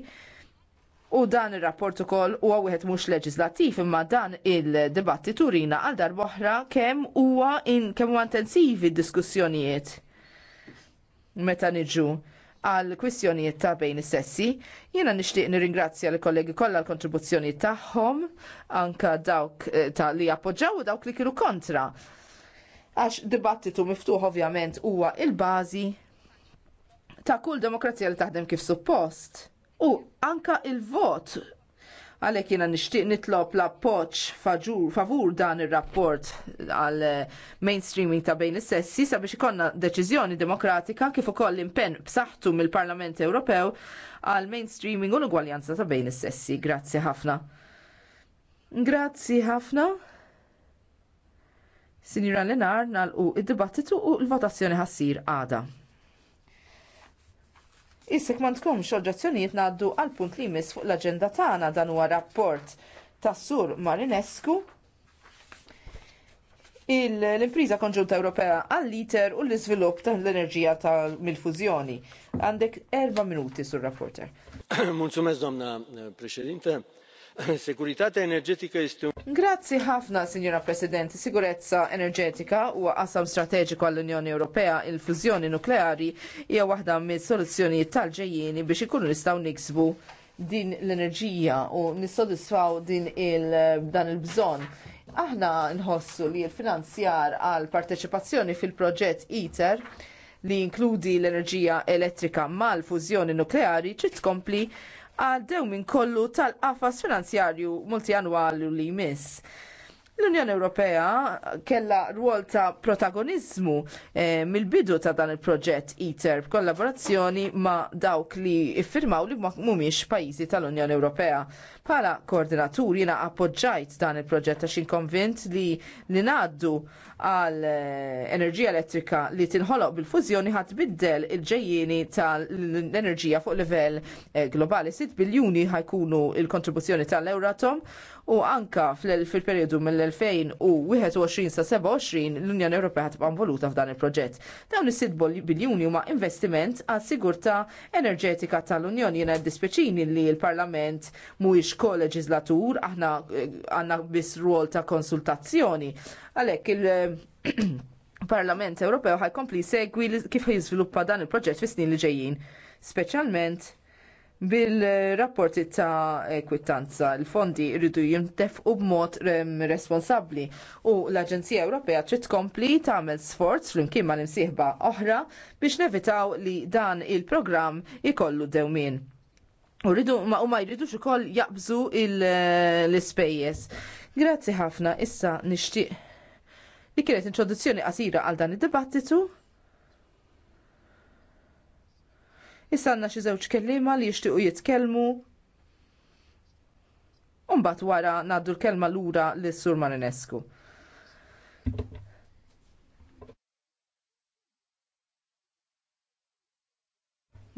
U dan ir-rapport ukoll huwa wieħed mhux leġislattiv imma dan il-dibattitu rina għal darb'oħra kemm huwa kemm huwa intensivi d-diskussjonijiet meta niġu għal kwistjonijiet ta' bejn is-sessi. Jiena nixtieq nirringrazzja l kollegi kollha l-kontribuzzjoni tagħhom, anka dawk eh, ta' li appoġġaw u dawk li kienu kontra. Għax dibattitu miftuħ ovvjament huwa il-bażi ta' kull demokrazija li taħdem kif suppost. U anka il-vot Għalhekk jiena nixtieq nitlob la poċ favur dan ir-rapport għal eh, mainstreaming ta' bejn is-sessi sabiex ikonna deċiżjoni demokratika kif ukoll impenn b'saħħtu mill-Parlament Ewropew għal mainstreaming u l-ugwaljanza ta' bejn is-sessi. Grazzi ħafna. Grazzi ħafna. Sinjura Lenar u id-dibattitu u l-votazzjoni ħassir għada. Issek ma tkunx oġġezzjonijiet ngħaddu għal punt li jmiss fuq l-aġenda tagħna dan huwa rapport tas-sur Marinescu l-impriża konġunta Ewropea għall-liter u l-iżvilupp tal-enerġija fużjoni Għandek erba' minuti sur rapporter. Mulțumesc, domna eh, preċedinte. Siguritatea enerġetika jistgħu. Grazzi ħafna, Signora President. Sigurezza enerġetika huwa qasam strateġiku għall-Unjoni Ewropea il-fużjoni nukleari hija waħda mis-soluzzjonijiet tal-ġejjieni biex ikunu nistgħu niksbu din l-enerġija u nissodisfaw din il dan il-bżonn. Aħna nħossu li l-finanzjar għal parteċipazzjoni fil-proġett ITER li jinkludi l-enerġija elettrika mal-fużjoni nukleari trid tkompli għaddew minn kollu tal-qafas finanzjarju multianwali li jmiss. L-Unjoni Ewropea kella rwol ta' protagonizmu eh, mill-bidu ta' dan il-proġett ITER b'kollaborazzjoni ma' dawk li iffirmaw li mhumiex pajjiżi tal-Unjoni Ewropea. Pala koordinatur jina appoġġajt dan il-proġett għax inkonvint li li għal eh, enerġija elettrika li tinħoloq bil-fużjoni ħadd biddel il ġejjini tal-enerġija fuq livell eh, globali. 6 biljuni ħajkunu il-kontribuzzjoni tal-Euratom u anka fil-periodu mill-2021 sa 27 l-Unjoni Ewropea tibqa' voluta f'dan il-proġett. Dawn is-6 biljuni huma investiment għas sigurtà enerġetika tal-Unjoni jiena dispeċini li l-Parlament mhuwiex maħniex ko-leġislatur, aħna eh, għanna biss ruol ta' konsultazzjoni. Għalek il- eh, Parlament Ewropew ħajkompli segwi kif jiżviluppa dan il-proġett fis snin li ġejjin, speċjalment bil-rapporti ta' kwittanza. Il-fondi jridu jintefqu b'mod responsabbli u l-Aġenzija Ewropea trid tkompli tagħmel sforz flimkien mal-imsieħba oħra biex nevitaw li dan il-programm ikollu dewmien. U rridu ma u ma jridux ukoll jaqbżu eh, l-ispejjeż. Grazzi ħafna, issa nixtieq li kienet introduzzjoni qasira għal dan id-dibattitu. Issa għandna xi żewġ kelliema li jixtiequ jitkellmu. Umbagħad wara ngħaddu l-kelma lura lis Sur Marinescu.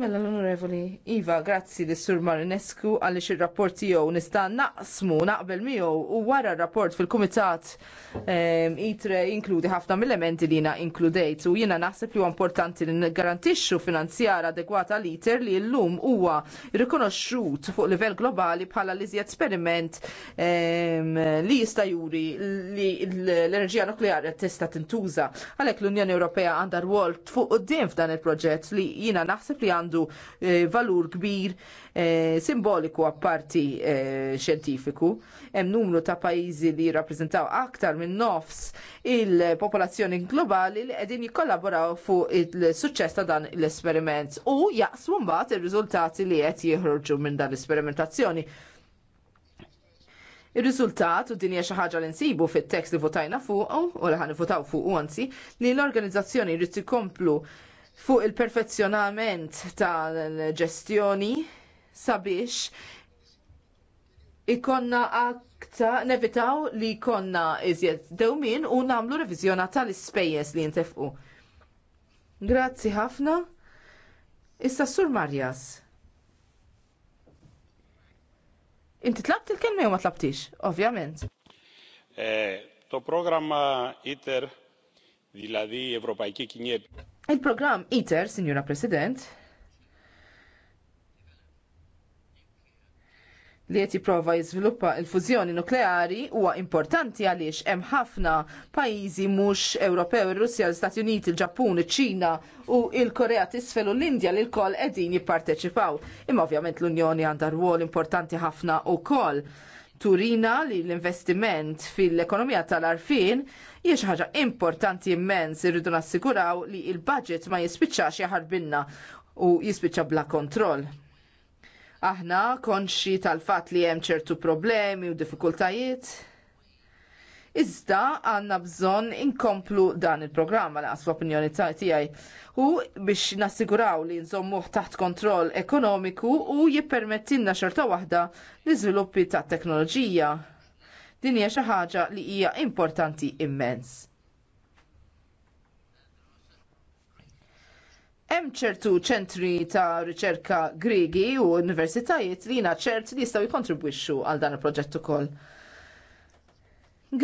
Mela l-Onorevoli Iva, grazzi li Sur Marinescu għaliex ir rapport tiegħu nista' naqsmu naqbel miegħu u wara r-rapport fil-Kumitat ehm, itre inkludi ħafna mill-elementi li jiena inkludejt u jiena naħseb li huwa importanti li ngarantixxu finanzjar adegwata l-iter e li llum huwa rikonoxxut fuq livell globali bħala li żjed esperiment ehm, li jista' juri li l-enerġija nukleari tista' tintuża. Għalhekk l-Unjoni Ewropea għandha rwol fuq quddiem f'dan il-proġett li jiena naħseb li għandu għandu eh, valur kbir eh, simboliku apparti eh, xjentifiku. Hemm numru ta' pajjiżi li jirrappreżentaw aktar minn nofs il-popolazzjoni globali li qegħdin jikkollaboraw fuq il-suċċess ta' dan l-esperiment u jaqsmu mbagħad ir-riżultati li qed jieħroġu minn dan l-esperimentazzjoni. Ir-riżultat u din hija xi ħaġa li nsibu fit text li votajna fuq u li ħan votaw fuq anzi li l-organizzazzjoni jrid tikomplu fuq il-perfezzjonament tal-ġestjoni sabiex ikonna akta nevitaw li konna iżjed dewmin u namlu revizjona tal-ispejjeż li jintefqu. Grazzi ħafna. Issa Sur Marjas. Inti tlabt il-kelma jew ma tlabtix, ovvjament. Eh, to programma ITER, diladi Evropajki Kinjeb. Il-programm ITER, Signora President, li qed jipprova jiżviluppa l-fużjoni nukleari huwa importanti għaliex hemm ħafna pajjiżi mhux Ewropew, ir-Russja, l-Istati Uniti, il-Ġappun, iċ-Ċina u l-Korea t'isfel u l-Indja li l-koll qegħdin jipparteċipaw. Imma ovvjament l-Unjoni għandha rwol importanti ħafna wkoll turina li l-investiment fil-ekonomija tal-arfin hija xi ħaġa importanti immens irridu nassiguraw li l budget ma jispiċċax jaħarbinna u jispiċċa bla kontroll. Aħna konxi tal-fatt li hemm ċertu problemi u diffikultajiet. Iżda għandna bżonn inkomplu dan il programm għal għasfu opinjoni tiegħi u biex nassiguraw li nżommuħ taħt kontroll ekonomiku u jippermettilna xorta waħda l-iżviluppi tat teknoloġija Din hija xi ħaġa li hija importanti immens. Hemm ċertu ċentri ta' riċerka Griegi u universitajiet li jiena ċert li jistgħu jikkontribwixxu għal dan il-proġett ukoll.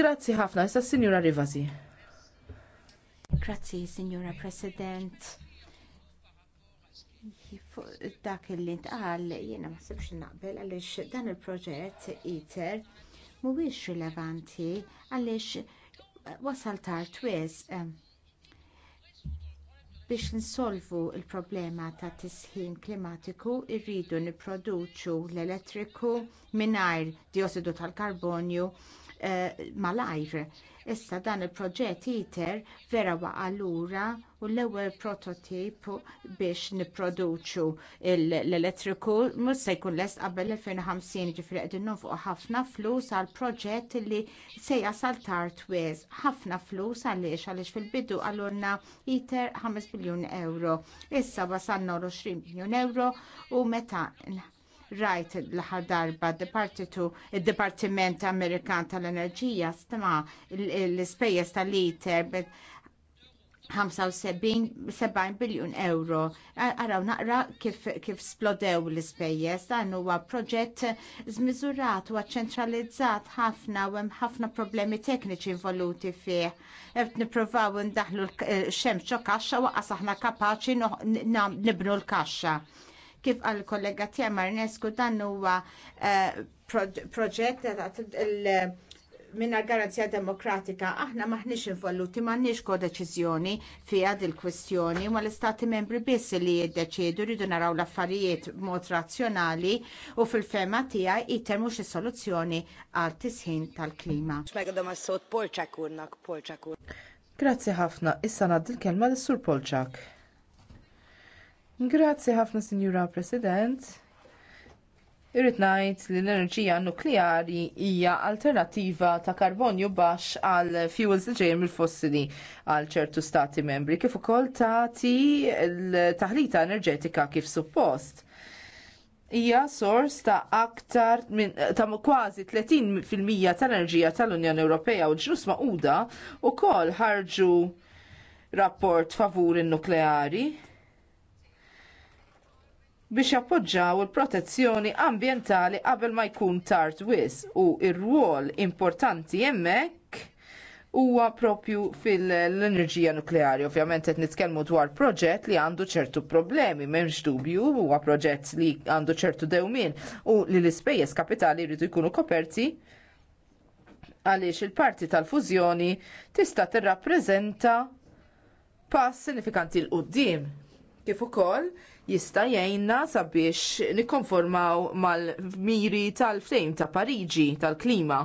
Grazzi ħafna, issa Sinjura Rivasi. Grazzi, Sinjura President. Dak il-lint għal jena ma sibx naqbel għalix dan il-proġett ITER mhuwiex rilevanti għaliex eh, wasal tard wisq eh, biex insolvu l problema ta' tisħin klimatiku rridu nipproduċu l-elettriku mingħajr dijossidu tal-karbonju Eh, malajr. Issa dan il-proġett iter vera waqa' lura u l-ewwel prototip biex nipproduċu l-elettriku mhux se jkun lest qabel 2050 ġifieri qegħdin nonfuq ħafna flus għal proġett li se jasal tard wies ħafna flus għaliex għaliex fil-bidu għallurna iter 5 biljun euro. Issa wasalna 20 biljun euro u meta Rajt l-aħħar darba d id-Dipartiment Amerikan tal-Enerġija stma' l-ispejjeż tal-liter 75 biljun euro. Araw naqra kif, kif splodew l-ispejjeż dan huwa proġett żmiżurat u ċentralizzat ħafna u hemm ħafna problemi tekniċi involuti fih. Qed nippruvaw ndaħlu l-xemx eh, kaxxa waqas aħna kapaċi nibnu l-kaxxa. Kif għal kollega tija Marnesku dan huwa eh, proġett minna garanzija demokratika, aħna maħnix involuti, maħnix ko deċizjoni fija il kwestjoni ma l-istati membri biss li jiddeċidu rridu naraw l-affarijiet mod razzjonali u fil-fema tija jitemu xie soluzzjoni għal tisħin tal-klima. Grazie ħafna, issa naddil kelma l-sur Polċak. Grazzi ħafna, Sinjura President. Irrid ngħid li l-enerġija nukleari hija alternattiva ta' karbonju baxx għal fuels li ġejjin mill-fossili għal ċertu stati membri kif ukoll tagħti l-taħlita enerġetika kif suppost. Hija sors ta' aktar min, ta' kważi 30% tal-enerġija tal-Unjoni Ewropea u ġnus u wkoll ħarġu rapport favur in-nukleari biex jappoġġaw il-protezzjoni ambjentali qabel ma jkun tard wis u r rwol importanti hemmhekk huwa proprju fil-enerġija nukleari. Ovvjament qed nitkellmu dwar proġett li għandu ċertu problemi, m'hemmx dubju, huwa proġett li għandu ċertu dewmien u li l-ispejjeż kapitali jridu jkunu koperti għaliex il-parti tal-fużjoni tista' tirrappreżenta pass sinifikanti l-qudiem. Kif ukoll jista' jgħinna sabiex nikkonformaw mal-miri tal-ftejm ta' Pariġi tal-klima.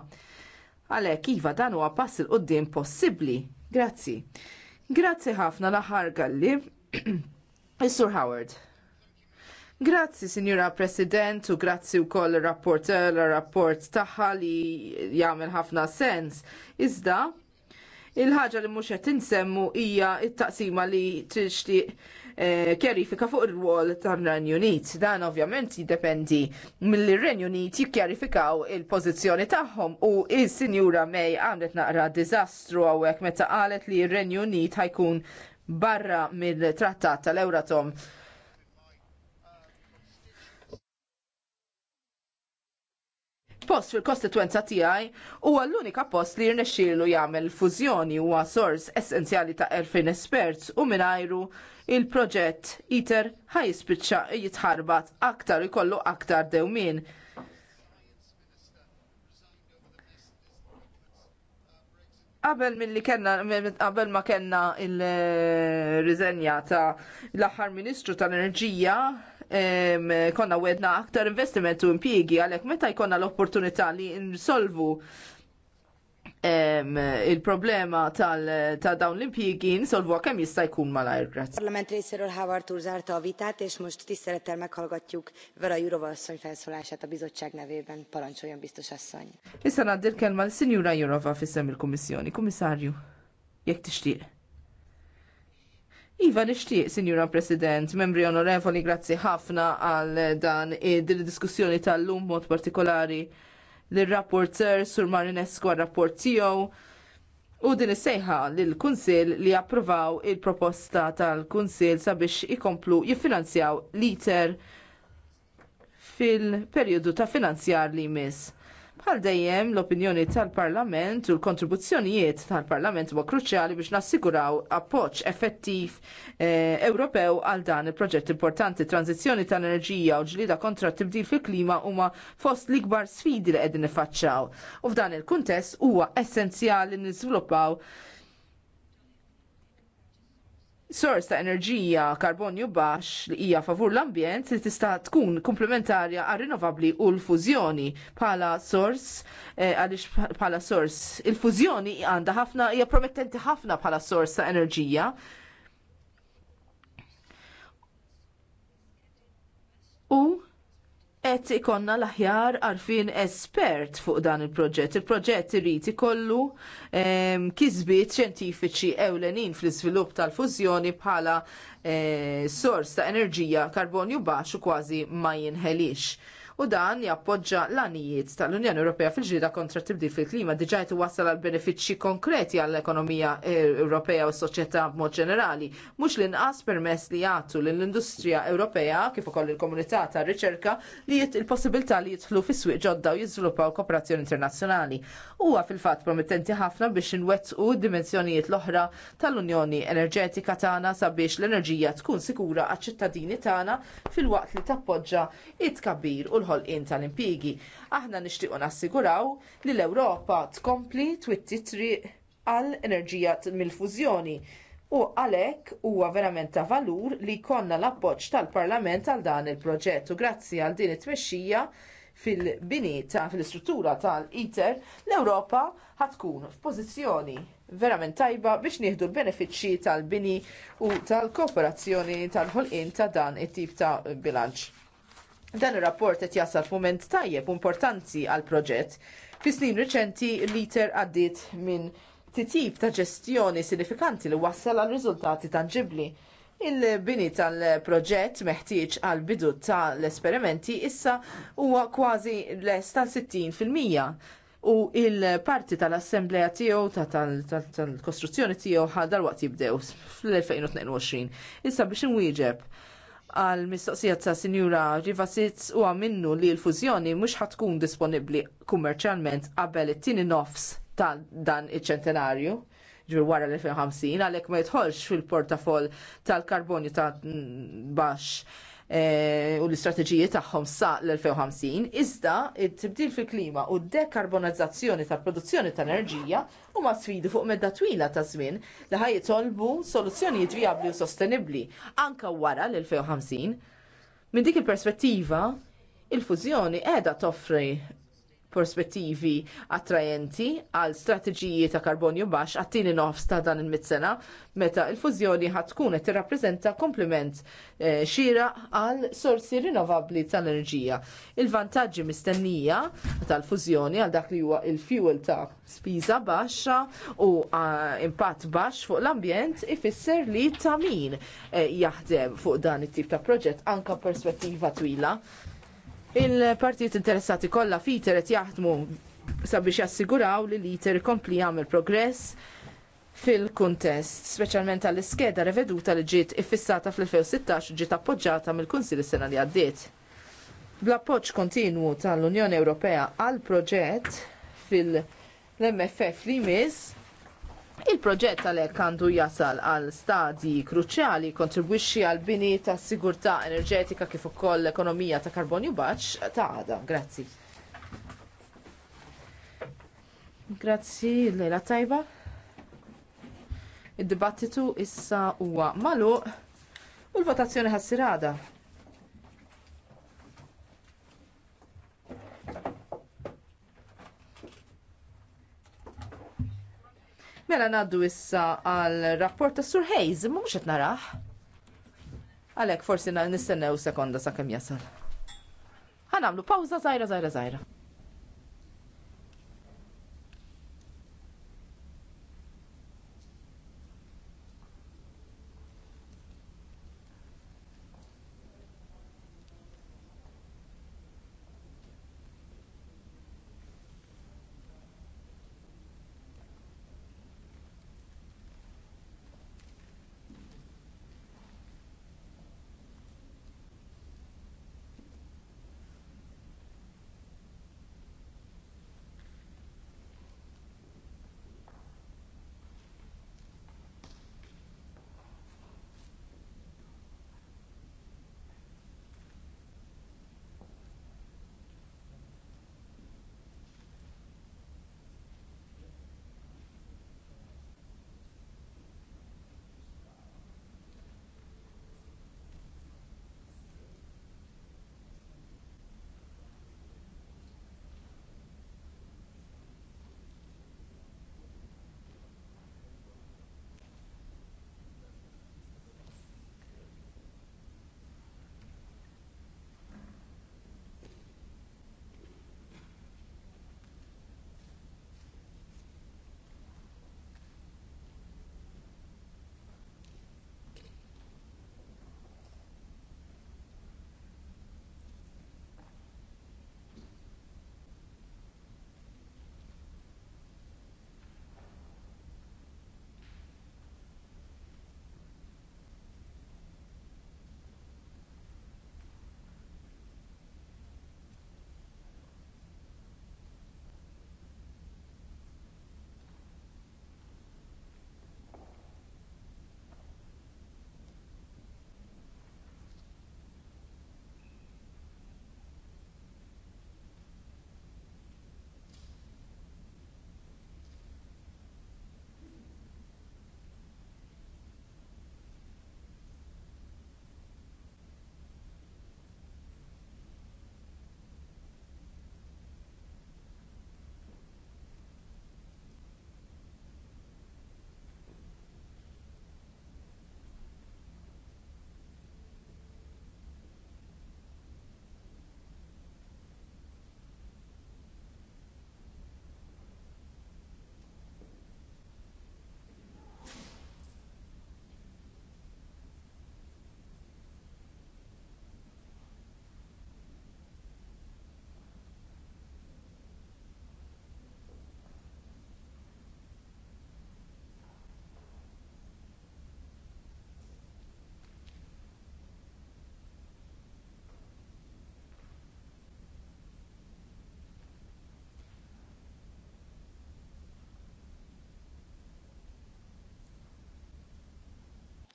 Għalhekk iva dan huwa pass il qoddim possibbli. Grazzi. Grazzi ħafna l-aħħar galli. Is-Sur Howard. Grazzi, Signora President, u grazzi u koll l rapport taħħa li jagħmel ħafna sens. Iżda, il-ħaġa li mhux qed insemmu hija t taqsima li trixtieq Eh, kjarifika fuq ir wall tar-Renju Unit. Dan ovvjament jiddependi mill-Renju Unit jikkjarifikaw il-pożizzjoni tagħhom u is-Sinjura May għamlet naqra diżastru hawnhekk meta qalet li r-Renju Unit ħajkun barra mill-trattat tal-Euratom post fil-kostituenza tiegħi huwa l-unika post li jirnexxielu jagħmel fużjoni huwa sors essenzjali ta' 2000 esperts u mingħajru il-proġett ITER ħajspiċċa jitħarbat aktar ikollu aktar dewmien. qabel milli kenna qabel ma kenna il-riżenja ta' l-aħħar Ministru tal-Enerġija konna wedna aktar investiment u impjiegi għalhekk meta jkollna l-opportunità li nsolvu il-problema ta' dawn l impiegi nsolvu kemm jista' jkun malajr. Grazzi. Parlament részéről Howard úr zárta a vitát, és most tisztelettel meghallgatjuk Vera Jurova asszony felszólását a bizottság nevében. jom bistu asszony. Issa naddil kelma l-Sinjura Jurova fissem il-Kummissjoni. Komissarju, jekk tixtieq. Iva nixtieq, Signora President, membri onorevoli, grazzi ħafna għal dan id-diskussjoni tal-lum mod partikolari l-rapporter Sur Marinesco għal-rapport tiegħu u din is-sejħa lill kunsill li approvaw il-proposta tal kunsill sabiex ikomplu jiffinanzjaw l-iter fil-perjodu ta' finanzjar li jmiss. Bħal dejjem l-opinjoni tal-Parlament u l-kontribuzzjonijiet tal-Parlament huwa kruċjali biex nassiguraw appoġġ effettiv eh, Ewropew għal dan il-proġett importanti. Tranzizzjoni tal-enerġija u ġlida kontra tibdil fil-klima huma fost l-ikbar sfidi li qegħdin nifaċċaw. U f'dan il-kuntest huwa essenzjali niżviluppaw sors ta' enerġija karbonju baxx li hija favur l-ambjent li tista' tkun komplementarja għar rinnovabli u l-fużjoni bħala sors eh, għaliex bħala sors il-fużjoni għandha ħafna hija promettenti ħafna bħala sors ta' enerġija. U Et ikonna l-aħjar għarfien espert fuq dan il-proġett. Il-proġett irid ikollu ehm, kisbiet xjentifiċi ewlenin fl-iżvilupp tal-fużjoni bħala eh, sors ta' enerġija karbonju baxu kważi ma jinħelix u dan jappoġġa l-anijiet tal-Unjoni Ewropea fil-ġrida kontra tibdil fil-klima diġà jtu wassal għal benefiċċji konkreti għall-ekonomija eh, Ewropea u s-soċjetà b'mod ġenerali, mhux l-inqas permess li jagħtu lill-industrija Ewropea kif ukoll il-komunità tar-riċerka li il-possibilità li jidħlu fis-swieq ġodda u jiżviluppaw kooperazzjoni internazzjonali. Huwa fil-fatt promettenti ħafna biex inwettqu d-dimensjonijiet l-oħra tal-Unjoni Enerġetika tagħna sabiex l-enerġija tkun sikura għaċ-ċittadini tagħna fil-waqt li tappoġġa it tkabbir u l l-ħolqien tal-impigi. Aħna nixtiequ nassiguraw li l-Ewropa tkompli twittitri triq għal enerġija mill-fużjoni u għalhekk huwa verament ta' valur li jkollna l-appoġġ tal-Parlament għal dan il-proġett u grazzi għal din it-tmexxija fil-bini ta' fil-istruttura tal-ITER l-Ewropa ħatkun f'pożizzjoni verament tajba biex nieħdu l-benefiċċji tal-bini u tal-kooperazzjoni tal-ħolqien ta' dan it-tip ta' bilanċ. Dan ir-rapport qed jasal f'mument tajjeb importanti għal proġett. Fi snin riċenti l-iter għaddiet minn titjib ta' ġestjoni sinifikanti li wassal għal riżultati tangibbli. Il-bini tal-proġett meħtieġ għal bidu tal-esperimenti issa huwa kważi less tal-60% u il-parti tal-assembleja tiegħu tal-kostruzzjoni tiegħu ħadal waqt jibdew fl-2022. Issa biex inwieġeb għal mistoqsija ta' Sinjura Rivasic u minnu li l-fużjoni mhux ħatkun disponibbli kummerċjalment qabel it-tieni nofs ta' dan iċ-ċentenarju ġbir wara l-2050 għalhekk ma jidħolx fil portafoll tal-karbonju ta' baxx Eh, u l-istrateġiji tagħhom sa l-2050, iżda it-tibdil fil-klima u dekarbonizzazzjoni tal-produzzjoni tal-enerġija huma sfidi fuq medda twila ta' żmien li ħaj jitolbu soluzzjonijiet vijabbli u sostenibbli anke wara l-2050. Min dik il-perspettiva, il-fużjoni qiegħda toffri prospettivi attrajenti għal strateġiji ta' karbonju baxx għattini nofs ta' dan il mitsena meta il-fużjoni ħatkun qed tirrappreżenta kompliment eh, xira għal sorsi rinnovabbli tal-enerġija. Il-vantaġġi mistennija tal-fużjoni għal dak li huwa il-fuel ta' spiża baxxa u eh, impatt baxx fuq l-ambjent ifisser li ta' min eh, jaħdem fuq dan it-tip ta' proġett anke perspettiva twila Il-partijiet interessati kollha fiter qed jaħdmu sabiex jassiguraw li l-iter kompli jagħmel progress fil-kuntest, speċjalment għall iskeda reveduta li ġiet iffissata fl-2016 ġiet appoġġata mill kunsill is-sena li għaddiet. Bl-appoġġ kontinwu tal-Unjoni Ewropea għall proġett fil-MFF li jmiss, Il-proġett għalhekk għandu jasal għal stadji kruċjali kontribwixxi għal bini tas sigurtà enerġetika kif ukoll l-ekonomija ta' karbonju baċ ta' għada. Grazzi. Grazzi lejla tajba. Id-dibattitu issa huwa magħluq u l-votazzjoni ħassirada. Mela naddu issa għal rapport ta' Sur Hayes, mux qed naraħ. Għalek forsi nistennew sekonda sa' kem jasal. Għanamlu pawza zaħira zaħira zaħira.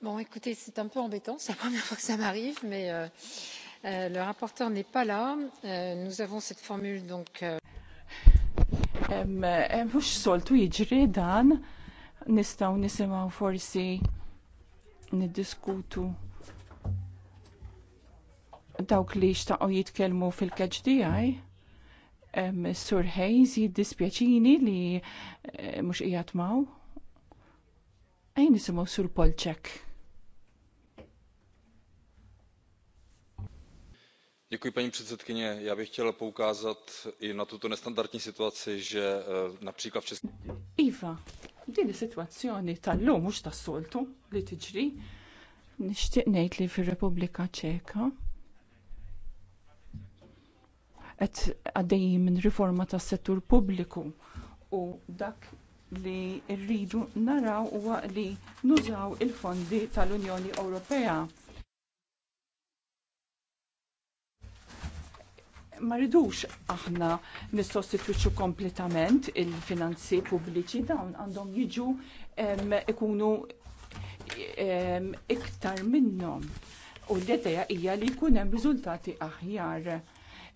Bon, écoutez, c'est un peu embêtant, c'est la première fois que ça m'arrive, mais euh, euh, le rapporteur n'est pas là. Euh, nous avons cette formule, donc... Euh, mux soltu jiġri dan, nistaw nisimaw forsi niddiskutu dawk li xtaqo jitkelmu fil-keġdijaj. Sur Hayes jiddispjaċini li eh, mux ijatmaw. Ejn nisimaw sur Polċek. paní předsedající já bych chtěl poukázat i na tuto nestandardní situaci že eh, například v české. iva din is-sitwazzjoni tal-lum mhux tas-soltu li tiġri nixtieq ngħid li fir-repubblika ċeka qed għaddejjin minn riforma tas-settur pubbliku u dak li rridu naraw huwa li nużaw il-fondi tal-Unjoni Ewropea ma ridux aħna nistostitwixxu kompletament il-finanzi pubbliċi dawn għandhom jiġu ikunu iktar minnhom. U l-idea hija li jkun hemm riżultati aħjar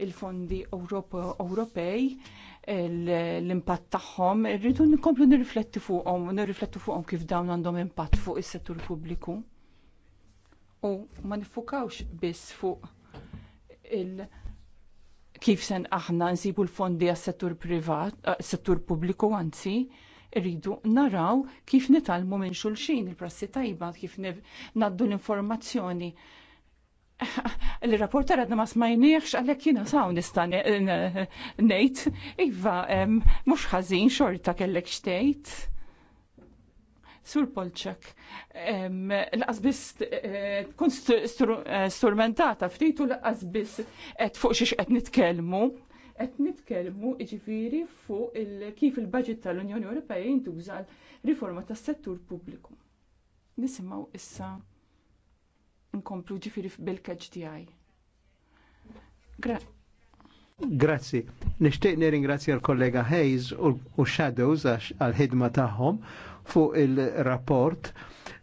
il-fondi Ewropej l-impatt tagħhom irridu nkomplu nirrifletti fuqhom, u nirriflettu fuqhom kif dawn għandhom impatt fuq is-settur pubbliku. U ma nifukawx biss fuq il- kif sen aħna nsibu l-fondi għas-settur privat, settur pubbliku anzi, rridu naraw kif nitalmu minn xulxin il-prassi tajba, kif naddu l-informazzjoni. l rapport għadna ma smajniex għalek jina saw nista nejt, iva, mux ħazin xorta kellek xtejt Sur Polċek, l-qasbis eh, kun eh, strumentata ftitu l-qasbis et fuq xiex et nitkelmu, et nitkelmu iġifiri fuq kif il-budget tal-Unjoni Ewropea jintuża riforma tas settur pubbliku. Nisimaw issa nkomplu ġifiri bil-keġ tiegħi. Grazzi. Nishtiq nirringrazzja l-kollega Hayes u Shadows għal ħidma tagħhom fuq il-rapport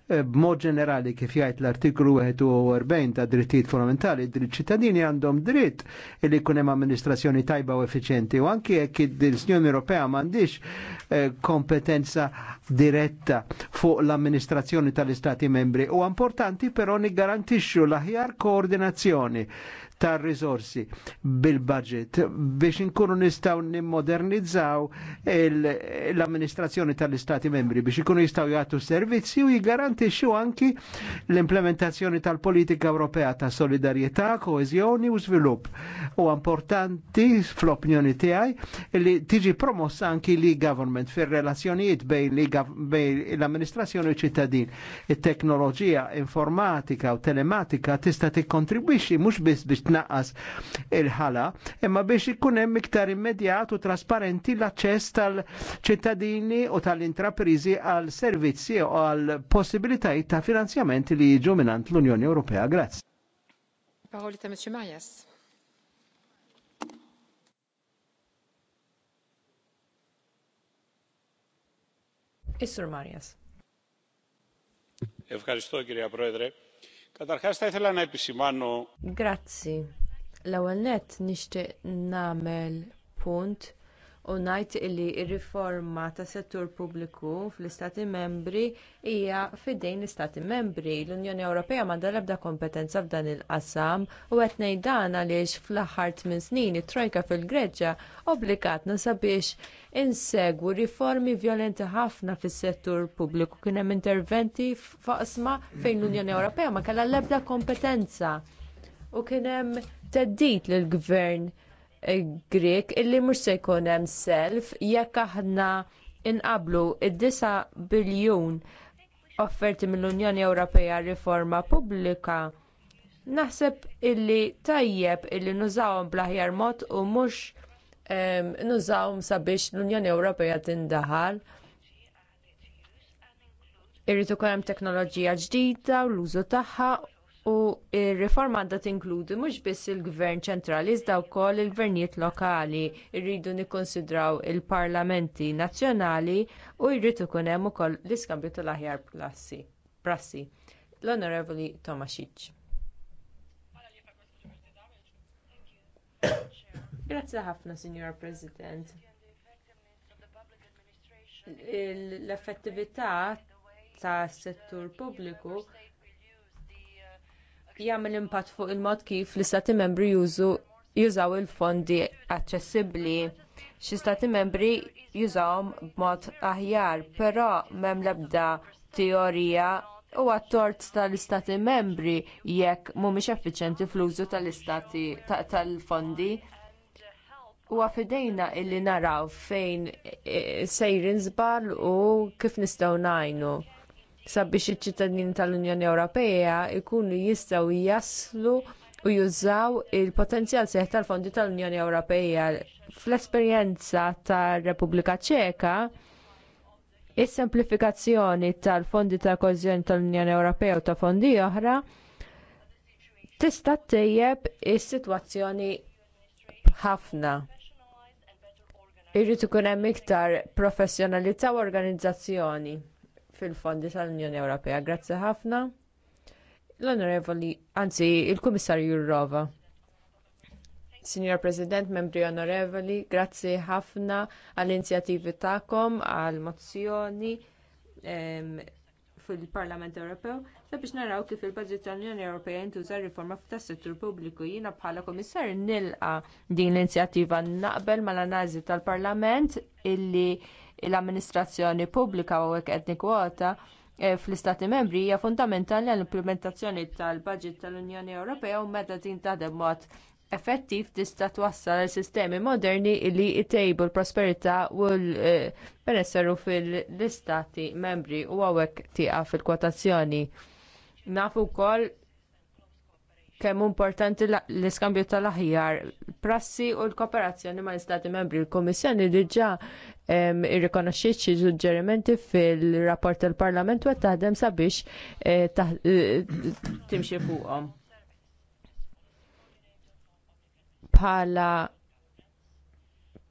eh, b'mod ġenerali kif jgħid l-artiklu 41 ta' drittijiet fundamentali, dritt ċittadini għandhom dritt li jkun hemm amministrazzjoni tajba u effiċenti u anki jekk l-Unjoni Ewropea m'għandix eh, kompetenza diretta fuq l-amministrazzjoni tal-Istati membri. U importanti però garantixxu l-aħjar koordinazzjoni tar risorsi bil-budget biex inkunu nistaw nimmodernizzaw l-amministrazzjoni tal-istati membri biex ikunu jistaw jgħatu servizzi u jgarantixxu anki l-implementazzjoni tal-politika Ewropea ta' solidarjetà, koeżjoni u svilupp. U importanti fl-opinjoni tiegħi li tiġi promossa anki li government fir-relazzjonijiet bejn l-amministrazzjoni u ċittadin. Il-teknoloġija informatika u telematika tista' tikkontribwixxi mhux biss biex tnaqqas il-ħala, imma biex ikun hemm iktar immedjat u trasparenti l-aċċess tal-ċittadini u tal-intraprizi għal servizzi u għal possibilitajiet ta' finanzjamenti li jiġu minant l-Unjoni Ewropea. Grazzi. Mr. Marjas. Evkaristo, Grazzi. L-ewwel nett nixtieq nagħmel punt u ngħid li r-riforma tas-settur pubbliku fl-istati membri hija fidejn l-istati membri l-unjoni ewropea m'għandha l-ebda kompetenza f'dan il-qasam u qed ngħid dan għaliex fl-aħħar tmien snin it-trojka fil-greċja obbligatna sabiex insegwu riformi vjolenti ħafna fis-settur pubbliku kien hemm interventi faqsma fejn l-unjoni ewropea ma kellha l-ebda kompetenza u kien hemm theddid lill-gvern Greek illi mhux se jkun hemm self jekk aħna inqablu id-9 biljun offerti mill-Unjoni Ewropea riforma pubblika. Naħseb illi tajjeb illi nużawhom bl-aħjar mod u mhux nużawhom sabiex l-Unjoni Ewropea tindaħal. Irrid ukoll hemm teknoloġija ġdida u l-użu tagħha u r-riforma għandha tinkludi mhux biss il-gvern ċentrali iżda wkoll il-gvernijiet lokali rridu nikkonsidraw il-parlamenti nazzjonali u jrid ikun hemm ukoll l-iskambju tal-aħjar prassi. L-Onorevoli Tomasic. Grazzi ħafna, Signor President. L-effettività tas settur pubbliku jagħmel impatt fuq il-mod kif l-istati membri jużaw il-fondi aċċessibbli. Xi stati membri jużawhom b'mod aħjar, però m'hemm l-ebda teorija għat tort tal-istati membri jekk mhumiex effiċjenti fl-użu tal-istati tal-fondi. Huwa għafidejna illi naraw fejn eh, sejrin żball u kif nistgħu ngħinu sabiex iċ-ċittadini tal-Unjoni Ewropea jkunu jistgħu jaslu u jużaw il-potenzjal seħħ tal-fondi tal-Unjoni Ewropea. Fl-esperjenza tar-Repubblika Ċeka, is-semplifikazzjoni tal-fondi tal koeżjoni tal-Unjoni Ewropea u ta' fondi oħra tista' tejjeb is-sitwazzjoni ħafna. Irrid ikun hemm iktar professjonalità u organizzazzjoni fil-fondi tal-Unjoni Ewropea. Grazzi ħafna. L-Onorevoli, anzi, il-Kummissarju Jurrova. Signor President, membri onorevoli, grazzi ħafna għall-inzjativi tagħkom għall-mozzjoni ehm, fil-Parlament Ewropew sabiex naraw kif il-budget tal-Unjoni Ewropea jintuża riforma tas-settur pubbliku. Jiena bħala komissar nilqa din l-inzjattiva naqbel mal-analiżi tal-Parlament illi l-amministrazzjoni pubblika u hekk qed nikkwota eh, fl-istati membri hija fundamentali għall-implementazzjoni tal-baġit tal-Unjoni Ewropea u meta din taħdem mod effettiv tista' twassal sistemi moderni li jtejbu l-prosperità u l benesseru fil-istati membri u hawnhekk tieqa fil-kwotazzjoni. Nafu wkoll kemm importanti l-iskambju tal-aħjar prassi u l-kooperazzjoni mal istati membri. l kummissjoni diġà irrikonoxxiet xi suġġerimenti fil-rapport tal-Parlament u qed taħdem sabiex eh, eh, timxi fuqhom. Bħala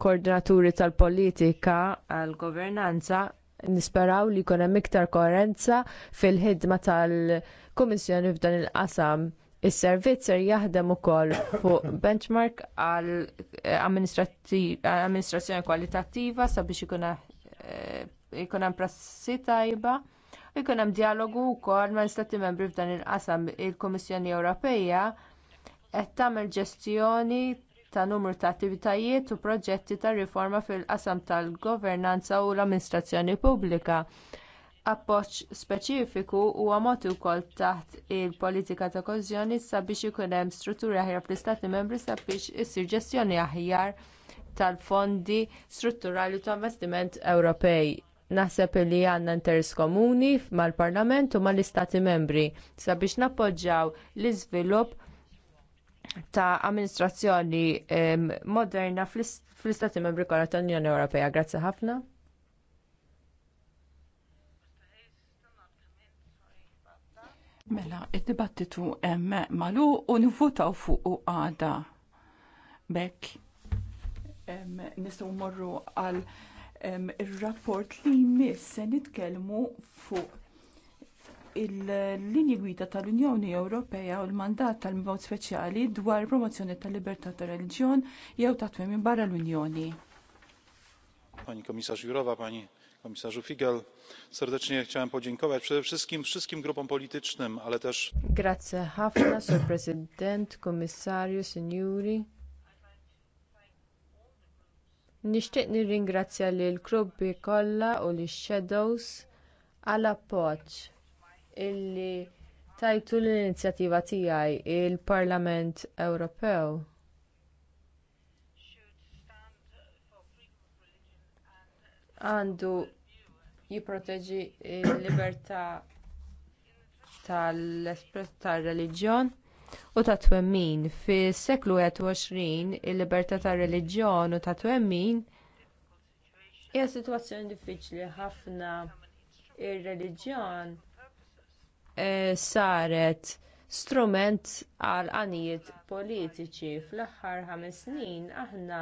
koordinaturi tal-politika għal-governanza nisperaw li jkun hemm iktar koerenza fil-ħidma tal-Kummissjoni f'dan il-qasam. Is-servizz jaħdem ukoll fuq benchmark għal eh, amministrazzjoni kwalitattiva sabiex eh, ikun hemm prassi tajba. Ikun hemm dialogu wkoll mal stati membri f'dan il-qasam il-Kummissjoni Ewropea qed tagħmel ġestjoni ta' numru ta' attivitajiet u proġetti ta' riforma fil-qasam tal-governanza u l-amministrazzjoni pubblika appoġġ speċifiku huwa mogħti wkoll taħt il-politika ta' kożjoni sabiex ikun hemm strutturi aħjar fl-istati membri sabiex issir ġestjoni aħjar tal-fondi strutturali ta' investiment Ewropej. Naħseb li għandna interess komuni mal-Parlament u mal-Istati membri sabiex nappoġġjaw l-iżvilupp ta' amministrazzjoni moderna fl-Istati membri kollha tal-Unjoni Ewropea. Grazzi ħafna. Mela, id-dibattitu hemm malu u nifutaw fuq għada bekk. Nistgħu morru għal ir-rapport li jmiss se nitkellmu fuq il-linji gwida tal-Unjoni Ewropea u l-mandat tal-mod speċjali dwar promozzjoni tal-libertà ta' reliġjon jew ta' twemmin barra l-Unjoni. Pani komisarz Jurova, pani komisarzu figel! serdecznie chciałem podziękować przede wszystkim wszystkim grupom politycznym ale też. grazie ħafna sur president kummissarju sinjuri nixtieq nirringrazzja lill gruppi kollha u lix-shadows għal appoġġ illi tajtu l-inizjattiva tiegħi il-parlament ewropew għandu jipproteġi l-libertà tal-espress tar-reliġjon u tat twemmin. Fis-seklu 21 il-libertà tar-reliġjon u tat twemmin hija sitwazzjoni diffiċli ħafna ir-reliġjon eh, saret strument għal għanijiet politiċi fl-aħħar ħames snin aħna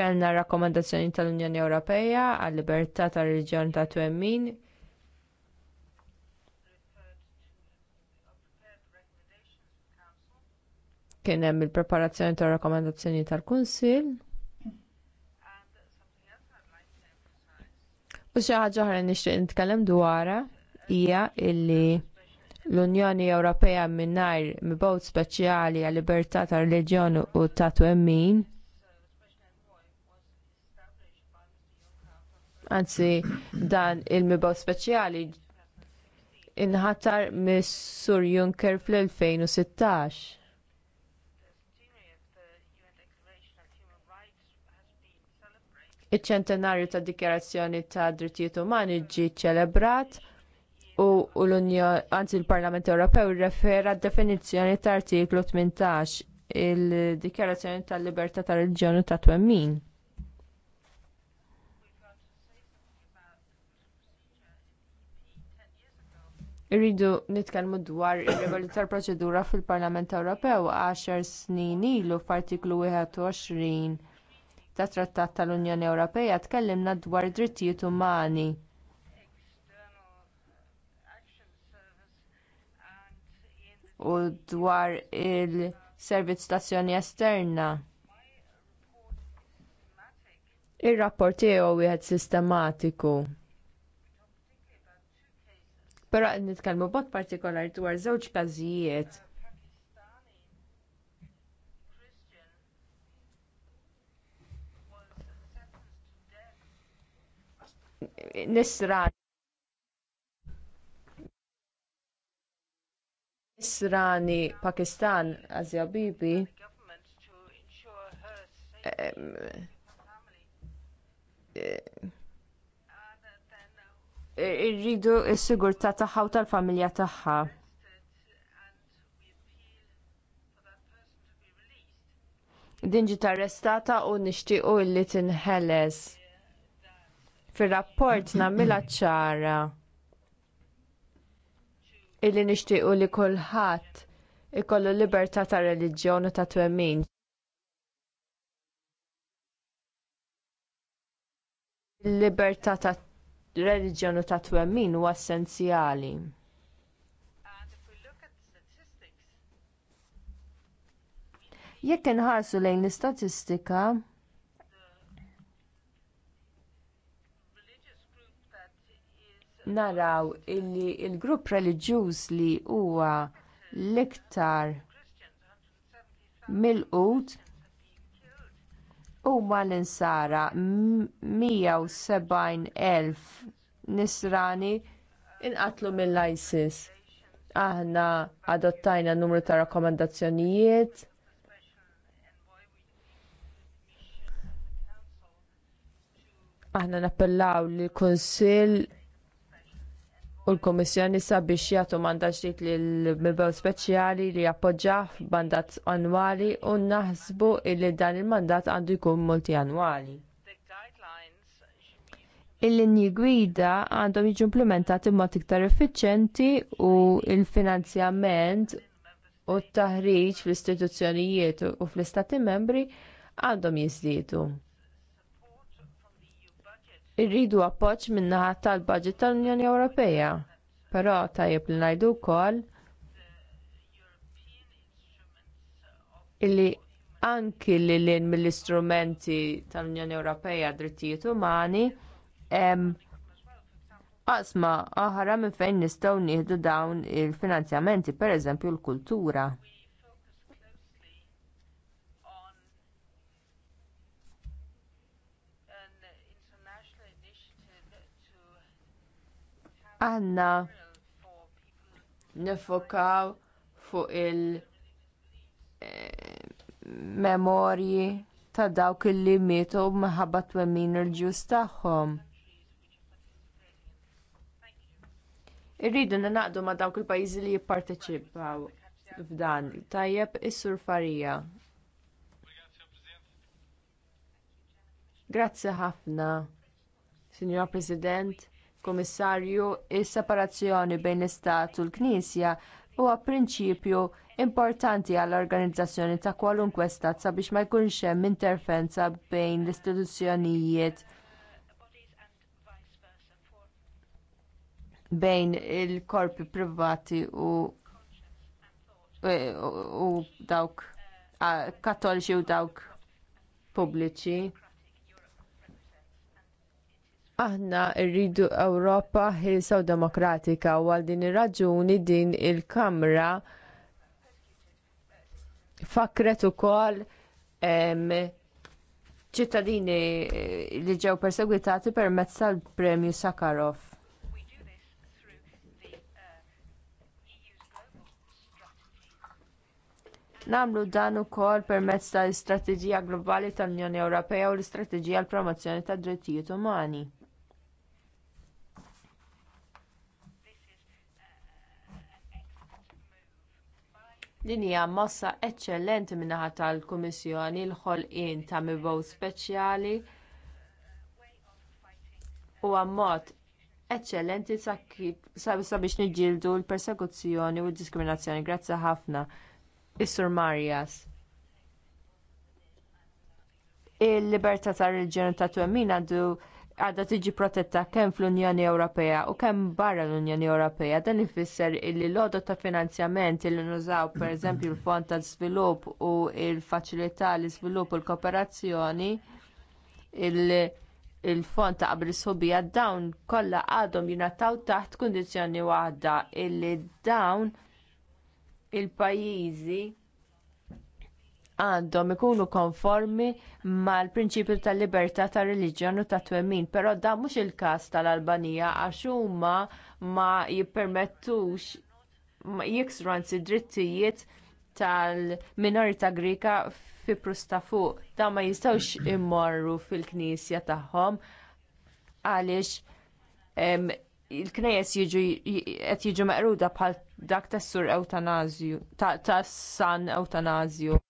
Kellna rakkomandazzjoni tal-Unjoni Ewropea għal libertà tar-reġjon ta' twemmin. Kien hemm il-preparazzjoni tar rakkomandazzjoni tal-Kunsill. U xi ħaġa oħra nixtieq nitkellem dwarha hija illi l-Unjoni Ewropea mingħajr mibgħut speċjali għal libertà tar-reġjon u ta' twemmin anzi dan il-mibaw speċjali inħatar mis Sur Juncker fl-2016. Iċ-ċentenarju tad dikjarazzjoni ta' drittijiet umani ġie ċelebrat u l-Unjon, anzi l-Parlament Ewropew rrefera d definizzjoni ta' artiklu 18 il-Dikjarazzjoni tal-Libertà tal-Reġjoni ta' Twemmin. Irridu nitkellmu dwar ir-regoli tal-proċedura fil-Parlament Ewropew 10 snin ilu f'artiklu 21 tat-Trattat tal-Unjoni Ewropea tkellimna dwar id-drittijiet umani. u dwar il-servizz tazzjoni esterna. Ir-rapport tiegħu wieħed sistematiku. Però qed nitkellmu b'mod partikolari dwar żewġ każijiet. Nisran Nisrani Pakistan Azja Bibi um, uh, irridu s-sigurtà tagħha u tal-familja tagħha. Din ġiet arrestata u nixtiequ li tinħeles. Fir-rapport nagħmilha ċara illi nixtiequ li kulħadd ikollu libertà ta' reliġjon u ta' twemmin. Libertà ta' reliġjoni ta' twemmin huwa essenzjali. Jekk inħarsu lejn l-istatistika, naraw illi l il grupp reliġjuż li huwa l-iktar milqut huma l-insara 170,000 nisrani inqatlu mill-ISIS. Aħna adottajna numru ta' rakkomandazzjonijiet aħna nappellaw lill kunsill u l-Komissjoni sabiex jagħtu mandat ġdid lill-Mibew Speċjali li jappoġġjaw mandat annwali u naħsbu li dan il-mandat għandu jkun multianwali. Il-linji gwida għandhom jiġu implementati mod iktar effiċjenti u l finanzjament u t-taħriġ fl-istituzzjonijiet u fl-istati membri għandhom jiżdiedu irridu appoġġ min-naħa tal-baġit tal-Unjoni Ewropea. Però tajjeb li ngħidu wkoll illi anki li lin mill-istrumenti tal-Unjoni Ewropea drittijiet umani hemm qasma oħra minn fejn nistgħu nieħdu dawn il-finanzjamenti, pereżempju l-kultura. għanna nifokaw fuq il-memorji eh, ta' dawk illi mietu minħabba twemmin il-ġus tagħhom. Irridu naqdu ma' dawk il-pajjiżi li jipparteċipaw f'dan. Tajjeb is-sur Farija. Grazzi ħafna, Signora President. Komissarju, is-separazzjoni bejn l-Istat u l-Knisja huwa prinċipju importanti għall organizzazzjoni ta' kwalunkwe stat sabiex ma jkunx hemm interferenza bejn l-istituzzjonijiet bejn il-korpi privati u, u, u dawk kattoliċi u dawk pubbliċi. Aħna rridu Ewropa ħilsa u demokratika u għal din ir-raġuni din il-Kamra fakret ukoll ċittadini li ġew persegwitati permezz tal-Premju Sakharov. Namlu dan ukoll permezz tal-Istrateġija Globali tal-Unjoni Ewropea u l-Istrateġija għall promozzjoni tad-Drittijiet Umani. Din hija mossa eċċellenti min-naħa tal-Kummissjoni l-ħolqien ta' mibgħut speċjali huwa mod eċċellenti sabiex niġġieldu l-persekuzzjoni u d-diskriminazzjoni. Grazzi ħafna. Is-Sur Il-libertà tar-reġjun ta' Twemmin għandu għadha tiġi protetta kemm fl-Unjoni Ewropea u kemm barra l-Unjoni Ewropea. Dan ifisser illi l-għodot ta' finanzjament li nużaw pereżempju l-Fond ta' Svilupp u l-Faċilità l iżvilupp u l-Kooperazzjoni il-fond ta' Abrisubija dawn kollha għadhom jinataw taħt kundizzjoni waħda illi dawn il-pajjiżi għandhom ikunu konformi mal-prinċipju tal-libertà tar reliġjon u ta' twemmin, però dan mhux il-każ tal-Albanija għax huma ma jippermettux jiksru anzi drittijiet tal-minorità Grika fi ta' fuq. Dan ma jistgħux immorru fil-knisja tagħhom għaliex il-knejes qed jiġu meqruda bħal dak tas-sur eutanazju, tas-san eutanazju.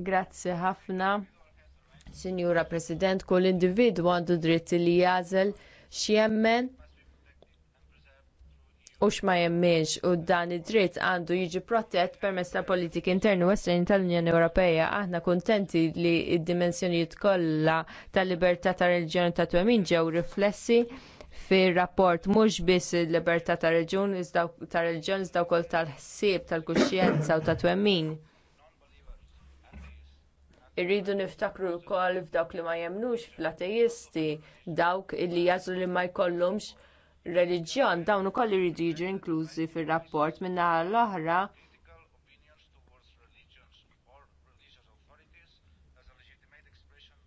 Grazzi ħafna, Sinjura President, kull individwu għandu dritt li jażel x'jemmen u x'ma jemminx u dan id-dritt għandu jiġi protett permezz ta' politiki internu u estreni tal-Unjoni Ewropea. Aħna kuntenti li id-dimensjonijiet kollha tal-libertà ta' reliġjoni ta' twemmin ġew riflessi fir-rapport mhux biss il-libertà ta' reġjun iżda ta' reliġjon iżda wkoll tal-ħsieb tal-kuxjenza u ta' twemmin. Irridu niftakru wkoll f'dawk li ma jemnux fl-ateisti, dawk li jażlu li ma jkollhomx reliġjon, dawn ukoll iridu jiġu inklużi fir-rapport min-naħa l-oħra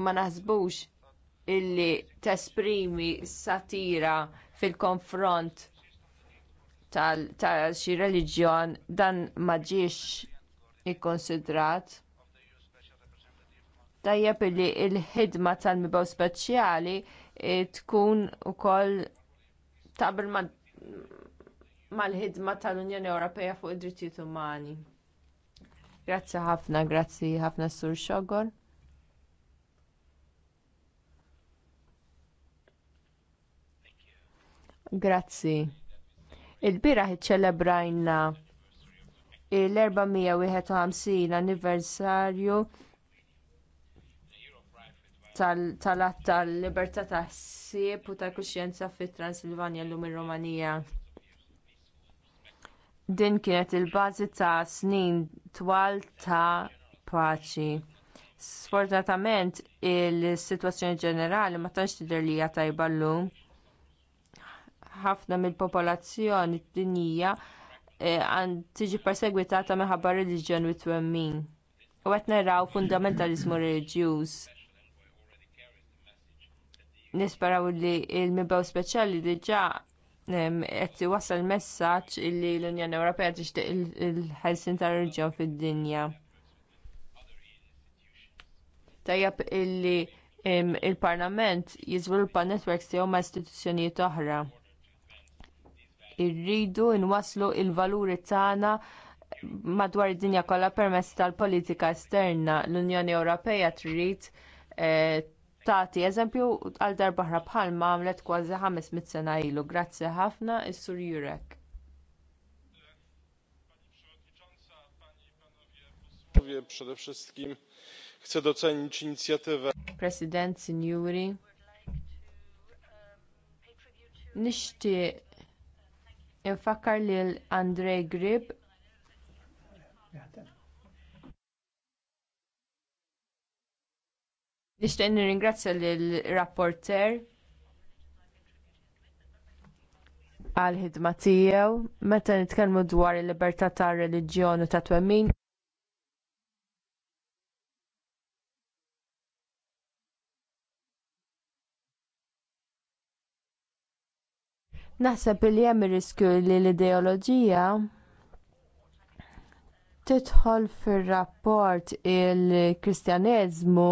ma naħsbux illi tesprimi satira fil-konfront tal, tal xi reliġjon dan ma ġiex ikkonsidrat tajjeb li l-ħidma tal-mibaw speċjali eh, tkun ukoll taqbel mal-ħidma tal-Unjoni Ewropea fuq id-drittijiet umani. Grazzi ħafna, grazzi ħafna Sur Xogor. Grazzi. Il-biraħ iċċelebrajna l-451 anniversarju tal-att tal-libertà ta' sieb u tal-kuxjenza fit-Transilvanja llum ir-Rumanija. Din kienet il-bażi ta' snin twal ta' paċi. Sfortunatament is-sitwazzjoni ġenerali ma tantx tidher li hija tajba llum. Ħafna mill-popolazzjoni d-dinjija e, tiġi persegwitata minħabba reliġjon u twemmin. U qed naraw fundamentaliżmu reliġjuż nisperaw li il-mibaw speċjali diġa' qed iwassal messaġġ li l-Unjoni Ewropea tixtieq il-ħelsin tar reġjun fid-dinja. Tajjeb illi il-Parlament jiżviluppa netwerks tiegħu ma' istituzzjonijiet oħra. Irridu nwasslu l valuri tagħna madwar id-dinja kollha permezz tal-politika esterna l-Unjoni Ewropea trid eh, tagħti eżempju għal darbaħra bħalma għamlet kważi 500 sena ilu. Grazzi ħafna is-Sur Jurek. Przede wszystkim chcę docenić inicjatywę. President, signori. Nixtieq infakkar lil Andrej Grib Nixtieq nirringrazzja lill rapporter għal ħidma tiegħu meta nitkellmu dwar il-libertà tar reliġjoni ta' twemmin. Naħseb li hemm riskju li l-ideoloġija tidħol fir-rapport il-Kristjaneżmu il il kristjaneżmu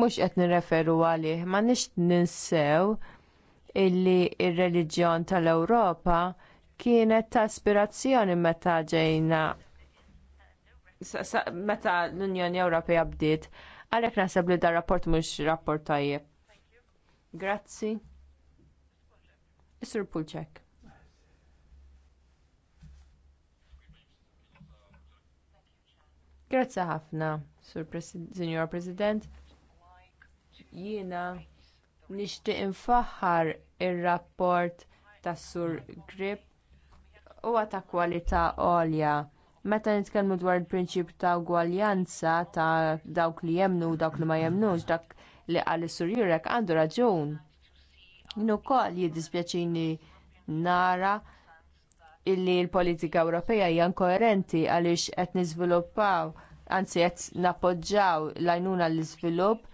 mhux qed nirreferu għalih ma nix ninsew illi r reliġjon tal-Ewropa kienet ta' aspirazzjoni meta ġejna meta l-Unjoni Ewropea bdiet. Għalhekk naħseb li dan rapport mhux rapport tajjeb. Grazzi. Isur Pulċek. Grazzi ħafna, Sur Signor President. Jiena nixtieq nfaħħar ir-rapport tas-Sur Grip huwa ta' kwalità għolja. Meta nitkellmu dwar il-prinċip ta' ugwaljanza ta' dawk li jemnu u dawk li ma jemnux dak li qal is-Sur Jurek għandu raġun. Jien ukoll jiddispjaċini nara illi l-politika Ewropea hija inkoerenti għaliex qed niżviluppaw anzi qed nappoġġjaw l-għajnuna l-iżvilupp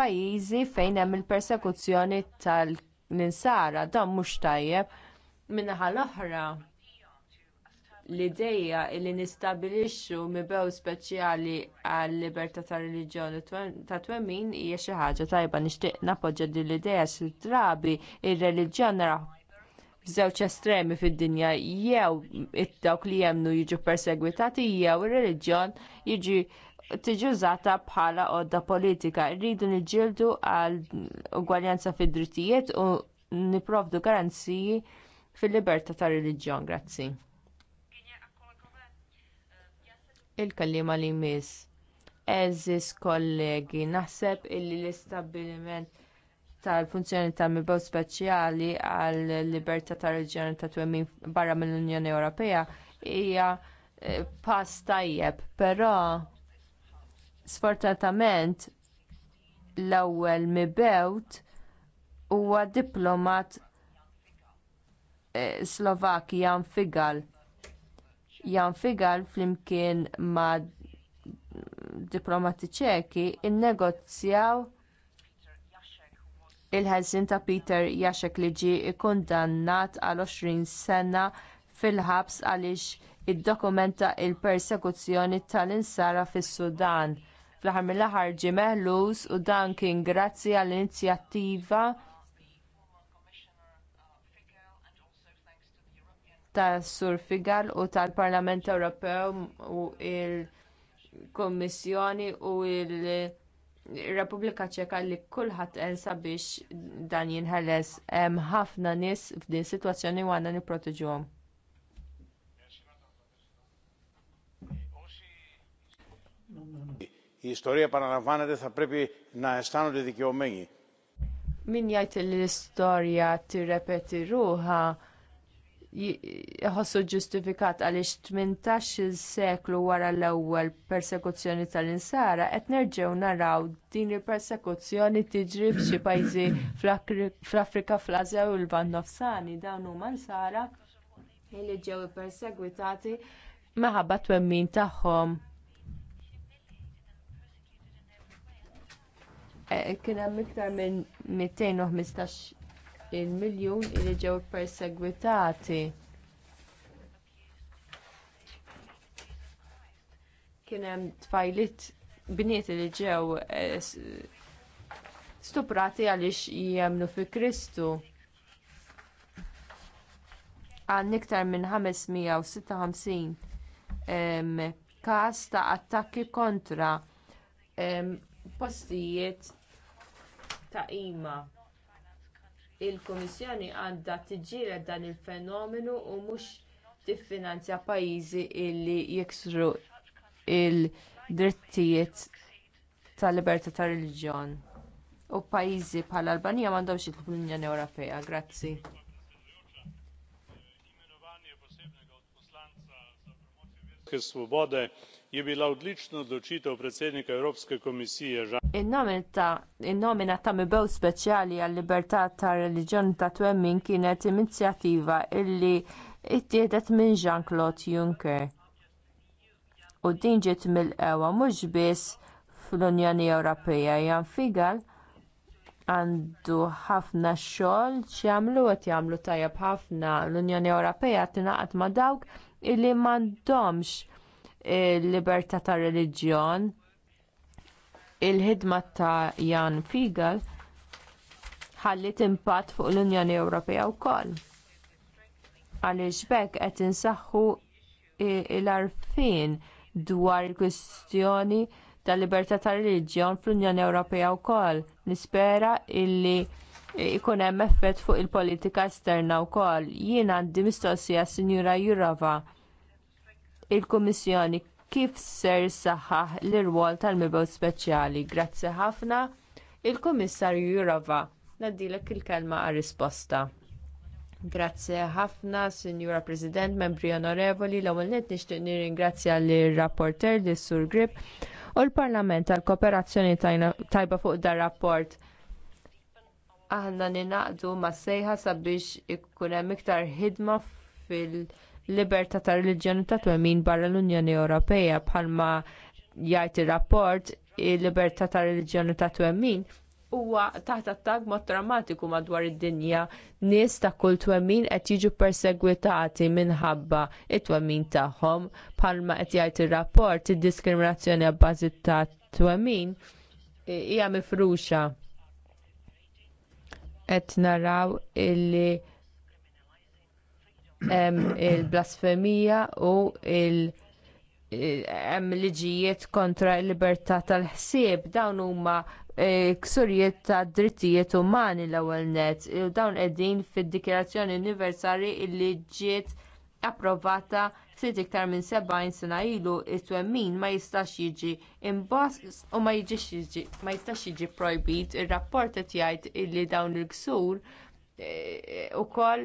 Pajjiżi fejn hemm il-persekuzzjoni tal-ninsara dan mhux tajjeb min-naħa l-oħra l-ideja li nistabilixxu mibew speċjali għal libertà ta' reliġjoni ta' twemmin hija xi ħaġa tajba nixtieq nappoġġja din l-idea xi drabi ir-reliġjon naraw f'żewġ estremi fid-dinja jew id dawk li jemnu jiġu persegwitati jew ir-reliġjon jiġi tiġi użata bħala għodda politika. Rridu niġġieldu għal ugwaljanza fid-drittijiet u niprovdu garanziji fil-libertà ta' reliġjon. Grazzi. Il-kallima li jmiss Eżis kollegi, naħseb illi l-istabbiliment tal-funzjoni ta' mibaw speċjali għal libertà ta' reġjoni ta' twemmin barra mill-Unjoni Ewropea hija eh, pass tajjeb, però Sfortunatament l-ewwel mibewt huwa diplomat eh, Slovak Jan Figal. Jan Figal flimkien ma' diplomati ċeki innegozjaw il-ħelsin ta' Peter Jaxek li ġie kkundannat għal 20 sena fil-ħabs għaliex iddokumenta l persekuzzjoni tal-insara fis-Sudan fl-aħħar mill-aħħar ġie meħluż u dan kien grazzi għall-inizjattiva tas Sur Figal u tal-Parlament Ewropew u l-Kummissjoni u l- Repubblika Ċeka li kulħadd ensa biex dan jinħeles hemm ħafna nies f'din sitwazzjoni u għandna nipproteġuhom. η ιστορία επαναλαμβάνεται θα πρέπει να αισθάνονται δικαιωμένοι. Min jgħid li l-istorja tirrepeti ruha jħossu ġustifikat għaliex 18-il seklu wara l-ewwel persekuzzjoni tal-insara qed nerġew naraw din il-persekuzzjoni tiġri f'xi pajjiżi fl-Afrika fl-Asja u l van nofsani dawn huma l-sara li ġew ippersegwitati maħabba twemmin tagħhom Eh, kien hemm iktar minn 215 miljun li ġew ippersegwitati. Kien hemm tfajlit bniet li ġew eh, stuprati għaliex jemnu fi Kristu. Għan iktar minn 556 ehm, każ ta' attakki kontra ehm, postijiet ta' qima. Il-Kummissjoni għandha tiġġieled dan il-fenomenu u mhux tiffinanzja pajjiżi li jeksru il-drittijiet tal-libertà tar-reliġjon. U pajjiżi bħal Albanija m'għandhomx jidħlu fl-Unjoni Ewropea. Grazzi. stranke svobode je bila odlična odločitev predsednika evropske komisije in-nomina ta' mibew speċjali għal-libertà tar-reliġjon ta' twemmin kienet inizjattiva li ttieħdet minn Jean-Claude Juncker. U din ġiet mill-qewwa mhux biss fl-Unjoni Ewropea Jan Figal għandu ħafna xogħol x'jagħmlu qed jagħmlu tajjeb ħafna l-Unjoni Ewropea tingħaqad ma' dawk illi m'għandhomx il-libertà eh, ta' reliġjon il-ħidma ta' Jan Fiegel ħallit impatt fuq l-Unjoni Ewropea wkoll. Għaliex b'hekk qed insaħħu eh, l-għarfien dwar il-kwistjoni tal-libertà tar reliġjon fl-Unjoni Ewropea wkoll. Nispera illi ikun hemm effett fuq il-politika esterna wkoll. Jien għandi mistoqsija Sinjura Jurova il-Kummissjoni kif ser saħħaħ l-irwol tal-mibgħu speċjali. Grazzi ħafna il-Kummissarju Jurova. Nadilek il-kelma għar risposta. Grazzi ħafna, Sinjura President, membri onorevoli, l-ewwel nett nixtieq nirringrazzja lir-rapporter lis sur Grip u l-Parlament tal-kooperazzjoni tajba fuq dar rapport aħna ninaqdu ma' sejħa sabiex ikun hemm iktar ħidma fil-libertà ta' reliġjoni ta' twemmin barra l-Unjoni Ewropea bħalma jgħid ir-rapport il-libertà ta' reliġjoni ta' twemmin huwa taħt attakk mod drammatiku madwar id-dinja nies ta' kull twemmin qed jiġu persegwitati minħabba t twemmin tagħhom bħalma qed jgħid ir-rapport id-diskriminazzjoni abbażi ta' twemmin hija mifruxa qed naraw illi hemm il-blasfemija u l hemm liġijiet kontra l-libertà tal-ħsieb dawn huma e, ksurijiet ta' drittijiet umani l-ewwel nett, dawn qegħdin fid-dikjarazzjoni universali li ġiet approvata ftit iktar minn 70 sena ilu it-twemmin ma jistax jiġi imboss u ma jistax jiġi projbit ir-rapport qed jgħid li dawn il-ksur eh, eh, ukoll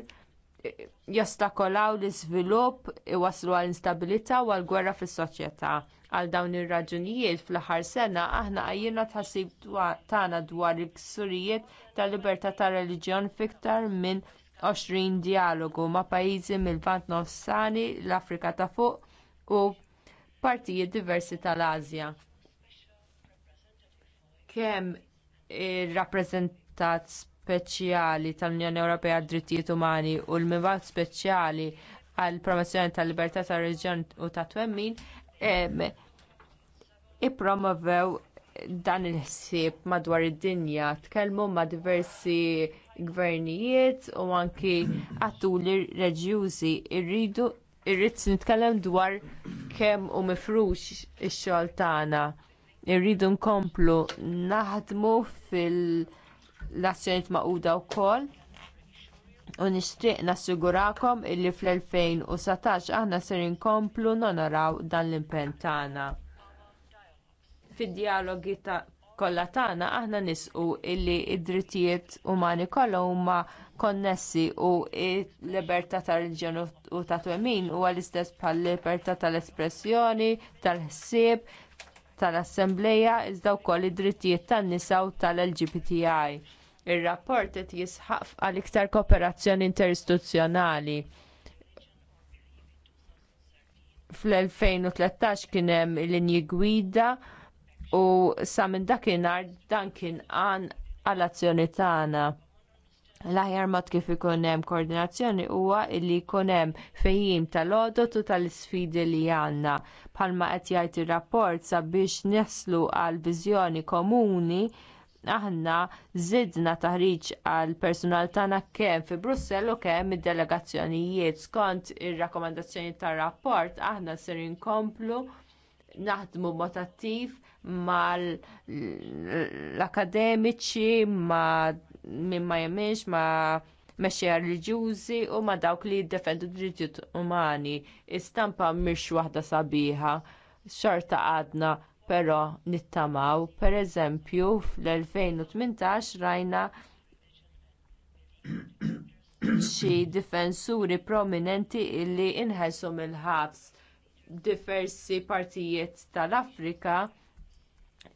eh, jostakolaw l-iżvilupp iwasslu għal instabilità u għal gwerra fis-soċjetà. Għal dawn ir-raġunijiet fl-aħħar sena aħna għajjilna tħassib tagħna dwar il-ksurijiet tal-libertà tar-reliġjon fiktar minn 20 dialogu ma' pajjiżi mill-Vant Nofsani, l-Afrika ta' fuq u partijiet diversi tal-Asja. Kemm ir-rappreżentat speċjali tal-Unjoni Ewropea għad-Drittijiet Umani u l-Mibat speċjali għall promozzjoni tal-libertà tar-reġjon u ta' twemmin ippromovew dan il-ħsieb madwar id-dinja, tkellmu ma' diversi gvernijiet u anki atturi reġjużi rridu irrid nitkellem dwar kemm hu mifrux ix-xogħol tagħna. Irridu nkomplu naħdmu fil-azzjonijiet maquda wkoll u nixtieq nassigurakom illi fl-2017 aħna ser inkomplu nonoraw dan l-impenn tagħna. Fid-dialogi kollha tagħna aħna nisqu illi id-drittijiet umani kollha huma konnessi u l-libertà tar-reliġjon u ta' twemmin huwa l-istess bħal-libertà tal-espressjoni, tal-ħsieb, tal-assembleja iżda wkoll id-drittijiet tan-nisa u tal-LGBTI. Ir-rapport qed jisħaq għal iktar kooperazzjoni interistituzzjonali fl-2013 kien hemm linji gwida u sa minn dakinhar dan kien għan għall-azzjoni tagħna. L-aħjar mod kif ikonem hemm koordinazzjoni huwa li jkun hemm fejjim tal odot u tal-isfidi li għandna. Bħalma qed jgħid ir-rapport sabiex neslu għal viżjoni komuni aħna żidna taħriġ għal personal tagħna kemm fi Brussell u kemm id-delegazzjonijiet. Skont ir-rakkomandazzjoni tar-rapport aħna ser inkomplu naħdmu mod attiv mal-akademiċi, ma minn ma jemmiex, ma mexxija reliġjużi u ma dawk li jiddefendu d-drittijiet umani. Istampa mhix waħda sabiħa, xorta għadna però nittamaw. pereżempju fl-2018 rajna xi difensuri prominenti li inħelsu mill-ħabs diversi partijiet tal-Afrika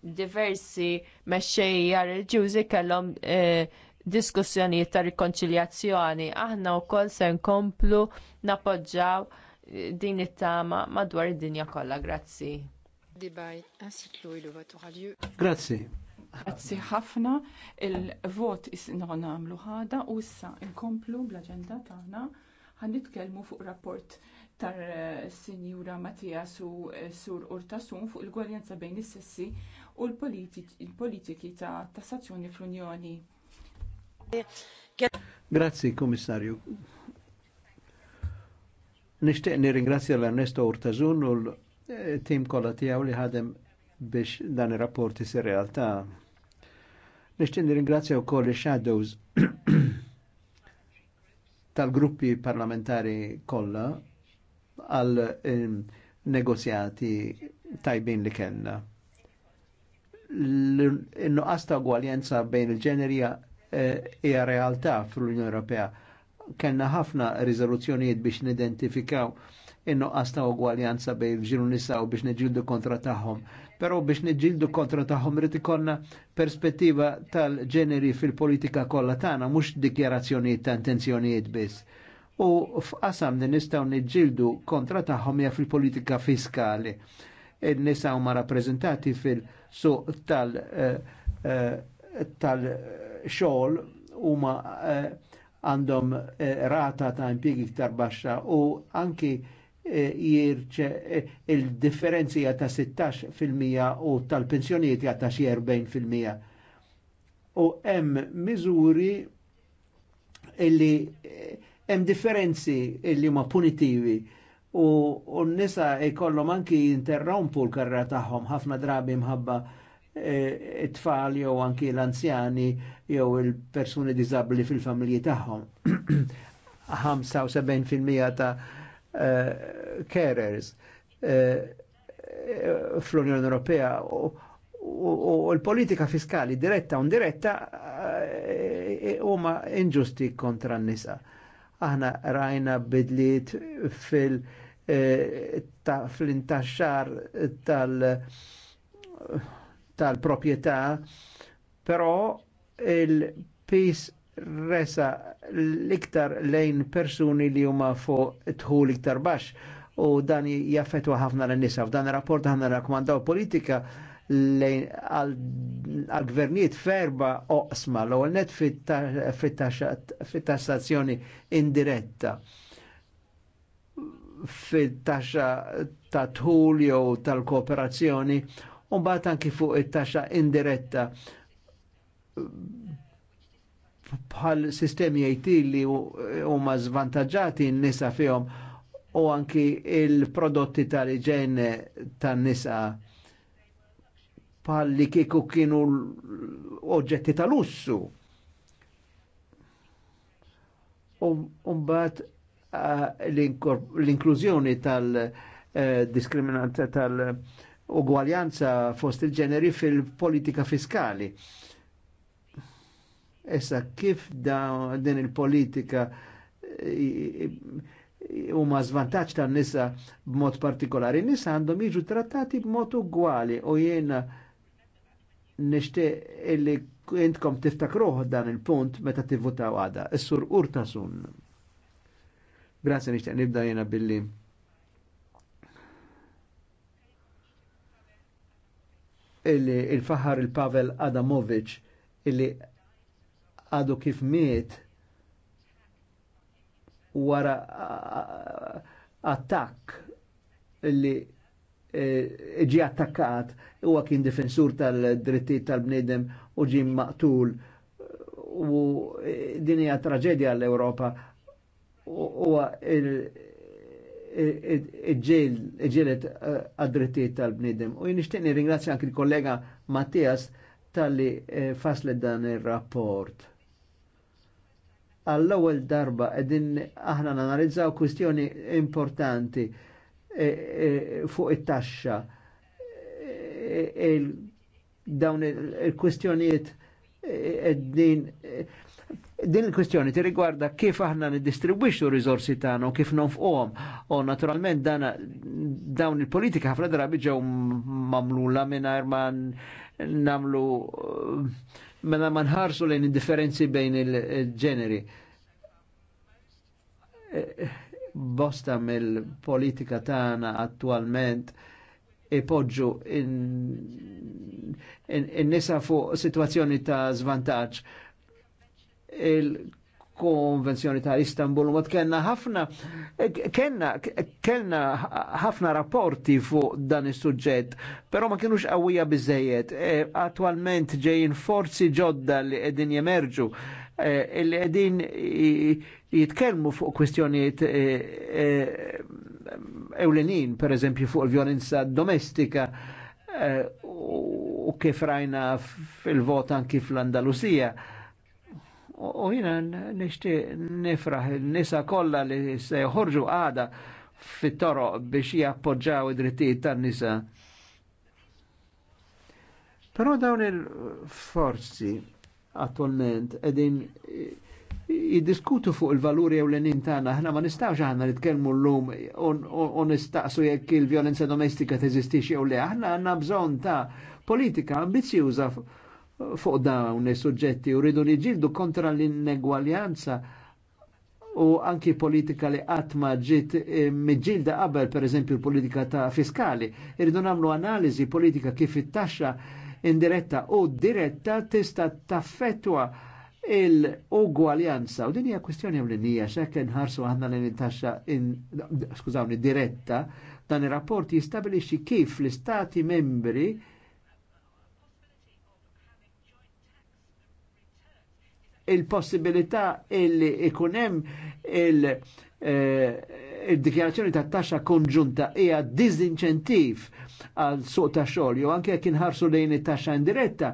diversi mexxejja reġjużi kellhom eh, diskussjonijiet ta' rikonċiljazzjoni. Aħna wkoll se nkomplu napoġġaw eh, din it-tama madwar id-dinja kollha. Grazzi. Grazzi. Grazzi ħafna. Il-vot isnaw nagħmlu ħada u issa nkomplu bl-aġenda tagħna ħan fuq rapport tar-Sinjura Mattia su Sur Urtasun fuq il-gwarjanza bejn is-sessi u l-politiki ta' tassazzjoni fl-Unjoni. Grazzi, Komissarju. Nishtiq nirringrazzja l-Ernesto Urtasun u l-tim kollha tiegħu li ħadem biex dan ir-rapport isir realtà. Nishtiq nirringrazzja wkoll ix-shadows tal-gruppi parlamentari kollha għal ehm, negozjati tajbin li kellna. L-nuqqas ta' gwaljenza bejn il ġeneri eh, hija realtà fl-Unjoni Ewropea. Kenna ħafna riżoluzzjonijiet biex nidentifikaw in-nuqqas ta' ugwaljanza bejn il-ġilu nisa u biex neġildu kontra tagħhom. Però biex neġildu kontra tagħhom rid ikollna perspettiva tal-ġeneri fil-politika kollha tagħna mhux dikjarazzjonijiet ta' intenzjonijiet biss u f'qasam li nistgħu niġġieldu kontra tagħhom hija fil-politika fiskali. Nisa huma rappreżentati fil-suq tal- eh, eh, xogħol huma eh, għandhom rata ta' impjiegi iktar baxxa u anki jirċe il-differenzija ta' 16% u tal pensjonijiet ja ta' xi 40%. U hemm miżuri illi hemm differenzi li huma punitivi u, n-nisa jkollhom anki jinterrompu l-karra tagħhom ħafna drabi mħabba e, it-tfal jew anki l-anzjani jew il-persuni diżabli fil-familji tagħhom. 75% ta' e, carers e, fl-Unjoni Ewropea u l-politika fiskali diretta u indiretta huma inġusti kontra n-nisa. Uh, Aħna rajna bidliet fil- eh, fl-intaxxar tal- tal-propieta, però il-pis resa l-iktar lejn persuni li huma fuq tħul iktar baxx u dan jaffetwa ħafna l-nisa. F'dan rapport aħna rakkomandaw politika għal gvernijiet ferba oqsma l ewwel net fit-tassazzjoni indiretta fit-taxxa ta' tħul jew tal-kooperazzjoni u mbagħad anki fuq it-taxxa indiretta bħal sistemi IT li huma żvantaġġati n-nisa fihom u anki il-prodotti tal-iġen tan-nisa palli kieku kienu oġġetti tal-ussu. Um, umbat uh, l-inklużjoni tal-diskriminanza uh, tal-ugwaljanza fost il-ġeneri fil-politika fiskali. Issa kif da din il-politika u ma zvantaċ tal nisa b'mod partikolari, nisa għandhom jiġu trattati b'mod ugwali u jiena nishti illi intkom tiftakruh dan il-punt meta tivvutaw għada. Is-sur sun. Grazie nishti nibda jena billi. Illi il-faħar il-Pavel Adamovic illi għadu kif miet wara attakk illi Eh, ġi attakkat huwa kien difensur tal-drittijiet tal-bniedem u ġi maqtul u eh, din hija traġedja l-Ewropa u iġġielet eh, għad-drittijiet tal-bniedem. U nixtieq ringrazzja anki l-kollega Mattias tal-li faslet dan ir-rapport. Għall-ewwel darba qegħdin aħna nanalizzaw kwistjoni importanti E, e, fuq it-taxxa. E, dawn il-kwistjonijiet din din il-kwestjoni ti rigwarda kif aħna niddistribwixxu r-riżorsi tagħna u kif nonfqhom. U naturalment dan dawn il-politika ħafna drabi ġew mamlula mingħajr ma nagħmlu mela ma nħarsu lejn id-differenzi bejn il-ġeneri bosta mill-politika tagħna attualment ipoġġu in-nisa fuq situazzjoni ta' zvantaġġ. Il-Konvenzjoni ta' Istanbul mod kellna ħafna kellna kellna ħafna rapporti fuq dan is-suġġett, però ma kienux qawwija biżejjed. E, attualment ġejjin forzi ġodda li qegħdin jemerġu Eh, il qegħdin jitkellmu fuq kwistjonijiet eh, eh, ewlenin, per eżempju fuq il-vjolenza domestika u kif rajna fil-vot anki fl-Andalusija. U jina nishti nifraħ il-nisa kolla li se joħorġu għada fit-toro biex jappoġġaw id-drittijiet tan-nisa. Però dawn il-forzi attualment edin jiddiskutu fuq il-valuri u l-enin tagħna, aħna ma nistgħux aħna nitkellmu llum lum u nistaqsu jekk il-violenza domestika teżistix jew le, Aħna għandna bżonn ta' politika ambizjuża fuq dawn is-suġġetti u rridu niġildu kontra l-innegwaljanza u anki politika li għatma ġit eh, miġilda qabel, per eżempju, politika ta' fiskali. Irridu namlu analizi politika kif it-taxxa indiretta u diretta tista' taffetwa il-ugwaljanza. U din hija kwestjoni ewlenija x'hekk inħarsu aħna li nintaxxa skużawni diretta, dan ir-rapport jistabilixxi kif l-istati membri il-possibilità il ikunem il- eh, id-dikjarazzjoni ta' taxxa konġunta hija dizinċentiv għal suq ta' xogħol jew anke jekk inħarsu lejn it-taxxa indiretta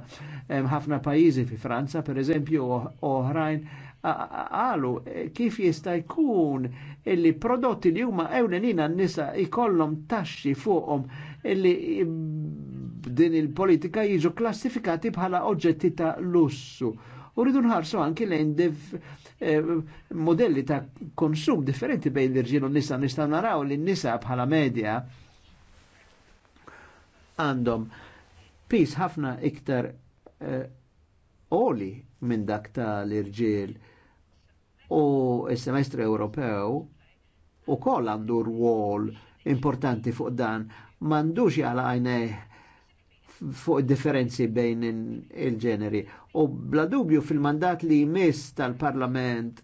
ħafna pajjiżi fi Franza pereżempju oħrajn għalu eh, kif jista' jkun illi prodotti li huma ewlenin għan-nisa jkollhom taxxi fuqhom illi mm, din il-politika jiġu klassifikati bħala oġġetti ta' lussu u rridu nħarsu anki lejn eh, modelli ta' konsum differenti bejn l-irġiel u nisa nistgħu naraw li n-nisa bħala medja għandhom pis ħafna iktar eh, oli minn dak ta' l-irġiel u s-semestru Ewropew u koll għandu rwol importanti fuq dan mandux jgħala għajnej fuq differenzi bejn il-ġeneri. U bla dubju fil-mandat li jmiss tal-Parlament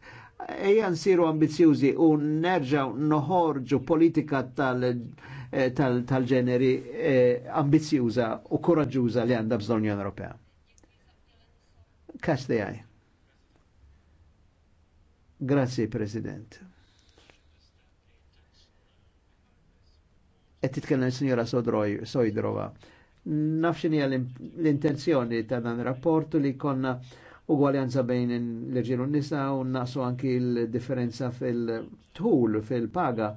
ejja nsiru ambizjużi u nerġaw noħorġu politika eh, tal-ġeneri eh, ambizjuża u koraġuża li għandha bżonn l-Unjoni Ewropea. Kas dejaj. Grazie, President. Et titkellem il-Sinjora Sojdrova hija l-intenzjoni ta' dan rapportu li konna ugwaljanza bejn l-irġiel nisa u nasu anki l-differenza fil-tul, fil-paga.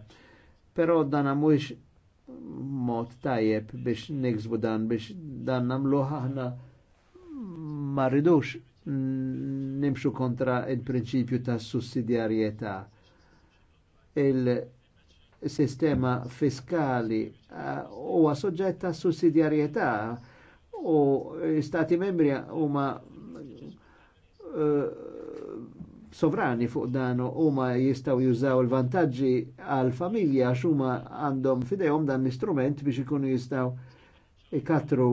Pero dan mhuwiex mod tajjeb biex niksbu dan biex dan namluħ aħna ma rridux nimxu kontra il-prinċipju ta' sussidjarieta sistema fiskali eh, huwa uh, soġġett ta' u stati membri huma uh, sovrani fuq dan huma jistgħu jużaw il-vantaġġi għal familja għax huma għandhom fidejhom dan l-istrument biex ikunu jistgħu ikatru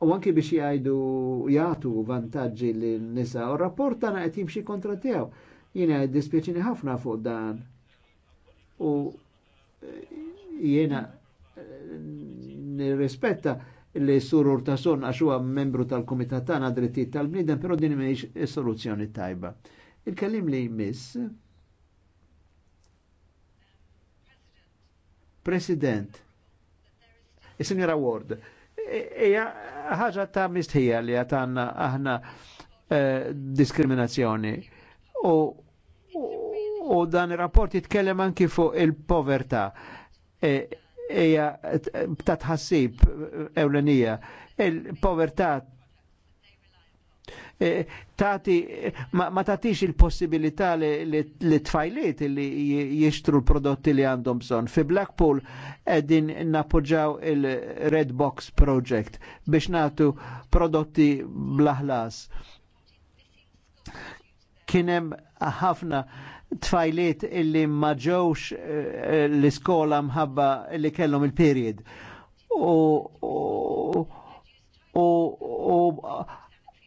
u anki biex jgħidu jagħtu vantaġġi lin nisa u rapport tagħna qed jimxi kontra tiegħu jiena dispieċini ħafna fuq dan u eh, jiena eh, nirrispetta li surur ta' son għax huwa membru tal-Kumitat tagħna drittijiet tal-bniedem, però din mhijiex soluzzjoni tajba. Il-kellim li jmiss President, il-Sinjora Ward, hija ħaġa ta' mistħija li għatanna aħna eh, diskriminazzjoni u U dan il rapport jitkellem anki fuq il-povertà. E, eja ta' tħassib ewlenija. Il-povertà e, tati, ma, tatix il-possibilità li tfajliet li jixtru l-prodotti li għandhom bżon. Fi Blackpool edin napoġaw il-Red Box Project biex natu prodotti blaħlas. Kienem ħafna tfajliet illi ma ġewx eh, l-iskola mħabba li kellhom il-period.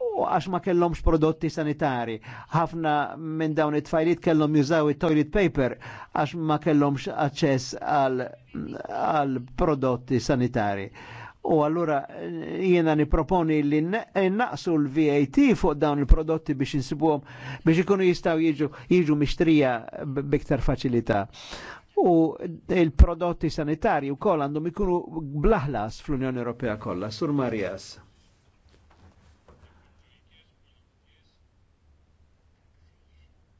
U għax ma kellhomx prodotti sanitari. Ħafna minn dawn it-tfajliet kellhom jużaw it-toilet paper għax ma kellhomx aċċess għal prodotti sanitari. U allura eh, jiena niproponi li eh, naqsu l-VAT fuq dawn il-prodotti biex insibuhom biex ikunu jistaw jiġu jiġu mixtrija biktar faċilità. U il-prodotti sanitarji wkoll għandhom ikunu blaħlas fl-Unjoni Ewropea kollha. Sur Marias.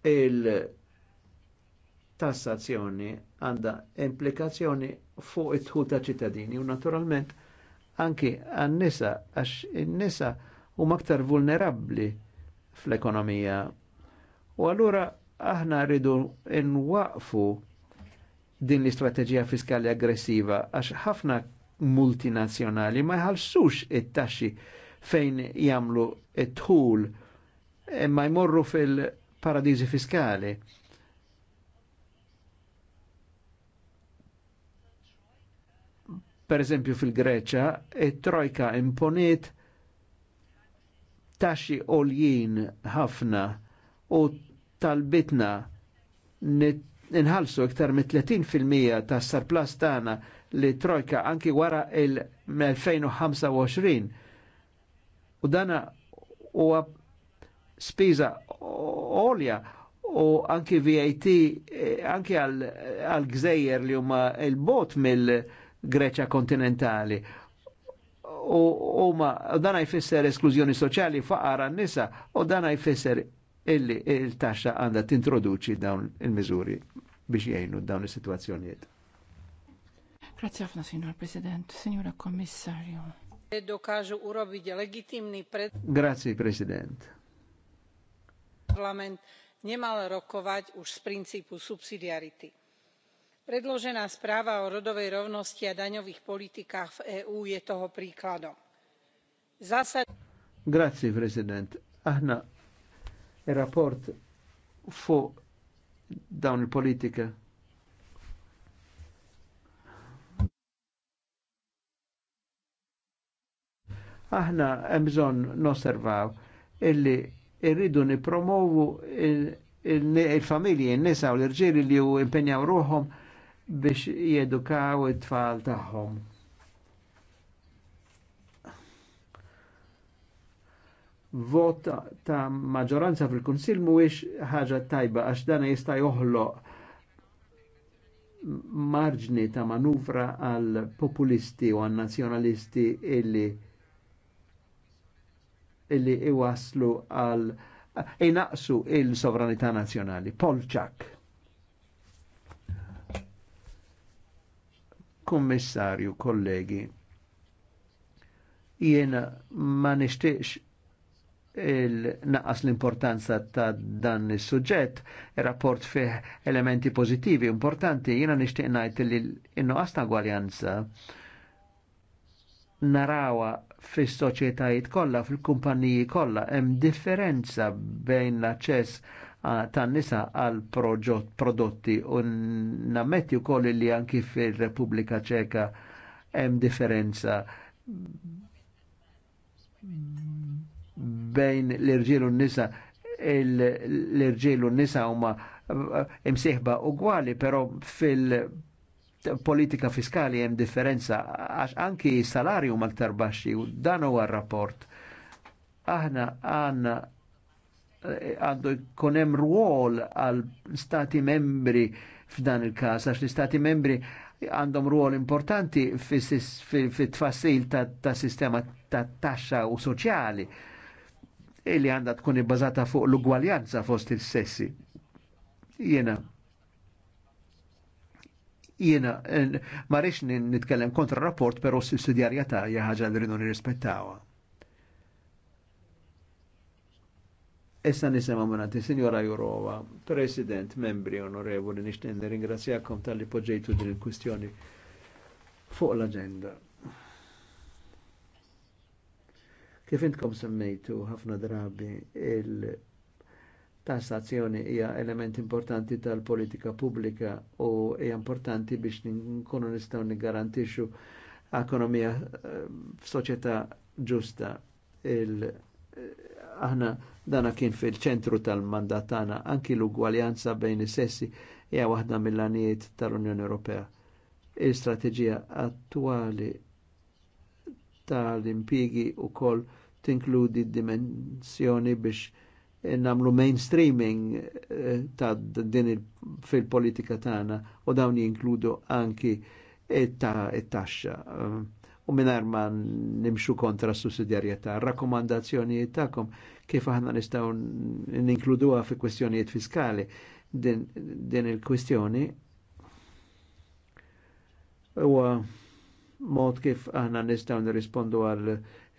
il-tassazzjoni għandha implikazzjoni fuq it-tħu ta' ċittadini u naturalment anki għan-nisa għax in-nisa huma aktar vulnerabbli fl-ekonomija. U allura aħna rridu nwaqfu din l-istrateġija fiskali aggressiva għax ħafna multinazzjonali ma jħalsux it-taxxi fejn jagħmlu it-tħul imma e jmorru fil-paradiżi fiskali Per eżempju fil-Greċa, it-trojka imponiet taxi oljien ħafna u talbitna nħalsu iktar mit 30% ta' sarplas tana li trojka anki wara il-2025 u dana u spiza olja u anki VAT eh, anki għal gżejjer li huma il-bot mill- Greċja kontinentali. U, u ma dan jfisser esklużjoni soċjali faqar għan-nisa u dan jfisser illi il-taxxa għandha tintroduċi dawn il-miżuri biex jgħinu dawn is-sitwazzjonijiet. Grazie ħafna, Signor President, Signora Kommissarju. Dokażu u robidja legitimni pred... Grazie, President. Parlament nie niemal rokować już z pryncypu subsidiarity predložená správa o rodovej rovnosti a daňových politikách v eú je toho príkladom. Zásad... Grazzi, President. Aħna rapport fuq dawn il-politika aħna emżon noservaw illi irridu nipromovu il-familji, il-nisa u l-irġieli li ju impenjaw ruħom biex jedukaw it-tfal tagħhom. Vot ta' maġoranza fil-Kunsil mhuwiex ħaġa tajba għax dan jista' joħloq marġni ta' manuvra għal populisti u għal nazjonalisti illi illi iwaslu għal inaqsu il-sovranità nazjonali. Polċak. Kummissarju, kollegi, jiena ma nixtieqx il-naqas l-importanza ta' dan is suġġett il-rapport fih elementi pozitivi importanti, Jiena nishtiq najt li innuqas ta' gwaljanza narawa fis soċjetajiet kollha, fil-kumpaniji kollha, hemm differenza bejn l-aċċess tan nisa għal prodotti u nammetti u koll li anki fil repubblika Ċeka hemm differenza bejn l-irġiel u n-nisa l-irġiel u n-nisa huma eh, imsieħba ugwali, però fil-politika fiskali hemm differenza għax anki salarju aktar baxxi u dan huwa r-rapport. Aħna għanna għaddu konem ruol għal stati membri f'dan il kas għax l stati membri għandhom ruol importanti fit-tfassil ta' sistema ta' taxxa u soċjali illi għandha tkun ibbażata fuq l-ugwaljanza fost il-sessi. Jena jena marriċ nitkellem kontra rapport, pero s-sidjarjetà ħaġa li rridu nirrispettawa. Issa nisema manati, Signora Jurova, President, membri onorevoli, nishtende, ringrazzjakom tal-li din il-kustjoni fuq l-agenda. Kif intkom semmejtu ħafna drabi il- tassazzjoni hija element importanti tal-politika pubblika u hija importanti biex nkunu nistgħu niggarantixxu ekonomija eh, f'soċjetà ġusta. Il, eh, aħna Dana kien fil-ċentru tal-mandat tagħna anki l-ugwaljanza bejn is-sessi hija waħda mill-għanijiet tal-Unjoni Ewropea. Il-strateġija attwali tal-impigi u koll tinkludi dimensjoni biex namlu mainstreaming eh, ta' din fil-politika tagħna u dawn jinkludu anki it-taxxa. Ta um, u minar ma nimxu kontra s-sussidjarjetà. Rakkomandazzjonijiet tagħkom kif aħna nistgħu ninkluduha fi kwestjonijiet fiskali din, din il-kwestjoni huwa mod kif aħna nistgħu nirrispondu għal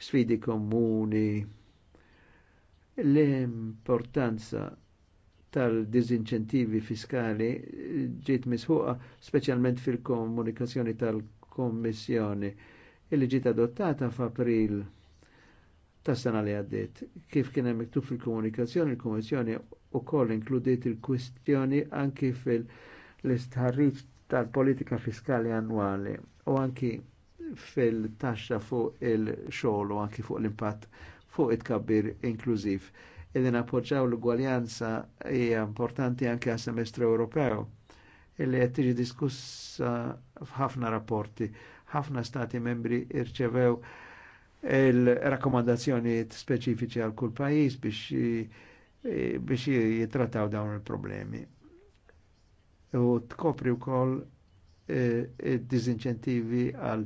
sfidi komuni l-importanza tal-dizinċentivi fiskali ġiet misħuqa speċjalment fil-komunikazzjoni tal-Kommissjoni illi ġiet adottata f'April tas sena li għaddiet. Kif kien hemm miktub fil-komunikazzjoni, il-Kummissjoni wkoll inkludiet il-kwistjoni anki fil-istħarriġ tal-politika fiskali annwali u anki fil-taxxa fuq il-xogħol u anki fuq l-impatt fuq it-kabbir inklużiv. Illi nappoġġaw l-ugwaljanza hija importanti anke għas semestru Ewropew illi qed tiġi diskussa f'ħafna rapporti ħafna stati membri irċevew il rakkomandazzjoni speċifiċi għal kull pajjiż biex biex jitrattaw dawn il-problemi. U tkopri wkoll e, id-dizinċentivi għal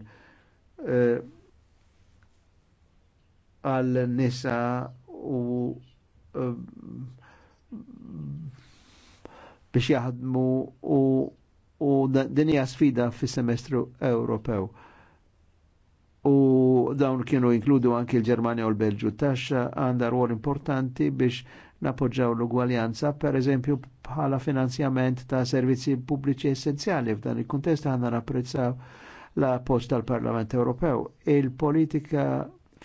e, għal nisa u e, biex jaħdmu u u din hija sfida fis-semestru Ewropew. U dawn kienu inkludu anki l-Ġermanja u l-Belġu. Taxxa għandha rwol importanti biex napoġġaw l-ugwaljanza, per eżempju bħala finanzjament ta' servizzi pubbliċi essenzjali f'dan il-kuntest għandna napprezzaw la post tal-Parlament Ewropew. Il-politika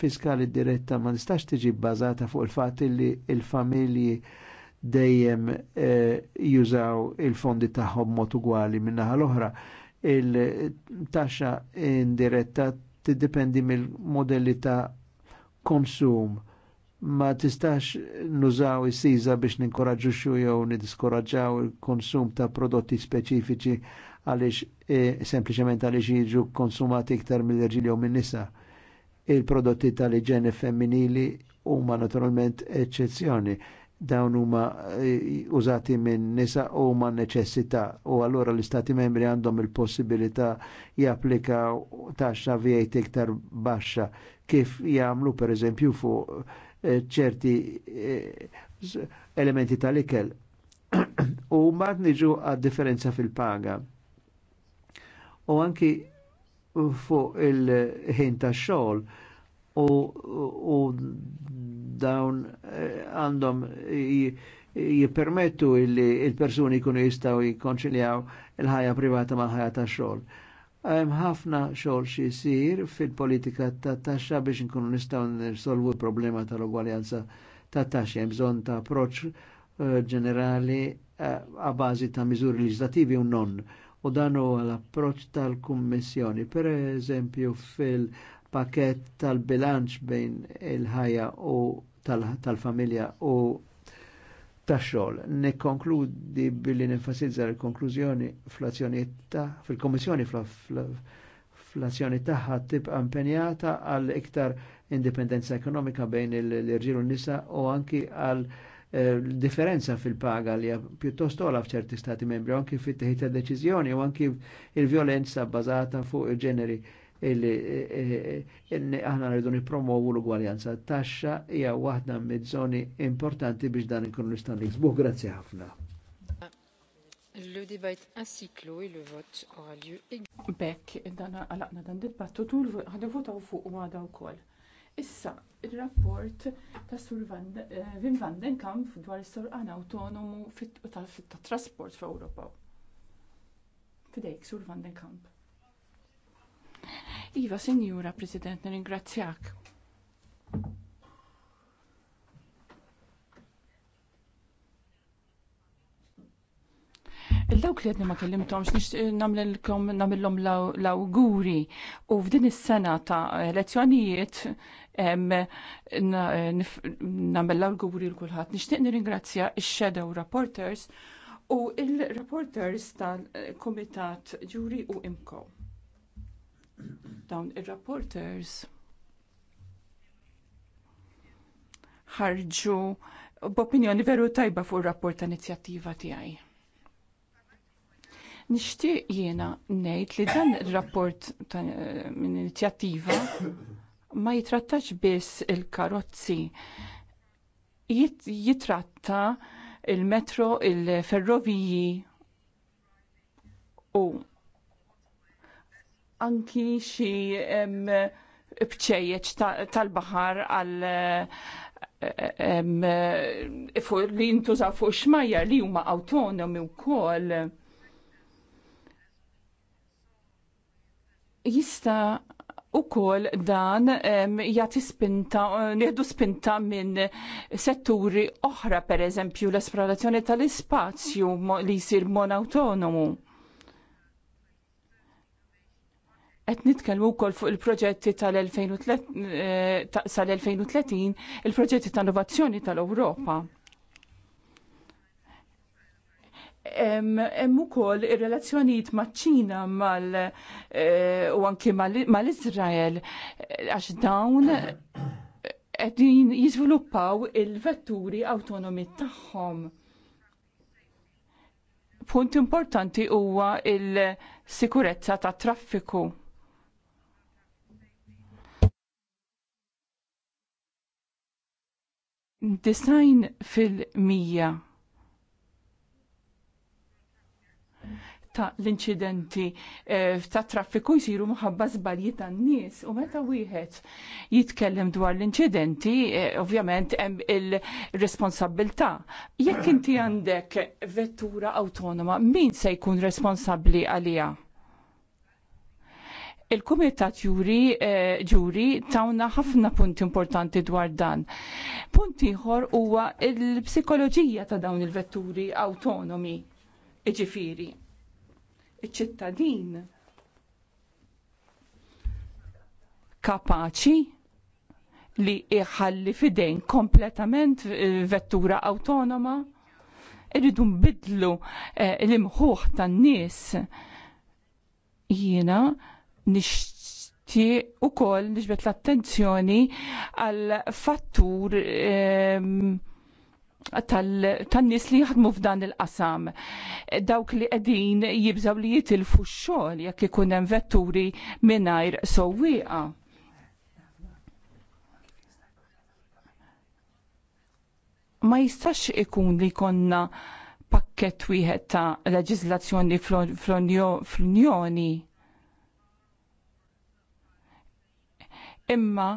fiskali diretta ma nistax tiġi bbażata fuq il-fatt li il-familji il familji dejjem eh, jużaw il-fondi tagħhom mod ugwali minnaħa l-oħra. Il-taxxa indiretta tiddependi mill-modelli ta' konsum ma tistax nużaw is-siża biex ninkoraġġu xu jew nidiskoraġġaw il-konsum ta' prodotti speċifiċi għaliex e, sempliċement għaliex jiġu konsumati iktar mill-irġili jew min-nisa. Il-prodotti tal-iġene femminili huma naturalment eċċezzjoni dawn huma eh, użati minn nisa u ma' neċessità u allura l-istati membri għandhom il-possibilità japplikaw taxxa VAT iktar baxxa kif jagħmlu per eżempju fuq eh, ċerti eh, elementi tal-ikel. u mbagħad niġu għad differenza fil-paga. U anki fuq il-ħin tax-xogħol u, u dawn eh, għandhom jipermettu li il-persuni kunu jistaw jikonċiljaw il-ħajja privata ma' ħajja ta' xogħol. Hemm ħafna xogħol xi jsir fil-politika ta' taxxa biex nkunu nistgħu nirsolvu l-problema tal-ugwaljanza ta' taxxa hemm bżonn ta' approċċ eh, ġenerali eh, a bażi ta' miżuri leġislativi u non u dan huwa l-approċċ tal-Kummissjoni. Pereżempju fil- pakett tal-bilanċ bejn il-ħajja u tal-familja u tax-xogħol. Nikkonkludi billi nenfasizza l-konklużjoni fl ta, fil-Kommissjoni fl-azzjoni tagħha tibqa' impenjata għal iktar indipendenza ekonomika bejn l-irġiel u nisa u anki għal eh, differenza fil-paga li pjuttost ola f'ċerti stati membri, anki fit-teħid ta' deċiżjoni u anki il-violenza bbażata fuq il-ġeneri. il violenza bbażata bbażata fuq il ġeneri illi eh, eh, eh, aħna rridu nipromovu l-ugwaljanza. Taxxa hija waħda mid-żoni importanti biex dan ikun nistan niksbuh. Grazzi ħafna. Le débat à cyclo et le vote aura lieu Bek, dan għalaqna dan vota u fuq u għada wkoll. Issa, il-rapport ta' Sur Vin van den Kamp dwar is-sorqan autonomu fit-trasport fl europa Fidejk, Sur van den Kamp. Iva, Sinjura President, nirringrazzjak. Il-dawk li għedni ma kellimtomx, nix namlilkom namillom l-auguri u f'din is-sena ta' elezzjonijiet namel l-auguri l-kulħat. Nixtieq nirringrazzja ix-shadow reporters u il-reporters tal-Komitat Ġuri u Imkow dawn ir-rapporters ħarġu b'opinjoni veru tajba fuq ir-rapport ta' inizjattiva tiegħi. Nixtieq jiena ngħid li dan ir-rapport ta' inizjattiva ma jitrattax biss il-karozzi. Jit jitratta il-metro, il-ferroviji u anki xi bċejjeċ tal-baħar għal li jintużaw fuq xmajjar li huma awtonomi wkoll. Jista ukoll dan jagħti spinta, nieħdu spinta minn setturi oħra, pereżempju l-esplorazzjoni tal-ispazju li jsir mon autonomu qed nitkellmu wkoll fuq il-proġetti tal-2030 eh, sal-2030 il-proġetti ta' innovazzjoni tal-Ewropa. Hemm ukoll ir-relazzjonijiet maċ-Ċina mal eh, u anke mal-Iżrael għax dawn qegħdin jiżviluppaw il-vetturi awtonomi tagħhom punt importanti huwa il-sikurezza ta' traffiku. Design fil-mija ta' l-inċidenti eh, ta' traffiku jisiru mħabba żbalji tan-nies u meta wieħed jitkellem dwar l-inċidenti, eh, ovvjament hemm il-responsabilità. Jekk inti għandek vettura autonoma, min se jkun responsabbli għaliha? il-Kumitat Juri Ġuri eh, tawna ħafna punti importanti dwar dan. Punt ieħor huwa l-psikoloġija ta' dawn il-vetturi autonomi, iġifiri. Iċ-ċittadin kapaċi li iħalli fidejn kompletament eh, vettura autonoma irridu nbidlu eh, l-imħuħ tan-nies jiena u kol nishbet l-attenzjoni għal fattur ehm, tan-nies li jaħdmu f'dan il-qasam. Dawk li qegħdin jibżaw li jitilfu x-xogħol jekk ikun hemm vetturi mingħajr sewwieqa. Ma jistax ikun li konna pakket wieħed ta' leġizlazzjoni fl-Unjoni Imma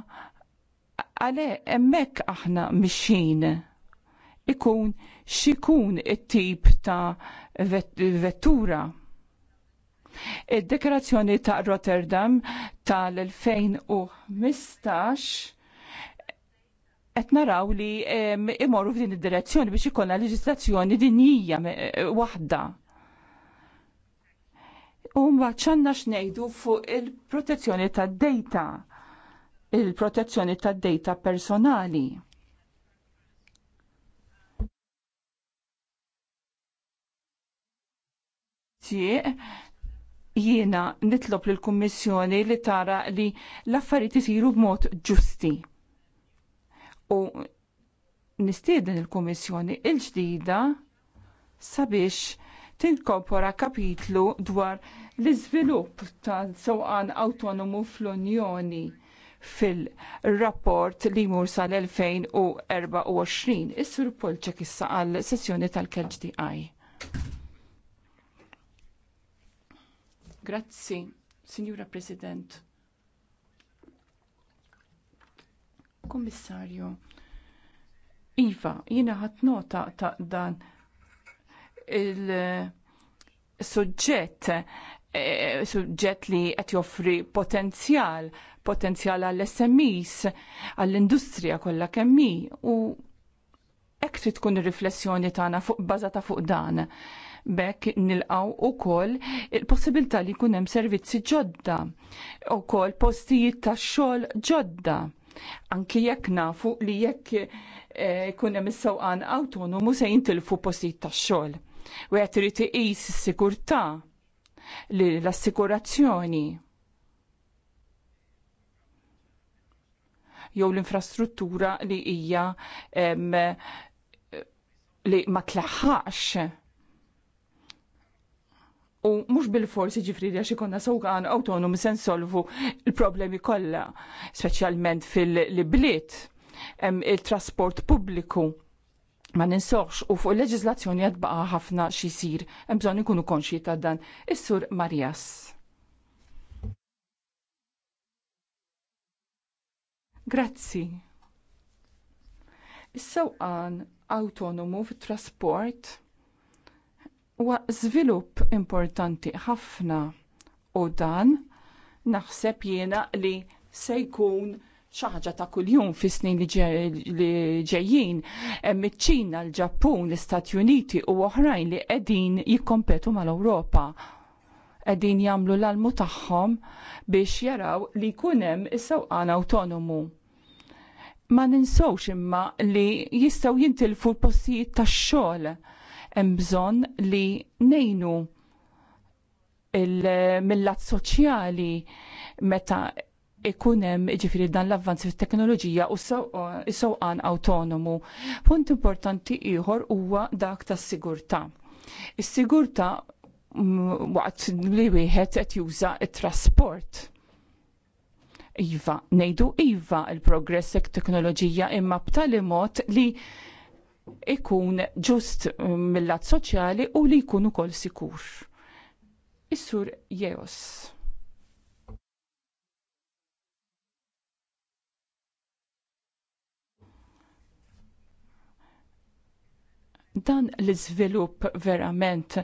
għale emmek aħna mixin ikun xikun it-tip ta' vettura. Id-deklarazzjoni ta' Rotterdam tal-2015 qed naraw li imorru f'din id-direzzjoni biex ikollna leġislazzjoni dinjija e, waħda. U mbagħad x'għandna x'ngħidu fuq il-protezzjoni tad-dejta il-protezzjoni tad-data personali. jiena nitlob lill kummissjoni li tara li l-affarijiet isiru b'mod ġusti. U nistieden il-Kummissjoni il-ġdida sabiex tinkorpora kapitlu dwar l-iżvilupp tal-sewqan autonomu fl-Unjoni fil-rapport li jmur sal-2024. Is-sur Polċek issa għal sessjoni tal-KGDI. Grazzi, Signora President. Kommissarju, Iva, jina ħat nota ta' dan il-sujġett, eh, suġġett li qed joffri potenzjal potenzjal għall smis għall-industrija kollha kemmi u hekk trid tkun ir-riflessjoni tagħna fuq bażata fuq dan. Bekk nilqaw ukoll il-possibilità li jkun hemm servizzi ġodda, ukoll postijiet tax xogħol ġodda. Anki jekk nafu li jekk eh, jkun hemm is-sewqan awtonomu se jintilfu postijiet tax xogħol. U qed irid iqis is sikurtà li l-assikurazzjoni jew l-infrastruttura li hija li ma tlaħħax u mhux bil-forsi ġifri għax ikonna sewqan autonomi se nsolvu l problemi kollha, speċjalment fil-bliet, il-trasport pubbliku. Ma ninsoħx u fuq il-leġizlazzjoni għadbaqa ħafna xisir, bżonn ikunu konxji ta' dan. Is-sur Marjas. Grazzi. Is-sewqan autonomu fit-trasport huwa żvilupp importanti ħafna u dan naħseb jiena li se jkun xi ħaġa ta' kuljum fi snin li ġejjin hemm iċ-Ċina, l-Ġappun, l-Istati Uniti u oħrajn li qegħdin jikkompetu mal-Ewropa qegħdin jagħmlu l-almu tagħhom biex jaraw li jkun hemm is-sewqan awtonomu ma ninsawx imma li jistgħu jintilfu l-postijiet tax-xogħol hemm bżonn li ngħinu il-millat soċjali meta ikun hemm ġifieri dan l-avvanz fit-teknoloġija u sewqan awtonomu. Punt importanti ieħor huwa dak tas-sigurtà. Is-sigurtà waqt li wieħed qed juża t trasport Iva, nejdu iva il-progress teknoloġija imma b'tali mod li ikun ġust mm, mill-lat soċjali u li jkun ukoll sikur. Isur Jeos. dan l-izvilup verament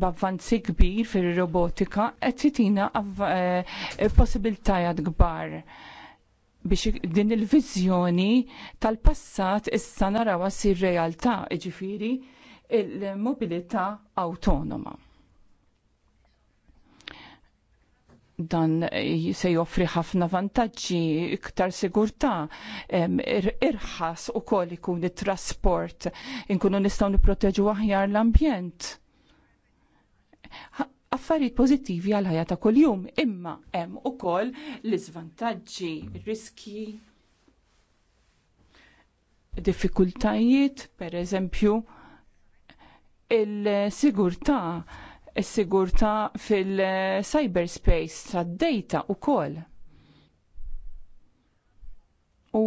b'avvanzi kbir fil-robotika qed jitina eh, possibiltajat kbar biex din il-viżjoni tal-passat issa narawha sir realtà, jiġifieri il-mobilità autonoma. dan se joffri ħafna vantaġġi, iktar sigurtà, irħas u koll ikun it-trasport, inkunu nistgħu nipproteġu aħjar l-ambjent. Affarijiet pożittivi għal ħajja ta' kuljum, imma hemm ukoll l-iżvantaġġi, riski, diffikultajiet, per eżempju, il-sigurtà is-sigurtà fil-cyberspace tad-data wkoll. U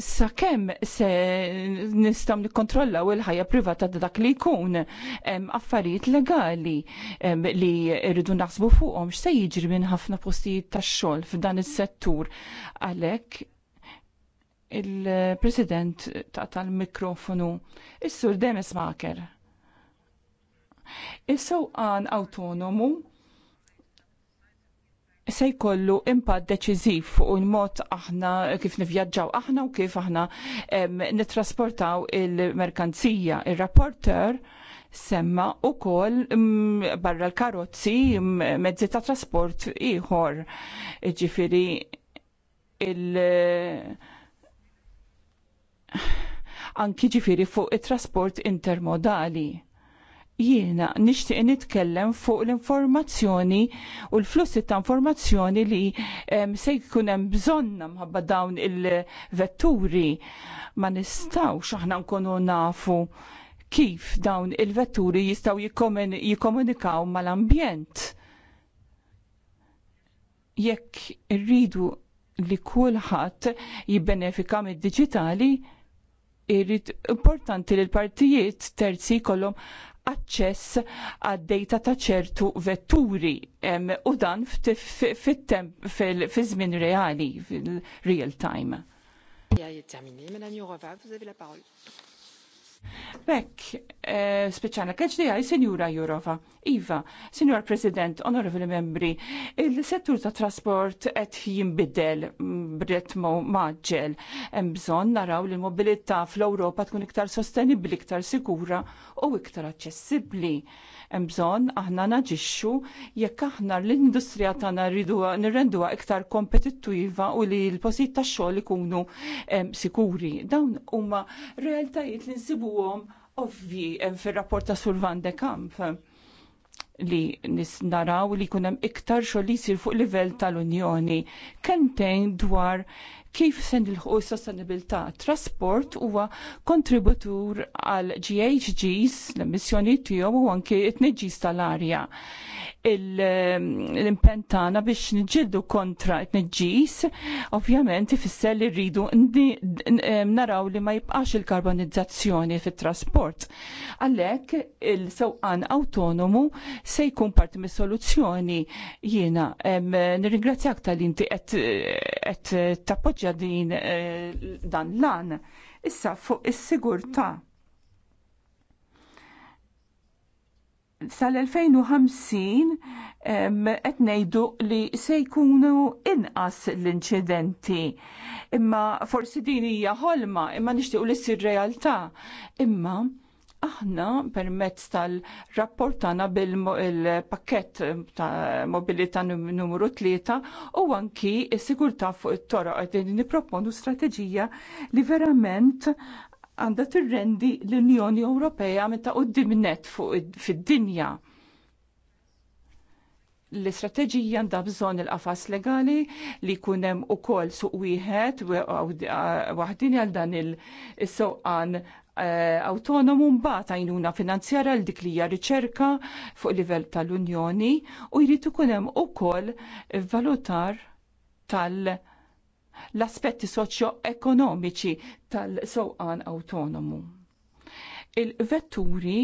sakemm se nistgħu nikkontrollaw il-ħajja privata ta' dak li jkun hemm affarijiet legali em, li rridu naħsbu fuqhom x'se jiġri minn ħafna postijiet tax-xogħol f'dan is-settur. Għalhekk il-President ta' tal-mikrofonu, is-Sur Demis Maker. Is-sewqan autonomu se jkollu impatt deċiżiv fuq il-mod aħna kif nivvjaġġaw aħna u kif aħna nittrasportaw il-merkanzija. Il-rapporter semma u koll barra l-karozzi mezzi ta' trasport iħor. Ġifiri il- anki ġifiri fuq it-trasport intermodali jiena nixtieq nitkellem fuq l-informazzjoni u l-flussi ta' informazzjoni li se jkun hemm bżonna mħabba dawn il-vetturi ma nistgħux aħna nkunu nafu kif dawn il-vetturi jistgħu jikkomunikaw mal-ambjent. Jekk irridu li kulħadd jibbenefika mid-diġitali, irrid importanti li l-partijiet terzi jkollhom aċċess għad-data ta' ċertu vetturi u dan fil-żmien reali, fil-real time. Bekk, eh, di għaj, Senjura Jurova. Iva, Senjur President, onorevoli membri, il-settur ta' trasport qed jinbidel b'ritmu maġġel. Hemm bżonn naraw li l-mobilità fl-Ewropa tkun iktar sostenibli, iktar sikura u iktar aċċessibbli. Hemm bżonn aħna naġixxu jekk aħna l-industrija tagħna rridu nirrenduha iktar kompetittiva u li l-postijiet tax-xogħol ikunu eh, sikuri. Dawn huma realtajiet li nsibu huwhom ovvi fir-rapport ta' Sur Van de Kamp li nisnaraw li kunem iktar xogħol li sir fuq livell tal-Unjoni. Kentejn dwar kif se nilħu s-sostenibilità. Trasport huwa kontributur għal GHGs, l-emissjoni tiegħu u anke t-tniġġis tal-arja. Ehm, L-impentana biex nġildu kontra t-tniġġis, ovvjament ifisser li rridu ehm, naraw li ma jibqax il-karbonizzazzjoni fit-trasport. Għalhekk il-sewqan autonomu se jkun parti mis-soluzzjoni jiena. Ehm, nirringrazzjak tal-inti qed tappoġġ tappoġġja din eh, dan lan issa fuq is-sigurtà. Sal-2050 qed ngħidu li se jkunu inqas l-inċidenti. Imma forsi din hija ħolma, imma nixtiequ li ssir realtà. Imma Aħna permezz tal rapportana bil-pakkett ta' mobilità numru tlieta u anki s sigurta fuq it-toroq qed nipproponu strateġija li verament għandha tirrendi l-Unjoni Ewropea meta qudiem net fuq fid-dinja l-istrateġija għandha bżonn il-qafas legali li jkun hemm ukoll suq wieħed waħdin għal dan il-sewqan Eh, autonomu mbata għajnuna finanzjara l dik li hija riċerka fuq livell tal-Unjoni u jrid ikun hemm ukoll valutar tal- l-aspetti soċjo-ekonomiċi tal-sewqan autonomu. Il-vetturi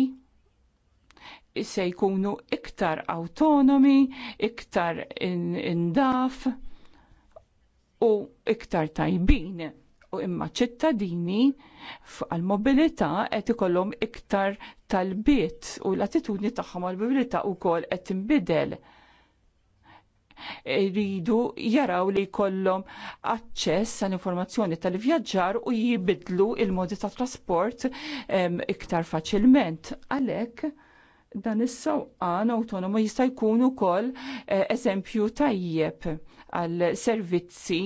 se jkunu iktar autonomi, iktar indaf in u iktar tajbin u imma ċittadini għal mobilità qed ikollhom iktar talbiet u l-attitudni tagħhom għal mobilità wkoll qed tinbidel. Iridu jaraw li jkollhom aċċess għal informazzjoni tal-vjaġġar u jibidlu il-modi ta' trasport iktar faċilment. Għalhekk dan is-sewqan autonomo jista' jkun ukoll eh, eżempju tajjeb għal servizzi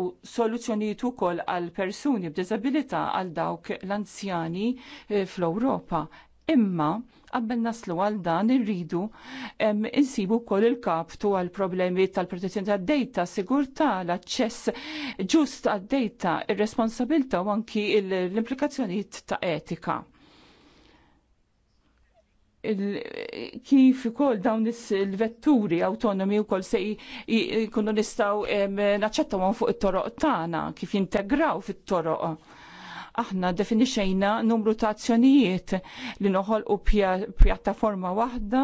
u soluzzjonijiet ukoll għal persuni b'diżabilità għal dawk l-anzjani eh, fl-Ewropa. Imma qabel naslu għal dan irridu insibu wkoll il-kaptu għal problemi tal-protezzjoni tad-dejta, sigurtà, l-aċċess ġust għad-dejta, ir-responsabilità u anki l-implikazzjonijiet ta' etika kif ukoll dawn il-vetturi autonomi wkoll se jkunu nistgħu naċċettawhom fuq it-toroq tagħna kif jintegraw fit-toroq. Aħna definixejna numru ta' azzjonijiet li noħolqu pjattaforma waħda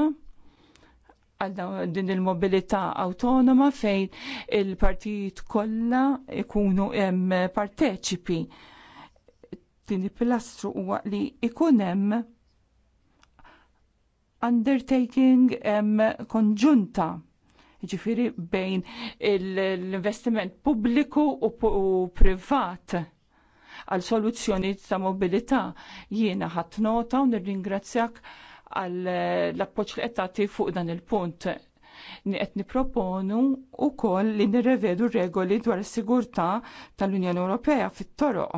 għal din il-mobilità autonoma fejn il-partijiet kollha ikunu parteċipi. Din il-pilastru huwa li ikun hemm undertaking konġunta ġifiri bejn l-investiment pubbliku u, u privat għal soluzzjoni ta' mobilità. Jiena ħadd nota u nirringrazzjak għal l-appoċ li qed fuq dan il-punt. Qed niproponu wkoll li nirrevedu regoli dwar is-sigurtà tal-Unjoni Ewropea fit-toroq.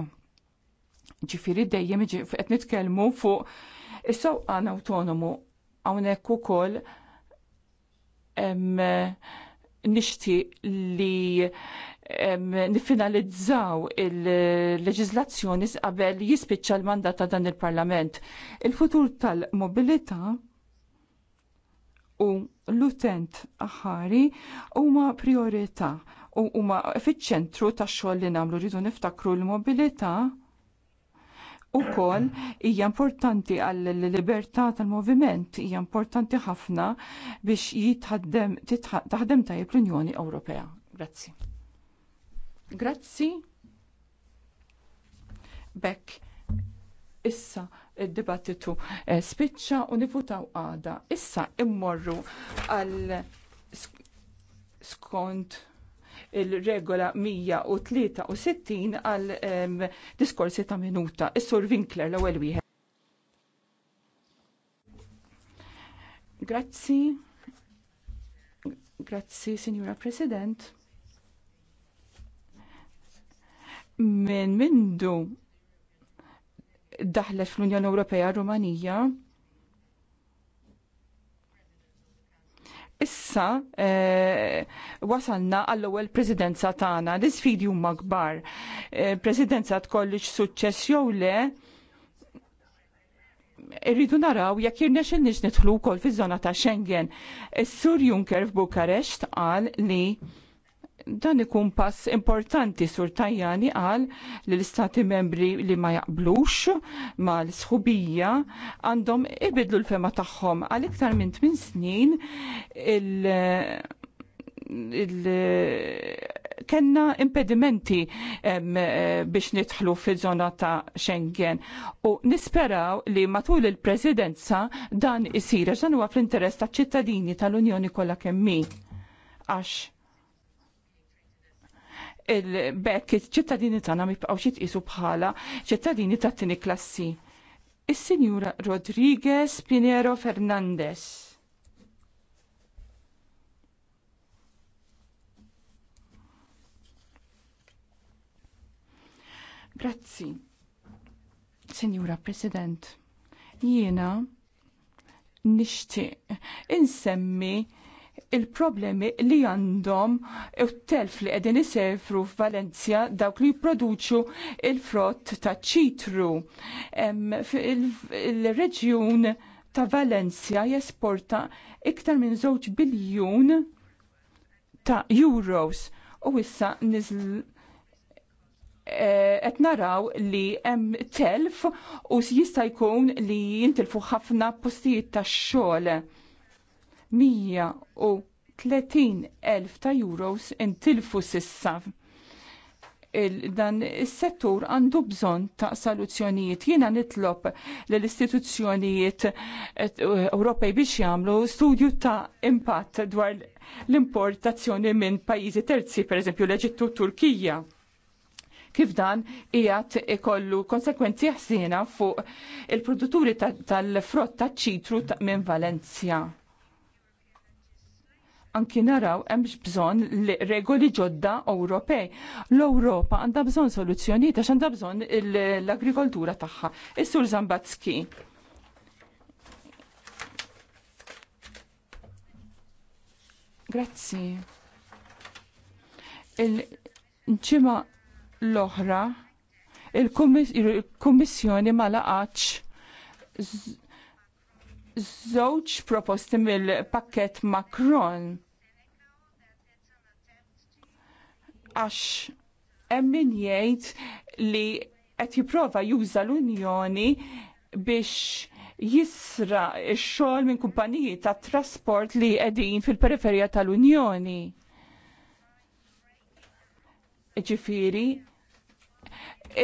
Ġifieri dejjem qed nitkellmu fuq is-sewqan awtonomu Hawnhekk ukoll nishti li nifinalizzaw il-leġizlazzjoni qabel jispiċċa l-mandat ta' dan il-Parlament. Il-futur tal-mobilità u l-utent aħari huma priorità u huma fiċ-ċentru tax-xogħol li nagħmlu rridu niftakru l-mobilità kol, hija importanti għall libertà tal-moviment hija importanti ħafna biex jitħaddem taħdem tajjeb l-Unjoni Ewropea. Grazzi. Grazzi. Bekk issa id-dibattitu eh, spiċċa u nifutaw għada. Issa immorru għal skont il-regola 163 għal diskorsi ta' minuta. Is-Sur Winkler l-ewwel wieħed. Grazzi. Grazzi, Signora President. Min mindu daħlet fl-Unjoni Ewropea Rumanija issa eh, wasalna għall-ewwel presidenza tagħna l isfidi huma kbar. Eh, presidenza tkollix suċċess jew le irridu naraw jekk jirnexin nix nidħlu wkoll fiż-żona ta' Schengen. Is-Sur Juncker f'Bukarest qal li Dan ikun pass importanti sur Tajjani għal li l-istati membri li ma jaqblux ma l-sħubija għandhom ibidlu l-fema tagħhom għal iktar minn 8 snin il- il kenna impedimenti eh, biex nidħlu fi zona ta' Schengen. U nisperaw li matul il-presidenza dan isir, ġan huwa fl-interess ta' ċittadini tal-Unjoni kollha kemmi. Għax il-bekk ċittadini tagħna ma jibqgħux isu bħala ċittadini ta' tini klassi. is signora Rodriguez Pinero Fernandez. Grazzi. Signora President, jiena nixtieq insemmi il-problemi li għandhom u telf li qegħdin isefru f'Valenzja dawk li jipproduċu il-frott ta' ċitru. Il-reġjun ta' Valencia jesporta iktar minn żewġ biljun ta' euros u issa nizl e, qed naraw li hemm telf u jista' jkun li jintilfu ħafna postijiet tax-xogħol 130.000 ta' euros intilfu sissa dan is-settur għandu bżonn ta' soluzzjonijiet. Jiena nitlob lill istituzzjonijiet eh, Ewropej biex jagħmlu studju ta' impatt dwar l-importazzjoni minn pajjiżi terzi, pereżempju l-Eġittu Turkija. Kif dan qiegħed ikollu konsekwenzi ħsiena fuq il-produtturi tal-frott ta' ċitru minn Valencia anki naraw hemm bżonn regoli ġodda Ewropej. L-Ewropa għandha bżonn soluzzjonijiet għax għandha bżonn l-agrikoltura tagħha. Is-Sur Zambatski. Grazzi. Il-ġimgħa l-oħra il-Kummissjoni ma laqatx żewġ proposti mill-pakket Macron għax hemm min jgħid li qed jipprova juża l-Unjoni biex jisra x-xogħol minn kumpaniji tat trasport li qegħdin fil-periferija tal-Unjoni. Ġifiri,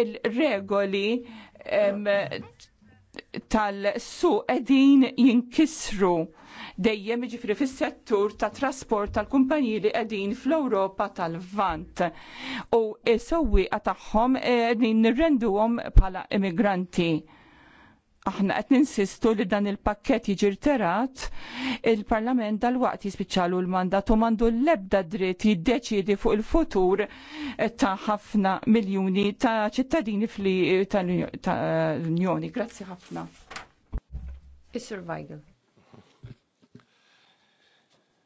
il-regoli tal-suq qegħdin jinkisru dejjem jiġifieri fis-settur tat trasport tal-kumpaniji li qegħdin fl-Ewropa tal-Vant u sewwieqa tagħhom nirrendu nirrenduhom bħala immigranti aħna qed ninsistu li dan il-pakkett jiġi rterat, il-Parlament dal-waqt jispiċċalu l-mandat u mandu l-ebda dritt jiddeċiedi fuq il-futur ta' ħafna miljuni ta' ċittadini fli tal-Unjoni. Grazzi ħafna. Is-Sur Weigel.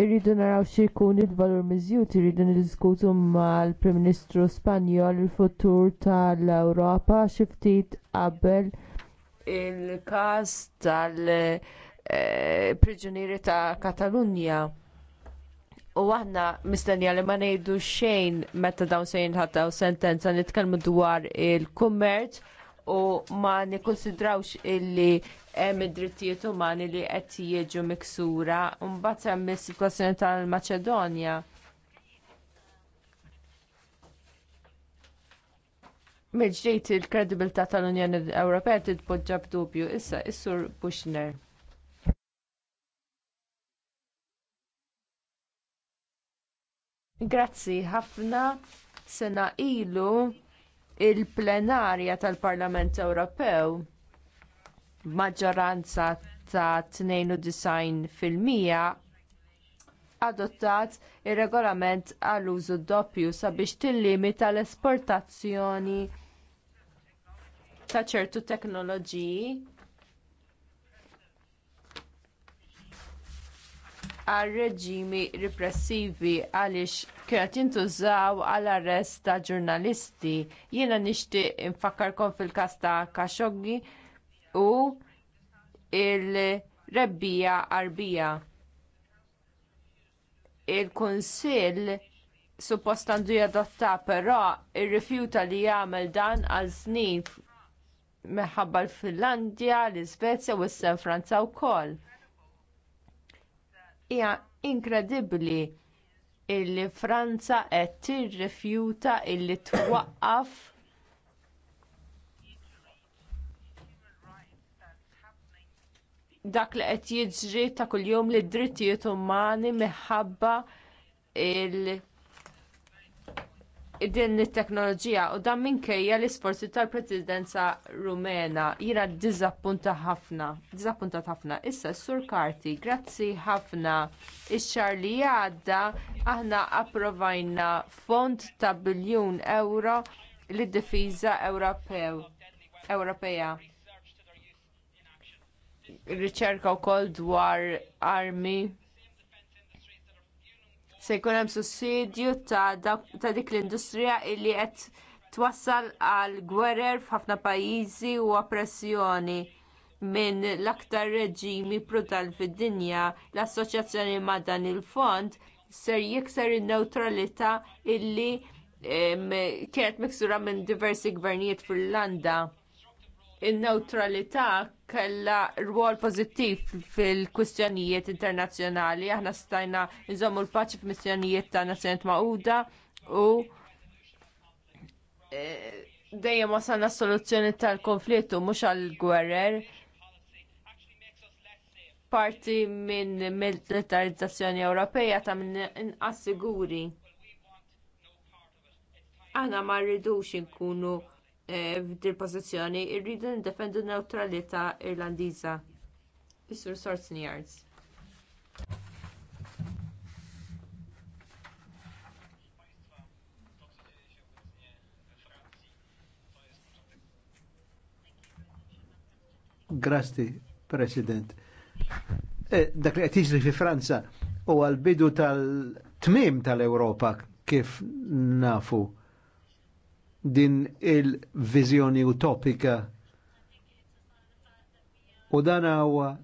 irridu naraw xi jkun il-valur miżjud irridu niddiskutu mal-Prim Ministru Spanjol il-futur tal-Ewropa xi ftit qabel il-każ tal-priġunieri eh, ta' Katalunja. U aħna mistennija li ma ngħidu xejn meta dawn se jinħataw sentenza nitkellmu dwar il-kummerċ u ma nikonsidrawx illi hemm id-drittijiet umani li qed jiġu miksura mbagħad hemm is-sitwazzjoni tal-Maċedonja. Meġġejt il-kredibilità tal-Unjoni Ewropea titpoġġa b'dubju issa is-Sur Bushner. Grazzi ħafna sena ilu il-plenarja tal-Parlament Ewropew b'maġġoranza ta' 92% adottat ir-regolament għall użu doppju sabiex tillimita l-esportazzjoni ta' ċertu teknoloġiji għal reġimi repressivi għaliex kienet jintużaw għal arrest ta' ġurnalisti. Jiena nixtieq infakkarkom fil-każ ta' Khashoggi u il-rebbija arbija. Il-Kunsill suppost għandu jadotta, però rrifjuta li jagħmel dan għal snin meħabba l-Finlandja, l-Iżvezja u s san Franza wkoll hija inkredibbli illi Franza qed tirrifjuta illi twaqqaf dak li qed jiġri ta' kuljum lid drittijiet umani minħabba l din it-teknoloġija u dan minkejja l-isforzi tal-Presidenza Rumena jiena ddiżappunta ħafna, ddiżappuntat ħafna. Issa sur karti, grazzi ħafna. Ix-xar li għadda aħna approvajna fond ta' biljun euro lid difiża Ewropew. Ewropea. Riċerka wkoll dwar armi se jkun hemm sussidju ta' dik l-industrija li qed twassal għal gwerer f'ħafna pajjiżi u oppressjoni minn l-aktar reġimi prudal fid-dinja, l-assoċjazzjoni ma' dan il-fond ser jikser in-newtralità illi kienet miksura minn diversi gvernijiet fl-Irlanda in-neutralità kellha rwol pożittiv fil-kwistjonijiet internazzjonali. Aħna stajna nżommu l-paċi f'missjonijiet ta' Nazzjonijiet Magħquda u e, dejjem wasalna soluzzjoni tal-konflittu mhux għall-gwerer parti minn militarizzazzjoni Ewropeja ta' minn inqas siguri. Aħna ma rridux inkunu Eh, f'dil pożizzjoni rridu niddefendu n-newtralità Irlandiża. Is-Sur Schwarzenegger. Grasti, President. Eh, dak li qed jiġri fi Franza u għal bidu tal-tmim tal-Ewropa kif nafu din il-vizjoni utopika u dan huwa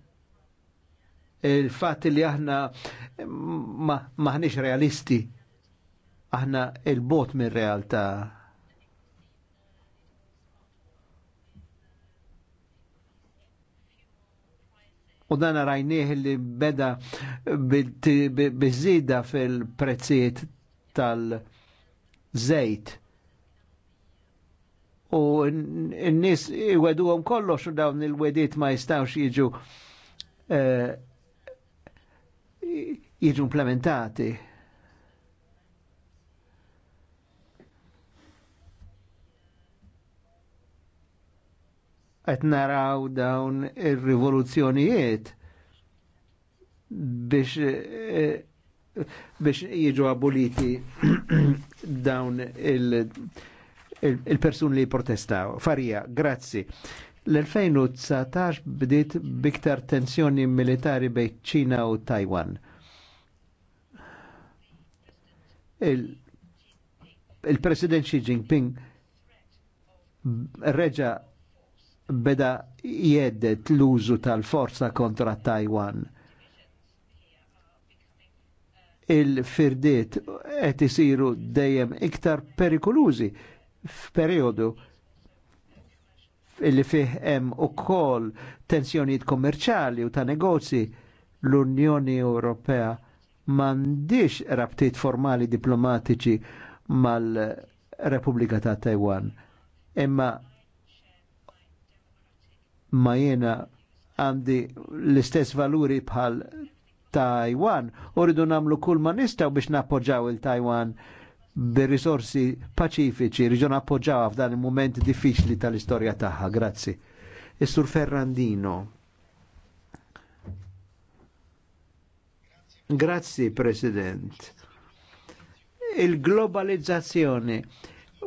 il-fat li aħna maħniex ma realisti aħna il-bot minn realtà U dan rajnieh li beda bizzida fil-prezzijiet tal-żejt u n-nis wedu għom kollox u dawn il-wedit ma jistawx jiġu jiġu implementati. qed naraw dawn ir-rivoluzzjonijiet biex biex jiġu aboliti dawn il- il-persun li protestaw. Farija, grazzi. L-2019 bdiet biktar tensjoni militari bejn ċina u Taiwan. Il-President il Xi Jinping reġa beda jeddet l-użu tal-forza kontra Taiwan. Il-firdiet qed isiru dejjem iktar perikolużi f'periodu illi fih hemm ukoll tensjonijiet kommerċali u ta' negozji l-Unjoni Ewropea m'għandix rabtiet formali diplomatiċi mal-Repubblika ta' Taiwan. Imma ma jena għandi l-istess valuri bħal Taiwan u rridu namlu kull ma nistaw biex nappoġġaw il-Taiwan bir-risorsi paċifiċi riġon appoġġaw f'dan il mument diffiċli tal-istorja tagħha. Grazzi. Is-Sur Ferrandino. Grazzi, President. Il-globalizzazzjoni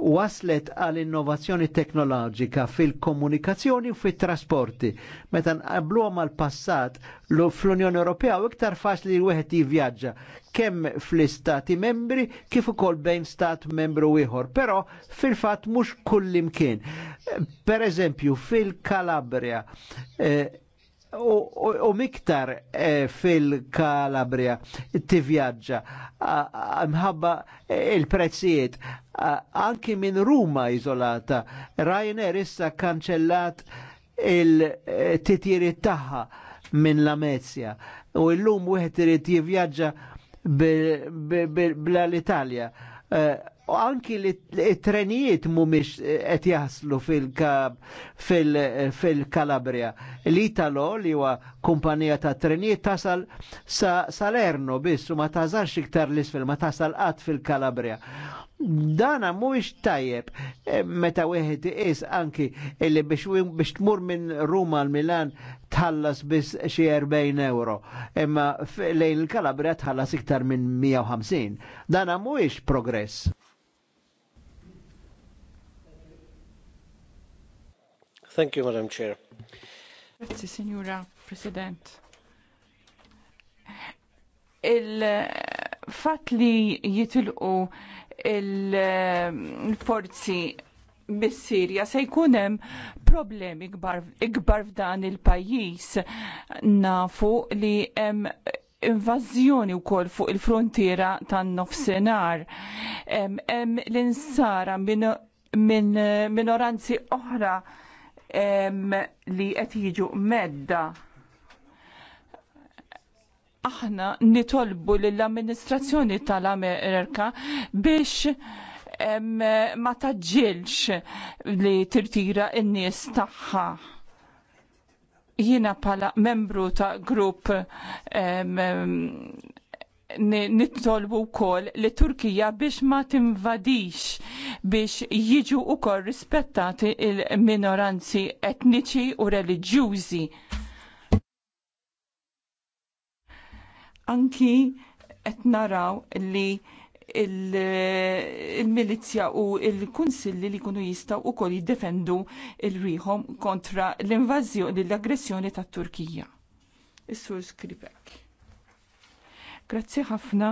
waslet għal innovazzjoni teknoloġika fil-komunikazzjoni u fit-trasporti. Meta nqablu mal passat l-Unjoni Ewropea u iktar faċli li wieħed jivvjaġġa kemm fl-istati membri kif ukoll bejn stat membru ieħor, però fil-fatt mhux kullimkien. Per eżempju, fil-Kalabria eh, u, u, u miktar eh, fil-Kalabria tivjaġġa mħabba eh, il-prezzijiet anki minn Ruma izolata. Ryanair issa kanċellat il titjiri tagħha minn Lamezja u l-lum wieħed irid jivvjaġġa bl-Italja. U eh, anki li trenijiet mumiex eh, qed jaslu fil-Kalabria. L-Italo li huwa kumpanija ta' trenijiet tasal sa Salerno biss u ma tażarx iktar l isfil ma tasal qatt fil-Kalabria dana mhuwiex tajjeb e, meta wieħed is anki illi biex tmur minn Ruma l Milan tħallas biss xi 40 euro, imma lejn il-Kalabria tħallas iktar minn 150. Dana mhuwiex progress. Thank you, Madam Chair. Grazie, Signora President. Il-fat eh, li jitilqu il-forzi bis-Sirja se jkun hemm problemi ikbar f'dan il-pajjiż. Nafu li hemm invażjoni wkoll fuq il-frontiera tan-nofsinhar. Hemm l-insara minn minoranzi oħra li qed jiġu medda aħna nitolbu lill-amministrazzjoni tal-Amerika biex ma taġġilx li tirtira n-nies tagħha. Jiena pala membru ta' grupp nitolbu wkoll li Turkija biex ma tinvadix biex jiġu wkoll rispettati il-minoranzi etniċi u reliġjużi. Anki qed naraw li il-milizja il u il-kunsilli li kunu jistaw u kol jiddefendu il-riħom kontra l-invażjoni, l-aggressjoni ta' Turkija. Is-sur Skripek. Grazzi ħafna.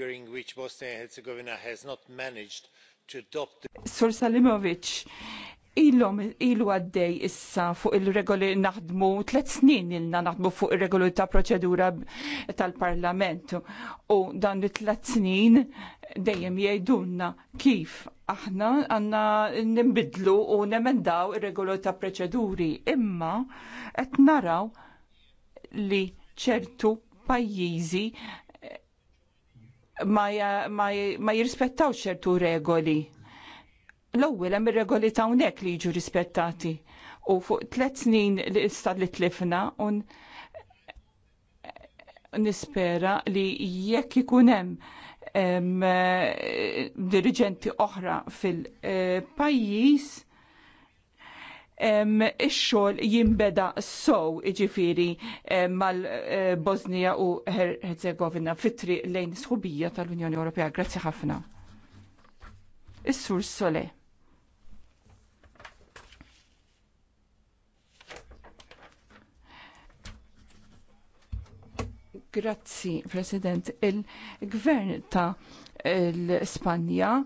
During which Bosnia and Herzegovina has not managed to adopt the... Sur Salimovic, ilhom ilu għaddej issa fuq il-regoli naħdmu tliet snin ilna naħdmu fuq ir-regoli ta' proċedura tal-Parlament u dan it tliet snin dejjem jgħidulna kif aħna għanna nimbidlu u nemendaw ir-regoli ta' proċeduri imma qed naraw li ċertu pajjiżi ma, ma, ma jirrispettaw ċertu regoli l-ewwel hemm ir-regoli ta' hawnhekk li jiġu rispettati u fuq tliet snin li issa li tlifna u nispera li jekk ikun hemm dirigenti oħra fil-pajjiż eh, ix-xogħol jinbeda sow iġifieri eh, mal-Bosnija eh, u Herzegovina fit-triq lejn sħubija tal-Unjoni Ewropea. Grazzi ħafna. Is-Sur Sole. Grazzi, President. Il-gvern ta' l-Spanja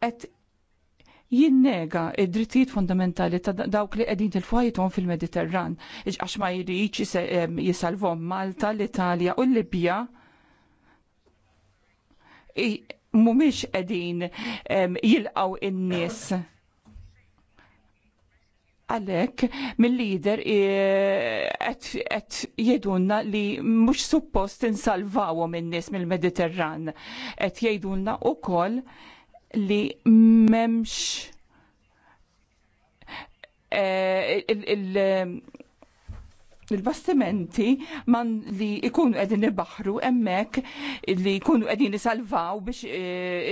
qed jinnega id-drittijiet fundamentali ta' dawk li qegħdin tilfajthom fil-Mediterran. Għax ma jridx jisalvom Malta, l-Italja u l-Libja mhumiex qegħdin jilqgħu in-nies għalek mill-lider e, qed jgħidulna li mhux suppost insalvawhom in-nies mill-Mediterran. Qed jgħidulna wkoll li m'hemmx e, il-bastimenti man li ikunu qegħdin ibaħru hemmhekk li jkunu qegħdin isalvaw biex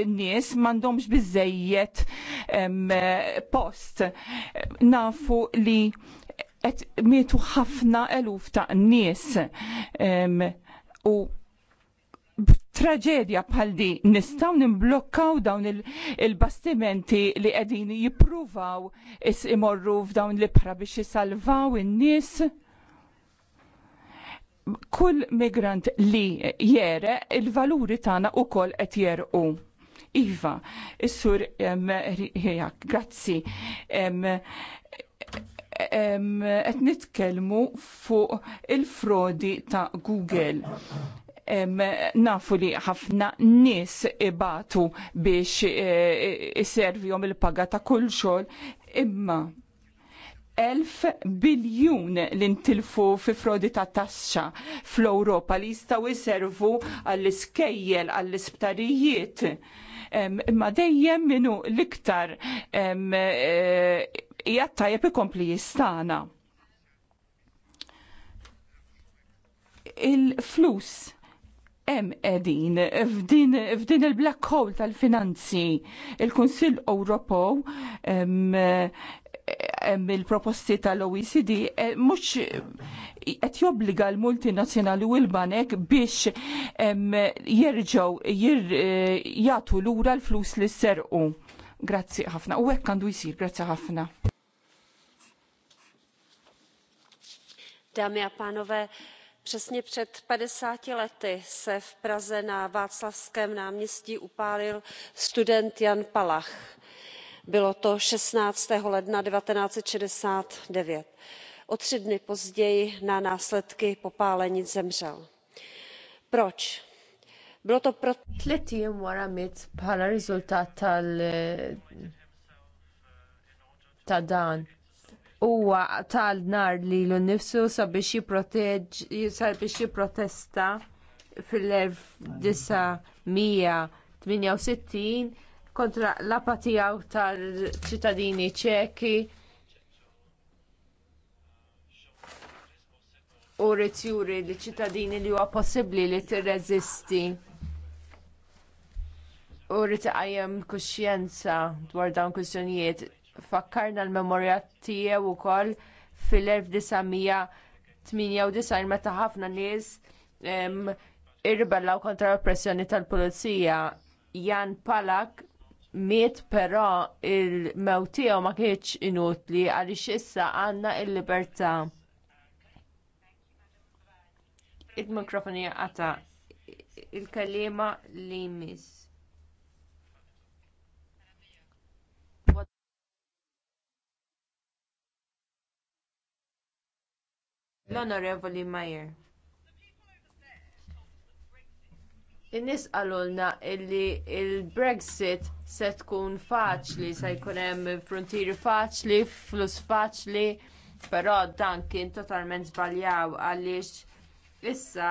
in-nies eh, m'għandhomx biżejjed post. Nafu li qed mietu ħafna eluf ta' nies u traġedja bħal di nistaw nimblokkaw dawn il-bastimenti il li qegħdin jippruvaw is imorru f'dawn l-ibħra biex jisalvaw in-nies kull migrant li jere il-valuri tagħna ukoll qed jerqu. Iva, is-sur grazzi. Qed nitkellmu fuq il-frodi ta' Google nafu li ħafna nis ibatu biex eh, iservjom il-paga ta' kull xogħol imma elf biljun l-intilfu fi frodi ta' taxxa fl-Ewropa li jistgħu jiservu għall-iskejjel, għall-isptarijiet. ma dejjem minu l-iktar e, jattajab ikompli jistana. Il-flus hemm qegħdin f'din, f'din il-black hole tal-finanzi. Il-Kunsill Ewropew mill-proposti tal-OECD e, mhux qed jobbliga l-multinazzjonali u l-banek biex jerġgħu e, jagħtu lura l-flus li sserqu. Grazzi ħafna. U hekk għandu jsir, grazzi ħafna. Dámy a pánové, přesně před padesáti lety se v praze na václavském náměstí upálil student jan palach bylo to. sixteen ledna. one thousand nine hundred and sixty nine o tři dny později na následky popálenin zemřel. proč? bylo to proto. tliet ijiem wara miet bħala riżultat tal ta' dan huwa tal nar lilu nnifsu sabiex jipprotesta fil-1968 kontra l-apatija tal-ċittadini ċeki u rrid juri li ċittadini li huwa possibbli li tirreżisti u rrid iqajjem kuxjenza dwar dawn kwistjonijiet fakkarna l-memorja tiegħu wkoll fil-1998 meta ħafna nies irribellaw kontra l oppressjoni tal-pulizija Jan Palak miet però il-mewt tiegħu ma kienx inutli għaliex issa għandna il libertà Il-mikrofoni għata il-kalima li miss. L-Onorevoli Mayer. In-nies qalulna li l brexit se tkun faċli, se jkun hemm frontieri faċli, flus faċli, però dan kien totalment żbaljaw għaliex issa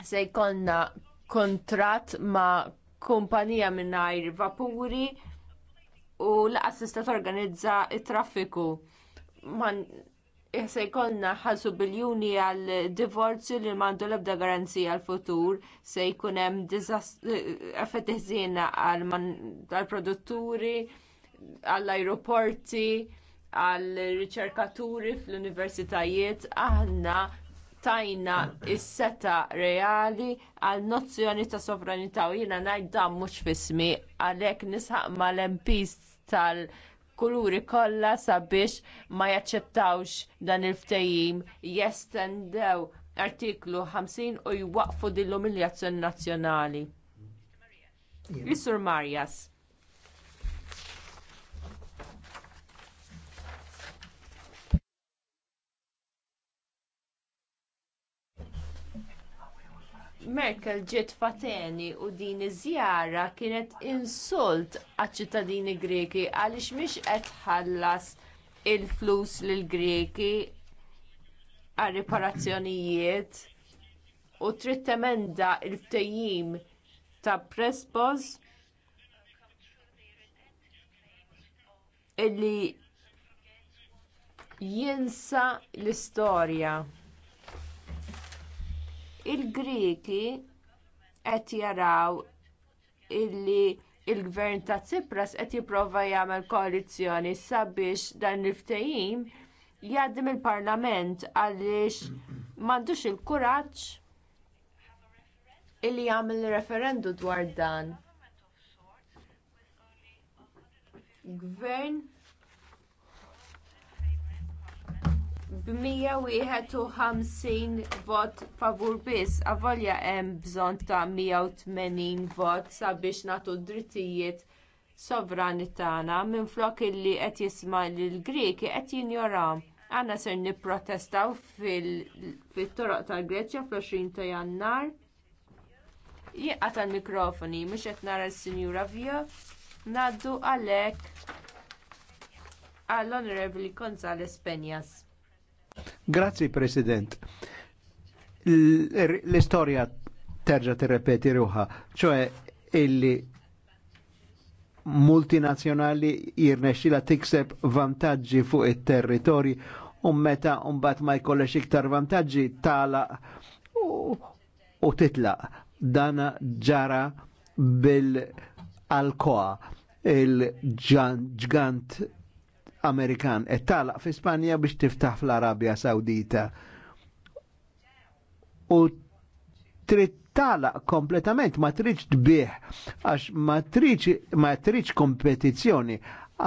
se jkollna kuntratt ma' kumpanija mingħajr vapuri u laqas tista' torganizza t traffiku se jkollna ħalsu biljuni għal divorzju li mandu l-ebda garanzija għal futur se jkun hemm għal produtturi għall ajruporti għall riċerkaturi fl-universitajiet aħna tajna s-seta reali għal nozzjoni ta' sovranità u jiena najdam dan mhux fismi għalhekk nisħaq mal-MPs tal- kuluri kollha sabiex ma jaċċettawx dan il-ftehim jestendew artiklu 50 u jwaqfu lill umiljazzjoni nazzjonali. Isur Marjas. Merkel ġiet fateni u din iż-żjara kienet insult għaċ-ċittadini Greki għaliex mhix qed tħallas il-flus lill Greki għal riparazzjonijiet u trid temenda l-ftehim ta' Prespos illi jinsa l-istorja il-Griki qed jaraw illi l gvern ta' Tsipras qed jipprova jagħmel koalizzjoni sabiex dan il-ftehim jgħaddim il-Parlament għaliex m'għandux il-kuraġġ illi jagħmel referendum dwar dan. Gvern b-151 vot favur biss, avolja hemm bżonn ta' 180 vot sabiex nagħtu drittijiet sovrani tagħna minflok illi qed jisma' lill griki qed jinjoraw. Għanna ser nipprotestaw fit-toroq tal-Greċja fl-20 ta' Jannar. Jieqa tal-mikrofoni, mhux qed nara s-Sinjura Vija, ngħaddu għalhekk għall-Onorevoli Gonzales Penjas. Grazzi, President. L-istoria terġa t-repeti ruħa, ċoħe illi multinazzjonali jirnexxila tikseb vantaġġi fuq it-territori u meta mbagħad ma jkollex iktar vantaġġi tala u titla Dana ġara bil-alkoa il-ġgant Amerikan qed talaq fi Spanja biex tiftaħ fl-Arabja Sawdita. U trid talaq kompletament ma tridx tbieħ għax ma tridx ma tridx kompetizzjoni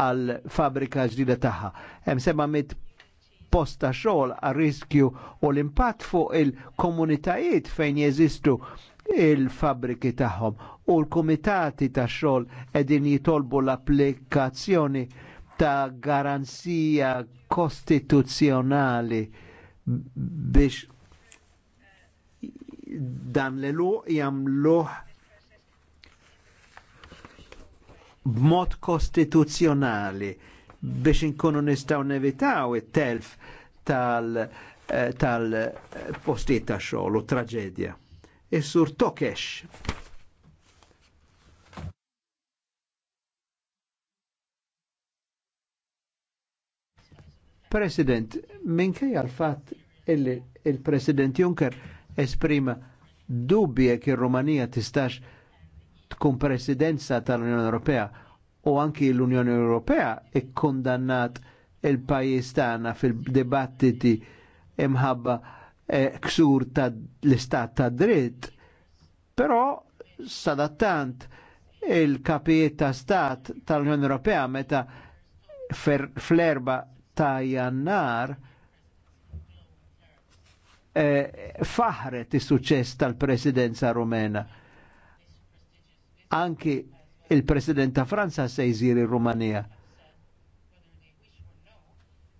għal fabrika ġdida tagħha. Hemm seba' mit posta xogħol għal riskju u l-impatt fuq il-komunitajiet fejn jeżistu il-fabriki tagħhom u l-kumitati tax xogħol qegħdin jitolbu l-applikazzjoni ta' garanzija kostituzzjonali biex dan l luq jamluħ b'mod kostituzzjonali biex inkunu nistaw nevitaw it-telf tal-postiet tal, eh, ta' xogħol u traġedja. Is-sur Tokesh. President, minkejja l-fatt il-President Juncker esprima dubbi jekk il Romania tistax tkun presidenza tal-Unjoni Ewropea u anki l-Unjoni Ewropea ikkondannat il-pajjiż tagħna fil-dibattiti imħabba eh, ksur ta' l-istat ta' dritt, però sadattant il-kapijiet ta' stat tal-Unjoni Ewropea meta fl-erba ta' jannar eh, faħret is-suċċess tal-presidenza rumena. Anki il-president ta' Franza se jżir il rumanija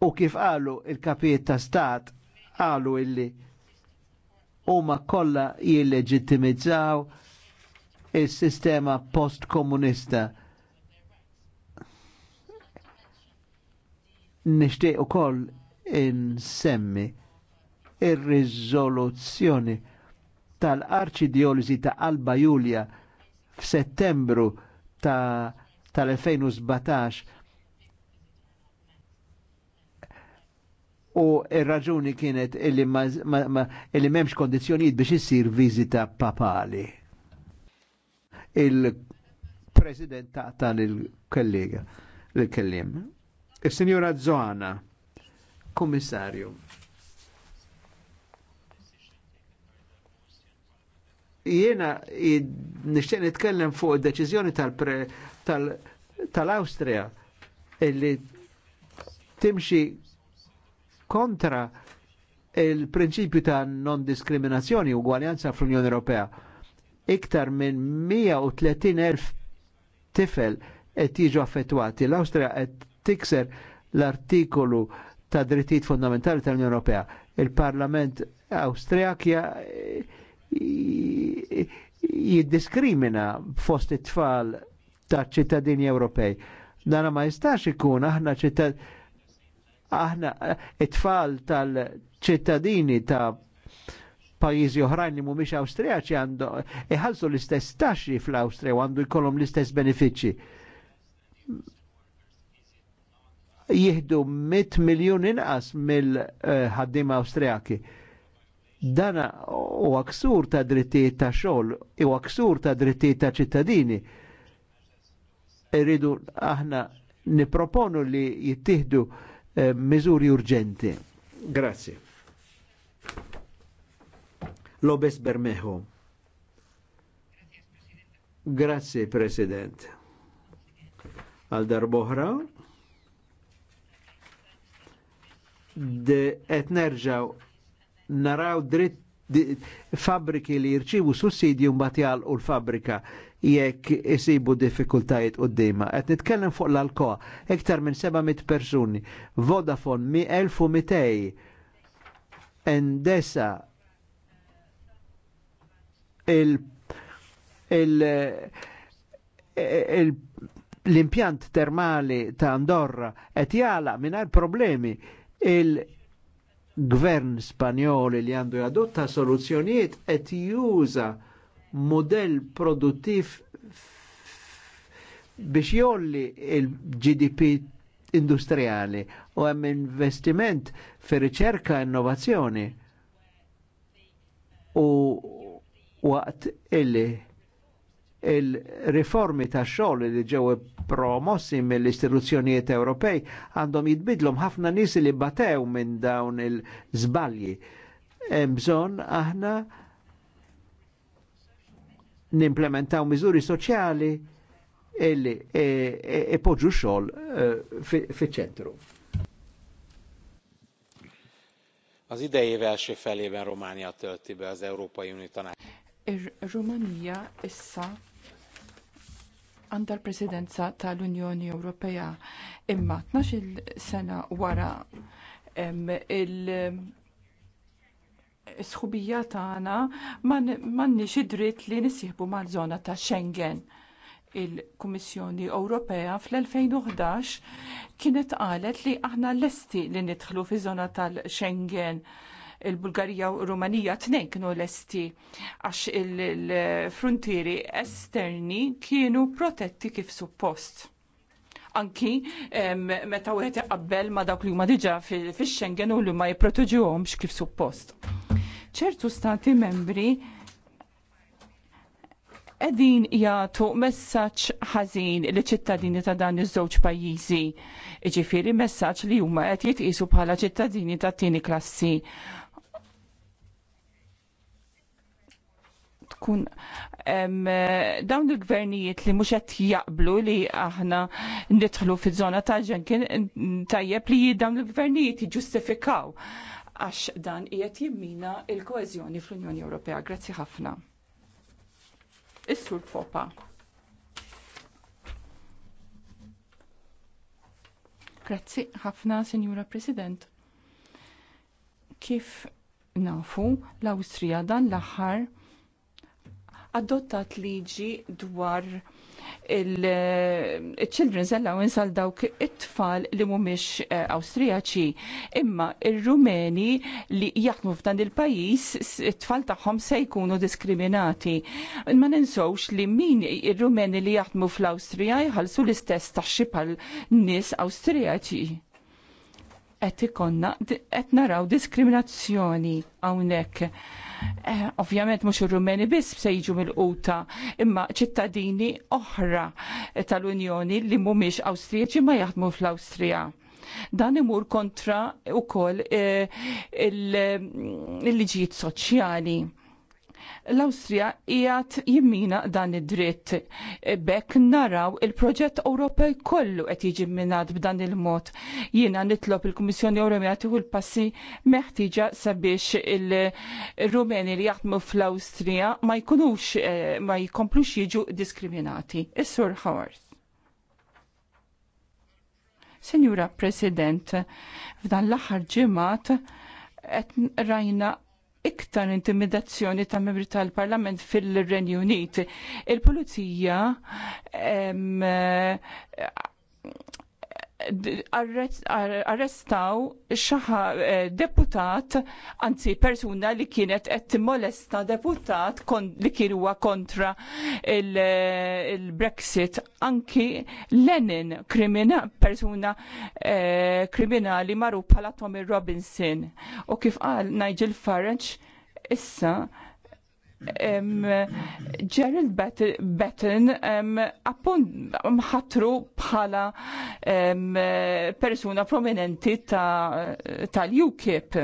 U kif qalu il-kapijiet ta' stat qalu illi huma kollha jilleġittimizzaw is-sistema post-komunista Nishtiq u koll insemmi ir-riżoluzzjoni tal-Arċidjoliżi ta' Alba Julia f'Settembru ta' tal-2017 u il raġuni kienet illi, ma, memx kondizjonijiet biex issir viżita papali. Il-president ta' tal-kelliga, il kellim il signora Zoana, Kommissarju. Jena nishtiq nitkellem fuq id-deċiżjoni tal-Awstrija tal li timxi kontra il-prinċipju ta' non-diskriminazzjoni u gwaljanza fl-Unjoni Ewropea. Iktar minn 130.000 tifel qed jiġu affettwati. L-Awstrija qed tikser l-artikolu ta' drittijiet fundamentali tal-Unjoni Ewropea. Il-Parlament Awstrijak jiddiskrimina fost it-tfal ta' ċittadini Ewropej. Dana ma jistax ikun aħna aħna it-tfal tal-ċittadini ta' pajizi oħrajn li mhumiex Awstrijaċi għandu iħallsu l-istess taxxi fl-Awstrija għandu jkollhom l-istess benefiċċji jihdu 100 miljon inqas mill-ħaddim Awstrijaki. Dana u aksur ta' drittijiet ta' xogħol, u aksur ta' drittijiet ta' ċittadini. Irridu aħna niproponu li jittihdu eh, miżuri urġenti. Grazie. Lobes Bermejo. Grazie, President. Għal darboħra, qed nerġaw naraw dritt fabriki li jirċivu sussidju mbagħad u l-fabrika jekk isibu diffikultajiet u d-dima. Et nitkellem fuq l-alkoa ektar minn 700 persuni, Vodafone 1200, Endesa l-impjant termali ta' Andorra et jala minna problemi Il-gvern Spanjol li għandu jadotta soluzzjonijiet et juża modell produttiv biex jolli il-GDP industriali u għem investiment fi riċerka e innovazzjoni u waqt illi il-riformi ta' xogħol li ġew promossi mill-istituzzjonijiet Ewropej għandhom jitbidlhom ħafna nies li batew minn dawn il-żbalji. Hemm bżonn aħna nimplementaw miżuri soċjali illi ipoġġu e, e, e xogħol fiċ-ċentru. Az idei év első felében Románia tölti be az Európai Unió tanács. Ir-Rumanija issa għandha l-Presidenza tal-Unjoni Ewropea imma 12 sena wara il- sħubija tagħna m'għandniex id-dritt li nisieħbu mal-żona ta' Schengen. Il-Kummissjoni Ewropea fl-2011 kienet qalet li aħna lesti li nidħlu fi żona tal-Schengen il-Bulgarija u Rumanija tnejn kienu lesti għax il-frontieri esterni kienu protetti kif suppost. Anki meta wieħed iqabbel ma dawk li huma diġà fix-Schengen u li ma jipproteġuhomx kif suppost. ċertu stati membri edin jgħatu messaċ ħażin li ċittadini ta' dan iż-żewġ pajjiżi. Iġifieri messaċ li huma qed jitqisu bħala ċittadini ta' tieni klassi tkun dawn il-gvernijiet li mhux qed jaqblu li aħna nidħlu fiż-żona ta' ġenkin tajjeb li dawn il-gvernijiet jiġġustifikaw għax dan qiegħed jimmina il-koeżjoni fl-Unjoni Ewropea. Grazzi ħafna. Is-sur Popa. Grazzi ħafna, Sinjura President. Kif nafu l-Awstrija dan l-aħħar adottat liġi dwar il-Children's Allowance għal dawk it-tfal li mhumiex eh, Awstrijaċi. Imma il rumeni li jaħdmu f'dan il-pajjiż it-tfal tagħhom se jkunu diskriminati. Ma ninsewx li min ir-Rumeni li jaħdmu fl-Awstrija jħallsu l-istess taxxi bħal nies Awstrijaċi. Qed ikonna qed naraw diskriminazzjoni hawnhekk Eh, ovvjament mhux ir-Rumeni biss se jiġu mill-quta, imma ċittadini oħra tal-Unjoni li mhumiex Awstrijaċi ma jaħdmu fl-Awstrija. Dan imur kontra wkoll eh, il-liġijiet soċjali l-Awstrija qiegħed jimmina dan id-dritt. Bekk naraw il-proġett Ewropej kollu qed jiġi minat b'dan il-mod. Jiena nitlob il-Kummissjoni Ewropea tieħu l-passi meħtieġa sabiex il-Rumeni li jaħdmu fl-Awstrija ma jkunux eh, ma jkomplux jiġu diskriminati. Is-Sur Howard. Senjura President, f'dan l-aħħar ġimgħat qed rajna iktar intimidazzjoni ta' membri tal-Parlament fil-Renju Unit. Il-Pulizija arrestaw xaħa eh, deputat, anzi persuna li kienet qed timolesta deputat li kien huwa kontra eh, il-Brexit. Anki Lenin, krimina, persuna eh, kriminali maru bħala Tommy Robinson. U kif qal Nigel Farage, issa Gerald Batten mħatru bħala persuna prominenti tal-UKIP.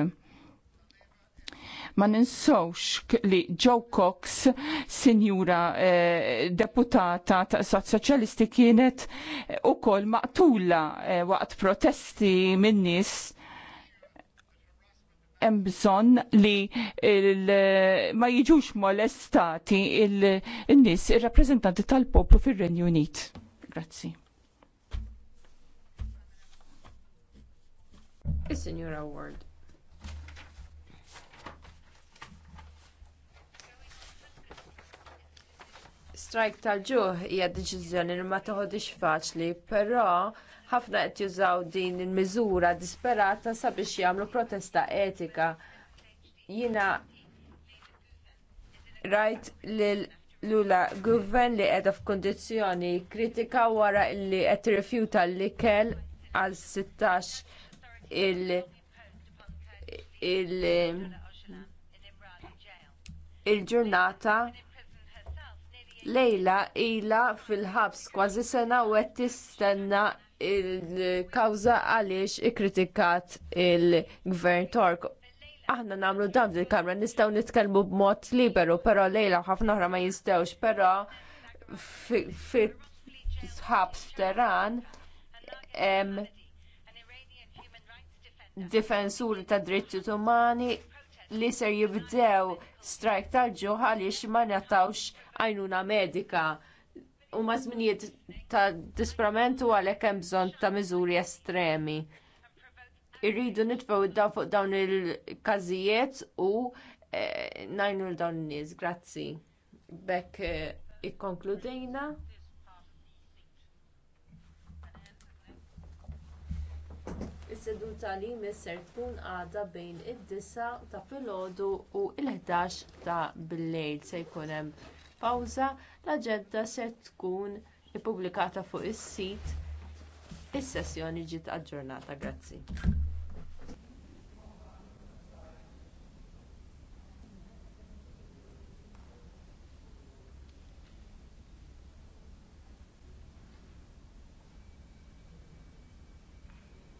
Ma ninsawx li Joe Cox, sinjura e, deputata ta' soċjalisti kienet ukoll maqtula e, waqt protesti minn nies hemm bżonn li ma jiġux molestati il-nies ir-rappreżentanti tal-poplu fir-Renju Unit. Grazzi. Is-Sinjura award. strajk tal-ġuħ hija deċiżjoni li ma toħodix faċli, però ħafna qed jużaw din il-miżura disperata sabiex jagħmlu protesta etika. Jiena rajt lil Lula Gvern li qiegħda f'kundizzjoni kritika wara li qed tirrifjuta l-ikel għal 16 il- il- il-ġurnata lejla ilha fil-ħabs kważi sena u qed tistenna il-kawza għaliex ikkritikat il-gvern Tork. Aħna namlu dan il kamra nistgħu nitkellmu b'mod liberu, però lejla ħafna ħra ma jistawx, però fit-sħab f'teran difensuri ta' dritti umani li ser jibdew strajk tal-ġuħ għaliex ma natawx għajnuna medika U ma żminijiet ta' u għalhekk hemm bżonn ta' miżuri estremi. Irridu nitfgħu id-daw fuq dawn il-każijiet u eh, ngħinu l dawn in-nies. Grazzi. Bekk eh, ikkonkludejna. Is-seduta li misser tkun għada bejn id disa ta' filgħodu u l-11 ta' billejl se jkun hemm f'pawża l-aġenda se tkun ippubblikata fuq is-sit is-sessjoni ġiet aġġornata grazzi